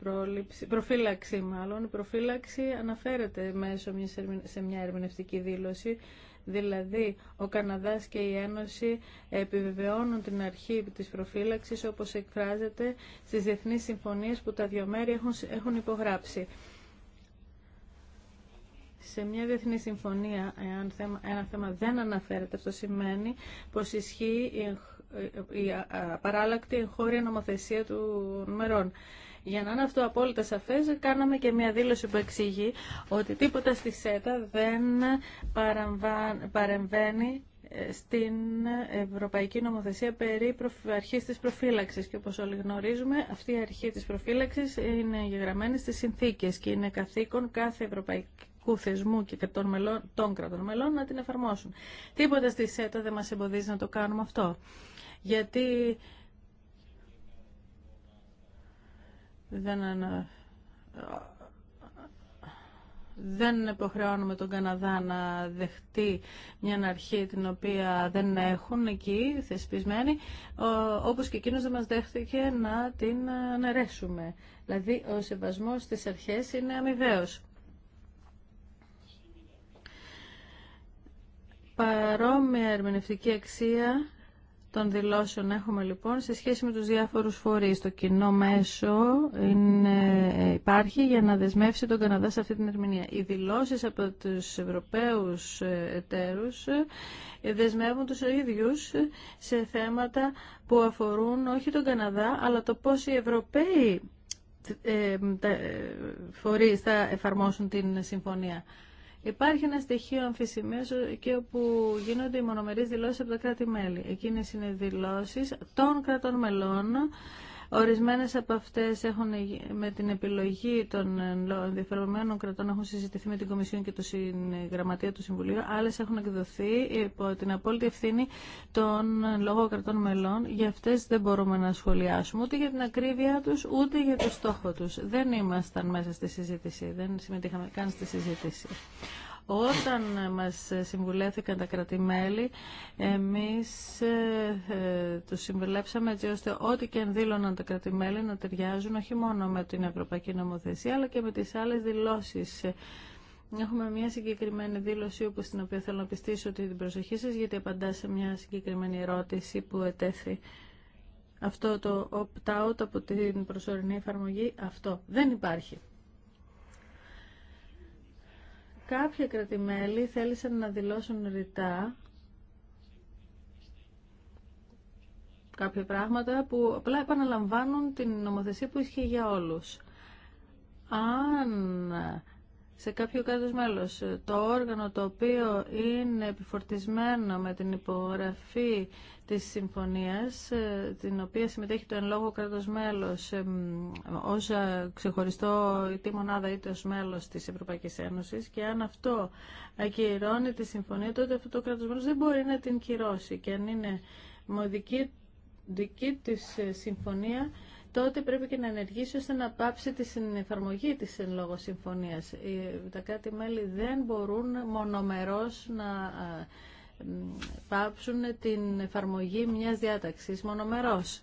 πρόληψη προφύλαξη μάλλον. Η προφύλαξη αναφέρεται μέσω σε μια ερμηνευτική δήλωση Δηλαδή, ο Καναδάς και η Ένωση επιβεβαιώνουν την αρχή της προφύλαξης όπως εκφράζεται στις διεθνείς συμφωνίες που τα δύο μέρη έχουν υπογράψει. Σε μια διεθνή συμφωνία, εάν ένα θέμα δεν αναφέρεται, αυτό σημαίνει πως ισχύει η απαράλλακτη εγχώρια νομοθεσία του μερών. Για να είναι αυτό απόλυτα σαφέ, κάναμε και μια δήλωση που εξηγεί ότι τίποτα στη ΣΕΤΑ δεν παρεμβαίνει ε, στην Ευρωπαϊκή Νομοθεσία περί αρχής της προφύλαξης και όπως όλοι γνωρίζουμε αυτή η αρχή της προφύλαξης είναι γεγραμμένη στις συνθήκες και είναι καθήκον κάθε ευρωπαϊκού θεσμού και των, των κρατών μελών να την εφαρμόσουν. Τίποτα στη ΣΕΤΑ δεν μας εμποδίζει να το κάνουμε αυτό. Γιατί δεν υποχρεώνουμε τον Καναδά να δεχτεί μια αρχή την οποία δεν έχουν εκεί θεσπισμένη, όπως και εκείνος δεν μας δέχτηκε να την αναιρέσουμε. Δηλαδή ο σεβασμός στις αρχές είναι αμοιβαίος. Παρόμοια ερμηνευτική αξία των δηλώσεων έχουμε λοιπόν σε σχέση με τους διάφορους φορείς. Το κοινό μέσο είναι, υπάρχει για να δεσμεύσει τον Καναδά σε αυτή την ερμηνεία. Οι δηλώσεις από τους Ευρωπαίους ε, εταίρους ε, δεσμεύουν τους ίδιους σε θέματα που αφορούν όχι τον Καναδά, αλλά το πώς οι Ευρωπαίοι ε, φορείς θα εφαρμόσουν την συμφωνία. Υπάρχει ένα στοιχείο αμφισημίας και όπου γίνονται οι μονομερείς δηλώσεις από τα κράτη-μέλη. Εκείνες είναι δηλώσεις των κρατών μελών Ορισμένες από αυτές έχουν, με την επιλογή των ε, ενδιαφερομένων κρατών έχουν συζητηθεί με την Κομισιόν και το Γραμματεία του Συμβουλίου. Άλλες έχουν εκδοθεί υπό την απόλυτη ευθύνη των ε, λόγω κρατών μελών. Για αυτές δεν μπορούμε να σχολιάσουμε ούτε για την ακρίβειά τους, ούτε για το στόχο τους. Δεν ήμασταν μέσα στη συζήτηση, δεν συμμετείχαμε καν στη συζήτηση. Όταν μας συμβουλέθηκαν τα κρατημέλη, εμείς ε, ε, τους συμβουλέψαμε έτσι ώστε ό,τι και αν δήλωναν τα κρατημέλη να ταιριάζουν όχι μόνο με την Ευρωπαϊκή Νομοθεσία, αλλά και με τις άλλες δηλώσεις Έχουμε μια συγκεκριμένη δήλωση όπως στην οποία θέλω να πιστήσω την προσοχή σας γιατί απαντά σε μια συγκεκριμένη ερώτηση που ετέθη αυτό το opt-out από την προσωρινή εφαρμογή. Αυτό δεν υπάρχει κάποια κρατημέλη θέλησαν να δηλώσουν ρητά κάποια πράγματα που απλά επαναλαμβάνουν την νομοθεσία που ισχύει για όλους. Αν σε κάποιο κράτος μέλος. Το όργανο το οποίο είναι επιφορτισμένο με την υπογραφή της συμφωνίας, ε, την οποία συμμετέχει το εν λόγω κράτος μέλος ως ε, ξεχωριστό είτε μονάδα είτε ως μέλος της Ευρωπαϊκής Ένωσης και αν αυτό ακυρώνει τη συμφωνία, τότε αυτό το κράτος μέλος δεν μπορεί να την κυρώσει και αν είναι δική, δική της ε, συμφωνία, τότε πρέπει και να ενεργήσει ώστε να πάψει τη συνεφαρμογή της εν λόγω συμφωνίας. Ε, τα κράτη-μέλη δεν μπορούν μονομερώς να ε, πάψουν την εφαρμογή μιας διάταξης μονομερώς.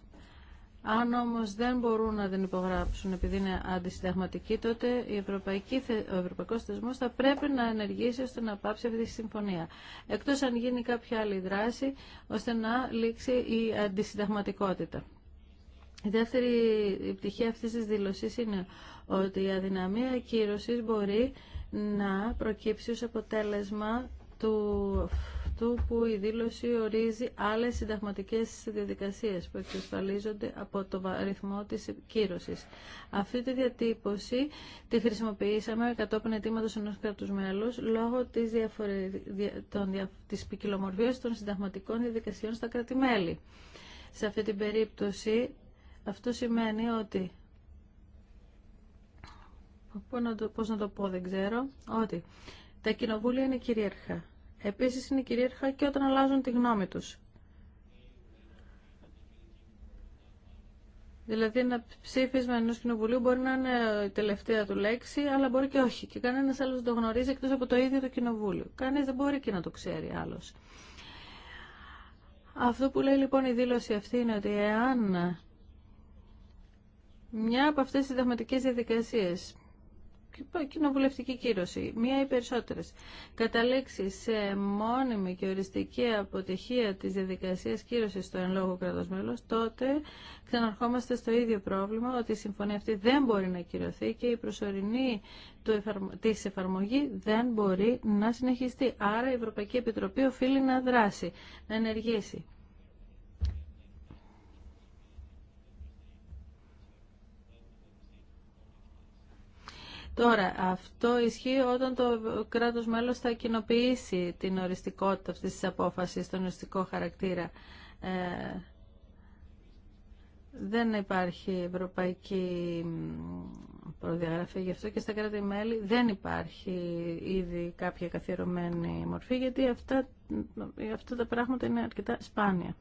Αν όμως δεν μπορούν να την υπογράψουν επειδή είναι αντισυνταγματική, τότε η Ευρωπαϊκή, ο Ευρωπαϊκός Θεσμό θα πρέπει να ενεργήσει ώστε να πάψει αυτή τη συμφωνία. Εκτός αν γίνει κάποια άλλη δράση ώστε να λήξει η αντισυνταγματικότητα. Η δεύτερη πτυχή αυτής της δήλωσης είναι ότι η αδυναμία κύρωσης μπορεί να προκύψει ως αποτέλεσμα του αυτού που η δήλωση ορίζει άλλες συνταγματικές διαδικασίες που εξασφαλίζονται από το αριθμό της κύρωσης. Αυτή τη διατύπωση τη χρησιμοποιήσαμε κατόπιν αιτήματος ενός κράτους μέλους λόγω της, διαφορε... των... της των συνταγματικών διαδικασιών στα κράτη-μέλη. Σε αυτή την περίπτωση αυτό σημαίνει ότι, πώς να το πω δεν ξέρω, ότι τα κοινοβούλια είναι κυρίαρχα. Επίσης είναι κυρίαρχα και όταν αλλάζουν τη γνώμη τους. Δηλαδή ένα ψήφισμα ενό κοινοβουλίου μπορεί να είναι η τελευταία του λέξη, αλλά μπορεί και όχι. Και κανένα άλλο δεν το γνωρίζει εκτό από το ίδιο το κοινοβούλιο. Κανεί δεν μπορεί και να το ξέρει άλλο. Αυτό που λέει λοιπόν η δήλωση αυτή είναι ότι εάν μια από αυτές τις συνταγματικές διαδικασίες κοινοβουλευτική κύρωση, μία ή περισσοτερε καταλήξει σε μόνιμη και οριστική αποτυχία της διαδικασια κυρωση στο εν λόγω κράτος μέλος, τότε ξαναρχόμαστε στο ίδιο πρόβλημα ότι η συμφωνία αυτή δεν μπορεί να κυρωθεί και η προσωρινή τη εφαρμογή δεν μπορεί να συνεχιστεί. Άρα η Ευρωπαϊκή Επιτροπή οφείλει να δράσει, να ενεργήσει. Τώρα, αυτό ισχύει όταν το κράτος μέλος θα κοινοποιήσει την οριστικότητα αυτής της απόφασης, τον οριστικό χαρακτήρα. Ε, δεν υπάρχει ευρωπαϊκή προδιαγραφή γι' αυτό και στα κράτη-μέλη δεν υπάρχει ήδη κάποια καθιερωμένη μορφή γιατί αυτά, τα πράγματα είναι αρκετά σπάνια.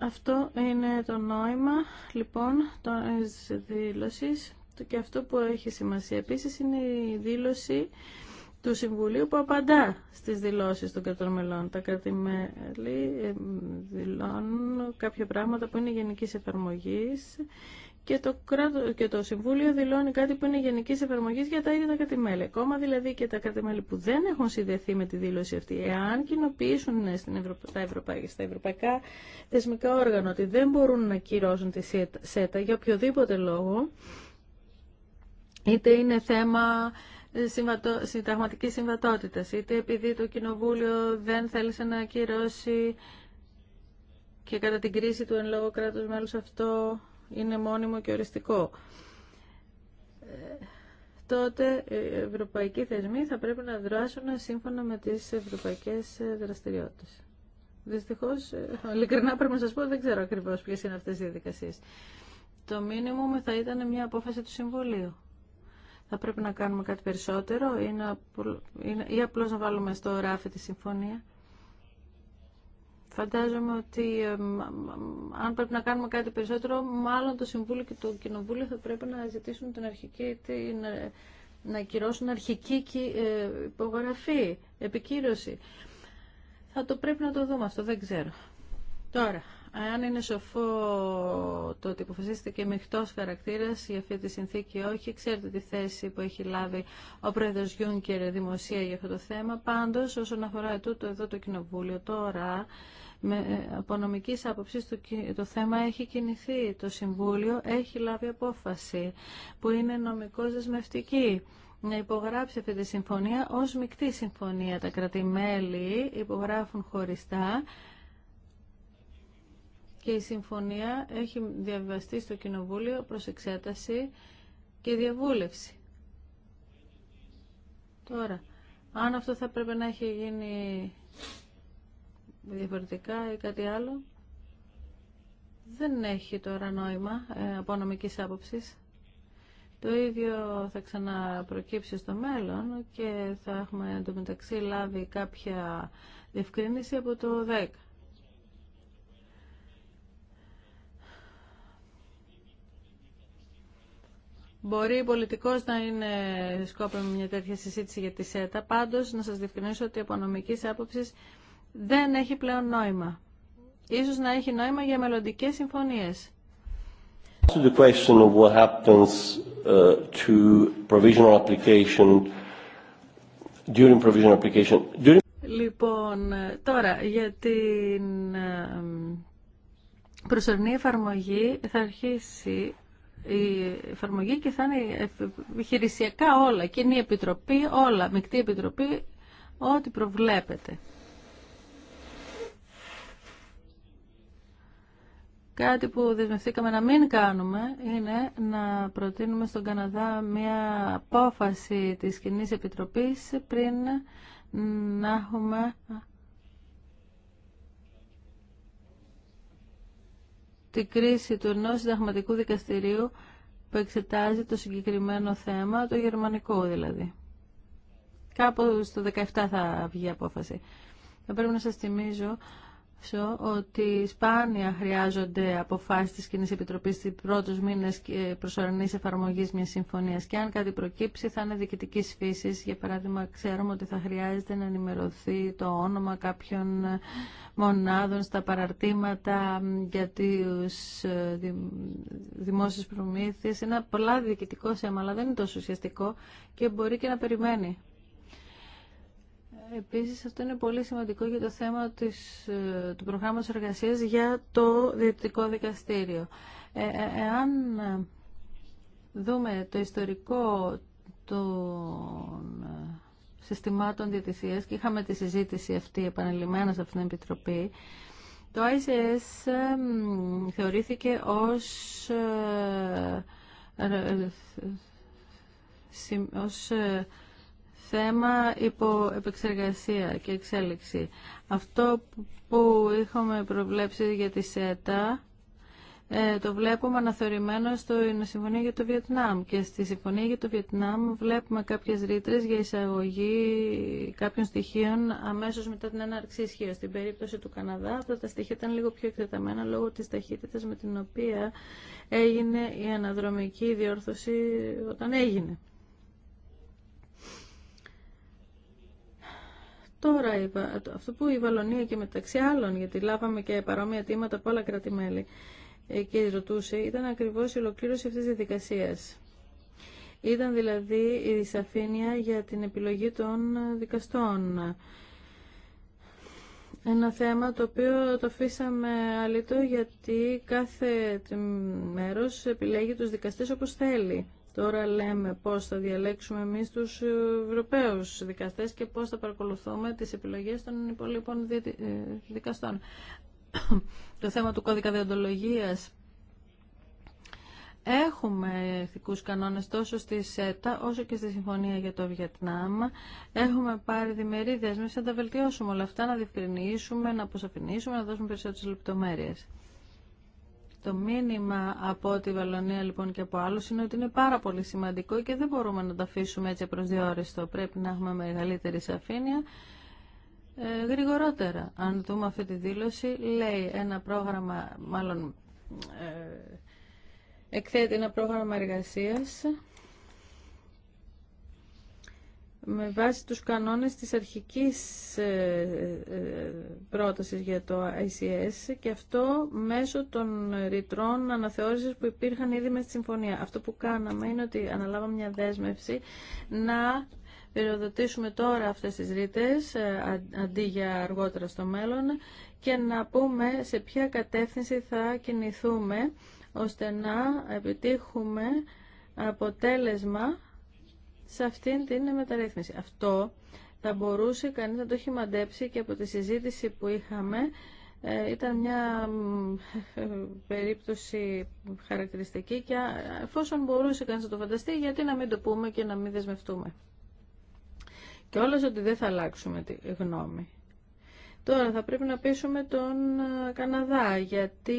Ε, αυτό είναι το νόημα λοιπόν της δήλωσης το και αυτό που έχει σημασία επίση είναι η δήλωση του Συμβουλίου που απαντά στις δηλώσεις των κρατών μελών. Τα κρατημέλη ε, δηλώνουν κάποια πράγματα που είναι γενική εφαρμογή και το, το Συμβούλιο δηλώνει κάτι που είναι γενική εφαρμογή για τα ίδια τα κρατημέλη. Ακόμα δηλαδή και τα κρατημέλη που δεν έχουν συνδεθεί με τη δήλωση αυτή, εάν κοινοποιήσουν στην Ευρωπα... τα στα ευρωπαϊκά θεσμικά όργανα ότι δεν μπορούν να κυρώσουν τη ΣΕΤΑ για οποιοδήποτε λόγο, είτε είναι θέμα ε, συνταγματικής συμβατότητας, είτε επειδή το Κοινοβούλιο δεν θέλησε να ακυρώσει και κατά την κρίση του εν λόγω κράτους μέλους αυτό είναι μόνιμο και οριστικό. Ε, τότε οι ευρωπαϊκοί θεσμοί θα πρέπει να δράσουν σύμφωνα με τις ευρωπαϊκές ε, δραστηριότητες. Δυστυχώ, ειλικρινά πρέπει να σας πω, δεν ξέρω ακριβώ ποιε είναι αυτέ οι διαδικασίες. Το μήνυμο θα ήταν μια απόφαση του Συμβουλίου θα πρέπει να κάνουμε κάτι περισσότερο ή, να, ή απλώς να βάλουμε στο ράφι τη συμφωνία. Φαντάζομαι ότι αν πρέπει να κάνουμε κάτι περισσότερο, μάλλον το Συμβούλιο και το Κοινοβούλιο θα πρέπει να ζητήσουν την αρχική, την, ε, να ακυρώσουν αρχική ε, υπογραφή, επικύρωση. Θα το πρέπει να το δούμε αυτό, δεν ξέρω. Τώρα, αν είναι σοφό το ότι και μειχτό χαρακτήρα για αυτή τη συνθήκη ή όχι, ξέρετε τη θέση που έχει λάβει ο πρόεδρος Γιούνκερ δημοσία για αυτό το θέμα. Πάντως, όσον αφορά τούτο εδώ το κοινοβούλιο τώρα, με, ε, από νομική άποψη το, θέμα έχει κινηθεί. Το Συμβούλιο έχει λάβει απόφαση που είναι νομικό δεσμευτική να υπογράψει αυτή τη συμφωνία ως μεικτή συμφωνία. Τα κρατημέλη υπογράφουν χωριστά και η συμφωνία έχει διαβιβαστεί στο Κοινοβούλιο προς εξέταση και διαβούλευση. Τώρα, αν αυτό θα πρέπει να έχει γίνει διαφορετικά ή κάτι άλλο, δεν έχει τώρα νόημα ε, από νομικής άποψης. Το ίδιο θα ξαναπροκύψει στο μέλλον και θα έχουμε εντωμεταξύ λάβει κάποια διευκρίνηση από το 10. Μπορεί πολιτικός να είναι σκόπιμο μια τέτοια συζήτηση για τη ΣΕΤΑ, πάντως να σας διευκρινίσω ότι από νομικής άποψη δεν έχει πλέον νόημα. Ίσως να έχει νόημα για μελλοντικέ συμφωνίες. question of what happens uh, to provisional application during provisional application. During... Λοιπόν, τώρα για την ε, προσωρινή εφαρμογή θα αρχίσει η εφαρμογή και θα είναι επιχειρησιακά όλα, κοινή επιτροπή, όλα, μεικτή επιτροπή, ό,τι προβλέπετε. Κάτι που δεσμευτήκαμε να μην κάνουμε είναι να προτείνουμε στον Καναδά μια απόφαση της κοινή επιτροπής πριν να έχουμε την κρίση του ενός συνταγματικού δικαστηρίου που εξετάζει το συγκεκριμένο θέμα, το γερμανικό δηλαδή. Κάπου στο 17 θα βγει η απόφαση. Θα πρέπει να σας θυμίζω ότι σπάνια χρειάζονται αποφάσεις της Κοινής Επιτροπής στις πρώτους μήνες προσωρινής εφαρμογής μιας συμφωνίας και αν κάτι προκύψει θα είναι διοικητικής φύσης. Για παράδειγμα, ξέρουμε ότι θα χρειάζεται να ενημερωθεί το όνομα κάποιων μονάδων στα παραρτήματα για τους ε, δημόσιες προμήθειες. Είναι πολλά διοικητικό θέμα, αλλά δεν είναι τόσο ουσιαστικό και μπορεί και να περιμένει. Επίσης αυτό είναι πολύ σημαντικό για το θέμα της, του προγράμματος εργασίας για το Διευθυντικό Δικαστήριο. Ε, εάν δούμε το ιστορικό των συστημάτων διατησίας και είχαμε τη συζήτηση αυτή επαναλημμένα σε αυτήν την Επιτροπή, το ICS θεωρήθηκε ως, ως θέμα υπό επεξεργασία και εξέλιξη. Αυτό που είχαμε προβλέψει για τη ΣΕΤΑ ε, το βλέπουμε αναθεωρημένο στο Συμφωνία για το Βιετνάμ και στη Συμφωνία για το Βιετνάμ βλέπουμε κάποιες ρήτρε για εισαγωγή κάποιων στοιχείων αμέσως μετά την έναρξη ισχύω. Στην περίπτωση του Καναδά αυτά τα στοιχεία ήταν λίγο πιο εκτεταμένα λόγω της ταχύτητας με την οποία έγινε η αναδρομική διόρθωση όταν έγινε. Τώρα, αυτό που η Βαλονία και μεταξύ άλλων, γιατί λάβαμε και παρόμοια αιτήματα από άλλα κράτη-μέλη ε, και ρωτούσε, ήταν ακριβώς η ολοκλήρωση αυτής της διαδικασίας. Ήταν δηλαδή η δυσαφήνεια για την επιλογή των δικαστών. Ένα θέμα το οποίο το αφήσαμε αλήτω γιατί κάθε μέρος επιλέγει τους δικαστές όπως θέλει. Τώρα λέμε πώς θα διαλέξουμε εμείς τους Ευρωπαίους δικαστές και πώς θα παρακολουθούμε τις επιλογές των υπολείπων ε, δικαστών. Το θέμα του κώδικα διοντολογίας Έχουμε ηθικούς κανόνες τόσο στη ΣΕΤΑ όσο και στη Συμφωνία για το Βιετνάμ. Έχουμε πάρει διμερή δέσμευση να τα βελτιώσουμε όλα αυτά, να διευκρινίσουμε, να αποσαφηνίσουμε, να δώσουμε περισσότερες λεπτομέρειες. Το μήνυμα από τη Βαλονία λοιπόν και από άλλους είναι ότι είναι πάρα πολύ σημαντικό και δεν μπορούμε να το αφήσουμε έτσι διόριστο. Πρέπει να έχουμε μεγαλύτερη σαφήνεια. Ε, γρηγορότερα, αν δούμε αυτή τη δήλωση, λέει ένα πρόγραμμα, μάλλον ε, εκθέτει ένα πρόγραμμα εργασίας με βάση τους κανόνες της αρχικής ε, ε, πρότασης για το ICS και αυτό μέσω των ρητρών αναθεώρησης που υπήρχαν ήδη με τη συμφωνία. Αυτό που κάναμε είναι ότι αναλάβαμε μια δέσμευση να περιοδοτήσουμε τώρα αυτές τις ρήτες ε, αντί για αργότερα στο μέλλον και να πούμε σε ποια κατεύθυνση θα κινηθούμε ώστε να επιτύχουμε αποτέλεσμα σε αυτήν την μεταρρύθμιση. Αυτό θα μπορούσε κανείς να το έχει μαντέψει και από τη συζήτηση που είχαμε ε, ήταν μια ε, περίπτωση χαρακτηριστική και εφόσον μπορούσε κανείς να το φανταστεί γιατί να μην το πούμε και να μην δεσμευτούμε. Και όλα ότι δεν θα αλλάξουμε τη γνώμη. Τώρα θα πρέπει να πείσουμε τον ε, Καναδά γιατί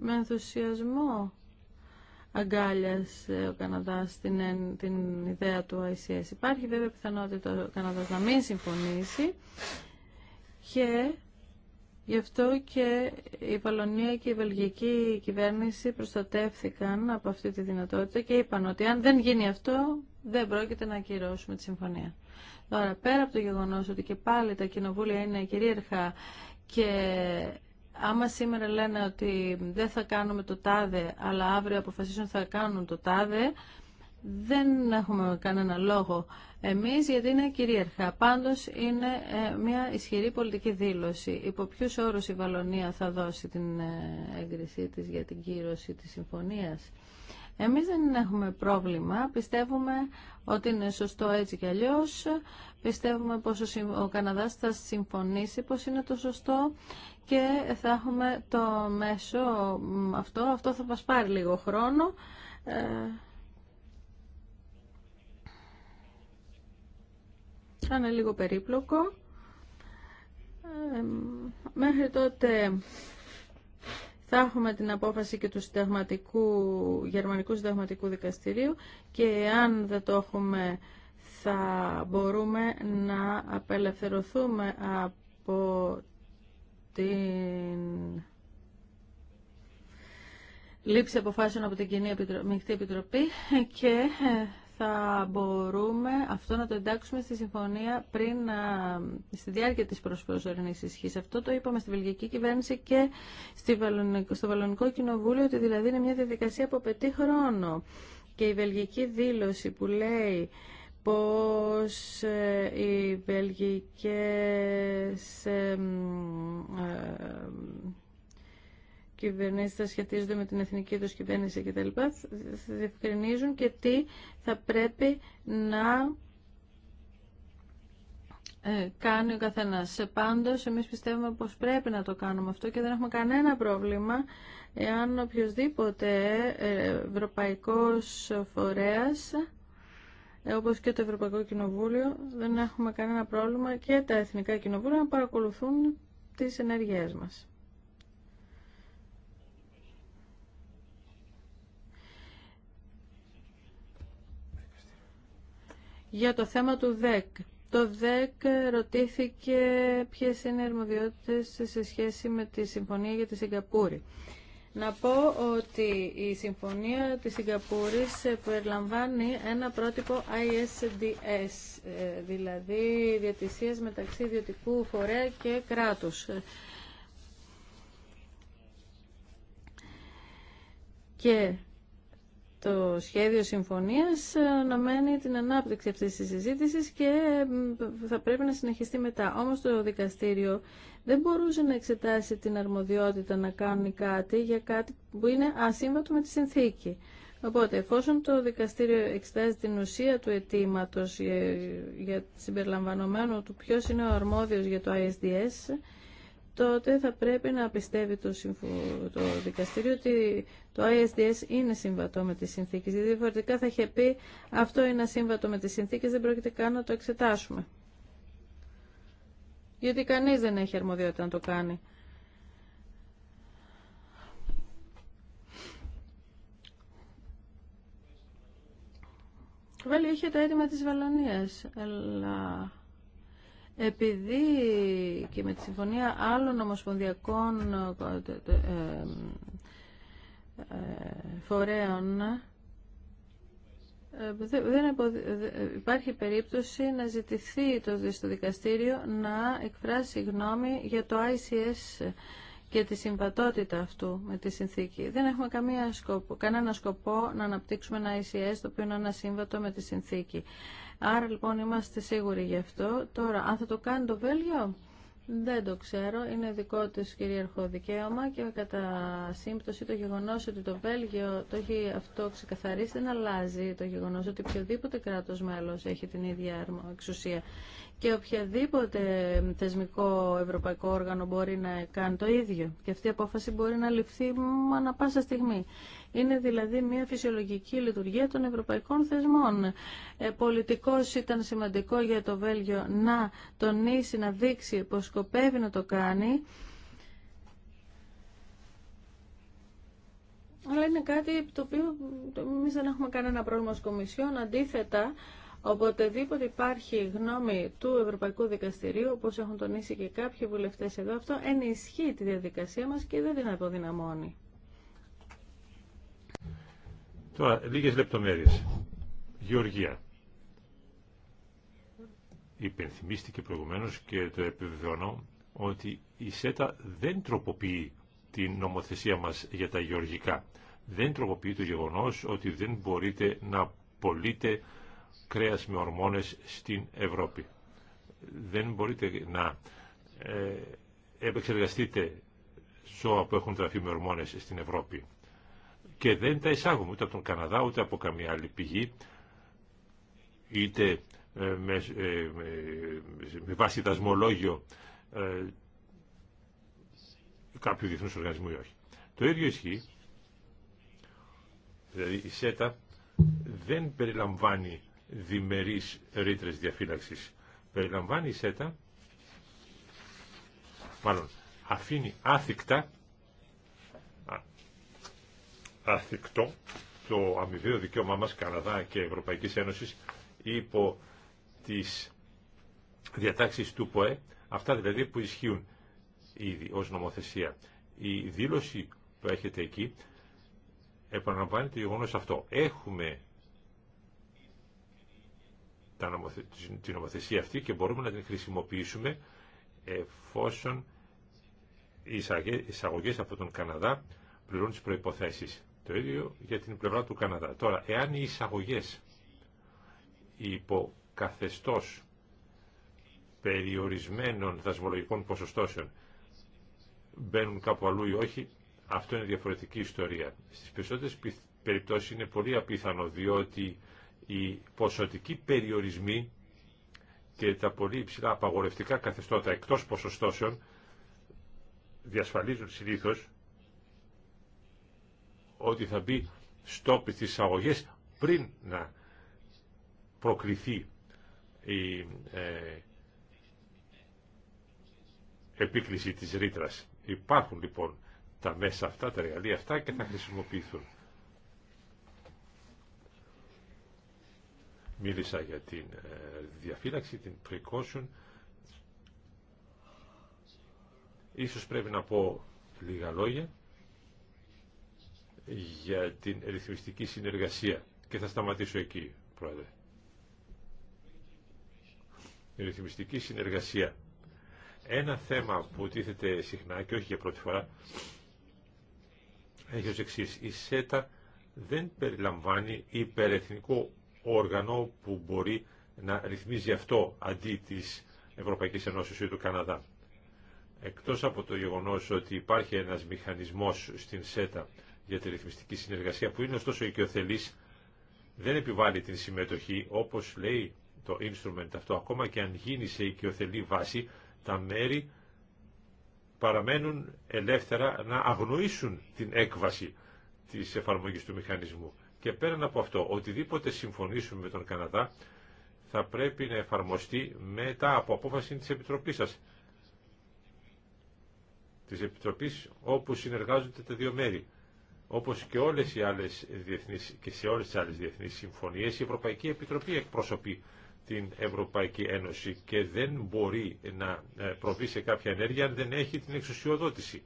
με ενθουσιασμό αγκάλιασε ο Καναδάς την, την ιδέα του ICS. Υπάρχει βέβαια πιθανότητα ο Καναδάς να μην συμφωνήσει και γι' αυτό και η Πολωνία και η Βελγική κυβέρνηση προστατεύθηκαν από αυτή τη δυνατότητα και είπαν ότι αν δεν γίνει αυτό δεν πρόκειται να ακυρώσουμε τη συμφωνία. Τώρα, πέρα από το γεγονός ότι και πάλι τα κοινοβούλια είναι κυρίαρχα και άμα σήμερα λένε ότι δεν θα κάνουμε το τάδε, αλλά αύριο αποφασίσουν θα κάνουν το τάδε, δεν έχουμε κανένα λόγο εμείς γιατί είναι κυρίαρχα. Πάντως είναι ε, μια ισχυρή πολιτική δήλωση. Υπό ποιους όρους η Βαλονία θα δώσει την ε, έγκρισή της για την κύρωση της συμφωνίας. Εμείς δεν έχουμε πρόβλημα. Πιστεύουμε ότι είναι σωστό έτσι κι αλλιώς. Πιστεύουμε πως ο Καναδάς θα συμφωνήσει πως είναι το σωστό και θα έχουμε το μέσο αυτό. Αυτό θα μας πάρει λίγο χρόνο. Ε, θα είναι λίγο περίπλοκο. Ε, μέχρι τότε θα έχουμε την απόφαση και του συνταγματικού, Γερμανικού Συνταγματικού Δικαστηρίου και αν δεν το έχουμε θα μπορούμε να απελευθερωθούμε από την λήψη αποφάσεων από την Κοινή Επιτροπή και ε, θα μπορούμε αυτό να το εντάξουμε στη συμφωνία πριν, στη διάρκεια της προσωρινής ισχύς. Αυτό το είπαμε στη βελγική κυβέρνηση και στο Βαλλονικό Κοινοβούλιο, ότι δηλαδή είναι μια διαδικασία που απαιτεί χρόνο. Και η βελγική δήλωση που λέει πως ε, οι βελγικές ε, κυβερνήσει θα σχετίζονται με την εθνική του κυβέρνηση κτλ. Θα διευκρινίζουν και τι θα πρέπει να ε, κάνει ο καθένας. Πάντω, εμείς πιστεύουμε πως πρέπει να το κάνουμε αυτό και δεν έχουμε κανένα πρόβλημα εάν οποιοδήποτε ε, ευρωπαϊκός φορέας ε, όπως και το Ευρωπαϊκό Κοινοβούλιο, δεν έχουμε κανένα πρόβλημα και τα Εθνικά Κοινοβούλια να παρακολουθούν τις ενέργειές μας. Για το θέμα του ΔΕΚ. Το ΔΕΚ ρωτήθηκε ποιες είναι οι αρμοδιότητες σε σχέση με τη Συμφωνία για τη Σιγκαπούρη. Να πω ότι η Συμφωνία της Σιγκαπούρης περιλαμβάνει ένα πρότυπο ISDS, δηλαδή διατησίες μεταξύ ιδιωτικού φορέα και κράτους. Και το σχέδιο συμφωνίας αναμένει την ανάπτυξη αυτής της συζήτησης και θα πρέπει να συνεχιστεί μετά. Όμως το δικαστήριο δεν μπορούσε να εξετάσει την αρμοδιότητα να κάνει κάτι για κάτι που είναι ασύμβατο με τη συνθήκη. Οπότε, εφόσον το δικαστήριο εξετάζει την ουσία του αιτήματος ε, για συμπεριλαμβανομένου του ποιος είναι ο αρμόδιος για το ISDS, τότε θα πρέπει να πιστεύει το, το δικαστήριο ότι το ISDS είναι συμβατό με τις συνθήκες. Δηλαδή, διαφορετικά θα είχε πει αυτό είναι σύμβατο με τις συνθήκες, δεν πρόκειται καν να το εξετάσουμε. Γιατί κανείς δεν έχει αρμοδιότητα να το κάνει. Βέλη, είχε τα έτοιμα της Βαλωνίας, αλλά επειδή και με τη συμφωνία άλλων ομοσπονδιακών ε, φορέων ε, δεν υπάρχει περίπτωση να ζητηθεί το στο δικαστήριο να εκφράσει γνώμη για το ICS και τη συμβατότητα αυτού με τη συνθήκη. Δεν έχουμε καμία σκοπό, κανένα σκοπό να αναπτύξουμε ένα ICS το οποίο είναι ανασύμβατο με τη συνθήκη. Άρα λοιπόν είμαστε σίγουροι γι' αυτό. Τώρα, αν θα το κάνει το Βέλγιο, δεν το ξέρω. Είναι δικό τη κυρίαρχο δικαίωμα και κατά σύμπτωση το γεγονό ότι το Βέλγιο το έχει αυτό ξεκαθαρίσει δεν αλλάζει το γεγονό ότι οποιοδήποτε κράτο μέλο έχει την ίδια εξουσία και οποιαδήποτε θεσμικό ευρωπαϊκό όργανο μπορεί να κάνει το ίδιο. Και αυτή η απόφαση μπορεί να ληφθεί ανα πάσα στιγμή. Είναι δηλαδή μια φυσιολογική λειτουργία των ευρωπαϊκών θεσμών. Ε, ήταν σημαντικό για το Βέλγιο να τονίσει, να δείξει πως σκοπεύει να το κάνει. Αλλά είναι κάτι το οποίο εμεί δεν έχουμε κανένα πρόβλημα ως Κομισιόν. Αντίθετα, οποτεδήποτε υπάρχει γνώμη του Ευρωπαϊκού Δικαστηρίου, όπως έχουν τονίσει και κάποιοι βουλευτές εδώ, αυτό ενισχύει τη διαδικασία μας και δεν την αποδυναμώνει. Τώρα, λίγες λεπτομέρειες. Γεωργία. Υπενθυμίστηκε προηγουμένως και το επιβεβαιώνω ότι η ΣΕΤΑ δεν τροποποιεί την νομοθεσία μας για τα γεωργικά. Δεν τροποποιεί το γεγονός ότι δεν μπορείτε να πωλείτε κρέας με ορμόνες στην Ευρώπη. Δεν μπορείτε να ε, επεξεργαστείτε ζώα που έχουν τραφεί με ορμόνες στην Ευρώπη και δεν τα εισάγουμε ούτε από τον Καναδά ούτε από καμία άλλη πηγή είτε ε, ε, με, βάση δασμολόγιο ε, κάποιου διεθνούς οργανισμού ή όχι. Το ίδιο ισχύει, δηλαδή η ΣΕΤΑ δεν περιλαμβάνει διμερείς ρήτρες διαφύλαξης. Περιλαμβάνει η ΣΕΤΑ, μάλλον αφήνει άθικτα αθικτό το αμοιβαίο δικαίωμά μας Καναδά και Ευρωπαϊκής Ένωσης υπό τις διατάξεις του ΠΟΕ, αυτά δηλαδή που ισχύουν ήδη ως νομοθεσία. Η δήλωση που έχετε εκεί επαναλαμβάνει το γεγονό αυτό. Έχουμε την νομοθεσία αυτή και μπορούμε να την χρησιμοποιήσουμε εφόσον οι εισαγωγές από τον Καναδά πληρούν τις προϋποθέσεις. Το ίδιο για την πλευρά του Καναδά. Τώρα, εάν οι εισαγωγές υπό περιορισμένων δασμολογικών ποσοστώσεων μπαίνουν κάπου αλλού ή όχι, αυτό είναι διαφορετική ιστορία. Στις περισσότερες περιπτώσεις είναι πολύ απίθανο, διότι οι ποσοτικοί περιορισμοί και τα πολύ υψηλά απαγορευτικά καθεστώτα εκτός ποσοστώσεων διασφαλίζουν συνήθως ότι θα μπει στόπι στις αγωγές πριν να προκριθεί η ε, επίκληση της ρήτρα. Υπάρχουν λοιπόν τα μέσα αυτά, τα εργαλεία αυτά και θα χρησιμοποιηθούν. Μίλησα για την ε, διαφύλαξη, την precaution. Ίσως πρέπει να πω λίγα λόγια για την ρυθμιστική συνεργασία. Και θα σταματήσω εκεί, Πρόεδρε. Η ρυθμιστική συνεργασία. Ένα θέμα που τίθεται συχνά και όχι για πρώτη φορά έχει ως εξής. Η ΣΕΤΑ δεν περιλαμβάνει υπερεθνικό όργανο που μπορεί να ρυθμίζει αυτό αντί της Ευρωπαϊκής Ενώσης ή του Καναδά. Εκτός από το γεγονός ότι υπάρχει ένας μηχανισμός στην ΣΕΤΑ για τη ρυθμιστική συνεργασία που είναι ωστόσο οικειοθελή, δεν επιβάλλει την συμμετοχή όπω λέει το instrument αυτό ακόμα και αν γίνει σε οικειοθελή βάση τα μέρη παραμένουν ελεύθερα να αγνοήσουν την έκβαση τη εφαρμογή του μηχανισμού. Και πέραν από αυτό, οτιδήποτε συμφωνήσουμε με τον Καναδά θα πρέπει να εφαρμοστεί μετά από απόφαση της Επιτροπής σας. Της Επιτροπής όπου συνεργάζονται τα δύο μέρη. Όπως και, όλες οι άλλες διεθνείς, και σε όλες τις άλλες διεθνείς συμφωνίες, η Ευρωπαϊκή Επιτροπή εκπροσωπεί την Ευρωπαϊκή Ένωση και δεν μπορεί να ε, προβεί σε κάποια ενέργεια αν δεν έχει την εξουσιοδότηση.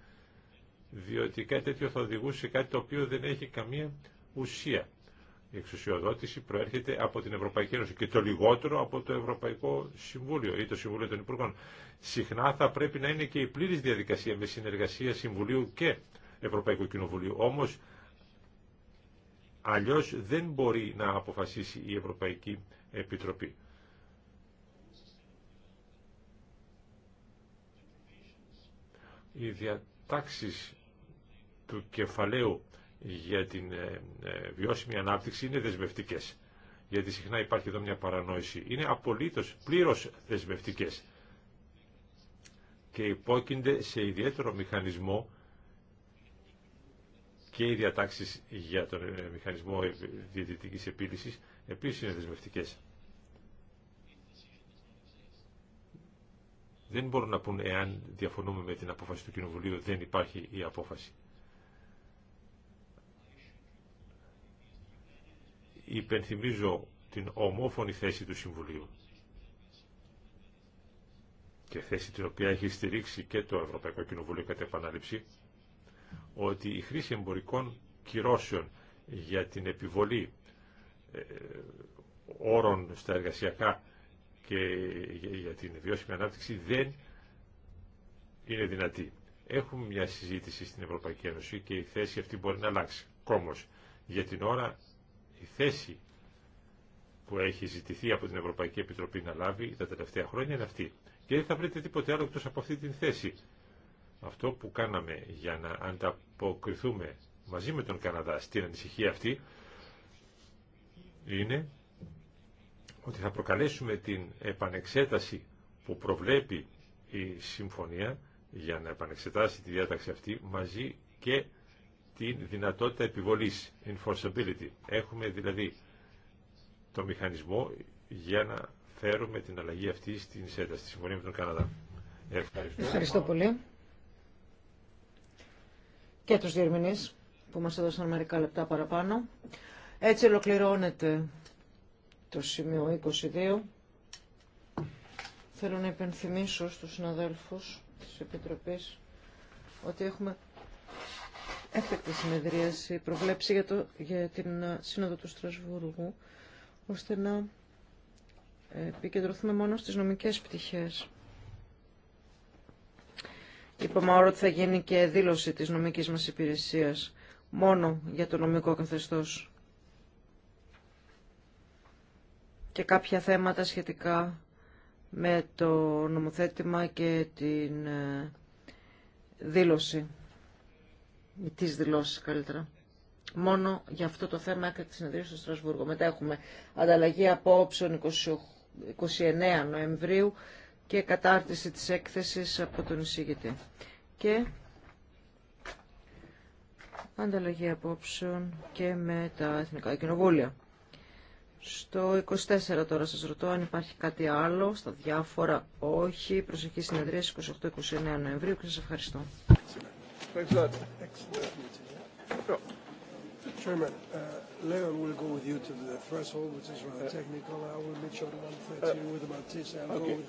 Διότι κάτι τέτοιο θα οδηγούσε σε κάτι το οποίο δεν έχει καμία ουσία. Η εξουσιοδότηση προέρχεται από την Ευρωπαϊκή Ένωση και το λιγότερο από το Ευρωπαϊκό Συμβούλιο ή το Συμβούλιο των Υπουργών. Συχνά θα πρέπει να είναι και η πλήρης διαδικασία με συνεργασία Συμβουλίου και Ευρωπαϊκού Κοινοβουλίου. Όμως αλλιώς δεν μπορεί να αποφασίσει η Ευρωπαϊκή Επιτροπή. Οι διατάξεις του κεφαλαίου για την ε, ε, βιώσιμη ανάπτυξη είναι δεσμευτικές. Γιατί συχνά υπάρχει εδώ μια παρανόηση. Είναι απολύτως πλήρως δεσμευτικές και υπόκεινται σε ιδιαίτερο μηχανισμό και οι διατάξεις για τον ε, μηχανισμό ε, διαιτητικής επίλυσης επίσης είναι δεσμευτικές. Δεν μπορούν να πούν εάν διαφωνούμε με την απόφαση του Κοινοβουλίου δεν υπάρχει η απόφαση. Υπενθυμίζω την ομόφωνη θέση του Συμβουλίου και θέση την οποία έχει στηρίξει και το Ευρωπαϊκό Κοινοβούλιο κατά επανάληψη ότι η χρήση εμπορικών κυρώσεων για την επιβολή ε, όρων στα εργασιακά και για την βιώσιμη ανάπτυξη δεν είναι δυνατή. Έχουμε μια συζήτηση στην Ευρωπαϊκή Ένωση και η θέση αυτή μπορεί να αλλάξει. Όμω, για την ώρα η θέση που έχει ζητηθεί από την Ευρωπαϊκή Επιτροπή να λάβει τα τελευταία χρόνια είναι αυτή. Και δεν θα βρείτε τίποτε άλλο εκτό από αυτή την θέση. Αυτό που κάναμε για να ανταποκριθούμε μαζί με τον Καναδά στην ανησυχία αυτή είναι ότι θα προκαλέσουμε την επανεξέταση που προβλέπει η συμφωνία για να επανεξετάσει τη διάταξη αυτή μαζί και την δυνατότητα επιβολής, enforceability. Έχουμε δηλαδή το μηχανισμό για να φέρουμε την αλλαγή αυτή στην στη Συμφωνία με τον Καναδά. Ευχαριστώ. Ευχαριστώ πολύ και τους διερμηνείς που μας έδωσαν μερικά λεπτά παραπάνω. Έτσι ολοκληρώνεται το σημείο 22. Θέλω να υπενθυμίσω στους συναδέλφους της Επιτροπής ότι έχουμε έφτακτη συνεδρίαση προβλέψη για, το, για την Σύνοδο του Στρασβούργου ώστε να επικεντρωθούμε μόνο στις νομικές πτυχές. Είπαμε όρο ότι θα γίνει και δήλωση της νομικής μας υπηρεσίας μόνο για το νομικό καθεστώς και κάποια θέματα σχετικά με το νομοθέτημα και την ε, δήλωση ή τις δηλώσεις καλύτερα. Μόνο για αυτό το θέμα έκτακτη συνεδρία στο Στρασβούργο. Μετά έχουμε ανταλλαγή απόψεων 29 Νοεμβρίου και κατάρτιση της έκθεσης από τον εισηγητή. Και ανταλλαγή απόψεων και με τα Εθνικά Κοινοβούλια. Στο 24 τώρα σας ρωτώ αν υπάρχει κάτι άλλο, στα διάφορα όχι. Προσεχή συνεδρία 28-29 Νοεμβρίου και σας ευχαριστώ.